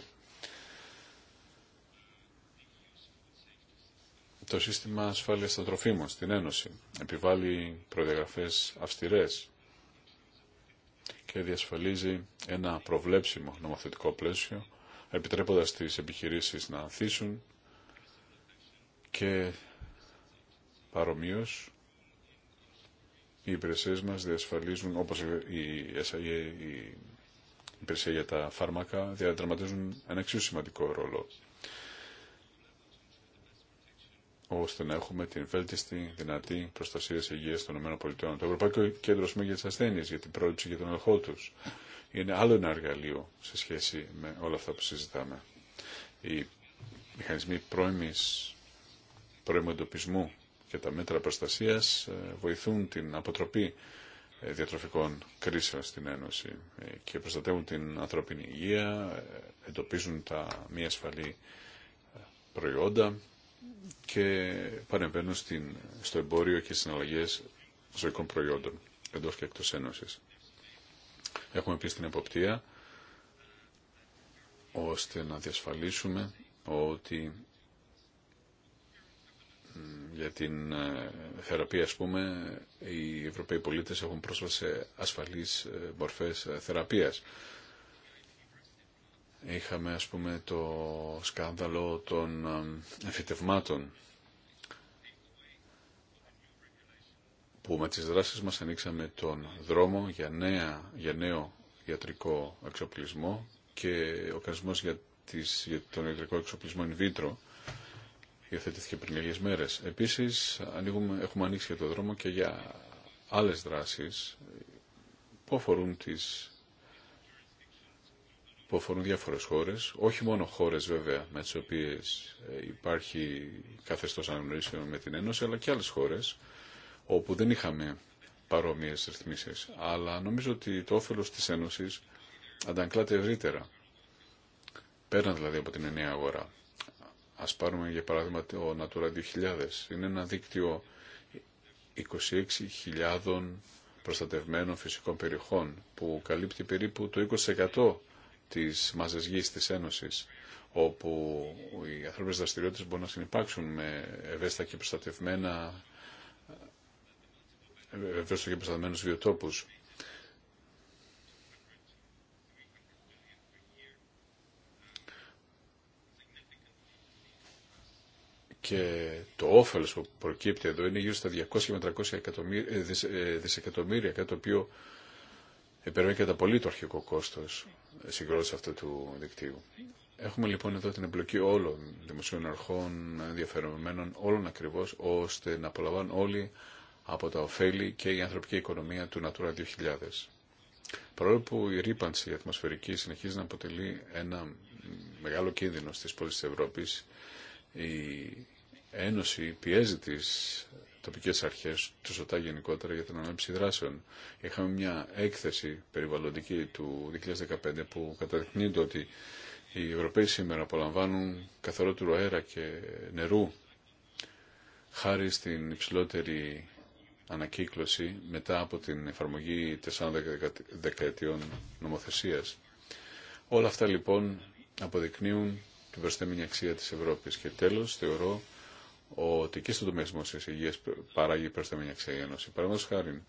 Το σύστημα ασφάλειας των τροφίμων στην Ένωση επιβάλλει προδιαγραφές αυστηρές και διασφαλίζει ένα προβλέψιμο νομοθετικό πλαίσιο επιτρέποντας τις επιχειρήσεις να ανθίσουν και παρομοίως οι υπηρεσίες μας διασφαλίζουν, όπως η, η υπηρεσία για τα φάρμακα, διαδραματίζουν ένα εξίσου σημαντικό ρόλο ώστε να έχουμε την βέλτιστη δυνατή προστασία υγεία των ΗΠΑ. Το Ευρωπαϊκό Κέντρο για τι Ασθένειε, για την πρόληψη και τον ελεγχό του είναι άλλο ένα εργαλείο σε σχέση με όλα αυτά που συζητάμε. Οι μηχανισμοί πρώιμης, πρώιμου εντοπισμού και τα μέτρα προστασίας ε, βοηθούν την αποτροπή ε, διατροφικών κρίσεων στην Ένωση ε, και προστατεύουν την ανθρώπινη υγεία, εντοπίζουν τα μη ασφαλή προϊόντα και παρεμβαίνουν στην, στο εμπόριο και στις συναλλαγές ζωικών προϊόντων εντός και εκτός Ένωσης. Έχουμε πει στην εποπτεία ώστε να διασφαλίσουμε ότι για την ε, θεραπεία ας πούμε οι Ευρωπαίοι πολίτες έχουν πρόσβαση σε ασφαλείς ε, μορφές ε, θεραπείας. Είχαμε ας πούμε το σκάνδαλο των εφητευμάτων. που με τις δράσεις μας ανοίξαμε τον δρόμο για, νέα, για νέο ιατρικό εξοπλισμό και ο κανονισμός για, τις, τον ιατρικό εξοπλισμό in vitro υιοθετήθηκε πριν λίγες μέρες. Επίσης, ανοίγουμε, έχουμε ανοίξει και το δρόμο και για άλλες δράσεις που αφορούν τις που αφορούν διάφορες χώρες, όχι μόνο χώρες βέβαια με τις οποίες υπάρχει καθεστώς αναγνωρίσεων με την Ένωση, αλλά και άλλες χώρες όπου δεν είχαμε παρόμοιες ρυθμίσεις. Αλλά νομίζω ότι το όφελος της Ένωσης αντανακλάται ευρύτερα. Πέραν δηλαδή από την ενιαία αγορά. Ας πάρουμε για παράδειγμα το Natura 2000. Είναι ένα δίκτυο 26.000 προστατευμένων φυσικών περιοχών που καλύπτει περίπου το 20% της μάζας γης της Ένωσης όπου οι ανθρώπινες δραστηριότητες μπορούν να συνεπάρξουν με ευαίσθητα και προστατευμένα ευρέως και προστατευμένους βιοτόπους. και το όφελο που προκύπτει εδώ είναι γύρω στα 200 με 300 ε, ε, δισεκατομμύρια, κάτι το οποίο υπερβαίνει κατά πολύ το αρχικό κόστος ε, συγκρότηση αυτού του δικτύου. Έχουμε λοιπόν εδώ την εμπλοκή όλων δημοσίων αρχών, ενδιαφερομένων, όλων ακριβώ ώστε να απολαμβάνουν όλοι από τα ωφέλη και η ανθρωπική οικονομία του Natura 2000. Παρόλο που η ρήπανση ατμοσφαιρική συνεχίζει να αποτελεί ένα μεγάλο κίνδυνο στις πόλεις της Ευρώπης, η Ένωση πιέζει τις τοπικές αρχές, του ΣΟΤΑ γενικότερα, για την ανάπτυξη δράσεων. Είχαμε μια έκθεση περιβαλλοντική του 2015 που καταδεικνύει ότι οι Ευρωπαίοι σήμερα απολαμβάνουν καθαρότερο αέρα και νερού χάρη στην υψηλότερη ανακύκλωση μετά από την εφαρμογή τεσσάρων δεκαετιών νομοθεσίας. Όλα αυτά λοιπόν αποδεικνύουν την προσθέμενη αξία της Ευρώπης και τέλος θεωρώ ότι και στον τομέα της δημόσιας υγείας παράγει προσθέμενη αξία η Ένωση. Παραδείγματος χάρη,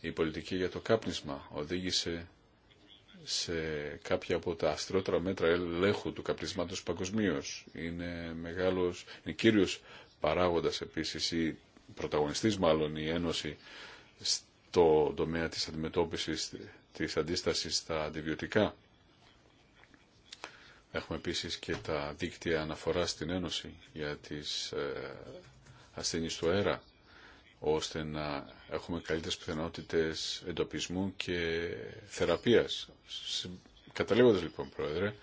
η πολιτική για το κάπνισμα οδήγησε σε κάποια από τα αστρότερα μέτρα ελέγχου του καπνισμάτος παγκοσμίω. Είναι μεγάλος, είναι κύριος παράγοντας επίσης η πρωταγωνιστής μάλλον η Ένωση στο τομέα της αντιμετώπισης της αντίστασης στα αντιβιωτικά. Έχουμε επίσης και τα δίκτυα αναφοράς στην Ένωση για τις ε, ασθένειες του αέρα, ώστε να έχουμε καλύτερες πιθανότητες εντοπισμού και θεραπείας. Καταλήγοντας λοιπόν, Πρόεδρε,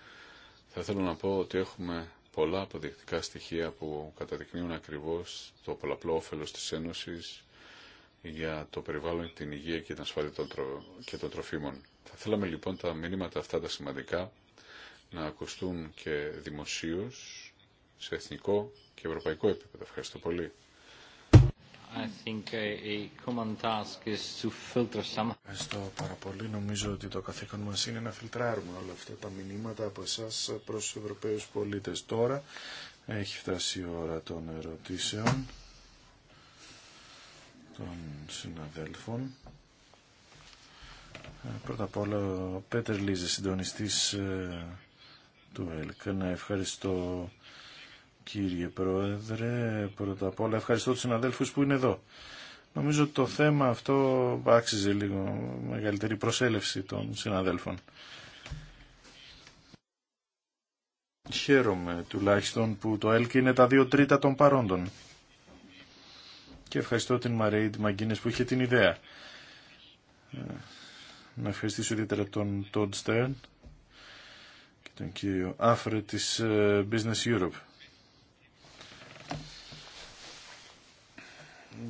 θα θέλω να πω ότι έχουμε πολλά αποδεικτικά στοιχεία που καταδεικνύουν ακριβώς το πολλαπλό όφελος της Ένωσης για το περιβάλλον, την υγεία και την ασφάλεια των τρο... και των τροφίμων. Θα θέλαμε λοιπόν τα μηνύματα αυτά τα σημαντικά να ακουστούν και δημοσίως σε εθνικό και ευρωπαϊκό επίπεδο. Ευχαριστώ πολύ. Ευχαριστώ πάρα πολύ. Νομίζω ότι το καθήκον μας είναι να φιλτράρουμε όλα αυτά τα μηνύματα από εσάς προς τους Ευρωπαίους πολίτες. Τώρα έχει φτάσει η ώρα των ερωτήσεων των συναδέλφων. Ε, πρώτα απ' όλα ο Πέτερ Λίζε, συντονιστής ε, του ΕΛΚ. Να ευχαριστώ κύριε Πρόεδρε. Πρώτα απ' όλα ευχαριστώ τους συναδέλφους που είναι εδώ. Νομίζω ότι το θέμα αυτό άξιζε λίγο μεγαλύτερη προσέλευση των συναδέλφων. Χαίρομαι τουλάχιστον που το ΕΛΚ είναι τα δύο τρίτα των παρόντων. Και ευχαριστώ την Μαρέιντ Μαγκίνες που είχε την ιδέα. Ε, να ευχαριστήσω ιδιαίτερα τον Τόντ Στέρν και τον κύριο Άφρε της ε, Business Europe.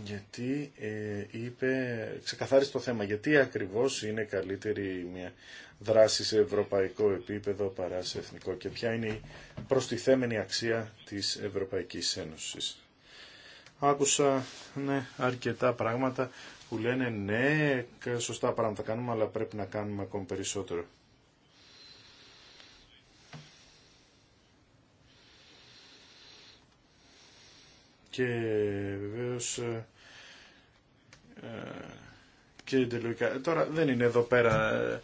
γιατί ε, είπε, ξεκαθάρισε το θέμα, γιατί ακριβώς είναι καλύτερη μια δράση σε ευρωπαϊκό επίπεδο παρά σε εθνικό και ποια είναι η προστιθέμενη αξία της Ευρωπαϊκής Ένωσης. Άκουσα ναι, αρκετά πράγματα που λένε ναι, σωστά πράγματα κάνουμε, αλλά πρέπει να κάνουμε ακόμη περισσότερο. και βεβαίως ε, ε, και τελικά. Τώρα δεν είναι εδώ πέρα ε,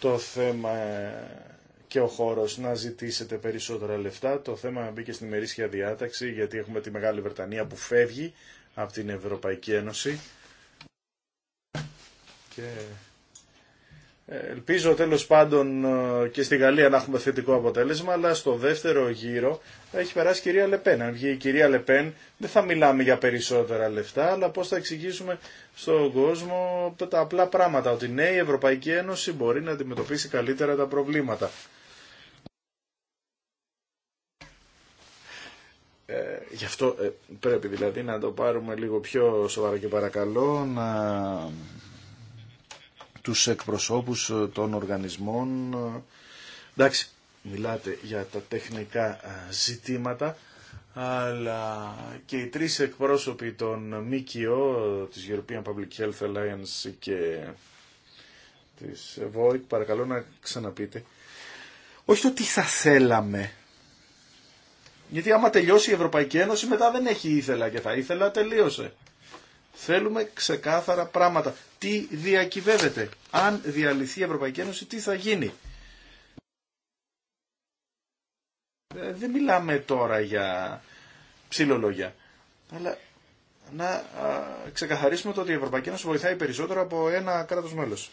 το θέμα και ο χώρος να ζητήσετε περισσότερα λεφτά. Το θέμα μπήκε στην ημερήσια διάταξη γιατί έχουμε τη Μεγάλη Βρετανία που φεύγει από την Ευρωπαϊκή Ένωση. Και Ελπίζω τέλος πάντων ε, και στη Γαλλία να έχουμε θετικό αποτέλεσμα, αλλά στο δεύτερο γύρο έχει περάσει η κυρία Λεπέν. Αν βγει η κυρία Λεπέν δεν θα μιλάμε για περισσότερα λεφτά, αλλά πώς θα εξηγήσουμε στον κόσμο τα απλά πράγματα, ότι ναι η Ευρωπαϊκή Ένωση μπορεί να αντιμετωπίσει καλύτερα τα προβλήματα. Ε, γι' αυτό ε, πρέπει δηλαδή να το πάρουμε λίγο πιο σοβαρά και παρακαλώ να τους εκπροσώπους ε, των οργανισμών. Ε, εντάξει, μιλάτε για τα τεχνικά ε, ζητήματα, αλλά και οι τρεις εκπρόσωποι των ΜΚΟ, της European Public Health Alliance και της Void, παρακαλώ να ξαναπείτε, όχι το τι θα θέλαμε, γιατί άμα τελειώσει η Ευρωπαϊκή Ένωση μετά δεν έχει ήθελα και θα ήθελα τελείωσε. Θέλουμε ξεκάθαρα πράγματα. Τι διακυβεύεται. Αν διαλυθεί η Ευρωπαϊκή Ένωση, τι θα γίνει. Ε, δεν μιλάμε τώρα για ψηλολόγια. Αλλά να ξεκαθαρίσουμε το ότι η Ευρωπαϊκή Ένωση βοηθάει περισσότερο από ένα κράτος μέλος.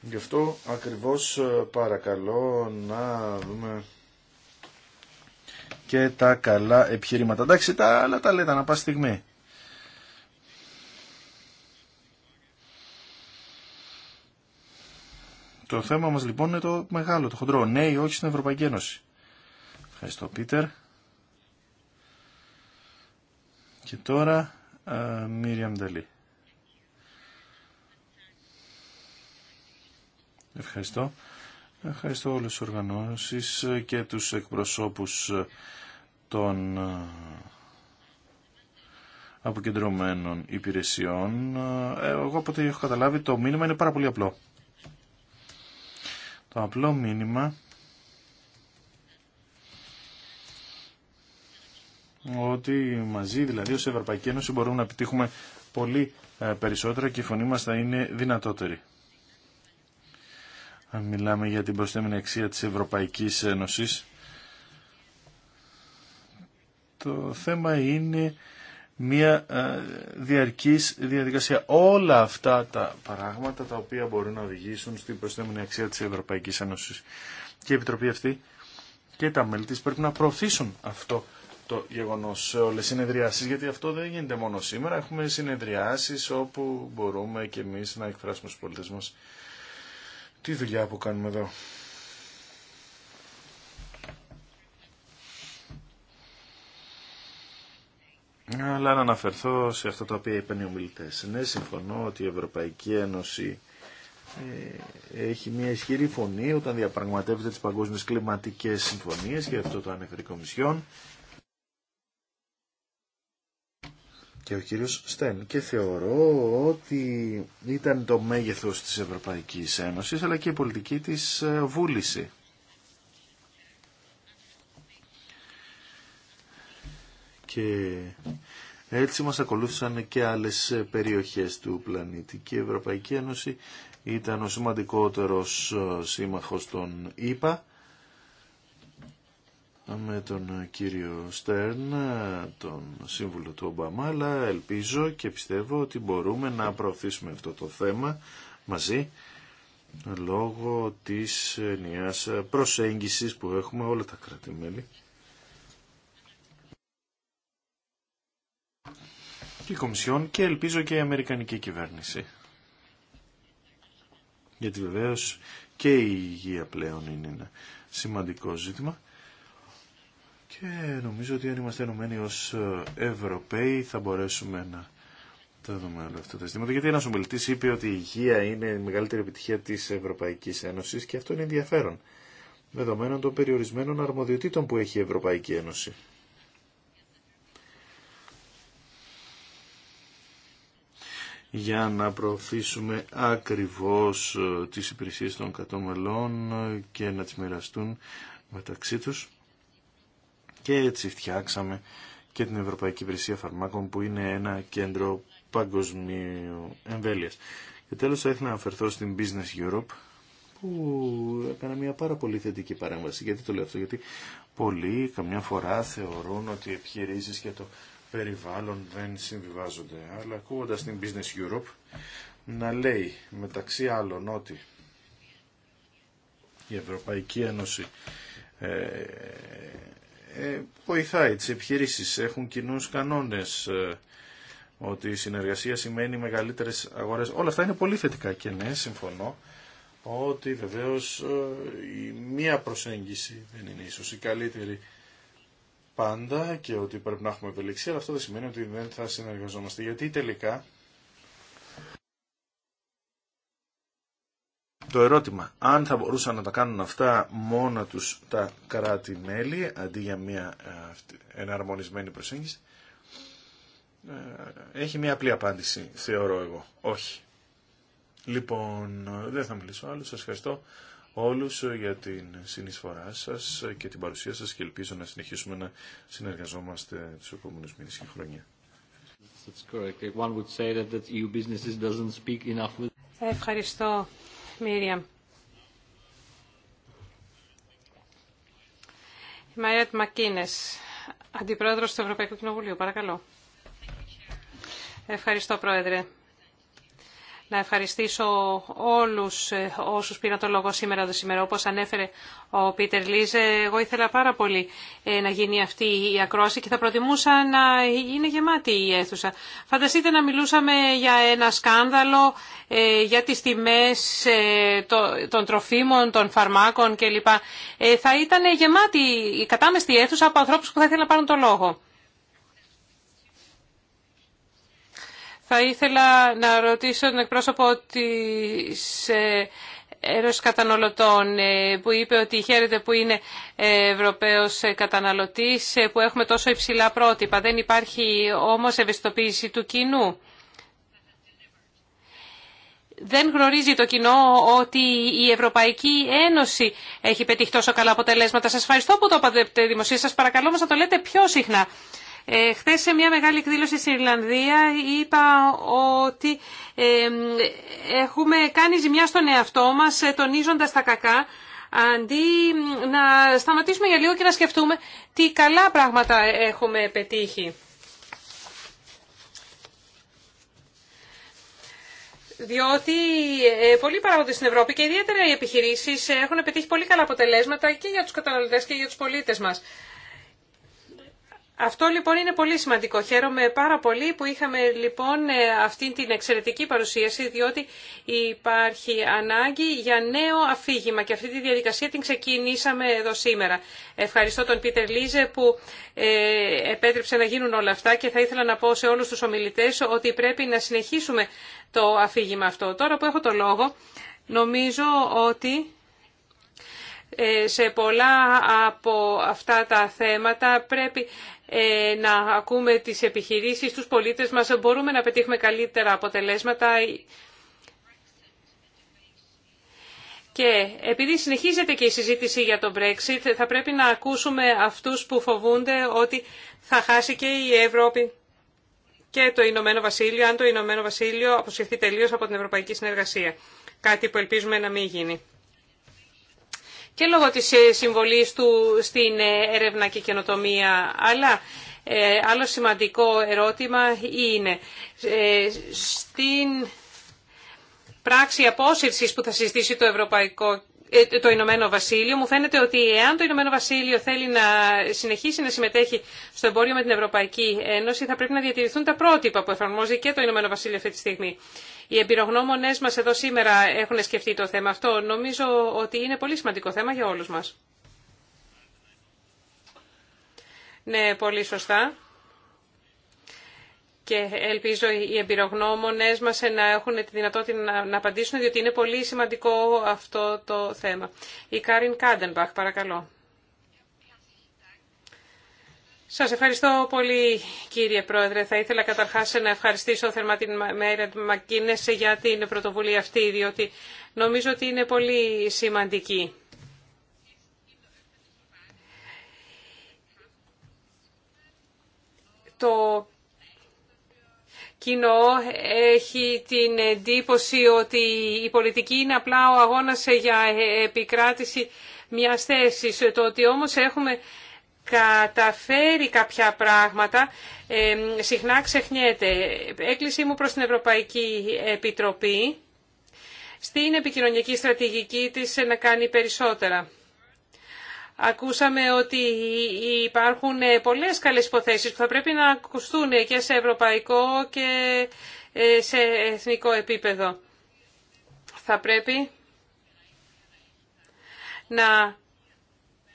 Γι' αυτό ακριβώς ε, παρακαλώ να δούμε και τα καλά επιχειρήματα. Εντάξει, τα άλλα τα λέτε, να πάει στιγμή. Το θέμα μας λοιπόν είναι το μεγάλο, το χοντρό. Ναι όχι στην Ευρωπαϊκή Ένωση. Ευχαριστώ Πίτερ. Και τώρα ε, Μίριαμ Νταλή. Ευχαριστώ. Ευχαριστώ όλες τις οργανώσεις και τους εκπροσώπους των ε, αποκεντρωμένων υπηρεσιών. Ε, εγώ από ό,τι έχω καταλάβει το μήνυμα είναι πάρα πολύ απλό. Το απλό μήνυμα ότι μαζί δηλαδή ως Ευρωπαϊκή Ένωση μπορούμε να επιτύχουμε πολύ ε, περισσότερα και η φωνή μας θα είναι δυνατότερη αν μιλάμε για την προσθέμενη αξία της Ευρωπαϊκής Ένωσης. Το θέμα είναι μια ε, διαρκής διαδικασία. Όλα αυτά τα πράγματα τα οποία μπορούν να οδηγήσουν στην προσθέμενη αξία της Ευρωπαϊκής Ένωσης. Και η Επιτροπή αυτή και τα μέλη της πρέπει να προωθήσουν αυτό το γεγονός σε όλες τις συνεδριάσεις, γιατί αυτό δεν γίνεται μόνο σήμερα. Έχουμε συνεδριάσεις όπου μπορούμε και εμείς να εκφράσουμε στους πολίτες μας τι δουλειά που κάνουμε εδώ. Αλλά να αναφερθώ σε αυτό το οποία είπαν οι ομιλητές. Ναι, συμφωνώ ότι η Ευρωπαϊκή Ένωση ε, έχει μια ισχυρή φωνή όταν διαπραγματεύεται τις παγκόσμιες κλιματικές συμφωνίες και αυτό το ανέφερε η και ο κύριος Στέν και θεωρώ ότι ήταν το μέγεθος της Ευρωπαϊκής Ένωσης αλλά και η πολιτική της ε, βούληση. Και έτσι μας ακολούθησαν και άλλες περιοχές του πλανήτη και η Ευρωπαϊκή Ένωση ήταν ο σημαντικότερος ε, σύμμαχος των ΗΠΑ με τον κύριο Στέρν, τον σύμβουλο του Ομπαμά, αλλά ελπίζω και πιστεύω ότι μπορούμε να προωθήσουμε αυτό το θέμα μαζί λόγω της ενιαίας προσέγγισης που έχουμε όλα τα κράτη-μέλη. Και η Κομισιόν και ελπίζω και η Αμερικανική κυβέρνηση. Γιατί βεβαίως και η υγεία πλέον είναι ένα σημαντικό ζήτημα και νομίζω ότι αν είμαστε ενωμένοι ως ε, Ευρωπαίοι θα μπορέσουμε να τα δούμε όλα αυτά τα ζητήματα. Γιατί ένας ομιλητής είπε ότι η υγεία είναι η μεγαλύτερη επιτυχία της Ευρωπαϊκής Ένωσης και αυτό είναι ενδιαφέρον δεδομένων των περιορισμένων αρμοδιοτήτων που έχει η Ευρωπαϊκή Ένωση. για να προωθήσουμε ακριβώς ε, τις υπηρεσίες των κατώμελών και να τις μοιραστούν μεταξύ τους και έτσι φτιάξαμε και την Ευρωπαϊκή Υπηρεσία Φαρμάκων που είναι ένα κέντρο παγκοσμίου εμβέλειας. Και τέλος θα ήθελα να αφαιρθώ στην Business Europe που έκανα μια πάρα πολύ θετική παρέμβαση. Γιατί το λέω αυτό, γιατί πολλοί καμιά φορά θεωρούν ότι οι επιχειρήσεις και το περιβάλλον δεν συμβιβάζονται. Αλλά ακούγοντα την Business Europe να λέει μεταξύ άλλων ότι η Ευρωπαϊκή Ένωση ε, ε, βοηθάει τις επιχειρήσεις, έχουν κοινούς κανόνες, ε, ότι η συνεργασία σημαίνει μεγαλύτερες αγορές. Όλα αυτά είναι πολύ θετικά και ναι, συμφωνώ ότι βεβαίως ε, η μία προσέγγιση δεν είναι ίσως η καλύτερη πάντα και ότι πρέπει να έχουμε ευελιξία, αλλά αυτό δεν σημαίνει ότι δεν θα συνεργαζόμαστε. Γιατί τελικά το ερώτημα, αν θα μπορούσαν να τα κάνουν αυτά μόνα τους τα κράτη-μέλη, αντί για μια ε, εναρμονισμένη προσέγγιση, ε, έχει μια απλή απάντηση, θεωρώ εγώ. Όχι. Λοιπόν, δεν θα μιλήσω άλλο. Σας ευχαριστώ όλους για την συνεισφορά σας και την παρουσία σας και ελπίζω να συνεχίσουμε να συνεργαζόμαστε τους επόμενους μήνες και χρόνια. E ευχαριστώ. Η Μαρία Μακίνες, Αντιπρόεδρος του Ευρωπαϊκού Κοινοβουλίου. Παρακαλώ. Ευχαριστώ, Πρόεδρε να ευχαριστήσω όλους ε, όσους πήραν το λόγο σήμερα το σήμερα. Όπως ανέφερε ο Πίτερ Λίζε, εγώ ήθελα πάρα πολύ ε, να γίνει αυτή η ακρόαση και θα προτιμούσα να είναι γεμάτη η αίθουσα. Φανταστείτε να μιλούσαμε για ένα σκάνδαλο, ε, για τις τιμές των τροφίμων, των φαρμάκων κλπ. Θα ήταν γεμάτη η κατάμεστη αίθουσα από ανθρώπους που θα ήθελαν να πάρουν το λόγο. Θα ήθελα να ρωτήσω τον εκπρόσωπο της ε, Ένωση Καταναλωτών ε, που είπε ότι χαίρεται που είναι Ευρωπαίος καταναλωτής ε, που έχουμε τόσο υψηλά πρότυπα. Δεν υπάρχει όμως ευαισθητοποίηση του κοινού. Δεν γνωρίζει το κοινό ότι η Ευρωπαϊκή Ένωση έχει πετύχει τόσο καλά αποτελέσματα. Σας ευχαριστώ που το είπατε δημοσίες. Σας παρακαλώ όμως να το λέτε πιο συχνά. Ε, Χθε σε μια μεγάλη εκδήλωση στην Ιρλανδία είπα ότι έχουμε κάνει ζημιά στον εαυτό μας ε, τονίζοντας τα κακά αντί να σταματήσουμε για λίγο και να σκεφτούμε τι καλά πράγματα έχουμε πετύχει. διότι ε, πολλοί παράγοντε στην Ευρώπη και ιδιαίτερα οι επιχειρήσεις έχουν πετύχει πολύ καλά αποτελέσματα και για τους καταναλωτές και για τους πολίτες μας. Αυτό λοιπόν είναι πολύ σημαντικό. Χαίρομαι πάρα πολύ που είχαμε λοιπόν ε, αυτή την εξαιρετική παρουσίαση διότι υπάρχει ανάγκη για νέο αφήγημα και αυτή τη διαδικασία την ξεκινήσαμε εδώ σήμερα. Ευχαριστώ τον Πίτερ Λίζε που ε, επέτρεψε να γίνουν όλα αυτά και θα ήθελα να πω σε όλους τους ομιλητές ότι πρέπει να συνεχίσουμε το αφήγημα αυτό. Τώρα που έχω το λόγο νομίζω ότι ε, σε πολλά από αυτά τα θέματα πρέπει ε, να ακούμε τις επιχειρήσεις, τους πολίτες μας, μπορούμε να πετύχουμε καλύτερα αποτελέσματα. Και επειδή συνεχίζεται και η συζήτηση για το Brexit, θα πρέπει να ακούσουμε αυτούς που φοβούνται ότι θα χάσει και η Ευρώπη και το Ηνωμένο Βασίλειο, αν το Ηνωμένο Βασίλειο αποσυρθεί τελείως από την Ευρωπαϊκή Συνεργασία. Κάτι που ελπίζουμε να μην γίνει και λόγω της ε, συμβολής του στην ε, έρευνα και καινοτομία. Αλλά ε, άλλο σημαντικό ερώτημα είναι στην πράξη απόσυρσης που θα συζητήσει το Ευρωπαϊκό το Ηνωμένο Βασίλειο. Μου φαίνεται ότι εάν το Ηνωμένο Βασίλειο θέλει να συνεχίσει να συμμετέχει στο εμπόριο με την Ευρωπαϊκή Ένωση, θα πρέπει να διατηρηθούν τα πρότυπα που εφαρμόζει και το Ηνωμένο Βασίλειο αυτή τη στιγμή. Οι εμπειρογνώμονε μας εδώ σήμερα έχουν σκεφτεί το θέμα αυτό. Νομίζω ότι είναι πολύ σημαντικό θέμα για όλους μας. Ναι, πολύ σωστά. Και ελπίζω οι εμπειρογνώμονες μας να έχουν τη δυνατότητα να απαντήσουν, διότι είναι πολύ σημαντικό αυτό το θέμα. Η Κάριν Κάντεμπαχ, παρακαλώ. Σα ευχαριστώ πολύ κύριε Πρόεδρε. Θα ήθελα καταρχά να ευχαριστήσω θερμά την Μέιραντ Μακίνε για την πρωτοβουλία αυτή, διότι νομίζω ότι είναι πολύ σημαντική. Το κοινό έχει την εντύπωση ότι η πολιτική είναι απλά ο αγώνας για επικράτηση μιας θέσης. Το ότι όμως έχουμε καταφέρει κάποια πράγματα, συχνά ξεχνιέται. Έκκλησή μου προς την Ευρωπαϊκή Επιτροπή στην επικοινωνιακή στρατηγική της ε, να κάνει περισσότερα. Ακούσαμε ότι υπάρχουν ε, πολλές καλές υποθέσεις που θα πρέπει να ακουστούν ε, και σε ευρωπαϊκό και σε εθνικό επίπεδο. Θα πρέπει να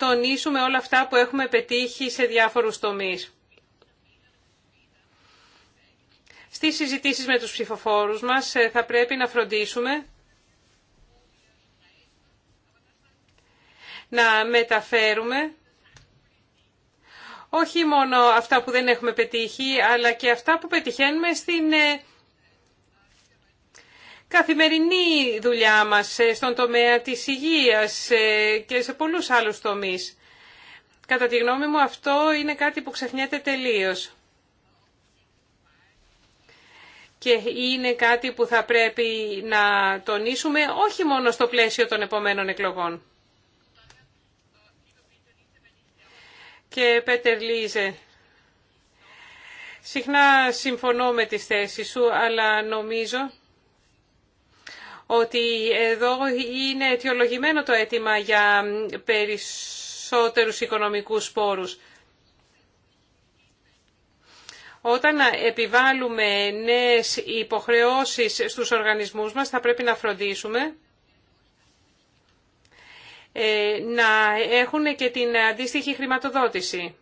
τονίσουμε όλα αυτά που έχουμε πετύχει σε διάφορους τομείς. Στις συζητήσεις με τους ψηφοφόρους μας ε, θα πρέπει να φροντίσουμε να μεταφέρουμε όχι μόνο αυτά που δεν έχουμε πετύχει, αλλά και αυτά που πετυχαίνουμε στην ε, καθημερινή δουλειά μας ε, στον τομέα της υγείας ε, και σε πολλούς άλλους τομείς. Κατά τη γνώμη μου αυτό είναι κάτι που ξεχνιέται τελείως. Και είναι κάτι που θα πρέπει να τονίσουμε όχι μόνο στο πλαίσιο των επομένων εκλογών. Και Πέτερ Λίζε, συχνά συμφωνώ με τις θέσεις σου, αλλά νομίζω ότι εδώ είναι αιτιολογημένο το αίτημα για περισσότερους οικονομικούς πόρους. Όταν επιβάλλουμε νέες υποχρεώσεις στους οργανισμούς μας θα πρέπει να φροντίσουμε ε, να έχουν και την αντίστοιχη χρηματοδότηση.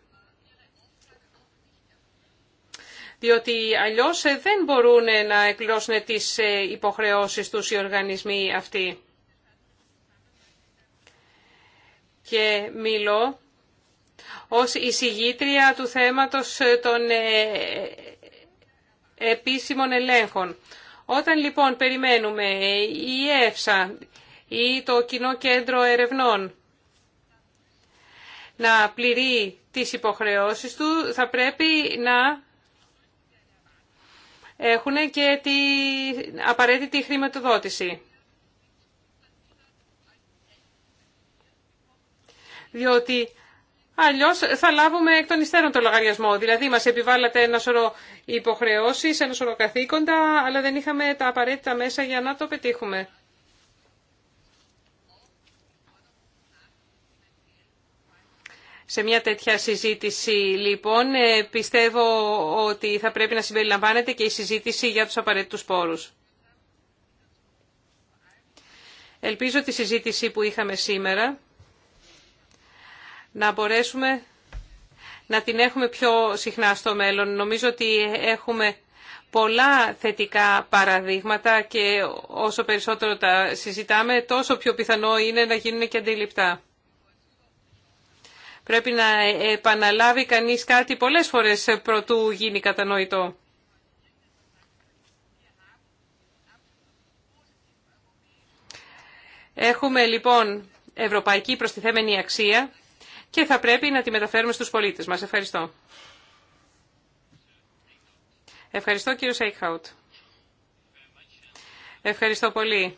διότι αλλιώς ε, δεν μπορούν ε, να εκπληρώσουν τις ε, υποχρεώσεις τους οι οργανισμοί αυτοί. Και μιλώ ως εισηγήτρια του θέματος των επίσημων ελέγχων. Όταν λοιπόν περιμένουμε η ΕΦΣΑ ή το Κοινό Κέντρο Ερευνών να πληρεί τις υποχρεώσεις του, θα πρέπει να έχουν και την απαραίτητη χρηματοδότηση. Διότι αλλιώς θα λάβουμε εκ των υστέρων το λογαριασμό. Δηλαδή μας επιβάλλατε ένα σωρό υποχρεώσεις, ένα σωρό καθήκοντα, αλλά δεν είχαμε τα απαραίτητα μέσα για να το πετύχουμε. Σε μια τέτοια συζήτηση, λοιπόν, ε, πιστεύω ότι θα πρέπει να συμπεριλαμβάνεται και η συζήτηση για τους απαραίτητους πόρους. Ελπίζω τη συζήτηση που είχαμε σήμερα να μπορέσουμε να την έχουμε πιο συχνά στο μέλλον. Νομίζω ότι έχουμε πολλά θετικά παραδείγματα και όσο περισσότερο τα συζητάμε, τόσο πιο πιθανό είναι να γίνουν και αντιληπτά. Πρέπει να επαναλάβει κανείς κάτι πολλές φορές προτού γίνει κατανοητό. Έχουμε λοιπόν ευρωπαϊκή προστιθέμενη αξία και θα πρέπει να τη μεταφέρουμε στους πολίτες μας. Ευχαριστώ. Ευχαριστώ κύριο Σέικχαουτ. Ευχαριστώ πολύ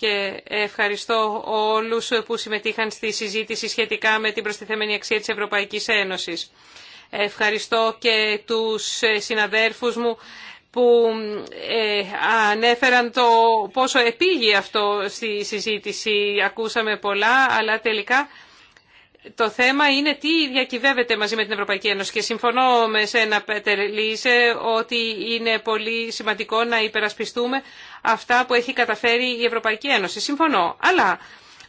και ευχαριστώ όλους που συμμετείχαν στη συζήτηση σχετικά με την προστιθέμενη αξία της Ευρωπαϊκής Ένωσης. Ευχαριστώ και τους ε, συναδέρφους μου που ε, ανέφεραν το πόσο επήγει αυτό στη συζήτηση. Ακούσαμε πολλά, αλλά τελικά το θέμα είναι τι διακυβεύεται μαζί με την Ευρωπαϊκή Ένωση και συμφωνώ με σένα Λίσε ότι είναι πολύ σημαντικό να υπερασπιστούμε αυτά που έχει καταφέρει η Ευρωπαϊκή Ένωση. Συμφωνώ. Αλλά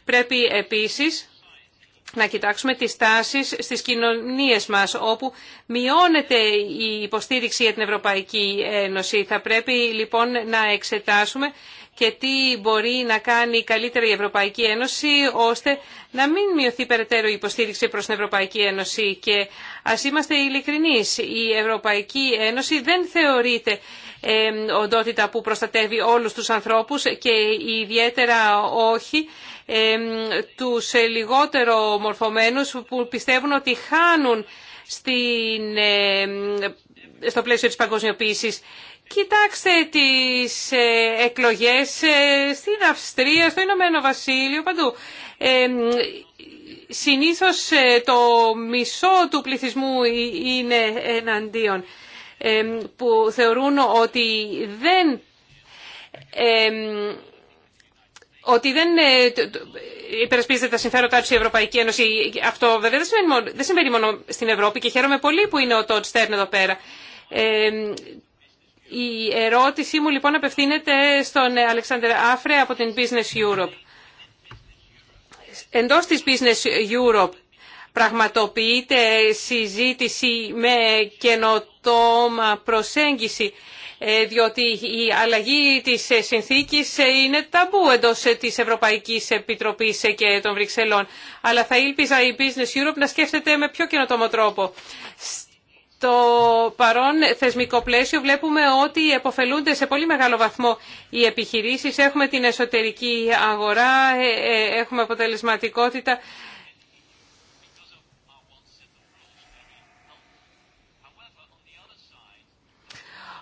πρέπει επίσης να κοιτάξουμε τις τάσεις στις κοινωνίες μας όπου μειώνεται η υποστήριξη για την Ευρωπαϊκή Ένωση. Θα πρέπει λοιπόν να εξετάσουμε και τι μπορεί να κάνει καλύτερα η Ευρωπαϊκή Ένωση ώστε να μην μειωθεί περαιτέρω η υποστήριξη προς την Ευρωπαϊκή Ένωση και ας είμαστε ειλικρινείς, η Ευρωπαϊκή Ένωση δεν θεωρείται ε, οντότητα που προστατεύει όλους τους ανθρώπους και ιδιαίτερα όχι ε, τους λιγότερο μορφωμένους που πιστεύουν ότι χάνουν στην, στο πλαίσιο της παγκοσμιοποίησης Κοιτάξτε τις ε, εκλογές ε, στην Αυστρία, στο Ηνωμένο Βασίλειο, παντού. Ε, συνήθως το μισό του πληθυσμού είναι εναντίον, που θεωρούν ότι δεν ότι δεν υπερασπίζεται τα συμφέροντά του η Ευρωπαϊκή Ένωση. Αυτό βέβαια δεν συμβαίνει, μόνο, στην Ευρώπη και χαίρομαι πολύ που είναι ο Τότ Στέρν εδώ πέρα. Ε, η ερώτησή μου λοιπόν απευθύνεται στον Αλεξάνδρ Άφρε από την Business Europe. Εντός της Business Europe πραγματοποιείται συζήτηση με καινοτόμα προσέγγιση ε, διότι η αλλαγή της συνθήκης είναι ταμπού εντός της Ευρωπαϊκής Επιτροπής και των Βρυξελών. Αλλά θα ήλπιζα η Business Europe να σκέφτεται με πιο καινοτόμο τρόπο. Το παρόν θεσμικό πλαίσιο βλέπουμε ότι εποφελούνται σε πολύ μεγάλο βαθμό οι επιχειρήσεις. Έχουμε την εσωτερική αγορά, ε, ε, έχουμε αποτελεσματικότητα.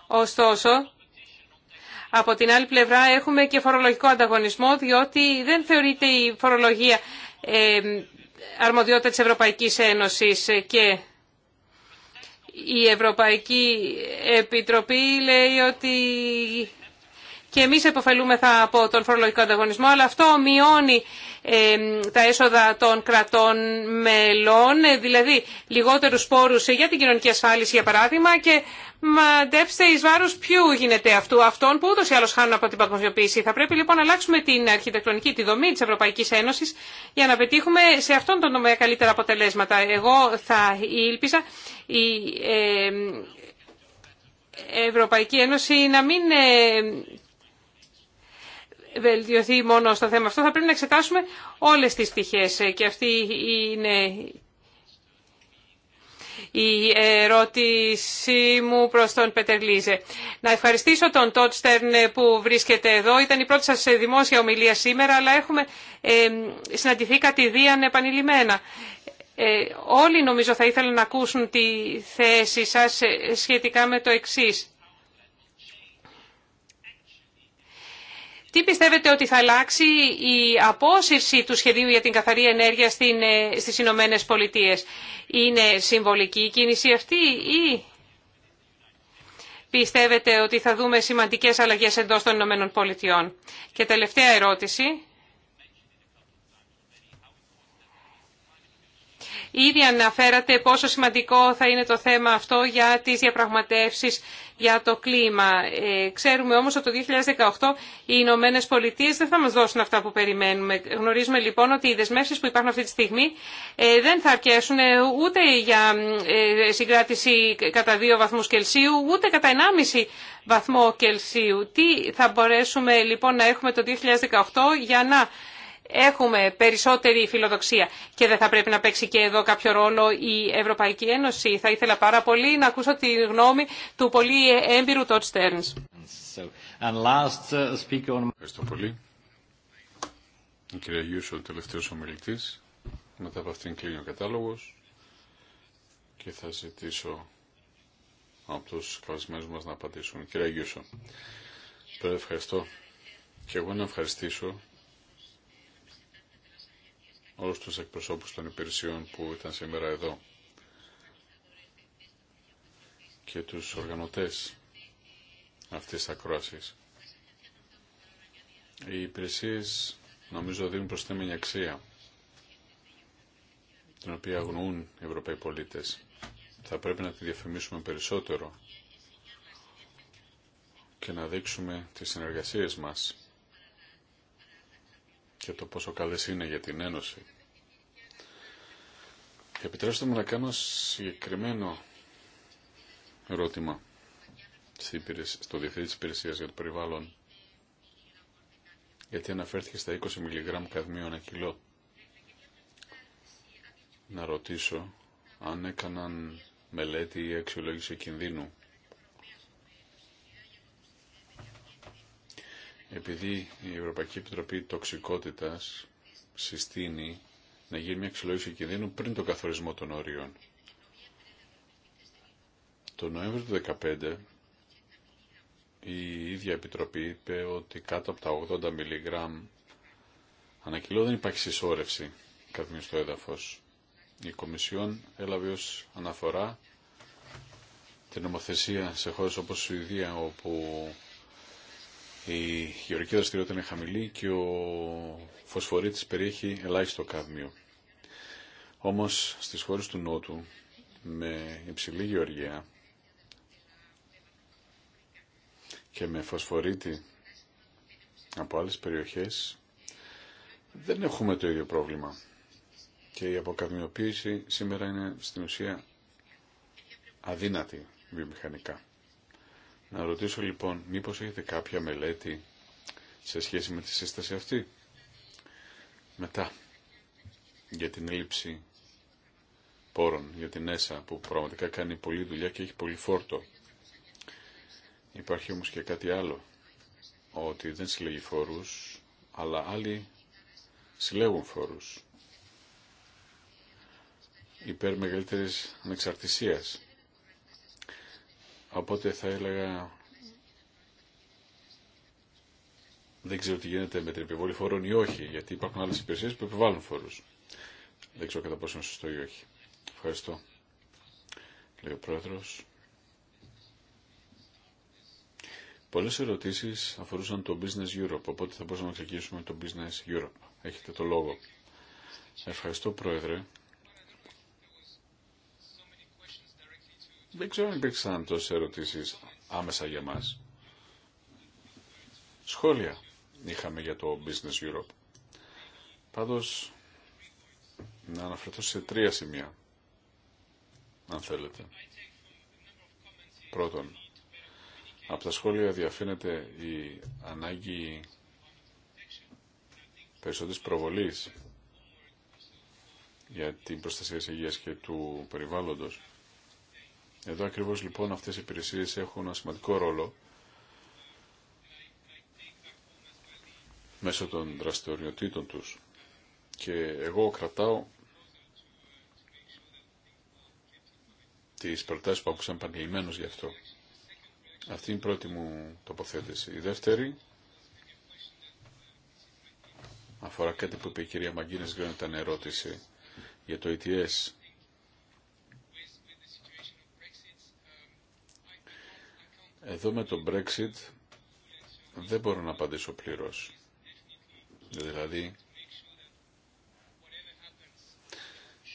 Ωστόσο, από την άλλη πλευρά έχουμε και φορολογικό ανταγωνισμό, διότι δεν θεωρείται η φορολογία ε, αρμοδιότητα της Ευρωπαϊκής Ένωσης και η Ευρωπαϊκή Επιτροπή λέει ότι και εμείς θα από τον φορολογικό ανταγωνισμό, αλλά αυτό μειώνει τα έσοδα των κρατών μελών, ε, δηλαδή λιγότερους πόρους για την κοινωνική ασφάλιση, για παράδειγμα, και μαντέψτε ει βάρο ποιου γίνεται αυτού, αυτών που ούτω ή άλλω χάνουν από την παγκοσμιοποίηση. Θα πρέπει λοιπόν να αλλάξουμε την αρχιτεκτονική, τη δομή της Ευρωπαϊκής Ένωσης για να πετύχουμε σε αυτόν τον τομέα καλύτερα αποτελέσματα. Εγώ θα ήλπιζα η ε, Ευρωπαϊκή Ένωση να μην ε, βελτιωθεί μόνο στο θέμα αυτό. Θα πρέπει να εξετάσουμε όλε τι πτυχέ ε, και αυτή είναι η ερώτησή μου προς τον Πέτερ Να ευχαριστήσω τον Τότ που βρίσκεται εδώ. Ήταν η πρώτη σας δημόσια ομιλία σήμερα, αλλά έχουμε συναντηθεί κατηδίαν επανειλημμένα. Ε, όλοι νομίζω θα ήθελαν να ακούσουν τη θέση σας ε, σχετικά με το εξής. Τι πιστεύετε ότι θα αλλάξει η απόσυρση του σχεδίου για την καθαρή ενέργεια ε, στις Ηνωμένε Πολιτείε. Είναι συμβολική η κίνηση αυτή ή πιστεύετε ότι θα δούμε σημαντικές αλλαγές εντός των Ηνωμένων Πολιτειών. Και τελευταία ερώτηση. Ήδη αναφέρατε πόσο σημαντικό θα είναι το θέμα αυτό για τις διαπραγματεύσεις για το κλίμα. Ε, ξέρουμε όμως ότι το 2018 οι Ηνωμένε Πολιτείες δεν θα μας δώσουν αυτά που περιμένουμε. Γνωρίζουμε λοιπόν ότι οι δεσμεύσεις που υπάρχουν αυτή τη στιγμή ε, δεν θα αρκέσουν ε, ούτε για συγκράτηση κατά 2 βαθμούς Κελσίου, ούτε κατά 1,5 βαθμό Κελσίου. Τι θα μπορέσουμε λοιπόν να έχουμε το 2018 για να έχουμε περισσότερη φιλοδοξία και δεν θα πρέπει να παίξει και εδώ κάποιο ρόλο η Ευρωπαϊκή Ένωση. Θα ήθελα πάρα πολύ να ακούσω τη γνώμη του πολύ έμπειρου Τότ Στέρνς. Uh, ευχαριστώ πολύ. Η κυρία Γιούσο, ο τελευταίος ομιλητής. Μετά από αυτήν κλείνει ο κατάλογος και θα ζητήσω από τους καλεσμένους μας να απαντήσουν. Κυρία Γιούσο, ευχαριστώ. Και εγώ να ευχαριστήσω όλους τους εκπροσώπους των υπηρεσιών που ήταν σήμερα εδώ και τους οργανωτές αυτής της ακρόασης. Οι υπηρεσίε νομίζω δίνουν προσθέμενη αξία την οποία αγνοούν οι Ευρωπαίοι πολίτες. Θα πρέπει να τη διαφημίσουμε περισσότερο και να δείξουμε τις συνεργασίες μας και το πόσο καλές είναι για την Ένωση. Και επιτρέψτε μου να κάνω συγκεκριμένο ερώτημα στο Διευθυντή της Υπηρεσίας για το Περιβάλλον γιατί αναφέρθηκε στα 20 μιλιγράμμ καδμίου ένα κιλό. Να ρωτήσω αν έκαναν μελέτη ή αξιολόγηση κινδύνου επειδή η Ευρωπαϊκή Επιτροπή Τοξικότητας συστήνει να γίνει μια αξιολόγηση κινδύνου πριν τον καθορισμό των όριων. Το Νοέμβριο του 2015 η ίδια Επιτροπή είπε ότι κάτω από τα 80 μιλιγκράμμ ανά δεν υπάρχει συσσόρευση καθημερινή στο έδαφος. Η Κομισιόν έλαβε ως αναφορά την νομοθεσία σε χώρες όπως η Σουηδία όπου η γεωρική δραστηριότητα είναι χαμηλή και ο φωσφορίτης περιέχει ελάχιστο κάδμιο. Όμως στις χώρες του Νότου με υψηλή γεωργία και με φωσφορίτη από άλλες περιοχές δεν έχουμε το ίδιο πρόβλημα. Και η αποκαδμιοποίηση σήμερα είναι στην ουσία αδύνατη βιομηχανικά. Να ρωτήσω λοιπόν, μήπως έχετε κάποια μελέτη σε σχέση με τη σύσταση αυτή. Μετά, για την έλλειψη πόρων, για την ΕΣΑ που πραγματικά κάνει πολλή δουλειά και έχει πολύ φόρτο. Υπάρχει όμως και κάτι άλλο, ότι δεν συλλέγει φόρους, αλλά άλλοι συλλέγουν φόρους υπέρ μεγαλύτερης ανεξαρτησίας Οπότε θα έλεγα δεν ξέρω τι γίνεται με την επιβολή φόρων ή όχι, γιατί υπάρχουν άλλες υπηρεσίες που επιβάλλουν φόρους. Δεν ξέρω κατά πόσο είναι σωστό ή όχι. Ευχαριστώ. Λέει ο Πρόεδρος. Πολλές ερωτήσεις αφορούσαν το Business Europe, οπότε θα μπορούσαμε να ξεκινήσουμε το Business Europe. Έχετε το λόγο. Ευχαριστώ Πρόεδρε. Δεν ξέρω αν υπήρξαν τόσε ερωτήσει άμεσα για μα. Σχόλια είχαμε για το Business Europe. Πάντως, να αναφερθώ σε τρία σημεία, αν θέλετε. Πρώτον, από τα σχόλια διαφαίνεται η ανάγκη περισσότερης προβολής για την προστασία της υγείας και του περιβάλλοντος. Εδώ ακριβώς λοιπόν αυτές οι υπηρεσίες έχουν ένα σημαντικό ρόλο μέσω των δραστηριοτήτων τους. Και εγώ κρατάω τις προτάσεις που άκουσαν επαγγελμένως γι' αυτό. Αυτή είναι η πρώτη μου τοποθέτηση. Η δεύτερη αφορά κάτι που είπε η κυρία Μαγκίνες Γκρέν, ήταν ερώτηση για το ETS ε Εδώ με το Brexit δεν μπορώ να απαντήσω πλήρως. Δηλαδή,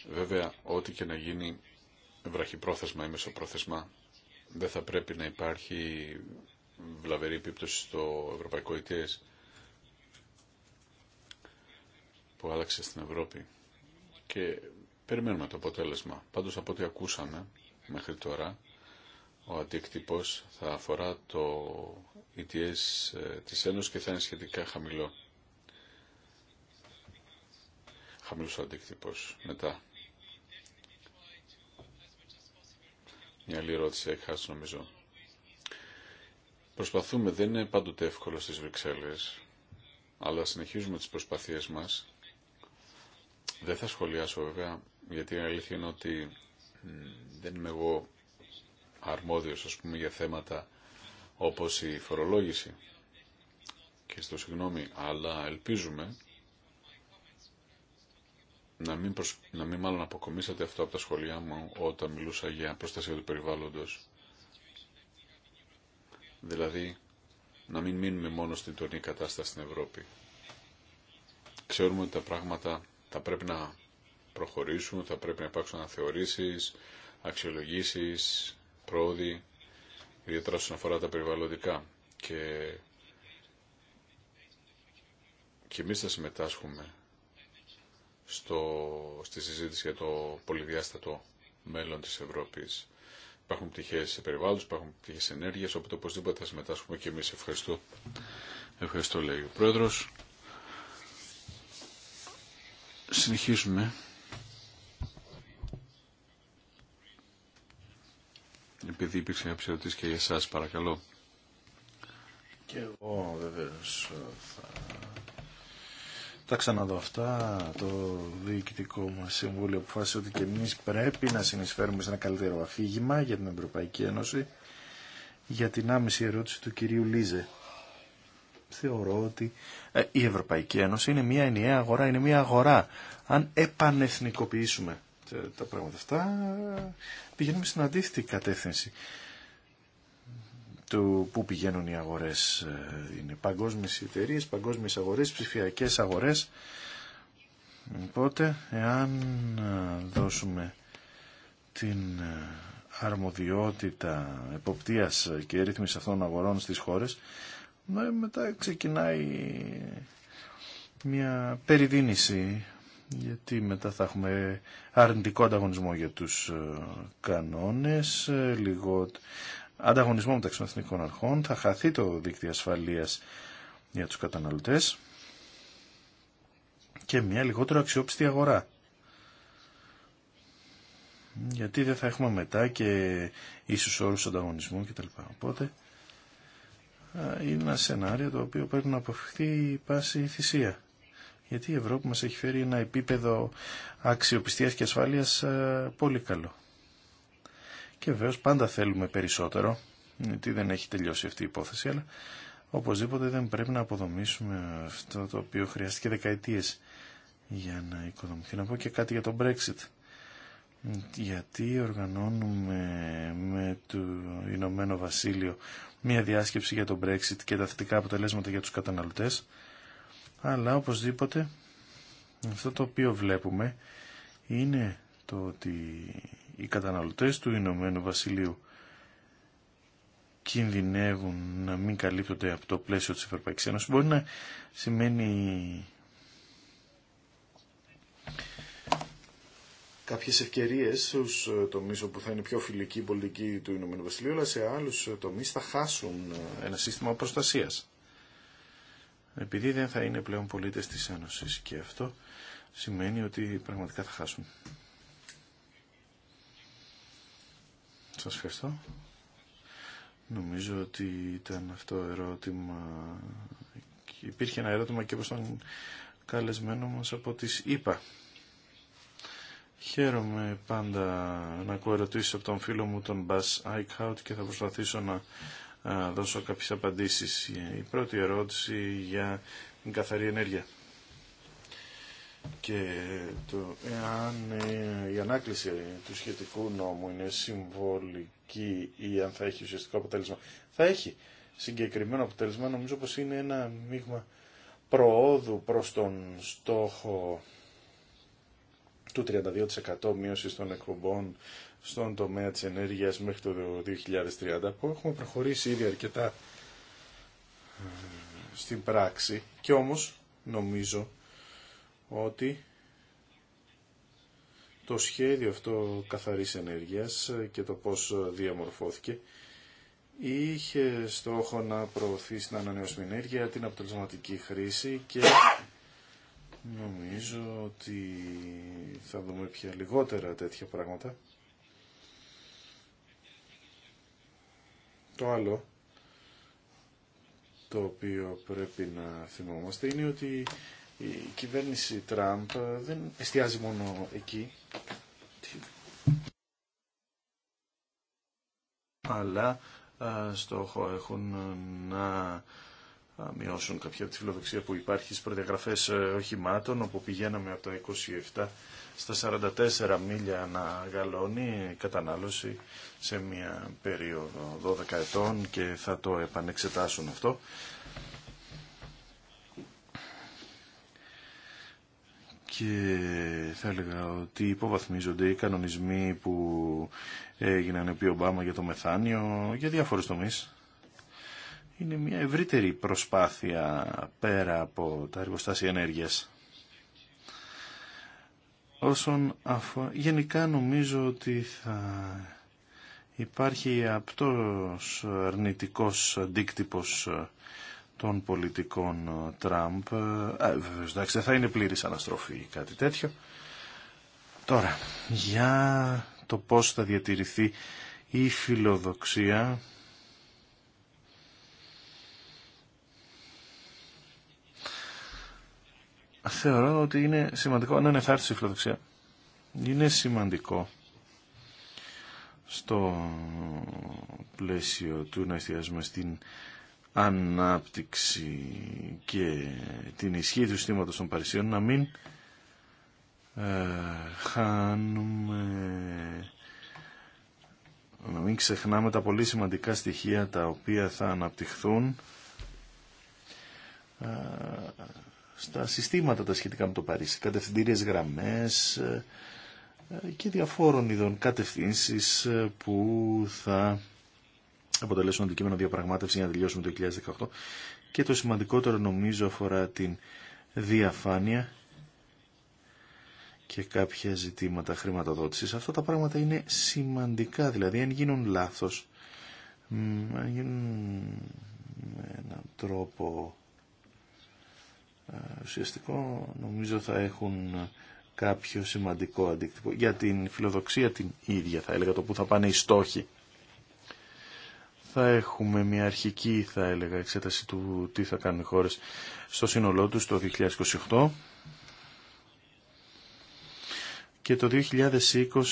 βέβαια, ό,τι και να γίνει βραχυπρόθεσμα ή μεσοπρόθεσμα, δεν θα πρέπει να υπάρχει βλαβερή επίπτωση στο ευρωπαϊκό ΙΤΕΣ που άλλαξε στην Ευρώπη. Και περιμένουμε το αποτέλεσμα. Πάντως από ό,τι ακούσαμε μέχρι τώρα, ο αντίκτυπος θα αφορά το ETS ε, της Ένωσης και θα είναι σχετικά χαμηλό. Χαμηλός ο αντίκτυπος. Μετά. Μια άλλη ερώτηση χάσει νομίζω. Προσπαθούμε, δεν είναι πάντοτε εύκολο στις Βρυξέλλες, αλλά συνεχίζουμε τις προσπαθίες μας. Δεν θα σχολιάσω βέβαια, γιατί η αλήθεια είναι ότι δεν είμαι εγώ αρμόδιος ας πούμε για θέματα όπως η φορολόγηση. Και στο συγγνώμη, αλλά ελπίζουμε να μην, να μην μάλλον αποκομίσατε αυτό από τα σχολιά μου όταν μιλούσα για προστασία του περιβάλλοντος. Δηλαδή, να μην μείνουμε μόνο στην τωρινή κατάσταση στην Ευρώπη. Ξέρουμε ότι τα πράγματα θα πρέπει να προχωρήσουν, θα πρέπει να υπάρξουν αναθεωρήσεις, αξιολογήσεις, πρόοδοι, ιδιαίτερα όσον αφορά τα περιβαλλοντικά. Και, και εμείς θα συμμετάσχουμε στο, στη συζήτηση για το πολυδιάστατο μέλλον της Ευρώπης. Υπάρχουν πτυχές περιβάλλον, υπάρχουν πτυχές ενέργειας, οπότε οπωσδήποτε θα συμμετάσχουμε και εμείς. Ευχαριστώ. Ευχαριστώ λέει ο Πρόεδρος. Συνεχίζουμε επειδή υπήρξε μια ερωτήσει και για εσά παρακαλώ. Και εγώ βεβαίω, θα τα ξαναδώ αυτά. Το διοικητικό μα συμβούλιο αποφάσισε ότι και εμεί πρέπει να συνεισφέρουμε σε ένα καλύτερο αφήγημα για την Ευρωπαϊκή Ένωση. Για την άμεση ερώτηση του κυρίου Λίζε. Θεωρώ ότι ε, η Ευρωπαϊκή Ένωση είναι μια ενιαία αγορά, είναι μια αγορά. Αν επανεθνικοποιήσουμε ε, τα πράγματα αυτά πηγαίνουμε στην αντίθετη κατεύθυνση του πού πηγαίνουν οι αγορές. Ε, είναι παγκόσμιες εταιρείε, παγκόσμιες αγορές, ψηφιακές αγορές. Οπότε, εάν ε, δώσουμε την αρμοδιότητα εποπτείας και ρύθμιση αυτών αγορών στις χώρες, μετά ξεκινάει μια περιδίνηση γιατί μετά θα έχουμε αρνητικό ανταγωνισμό για τους ε, κανόνες, ε, λίγο ανταγωνισμό μεταξύ των εθνικών αρχών, θα χαθεί το δίκτυο ασφαλείας για τους καταναλωτές και μια λιγότερο αξιόπιστη αγορά. Γιατί δεν θα έχουμε μετά και ίσους όρους ανταγωνισμού κτλ. Οπότε ε, είναι ένα σενάριο το οποίο πρέπει να αποφευχθεί πάση θυσία γιατί η Ευρώπη μας έχει φέρει ένα επίπεδο αξιοπιστίας και ασφάλειας ε, πολύ καλό. Και βεβαίω πάντα θέλουμε περισσότερο, γιατί δεν έχει τελειώσει αυτή η υπόθεση, αλλά οπωσδήποτε δεν πρέπει να αποδομήσουμε αυτό το οποίο χρειάστηκε δεκαετίες για να οικοδομηθεί. Να πω και κάτι για τον Brexit. Γιατί οργανώνουμε με το Ηνωμένο Βασίλειο μια διάσκεψη για τον Brexit και τα θετικά αποτελέσματα για τους καταναλωτές αλλά οπωσδήποτε αυτό το οποίο βλέπουμε είναι το ότι οι καταναλωτές του Ηνωμένου Βασιλείου κινδυνεύουν να μην καλύπτονται από το πλαίσιο της Ευρωπαϊκής Ένωσης. Μπορεί να σημαίνει κάποιες ευκαιρίες στους τομείς όπου θα είναι πιο φιλική η πολιτική του Ηνωμένου Βασιλείου, αλλά σε άλλους τομείς θα χάσουν ένα σύστημα προστασίας επειδή δεν θα είναι πλέον πολίτες της Ένωσης και αυτό σημαίνει ότι πραγματικά θα χάσουν. Σας ευχαριστώ. Νομίζω ότι ήταν αυτό ερώτημα. Υπήρχε ένα ερώτημα και προς τον καλεσμένο μας από τις ΕΙΠΑ. Χαίρομαι πάντα να ακούω ερωτήσεις από τον φίλο μου τον Μπάς Άικχαουτ και θα προσπαθήσω να δώσω κάποιες απαντήσεις. Η πρώτη ερώτηση για την καθαρή ενέργεια και το εάν ε, η ανάκληση του σχετικού νόμου είναι συμβολική ή αν θα έχει ουσιαστικό αποτέλεσμα. Θα έχει συγκεκριμένο αποτέλεσμα, νομίζω πως είναι ένα μείγμα προόδου προς τον στόχο του 32% μείωση των εκπομπών στον τομέα της ενέργειας μέχρι το 2030 που έχουμε προχωρήσει ήδη αρκετά ε, στην πράξη και όμως νομίζω ότι το σχέδιο αυτό καθαρής ενέργειας ε, και το πώς ε, διαμορφώθηκε είχε στόχο να προωθεί στην ανανεώσιμη ενέργεια, την αποτελεσματική χρήση και νομίζω ότι θα δούμε πια λιγότερα τέτοια πράγματα Το άλλο το οποίο πρέπει να θυμόμαστε είναι ότι η κυβέρνηση Τραμπ δεν εστιάζει μόνο εκεί, αλλά στόχο έχουν να μειώσουν κάποια από τη φιλοδοξία που υπάρχει στις προδιαγραφές ε, οχημάτων, όπου πηγαίναμε από τα 27 στα 44 μίλια να η κατανάλωση σε μια περίοδο 12 ετών και θα το επανεξετάσουν αυτό. και θα έλεγα ότι υποβαθμίζονται οι κανονισμοί που έγιναν επί Ομπάμα για το μεθάνιο για διάφορους τομείς. Είναι μια ευρύτερη προσπάθεια πέρα από τα εργοστάσια ενέργειας όσον αφορά... Γενικά νομίζω ότι θα υπάρχει απτός αρνητικός αντίκτυπος ε, των πολιτικών ε, Τραμπ. Ε, Α, εντάξει, θα είναι πλήρης αναστροφή ή κάτι τέτοιο. Τώρα, για το πώς θα διατηρηθεί η φιλοδοξία θεωρώ ότι είναι σημαντικό, αν θα έρθει η φιλοδοξία, είναι σημαντικό στο πλαίσιο του να εστιάζουμε στην ανάπτυξη και την ισχύ του συστήματος των Παρισίων να μην ε, χάνουμε να μην ξεχνάμε τα πολύ σημαντικά στοιχεία τα οποία θα αναπτυχθούν ε, στα συστήματα τα σχετικά με το Παρίσι, κατευθυντήριες γραμμές ε, και διαφόρων ειδών κατευθύνσεις ε, που θα αποτελέσουν αντικείμενο διαπραγμάτευση για να τελειώσουμε το 2018 και το σημαντικότερο νομίζω αφορά την διαφάνεια και κάποια ζητήματα χρηματοδότησης. Αυτά τα πράγματα είναι σημαντικά, δηλαδή αν γίνουν λάθος, αν γίνουν με έναν τρόπο ε, ουσιαστικό νομίζω θα έχουν κάποιο σημαντικό αντίκτυπο για την φιλοδοξία την ίδια θα έλεγα το που θα πάνε οι στόχοι θα έχουμε μια αρχική θα έλεγα εξέταση του τι θα κάνουν οι χώρες στο σύνολό τους το 2028 και το 2020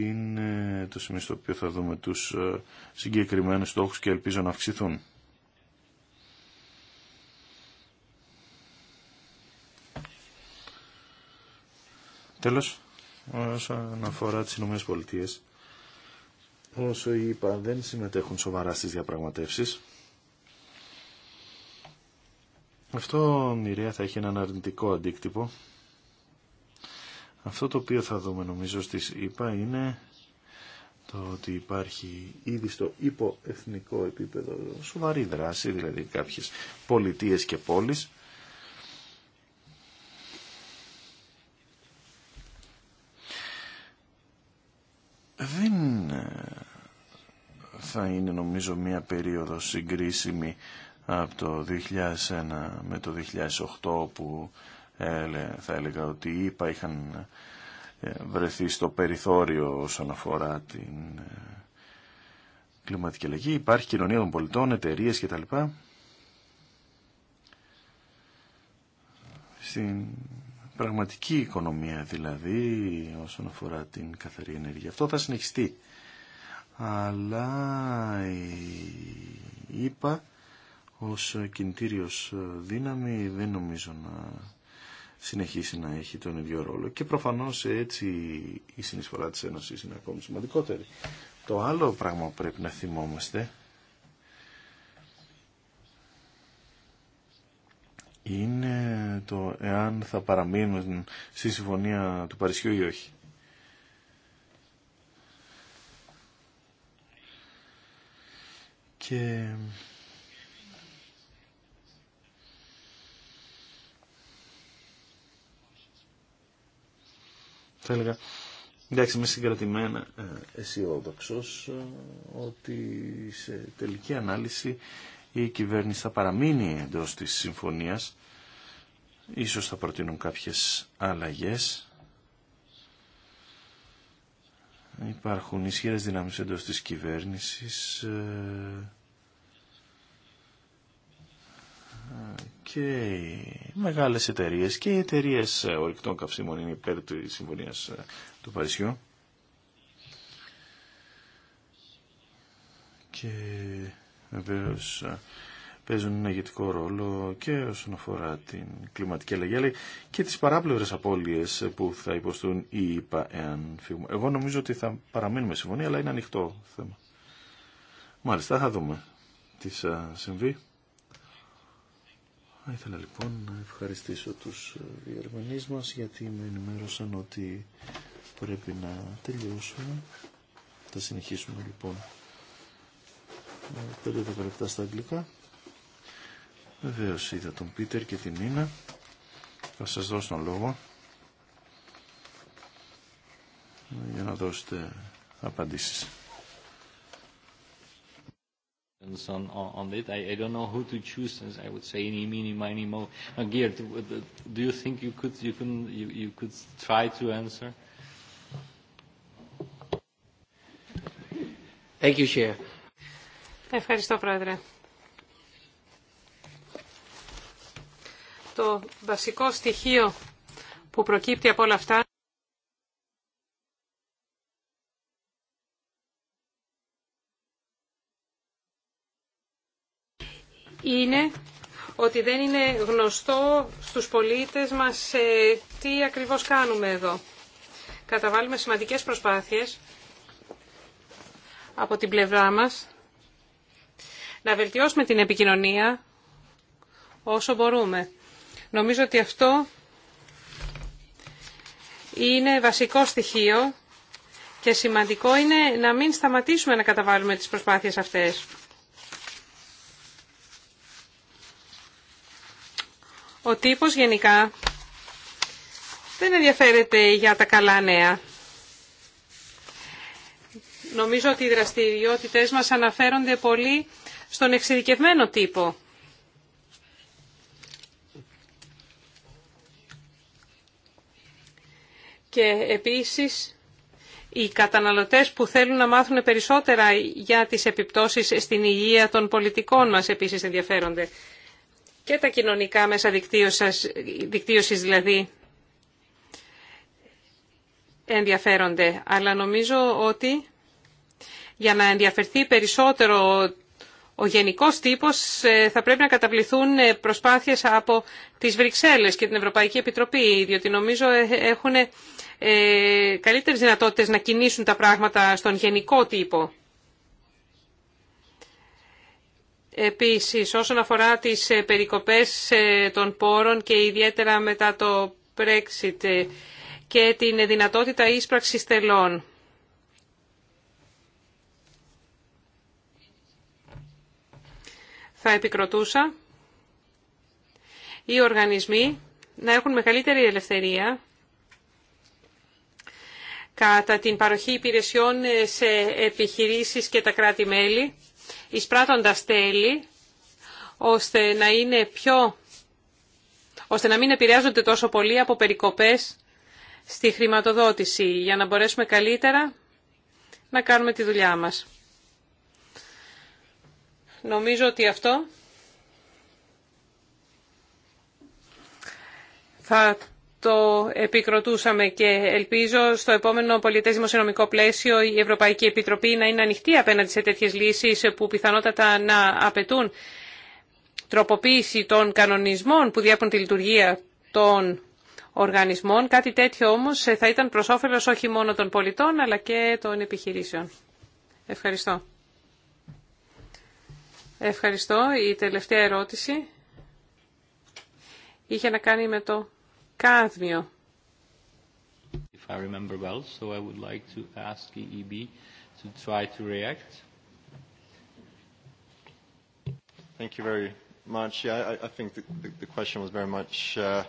είναι το σημείο στο οποίο θα δούμε τους ε, συγκεκριμένους στόχους και ελπίζω να αυξηθούν. Τέλος, όσον αφορά τις Ηνωμένες Πολιτείες, όσο είπα δεν συμμετέχουν σοβαρά στις διαπραγματεύσεις, αυτό Μυρία, θα έχει έναν αρνητικό αντίκτυπο. Αυτό το οποίο θα δούμε νομίζω στις ΗΠΑ είναι το ότι υπάρχει ήδη στο υποεθνικό επίπεδο σοβαρή δράση, δηλαδή κάποιες πολιτείες και πόλεις νομίζω μία περίοδο συγκρίσιμη από το 2001 με το 2008 που θα έλεγα ότι οι είχαν ε, βρεθεί στο περιθώριο όσον αφορά την ε, κλιματική αλλαγή. Υπάρχει κοινωνία των πολιτών, εταιρείε κτλ. Στην πραγματική οικονομία δηλαδή όσον αφορά την καθαρή ενέργεια. Αυτό θα συνεχιστεί αλλά είπα, ως κινητήριος δύναμη δεν νομίζω να συνεχίσει να έχει τον ίδιο ρόλο. Και προφανώς έτσι η συνεισφορά της Ένωσης είναι ακόμη σημαντικότερη. Το άλλο πράγμα που πρέπει να θυμόμαστε είναι το εάν θα παραμείνουν στη συμφωνία του Παρισιού ή όχι. και θα έλεγα εντάξει είμαι συγκρατημένα ε, αισιόδοξο ε, ότι σε τελική ανάλυση η κυβέρνηση θα παραμείνει εντός της συμφωνίας ίσως θα προτείνουν κάποιες αλλαγές Υπάρχουν ισχυρές δυνάμεις εντός της κυβέρνησης ε, και μεγάλες εταιρείες και οι εταιρείες ε, ορυκτών καυσίμων είναι υπέρ τη συμφωνία ε, του Παρισιού. Και βεβαίω παίζουν ένα ηγετικό ρόλο και όσον αφορά την κλιματική αλλαγή αλλά και τις παράπλευρες απώλειες που θα υποστούν οι ΙΠΑ εάν φύγουμε. Εγώ νομίζω ότι θα παραμείνουμε συμφωνία αλλά είναι ανοιχτό θέμα. Μάλιστα θα δούμε τι θα συμβεί. Θα ήθελα λοιπόν να ευχαριστήσω τους ε, διερμηνείς μας γιατί με ενημέρωσαν ότι πρέπει να τελειώσουμε. Θα συνεχίσουμε λοιπόν ε, Πέντε λεπτά στα αγγλικά. Βεβαίω είδα τον Πίτερ και την Νίνα. Θα σας δώσω τον λόγο για να δώσετε απαντήσεις. On, on that, I, I don't know who to choose. As I would say, any, mini, mini, mo. Geert, do you think you could, you can, you, you could try to answer? Thank you, Chair. Ευχαριστώ, Πρόεδρε. Το βασικό στοιχείο που προκύπτει από όλα αυτά είναι ότι δεν είναι γνωστό στους πολίτες μας ε, τι ακριβώς κάνουμε εδώ. Καταβάλουμε σημαντικές προσπάθειες από την πλευρά μας να βελτιώσουμε την επικοινωνία όσο μπορούμε. Νομίζω ότι αυτό είναι βασικό στοιχείο και σημαντικό είναι να μην σταματήσουμε να καταβάλουμε τις προσπάθειες αυτές. Ο τύπος γενικά δεν ενδιαφέρεται για τα καλά νέα. Νομίζω ότι οι δραστηριότητες μας αναφέρονται πολύ στον εξειδικευμένο τύπο. και επίσης οι καταναλωτές που θέλουν να μάθουν περισσότερα για τις επιπτώσεις στην υγεία των πολιτικών μας επίσης ενδιαφέρονται. Και τα κοινωνικά μέσα δικτύωσης δηλαδή ενδιαφέρονται. Αλλά νομίζω ότι για να ενδιαφερθεί περισσότερο ο γενικός τύπος ε, θα πρέπει να καταβληθούν ε, προσπάθειες από τις Βρυξέλλες και την Ευρωπαϊκή Επιτροπή, διότι νομίζω ε, έχουν ε, καλύτερες δυνατότητες να κινήσουν τα πράγματα στον γενικό τύπο. Επίσης, όσον αφορά τις ε, περικοπές ε, των πόρων και ιδιαίτερα μετά το Brexit και την δυνατότητα ίσπραξης τελών. Θα επικροτούσα οι οργανισμοί να έχουν μεγαλύτερη ελευθερία κατά την παροχή υπηρεσιών ε, σε επιχειρήσεις και τα κράτη-μέλη, εισπράττοντας τέλη, ώστε να, είναι πιο, ώστε να μην επηρεάζονται τόσο πολύ από περικοπές στη χρηματοδότηση, για να μπορέσουμε καλύτερα να κάνουμε τη δουλειά μας. Νομίζω ότι αυτό θα το επικροτούσαμε και ελπίζω στο επόμενο πολιτές δημοσιονομικό πλαίσιο η Ευρωπαϊκή Επιτροπή να είναι ανοιχτή απέναντι σε τέτοιες λύσεις που πιθανότατα να απαιτούν τροποποίηση των κανονισμών που διέπουν τη λειτουργία των οργανισμών. Κάτι τέτοιο όμως θα ήταν προς όφελος όχι μόνο των πολιτών αλλά και των επιχειρήσεων. Ευχαριστώ. Ευχαριστώ. Η τελευταία ερώτηση είχε να κάνει με το κάδμιο. If I remember well, so I would like to ask EEB to try to react. Thank you very much. Yeah, I, I think the, the, question was very much uh,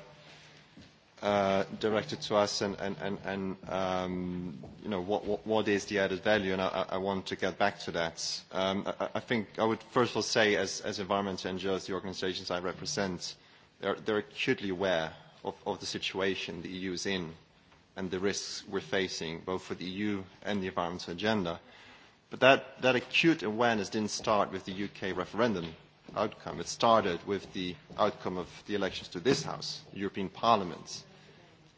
directed to us and, and, and, and um, you know, what, what, is the added value, and I, I want to get back to that. I, think I would first of all say, as, as environmental NGOs, the organizations I represent, they're, they're acutely aware of the situation the EU is in and the risks we're facing, both for the EU and the environmental agenda. But that acute awareness didn't start with the UK referendum outcome. It started with the outcome of the elections to this House, the European Parliament,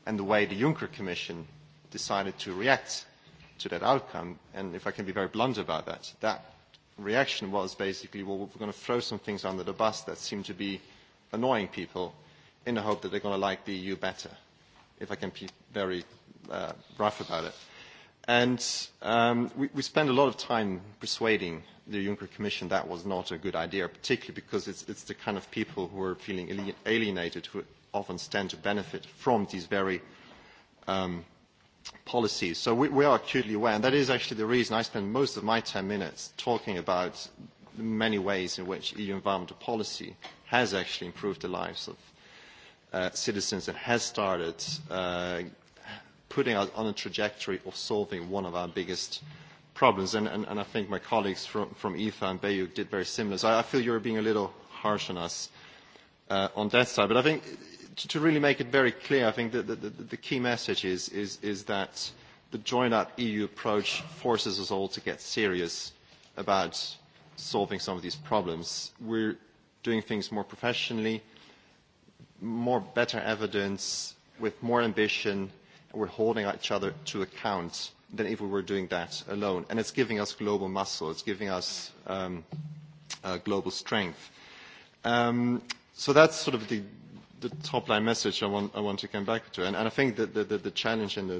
and the way the Juncker Commission decided to react to that outcome. And if I can be very blunt about that, that reaction was basically, well, we're going to throw some things under the bus that seem to be annoying people in the hope that they're going to like the EU better, if I can be very rough about it. And we spend a lot of time persuading the Juncker Commission that was not a good idea, particularly because it's the kind of people who are feeling alienated who often stand to benefit from these very policies. So we are acutely aware, and that is actually the reason I spend most of my 10 minutes talking about the many ways in which EU environmental policy has actually improved the lives of citizens and has started putting us on a trajectory of solving one of our biggest problems. And I think my colleagues from IFA and BEU did very similar. So I feel you're being a little harsh on us on that side. But I think to really make it very clear, I think the key message is that the joined-up EU approach forces us all to get serious about solving some of these problems. We're doing things more professionally more better evidence, with more ambition, and we're holding each other to account than if we were doing that alone. And it's giving us global muscle. It's giving us global strength. Um So that's sort of the top-line message I want I want to come back to. And I think that the the challenge and the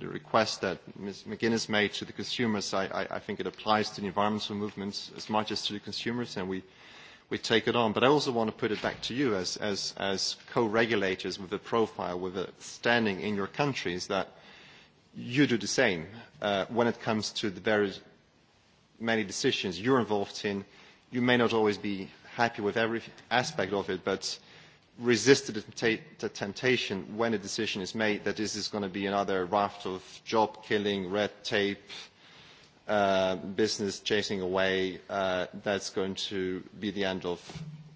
the request that Ms. McGuinness made to the consumers, I think it applies to the environmental movements as much as to the consumers, and we we take it on. But I also want to put it back to you as, as, as co-regulators with a profile, with a standing in your countries, that you do the same when it comes to the very many decisions you're involved in. You may not always be happy with every aspect of it, but resist the temptation when a decision is made that this is going to be another raft of job killing, red tape, business chasing away that's going to be the end of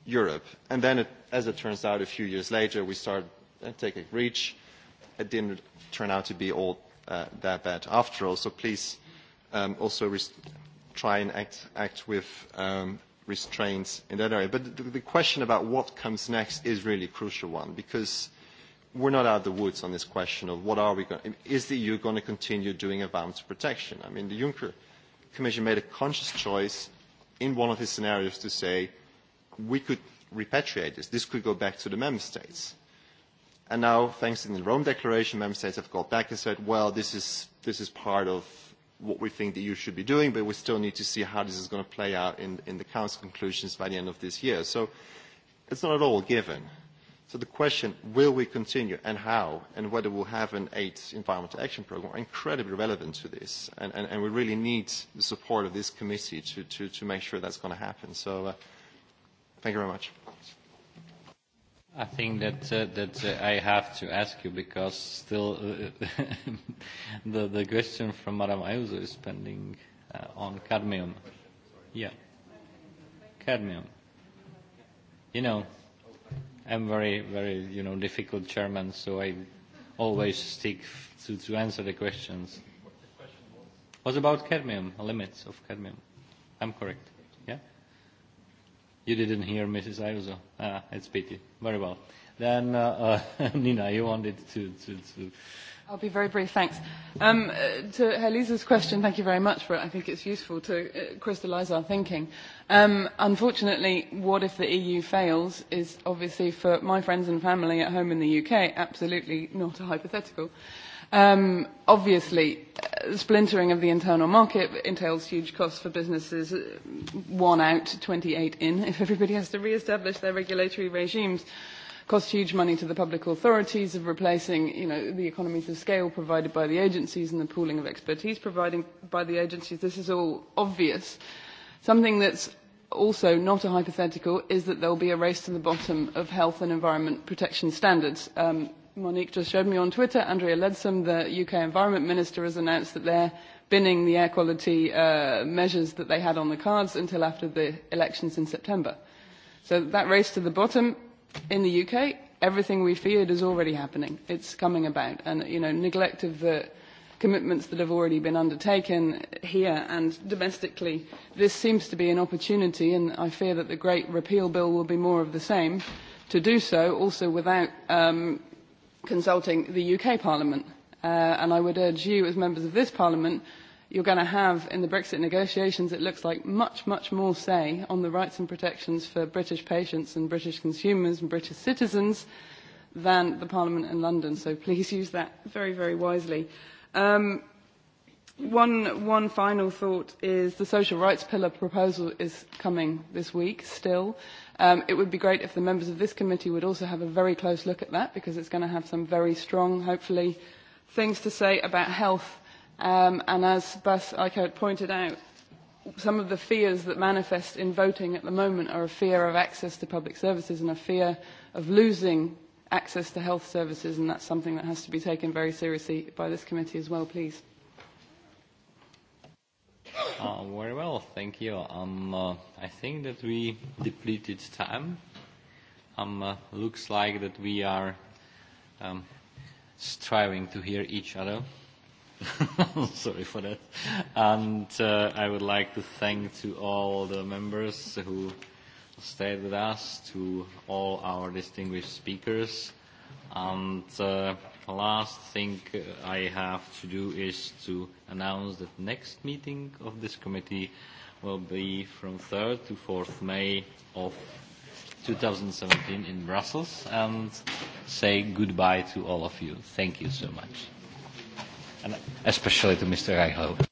Europe. And then, as it turns out, a few years later, we start taking reach. It didn't turn out to be all that bad after all. So please also try and act with restraints in that area. But the question about what comes next is really a crucial one because we're not out of the woods on this question of what are we going is the EU going to continue doing advanced protection? I mean, the Juncker Commission made a conscious choice in one of his scenarios to say we could repatriate this. This could go back to the member states. And now, thanks to the Rome Declaration, member states have got back and said, well, this is, this is part of what we think the EU should be doing, but we still need to see how this is going to play out in, in the Council conclusions by the end of this year. So it's not at all given. So the question, will we continue and how, and whether we'll have an eighth environmental action program, are incredibly relevant to this. And we really need the support of this committee to make sure that's going to happen. So thank you very much. I think that I have to ask you because still the question from Madam Ayuso is pending on cadmium. Yeah. Cadmium. You know am very, very, you know, difficult chairman, so I always stick to, to answer the questions. Was about cadmium, limits of cadmium. I'm correct. Yeah. You didn't hear Mrs. Ayuso. Ah, it's pity. Very well. Then, uh, Nina, you wanted to, to, to I'll be very brief, thanks. Um, to Helisa's question, thank you very much for it. I think it's useful to crystallise our thinking. Um, unfortunately, what if the EU fails is obviously for my friends and family at home in the UK absolutely not a hypothetical. Um, obviously, splintering of the internal market entails huge costs for businesses, one out, 28 in, if everybody has to re-establish their regulatory regimes cost huge money to the public authorities of replacing you know, the economies of scale provided by the agencies and the pooling of expertise provided by the agencies. This is all obvious. Something that's also not a hypothetical is that there will be a race to the bottom of health and environment protection standards. Um, Monique just showed me on Twitter, Andrea Leadsom, the UK Environment Minister, has announced that they're binning the air quality uh, measures that they had on the cards until after the elections in September. So that race to the bottom in the UK, everything we feared is already happening. It's coming about. And, you know, neglect of the commitments that have already been undertaken here and domestically, this seems to be an opportunity, and I fear that the Great Repeal Bill will be more of the same, to do so also without consulting the UK Parliament. And I would urge you, as members of this Parliament, you're going to have in the Brexit negotiations, it looks like, much, much more say on the rights and protections for British patients and British consumers and British citizens than the Parliament in London. So please use that very, very wisely. One one final thought is the social rights pillar proposal is coming this week still. It would be great if the members of this committee would also have a very close look at that because it's going to have some very strong, hopefully, things to say about health And as Bas Eichert pointed out, some of the fears that manifest in voting at the moment are a fear of access to public services and a fear of losing access to health services, and that's something that has to be taken very seriously by this committee as well, please. Very well, thank you. I think that we depleted time. Looks like that we are striving to hear each other. Sorry for that. And I would like to thank to all the members who stayed with us, to all our distinguished speakers. And the last thing I have to do is to announce that next meeting of this committee will be from 3rd to 4th May of 2017 in Brussels. And say goodbye to all of you. Thank you so much and especially to Mr. Reichel.